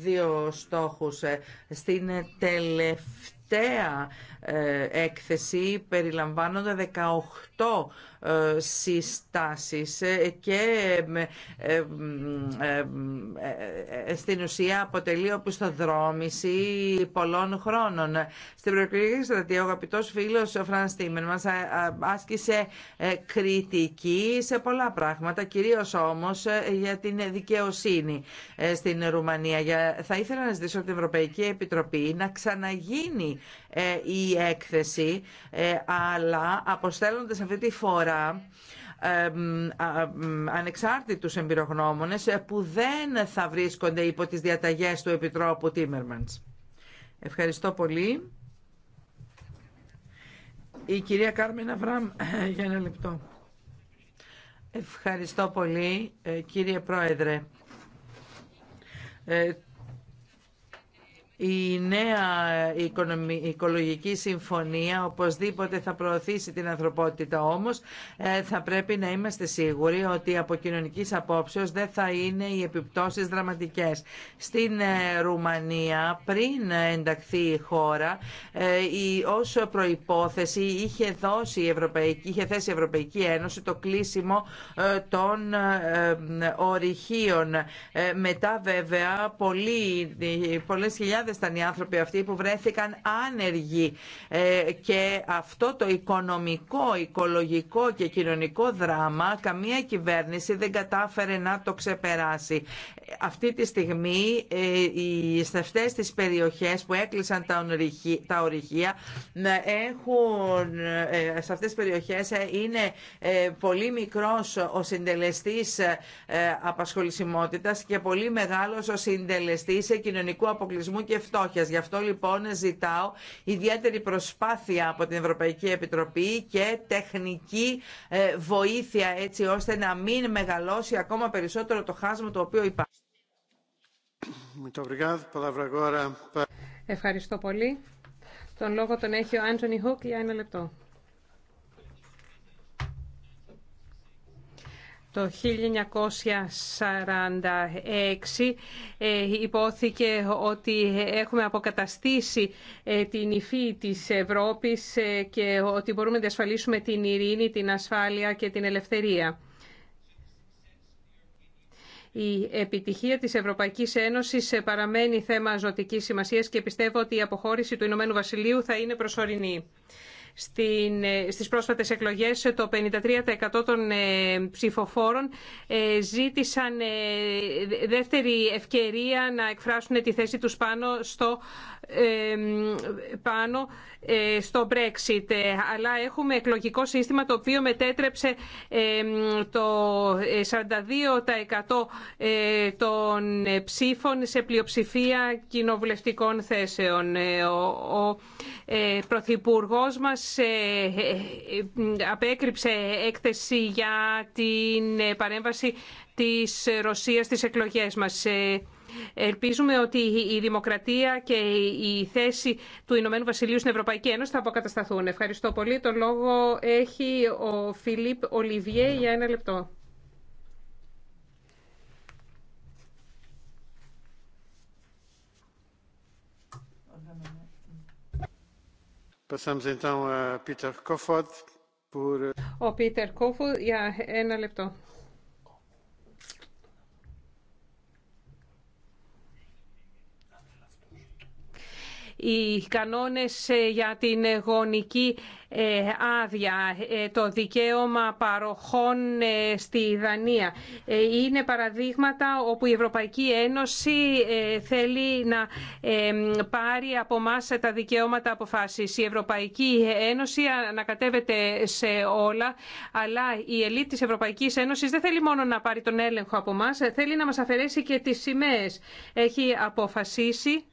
δύο στόχους. Στην τελευταία ε, έκθεση περιλαμβάνοντα 18 ε, συστάσεις ε, και στην ουσία αποτελεί οπισθοδρόμηση πολλών χρόνων. Στην προεκλογική στρατεία ο αγαπητός φίλος ο Φραν Τίμερ μας άσκησε κριτική σε πολλά πράγματα, κυρίως όμως για την δικαιοσύνη στην Ρουμανία. Θα ήθελα να ζητήσω από την Ευρωπαϊκή Επιτροπή να ξαναγίνει η έκθεση, ε, αλλά αποστέλλονται σε αυτή τη φορά ανεξάρτητους εμπειρογνώμονες ε, που δεν θα βρίσκονται υπό τις διαταγές του Επιτρόπου Τίμερμαντς. Ευχαριστώ πολύ. Η κυρία Κάρμινα Βράμ, ε, για ένα λεπτό. Ευχαριστώ πολύ, κύριε Πρόεδρε η νέα οικολογική συμφωνία οπωσδήποτε θα προωθήσει την ανθρωπότητα όμως ε, θα πρέπει να είμαστε σίγουροι ότι από κοινωνικής απόψεως δεν θα είναι οι επιπτώσεις δραματικές. Στην ε, Ρουμανία πριν ενταχθεί η χώρα ε, η, ως προϋπόθεση είχε, δώσει Ευρωπαϊκή, είχε θέσει η Ευρωπαϊκή Ένωση το κλείσιμο των ορυχείων. μετά βέβαια πολλοί, πολλές ήταν οι άνθρωποι αυτοί που βρέθηκαν άνεργοι ε, και αυτό το οικονομικό, οικολογικό και κοινωνικό δράμα καμία κυβέρνηση δεν κατάφερε να το ξεπεράσει. Αυτή τη στιγμή ε, οι αυτές τις περιοχές που έκλεισαν τα ορυχεία ε, έχουν, σε αυτές τις περιοχές είναι πολύ μικρός ο συντελεστής απασχολησιμότητας και πολύ μεγάλος ο συντελεστής κοινωνικού αποκλεισμού και Γι' αυτό λοιπόν ζητάω ιδιαίτερη προσπάθεια από την Ευρωπαϊκή Επιτροπή και τεχνική ε, βοήθεια έτσι ώστε να μην μεγαλώσει ακόμα περισσότερο το χάσμα το οποίο υπάρχει. Ευχαριστώ πολύ. Τον λόγο τον έχει ο Άντζονι Χουκ για ένα λεπτό. Το 1946 ε, υπόθηκε ότι έχουμε αποκαταστήσει ε, την υφή της Ευρώπης ε, και ότι μπορούμε να διασφαλίσουμε την ειρήνη, την ασφάλεια και την ελευθερία. Η επιτυχία της Ευρωπαϊκής Ένωσης παραμένει θέμα ζωτικής σημασίας και πιστεύω ότι η αποχώρηση του Ηνωμένου Βασιλείου θα είναι προσωρινή. Στην, ε, στις πρόσφατες εκλογές ε, το 53% των ε, ψηφοφόρων ζήτησαν δεύτερη ευκαιρία να εκφράσουν τη θέση τους πάνω στο πάνω ε, στο Brexit. Ε, αλλά έχουμε εκλογικό σύστημα το οποίο μετέτρεψε το 42% ε, των ψήφων σε πλειοψηφία κοινοβουλευτικών θέσεων. Ο Πρωθυπουργός μας απέκρυψε έκθεση για την παρέμβαση της Ρωσίας στις εκλογές μας. Ελπίζουμε ότι η δημοκρατία και η θέση του Ηνωμένου Βασιλείου στην Ευρωπαϊκή Ένωση θα αποκατασταθούν. Ευχαριστώ πολύ. Το λόγο έχει ο Φιλίπ Ολιβιέ για ένα λεπτό. Ο Πίτερ Κόφου για ένα λεπτό. οι κανόνες ε, για την γονική ε, άδεια, ε, το δικαίωμα παροχών στη Δανία. Είναι παραδείγματα όπου η Ευρωπαϊκή Ένωση θέλει να πάρει από εμά τα δικαιώματα αποφάσεις. Η Ευρωπαϊκή Ένωση ανακατεύεται σε όλα, αλλά η ελίτ της Ευρωπαϊκής Ένωσης δεν θέλει μόνο να πάρει τον έλεγχο από εμά, θέλει να μας αφαιρέσει και τις σημαίες. Έχει αποφασίσει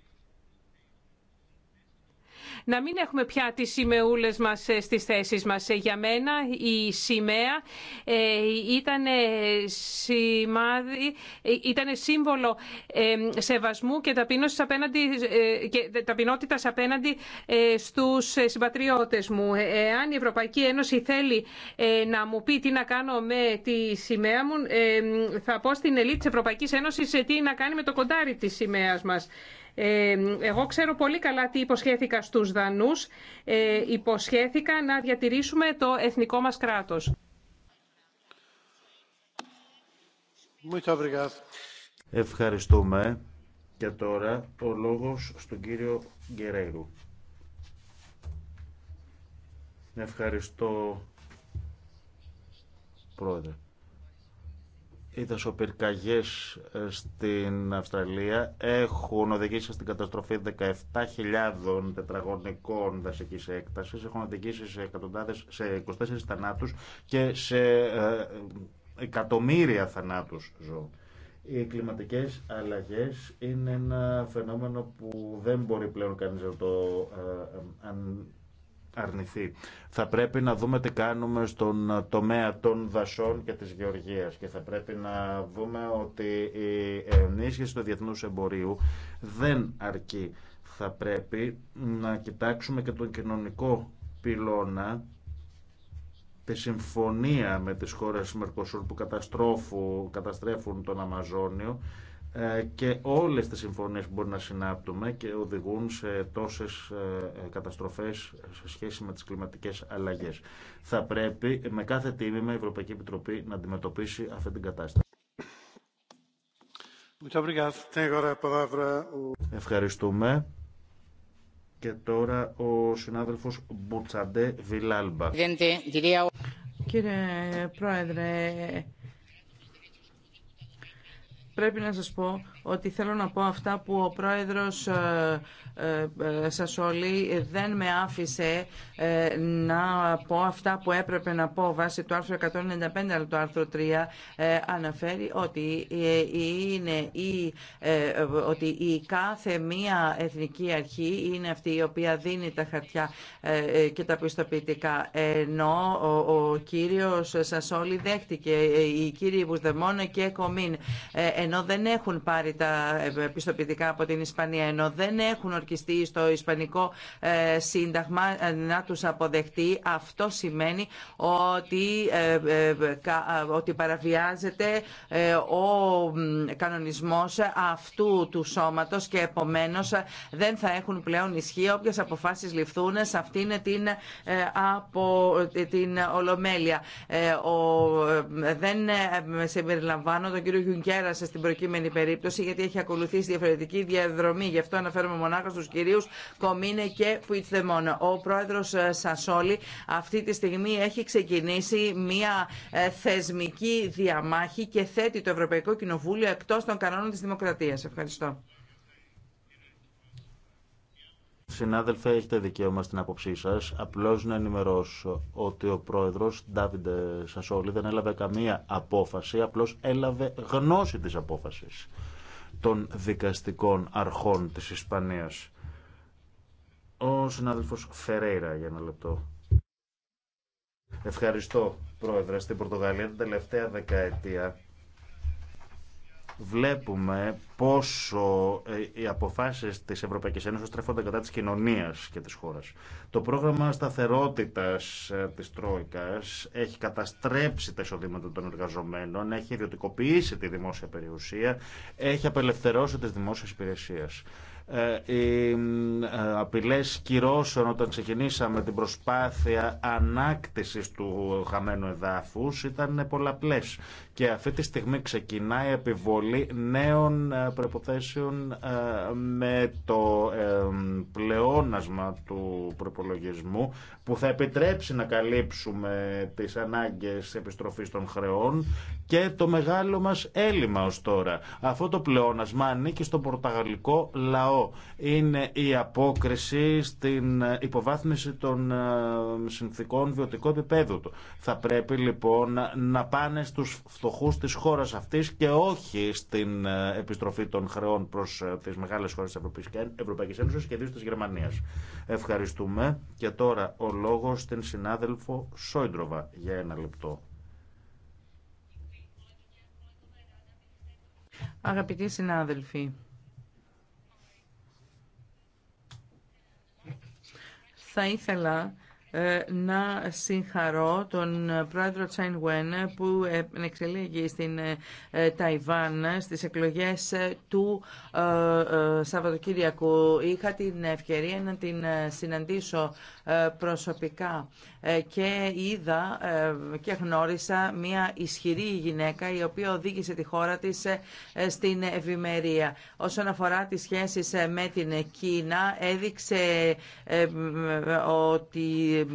να μην έχουμε πια τις σημεούλες μας ε, στις θέσεις μας. Ε, για μένα η σημαία ε, ήταν, σημάδι, σύμβολο σεβασμού και ταπεινότητας απέναντι, και ταπεινότητας απέναντι στους συμπατριώτες μου. Εάν η Ευρωπαϊκή Ένωση θέλει να μου πει τι να κάνω με τη σημαία μου, θα πω στην ελίτ της Ευρωπαϊκής Ένωσης τι να κάνει με το κοντάρι της σημαίας μας εγώ ξέρω πολύ καλά τι υποσχέθηκα στους Δανούς. Ε, υποσχέθηκα να διατηρήσουμε το εθνικό μας κράτος. Ευχαριστούμε. Και τώρα ο λόγος στον κύριο Γκερέιρου. Ευχαριστώ, Πρόεδρε. Οι δασοπυρκαγιές ε, στην Αυστραλία έχουν οδηγήσει στην καταστροφή 17.000 τετραγωνικών δασική έκταση. έχουν οδηγήσει σε, σε 24 θανάτους και σε ε, εκατομμύρια θανάτου ζώων. Οι κλιματικές αλλαγές είναι ένα φαινόμενο που δεν μπορεί πλέον κανείς να το ε, αρνηθεί. Θα πρέπει να δούμε τι κάνουμε στον τομέα των δασών και της γεωργίας και θα πρέπει να δούμε ότι η ενίσχυση του διεθνού εμπορίου δεν αρκεί. Θα πρέπει να κοιτάξουμε και τον κοινωνικό πυλώνα τη συμφωνία με τις χώρες Μερκοσούρ που καταστρέφουν τον Αμαζόνιο ε, και όλες τις συμφωνίες που μπορεί να συνάπτουμε και οδηγούν σε τόσες ε, ε, καταστροφές σε σχέση με τις κλιματικές αλλαγές. Θα πρέπει με κάθε τίμημα η Ευρωπαϊκή Επιτροπή να αντιμετωπίσει αυτή την κατάσταση. Ευχαριστούμε. Και τώρα ο συνάδελφος Μπουτσαντέ Βιλάλμπα. Κύριε Πρόεδρε, πρέπει να σας πω ότι θέλω να πω αυτά που ο πρόεδρος ε, ε, ε, Σασόλη δεν με άφησε να πω αυτά που έπρεπε να πω βάσει του άρθρου 195 αλλά το άρθρο 3 αναφέρει ότι είναι η, ότι η κάθε μία εθνική αρχή είναι αυτή η οποία δίνει τα χαρτιά και τα πιστοποιητικά ενώ ο, ο κύριος Σασόλη δέχτηκε οι κύριοι Βουσδεμόνα και Κομίν ενώ δεν έχουν πάρει τα ε, πιστοποιητικά από την Ισπανία, ενώ δεν έχουν ορκιστεί στο Ισπανικό ε, Σύνταγμα ε, να τους αποδεχτεί, αυτό σημαίνει ότι, ότι παραβιάζεται ο κανονισμός αυτού του σώματος και επομένως δεν θα έχουν πλέον ισχύ όποιες αποφάσεις ληφθούν σε αυτήν την, από, την Ολομέλεια. Ο, δεν συμπεριλαμβάνω τον κύριο Γιουνκέρα στην προκείμενη περίπτωση γιατί έχει ακολουθήσει διαφορετική διαδρομή. Γι' αυτό αναφέρομαι μονάχα στους κυρίους Κομίνε και Πουιτσδεμόν. Ο πρόεδρος ε, Σασόλη αυτή τη στιγμή έχει ξεκινήσει μια ε, θεσμική διαμάχη και θέτει το Ευρωπαϊκό Κοινοβούλιο εκτός των κανόνων της δημοκρατίας. Ευχαριστώ. Συνάδελφε, έχετε δικαίωμα στην άποψή σα. Απλώ να ενημερώσω ότι ο πρόεδρο Ντάβιντ ε, Σασόλη δεν έλαβε καμία απόφαση, απλώ έλαβε γνώση τη απόφαση των δικαστικών αρχών της Ισπανίας. Ο συνάδελφος Φερέιρα για ένα λεπτό. Ευχαριστώ, Πρόεδρε. Στην Πορτογαλία την τελευταία δεκαετία βλέπουμε πόσο ε, οι αποφάσεις της Ευρωπαϊκής Ένωσης στρέφονται κατά της κοινωνίας και της χώρας. Το πρόγραμμα σταθερότητας ε, της Τρόικας έχει καταστρέψει τα εισοδήματα των εργαζομένων, έχει ιδιωτικοποιήσει τη δημόσια περιουσία, έχει απελευθερώσει τις δημόσιες υπηρεσίες. Ε, οι ε, απειλές κυρώσεων όταν ξεκινήσαμε την προσπάθεια ανάκτησης του χαμένου εδάφους ήταν πολλαπλές και αυτή τη στιγμή ξεκινάει επιβολή νέων ε, προϋποθέσεων με το πλεόνασμα του προπολογισμού που θα επιτρέψει να καλύψουμε τις ανάγκες επιστροφής των χρεών και το μεγάλο μας έλλειμμα ως τώρα. Αυτό το πλεόνασμα ανήκει στον πορταγαλικό λαό. Είναι η απόκριση στην υποβάθμιση των ε, συνθήκων βιωτικού επίπεδου του. Θα πρέπει λοιπόν να πάνε στους φτωχούς της χώρας αυτής και όχι στην ε, επιστροφή των χρεών προς ε, τις μεγάλες χώρες της Ευρωπαϊκής Ένωσης και της Γερμανίας. Ευχαριστούμε και τώρα ο λόγος στην συνάδελφο Σόιντροβα για ένα λεπτό. Αγαπητοί συνάδελφοι, θα ήθελα ε, να συγχαρώ τον πρόεδρο Τσάιν Γουέν που εξελίγει στην ε, ε, Ταϊβάν στις εκλογές του Σαββατοκύριακου. Είχα την ευκαιρία να την συναντήσω ε, προσωπικά ε, και είδα ε, και γνώρισα μια ισχυρή γυναίκα η οποία οδήγησε τη χώρα της στην ευημερία. Όσον αφορά τις σχέσεις με την Κίνα έδειξε ότι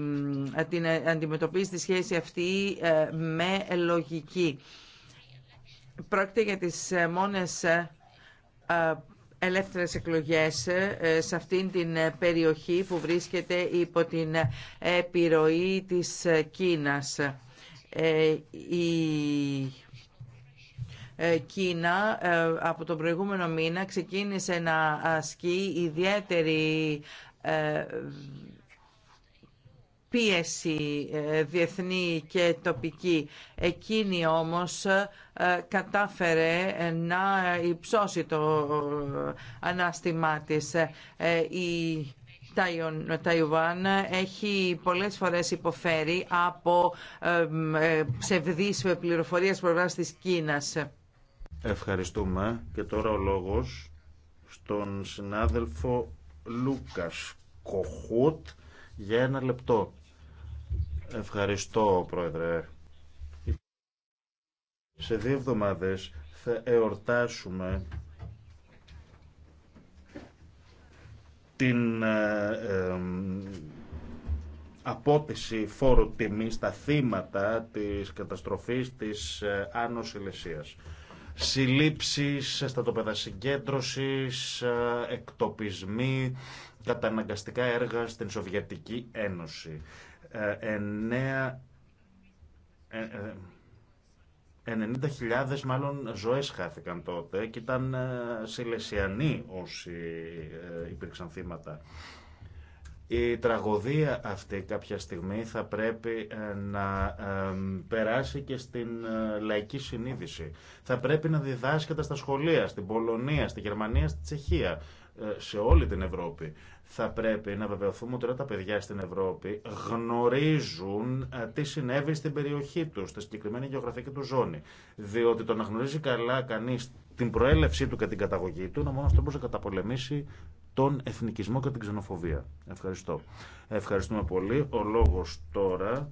την αντιμετωπίζει τη σχέση αυτή με λογική. Πρόκειται για τις μόνες ελεύθερες εκλογές ε, σε αυτήν την ε, περιοχή που βρίσκεται υπό την ε, επιρροή της Κίνας. Η Κίνα από τον προηγούμενο μήνα ξεκίνησε να ασκεί ιδιαίτερη πίεση ε, διεθνή και τοπική. Εκείνη όμως ε, κατάφερε να υψώσει το ε, ανάστημά της. Η Ταϊουάν έχει πολλές φορές υποφέρει από ψευδείς πληροφορίες προβάσεις της Κίνας. Ευχαριστούμε. Και τώρα ο λόγος στον συνάδελφο Λούκας Κοχούτ για ένα λεπτό. Ευχαριστώ, Πρόεδρε. Σε δύο εβδομάδες θα εορτάσουμε την ε, ε, απότηση φόρου τιμή στα θύματα της καταστροφής της ε, Άνω Σιλεσίας. Συλλήψεις, ε, στατοπέδα συγκέντρωσης, εκτοπισμοί, καταναγκαστικά έργα στην Σοβιετική Ένωση ε, 90.000 ε, μάλλον ζωές χάθηκαν τότε και ήταν ε, σιλεσιανοί όσοι ε, υπήρξαν θύματα. Η τραγωδία αυτή κάποια στιγμή θα πρέπει να περάσει και στην λαϊκή συνείδηση. Θα πρέπει να διδάσκεται στα σχολεία, στην Πολωνία, στη Γερμανία, στη Τσεχία, σε όλη την Ευρώπη. Θα πρέπει να βεβαιωθούμε ότι όλα τα παιδιά στην Ευρώπη γνωρίζουν ε, τι συνέβη στην περιοχή του, στη συγκεκριμένη γεωγραφική του ζώνη. Διότι το να γνωρίζει καλά κανεί την προέλευσή του και την καταγωγή του είναι ο μόνο τρόπο να καταπολεμήσει τον εθνικισμό και την ξενοφοβία. Ευχαριστώ. Ευχαριστούμε πολύ. Ο λόγος τώρα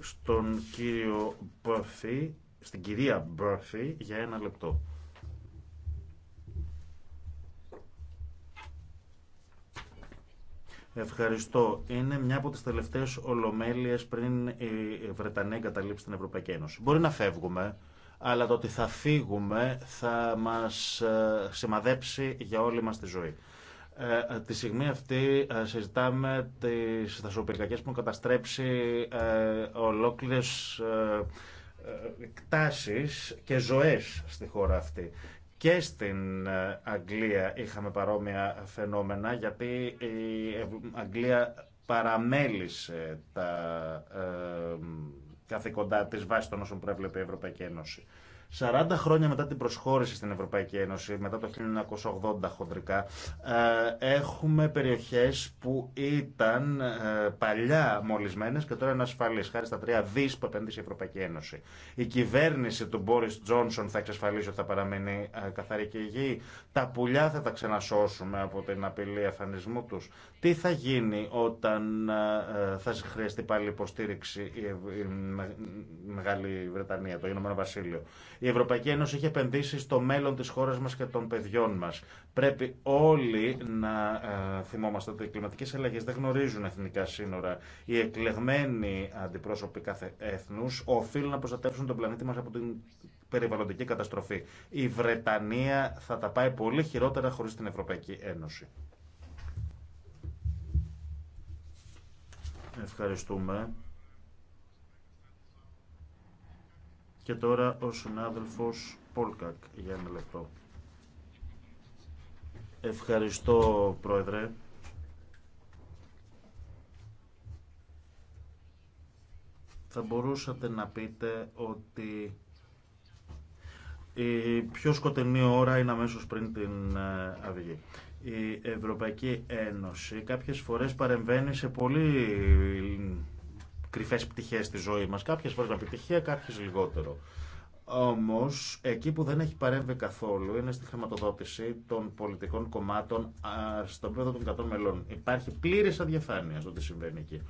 στον κύριο Μπέρφη, στην κυρία Μπέρφη για ένα λεπτό. Ευχαριστώ. Είναι μια από τι τελευταίε ολομέλειε πριν η Βρετανία εγκαταλείψει την Ευρωπαϊκή Ένωση. Μπορεί να φεύγουμε, αλλά το ότι θα φύγουμε θα μα ε, σημαδέψει για όλη μα τη ζωή. Ε, τη στιγμή αυτή ε, συζητάμε τις δασοπυρκακές που έχουν καταστρέψει ε, ολόκληρες ε, ε, και ζωές στη χώρα αυτή. Και στην ε, Αγγλία είχαμε παρόμοια φαινόμενα, γιατί η Αγγλία παραμέλησε τα ε, καθηκοντά της βάσει των όσων προέβλεπε η Ευρωπαϊκή Ένωση. 40 χρόνια μετά την προσχώρηση στην Ευρωπαϊκή Ένωση, μετά το 1980 χοντρικά, ε, έχουμε περιοχές που ήταν ε, παλιά μολυσμένες και τώρα είναι ασφαλείς, χάρη στα τρία δις που επένδυσε η Ευρωπαϊκή Ένωση. Η κυβέρνηση του Μπόρις Τζόνσον θα εξασφαλίσει ότι θα παραμείνει ε, καθαρή και υγιή. Τα πουλιά θα τα ξανασώσουμε από την απειλή αφανισμού τους. Τι θα γίνει όταν θα χρειαστεί πάλι υποστήριξη η Μεγάλη Βρετανία, το Ηνωμένο Βασίλειο. Η Ευρωπαϊκή Ένωση έχει επενδύσει στο μέλλον τη χώρα μα και των παιδιών μα. Πρέπει όλοι να ε, θυμόμαστε ότι οι κλιματικέ αλλαγέ δεν γνωρίζουν εθνικά σύνορα. Οι εκλεγμένοι αντιπρόσωποι κάθε έθνου οφείλουν να προστατεύσουν τον πλανήτη μα από την περιβαλλοντική καταστροφή. Η Βρετανία θα τα πάει πολύ χειρότερα χωρί την Ευρωπαϊκή Ένωση. Ευχαριστούμε. Και τώρα ο συνάδελφος Πόλκακ για ένα λεπτό. Ευχαριστώ Πρόεδρε. Θα μπορούσατε να πείτε ότι η πιο σκοτεινή ώρα είναι αμέσως πριν την ε, αυγή. Η Ευρωπαϊκή Ένωση κάποιες φορές παρεμβαίνει σε πολύ Κρυφέ πτυχέ στη ζωή μας. Κάποιες φορές με επιτυχία, κάποιε λιγότερο. Όμω, εκεί που δεν έχει παρέμβει καθόλου είναι στη χρηματοδότηση των πολιτικών κομμάτων στον επίπεδο των 100 μελών. Υπάρχει πλήρη αδιαφάνεια στο τι συμβαίνει εκεί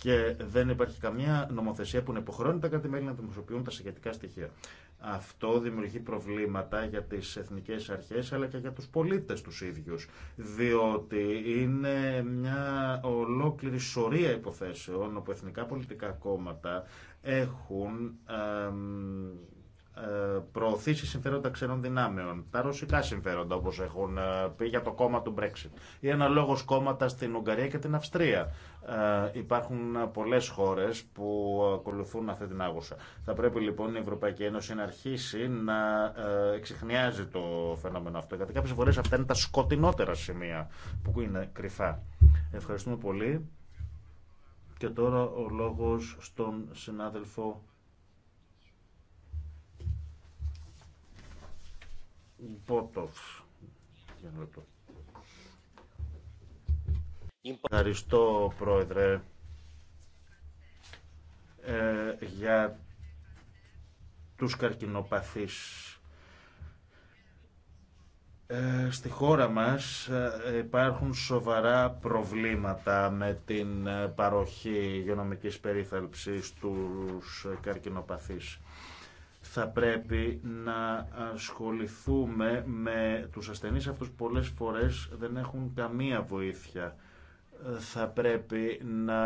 και δεν υπάρχει καμία νομοθεσία που να υποχρεώνει τα κράτη-μέλη να δημοσιοποιούν τα σχετικά στοιχεία. Αυτό δημιουργεί προβλήματα για τι εθνικέ αρχέ, αλλά και για του πολίτε του ίδιου, διότι είναι μια ολόκληρη σωρία υποθέσεων όπου εθνικά πολιτικά κόμματα έχουν ε, προωθήσει συμφέροντα ξένων δυνάμεων, τα ρωσικά συμφέροντα όπως έχουν ε, πει για το κόμμα του Brexit ή αναλόγως κόμματα στην Ουγγαρία και την Αυστρία ε, υπάρχουν πολλές χώρες που ακολουθούν αυτή την άγουσα. Θα πρέπει λοιπόν η Ευρωπαϊκή Ένωση να αρχίσει να ε, εξηχνιάζει το φαινόμενο αυτό, γιατί κάποιες φορές αυτά είναι τα σκοτεινότερα σημεία που είναι κρυφά. Ευχαριστούμε πολύ. Και τώρα ο λόγος στον συνάδελφο Μπότοφ. Για να Ευχαριστώ, Πρόεδρε, ε, για τους καρκινοπαθείς. Ε, στη χώρα μας ε, υπάρχουν σοβαρά προβλήματα με την παροχή γενομικής περίθαλψης στους καρκινοπαθείς θα πρέπει να ασχοληθούμε με τους ασθενείς αυτούς που πολλές φορές δεν έχουν καμία βοήθεια θα πρέπει να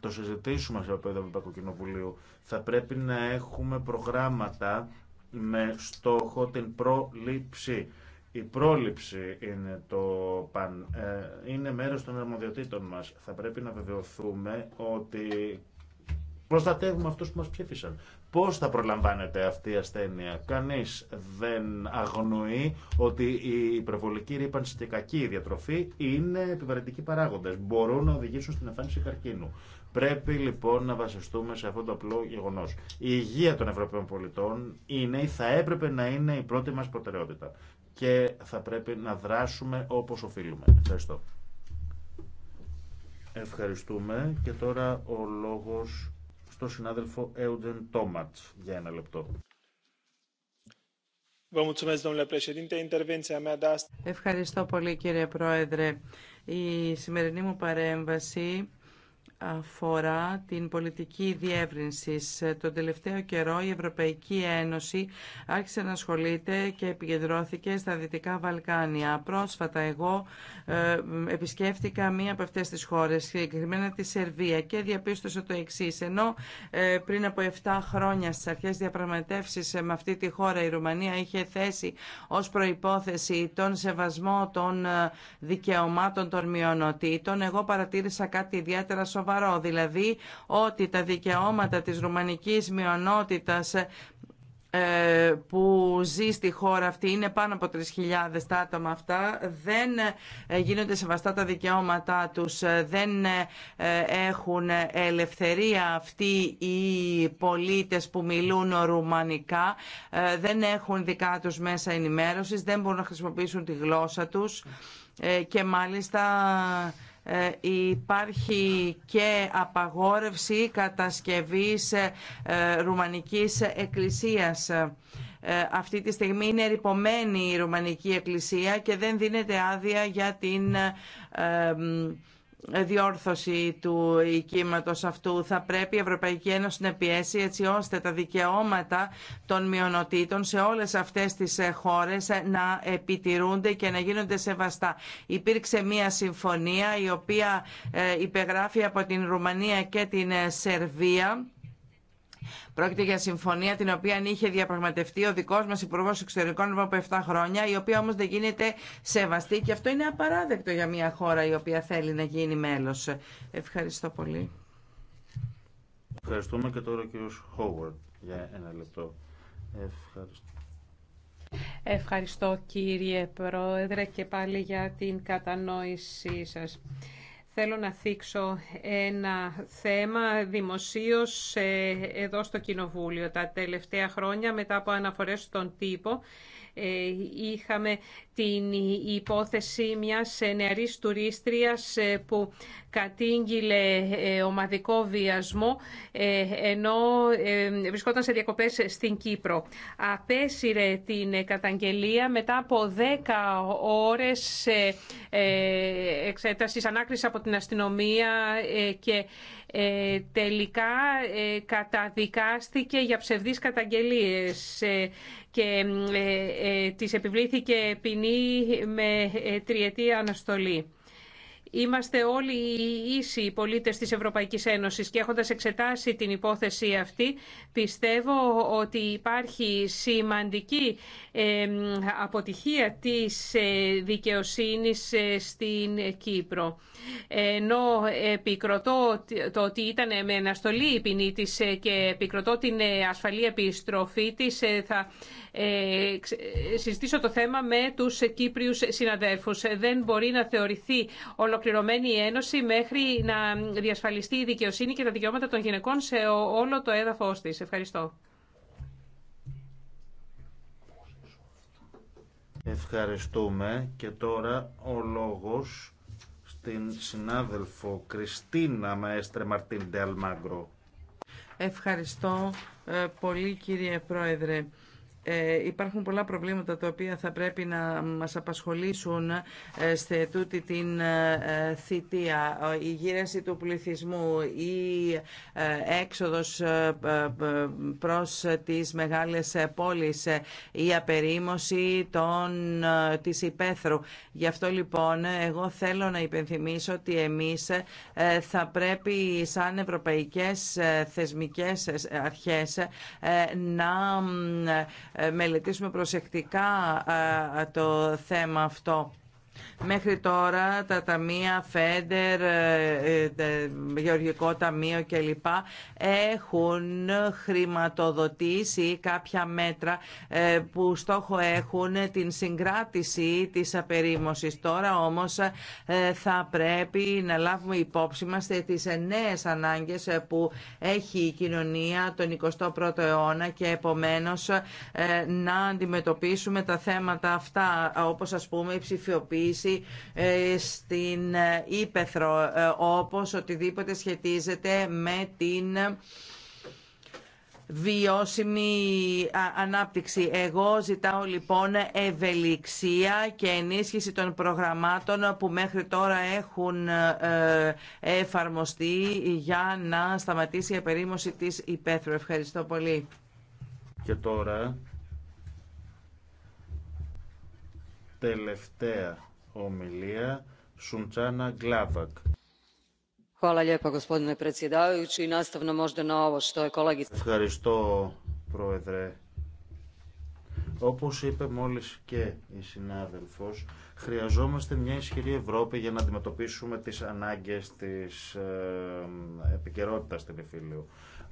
το συζητήσουμε σε επίπεδο Ευρωπαϊκού Κοινοβουλίου. Θα πρέπει να έχουμε προγράμματα με στόχο την πρόληψη. Η πρόληψη είναι το παν. Ε, είναι μέρος των αρμοδιοτήτων μας. Θα πρέπει να βεβαιωθούμε ότι προστατεύουμε αυτούς που μας ψήφισαν. Πώς θα προλαμβάνεται αυτή η ασθένεια. Κανείς δεν αγνοεί ότι η υπερβολική ρήπανση και κακή διατροφή είναι επιβαρυντικοί παράγοντες. Μπορούν να οδηγήσουν στην εμφάνιση καρκίνου. Πρέπει λοιπόν να βασιστούμε σε αυτό το απλό γεγονό. Η υγεία των Ευρωπαίων πολιτών είναι ή θα έπρεπε να είναι η πρώτη μας προτεραιότητα. Και θα πρέπει να δράσουμε όπως οφείλουμε. Ευχαριστώ. Ευχαριστούμε και τώρα ο λόγος στον συνάδελφο Έουντεν Τόματ για ένα λεπτό. Ευχαριστώ πολύ κύριε Πρόεδρε. Η σημερινή μου παρέμβαση αφορά την πολιτική διεύρυνση. Τον τελευταίο καιρό η Ευρωπαϊκή Ένωση άρχισε να ασχολείται και επικεντρώθηκε στα Δυτικά Βαλκάνια. Πρόσφατα εγώ ε, επισκέφτηκα μία από αυτές τις χώρες, συγκεκριμένα τη Σερβία και διαπίστωσα το εξή. Ενώ ε, πριν από 7 χρόνια στις αρχές διαπραγματεύσεις με αυτή τη χώρα η Ρουμανία είχε θέσει ως προϋπόθεση τον σεβασμό των ε, δικαιωμάτων των μειονοτήτων, εγώ παρατήρησα κάτι ιδιαίτερα σοβαρό σοβαρό, δηλαδή ότι τα δικαιώματα της ρουμανικής μειονότητας ε, που ζει στη χώρα αυτή, είναι πάνω από 3.000 τα άτομα αυτά, δεν ε, γίνονται σεβαστά τα δικαιώματά τους, ε, δεν έχουν ελευθερία αυτοί οι πολίτες που μιλούν ρουμανικά, δεν έχουν δικά τους μέσα ενημέρωσης, δεν μπορούν να χρησιμοποιήσουν τη γλώσσα τους και μάλιστα ε, υπάρχει και απαγόρευση κατασκευής ε, ρουμανικής εκκλησίας. Ε, αυτή τη στιγμή είναι ρηπομένη η ρουμανική εκκλησία και δεν δίνεται άδεια για την διόρθωση του οικήματος αυτού. Θα πρέπει η Ευρωπαϊκή Ένωση να πιέσει έτσι ώστε τα δικαιώματα των μειονοτήτων σε όλες αυτές τις ε, χώρες ε, να επιτηρούνται και να γίνονται σεβαστά. Υπήρξε μία συμφωνία η οποία ε, υπεγράφει από την Ρουμανία και την Σερβία Πρόκειται για συμφωνία την οποία είχε διαπραγματευτεί ο δικό μα Υπουργό Εξωτερικών εδώ από 7 χρόνια, η οποία όμω δεν γίνεται σεβαστή και αυτό είναι απαράδεκτο για μια χώρα η οποία θέλει να γίνει μέλο. Ευχαριστώ πολύ. Ευχαριστούμε και τώρα ο κύριο Χόουαρντ για ένα λεπτό. Ευχαριστώ. Ευχαριστώ κύριε Πρόεδρε και πάλι για την κατανόησή σας. Θέλω να θίξω ένα θέμα δημοσίως ε, εδώ στο Κοινοβούλιο. Τα τελευταία χρόνια μετά από αναφορές στον τύπο ε, είχαμε την υπόθεση μιας νεαρής τουρίστριας ε, που κατήγγειλε ε, ομαδικό βιασμό ε, ενώ βρισκόταν σε διακοπές στην Κύπρο. Απέσυρε την καταγγελία μετά από 10 ώρες εξέτασης ανάκρισης από την αστυνομία και τελικά καταδικάστηκε για ψευδείς καταγγελίες και της επιβλήθηκε ποινή κοινή με ε, τριετή αναστολή. Είμαστε όλοι οι ίσοι πολίτες της Ευρωπαϊκής Ένωσης και έχοντας εξετάσει την υπόθεση αυτή πιστεύω ότι υπάρχει σημαντική αποτυχία της ε, δικαιοσύνης ε, στην Κύπρο. Ενώ επικροτώ το ότι ήταν με αναστολή η ποινή της ε, και επικροτώ την ασφαλή επιστροφή της, θα συζητήσω το θέμα με τους Κύπριους συναδέρφους. Δεν μπορεί να θεωρηθεί ολοκληρωμένη η Ένωση μέχρι να διασφαλιστεί η δικαιοσύνη και τα δικαιώματα των γυναικών σε όλο το έδαφος της. Ευχαριστώ. Ευχαριστούμε και τώρα ο λόγος στην συνάδελφο Κριστίνα Μαέστρε Μαρτίν Αλμάγκρο. Ευχαριστώ ε, πολύ κύριε Πρόεδρε. Ε, υπάρχουν πολλά προβλήματα τα οποία θα πρέπει να μας απασχολήσουν ε, σε τούτη την ε, ε θητεία. Η γύρεση του πληθυσμού, η ε, έξοδος ε, προς τις μεγάλες πόλεις, η απερίμωση των, της υπαίθρου. Γι' αυτό λοιπόν εγώ θέλω να υπενθυμίσω ότι εμείς θα πρέπει σαν ευρωπαϊκές θεσμικές αρχές να ε, μελετήσουμε προσεκτικά ε, το θέμα αυτό. Μέχρι τώρα τα ταμεία Φέντερ, ε, ε, ε, Γεωργικό Ταμείο κλπ. έχουν χρηματοδοτήσει κάποια μέτρα που στόχο έχουν την συγκράτηση της απερίμωσης. Τώρα όμως θα πρέπει να λάβουμε υπόψη μας τις νέες ανάγκες που έχει η κοινωνία τον 21ο αιώνα και επομένως να αντιμετωπίσουμε τα θέματα αυτά όπως ας πούμε η ψηφιοποίηση ε, στην Ήπεθρο, ε, ε, όπως οτιδήποτε σχετίζεται με την βιώσιμη ανάπτυξη. Εγώ ζητάω λοιπόν ευελιξία και ενίσχυση των προγραμμάτων που μέχρι τώρα έχουν εφαρμοστεί για να σταματήσει η απερίμωση της Ήπεθρο. Ευχαριστώ πολύ. Και τώρα, τελευταία ομιλία Σουντσάνα Γκλάβακ. Ευχαριστώ, Πρόεδρε. Όπως είπε μόλις και η συνάδελφος, χρειαζόμαστε μια ισχυρή Ευρώπη για να αντιμετωπίσουμε τις ανάγκες της ε, επικαιρότητα του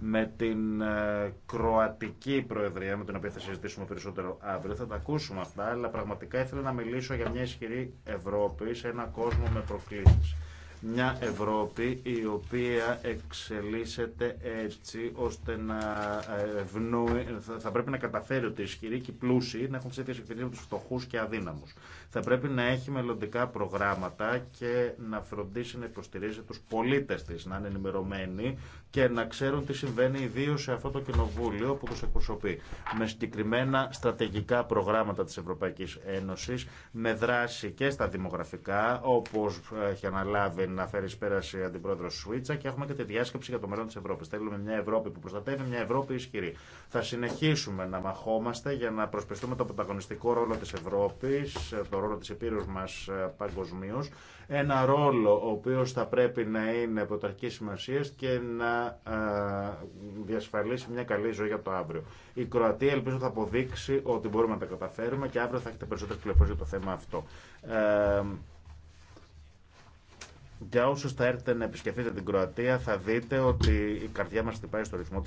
με την ε, Κροατική Προεδρία, με την οποία θα συζητήσουμε περισσότερο αύριο. Θα τα ακούσουμε αυτά, αλλά πραγματικά ήθελα να μιλήσω για μια ισχυρή Ευρώπη σε ένα κόσμο με προκλήσεις. Μια Ευρώπη η οποία εξελίσσεται έτσι ώστε να ε, θα πρέπει να καταφέρει ότι οι ισχυροί και οι πλούσιοι να έχουν τι ίδιε ευκαιρίε με του φτωχού και αδύναμου θα πρέπει να έχει μελλοντικά προγράμματα και να φροντίσει να υποστηρίζει τους πολίτες της, να είναι ενημερωμένοι και να ξέρουν τι συμβαίνει ιδίω σε αυτό το κοινοβούλιο που τους εκπροσωπεί. Με συγκεκριμένα στρατηγικά προγράμματα της Ευρωπαϊκής Ένωσης, με δράση και στα δημογραφικά, όπως έχει αναλάβει να φέρει πέραση η Αντιπρόεδρος Σουίτσα και έχουμε και τη διάσκεψη για το μέλλον της Ευρώπης. Θέλουμε μια Ευρώπη που προστατεύει, μια Ευρώπη ισχυρή. Θα συνεχίσουμε να μαχόμαστε για να προσπιστούμε το πρωταγωνιστικό ρόλο της Ευρώπης, ρόλο της επίρρους μας ε, παγκοσμίω, ένα ρόλο ο οποίος θα πρέπει να είναι πρωταρχική σημασία και να ε, διασφαλίσει μια καλή ζωή για το αύριο. Η Κροατία ελπίζω θα αποδείξει ότι μπορούμε να τα καταφέρουμε και αύριο θα έχετε περισσότερο πληροφορίε για το θέμα αυτό. Ε, για όσου θα έρθετε να επισκεφτείτε την Κροατία, θα δείτε ότι η καρδιά μα χτυπάει στο ρυθμό τη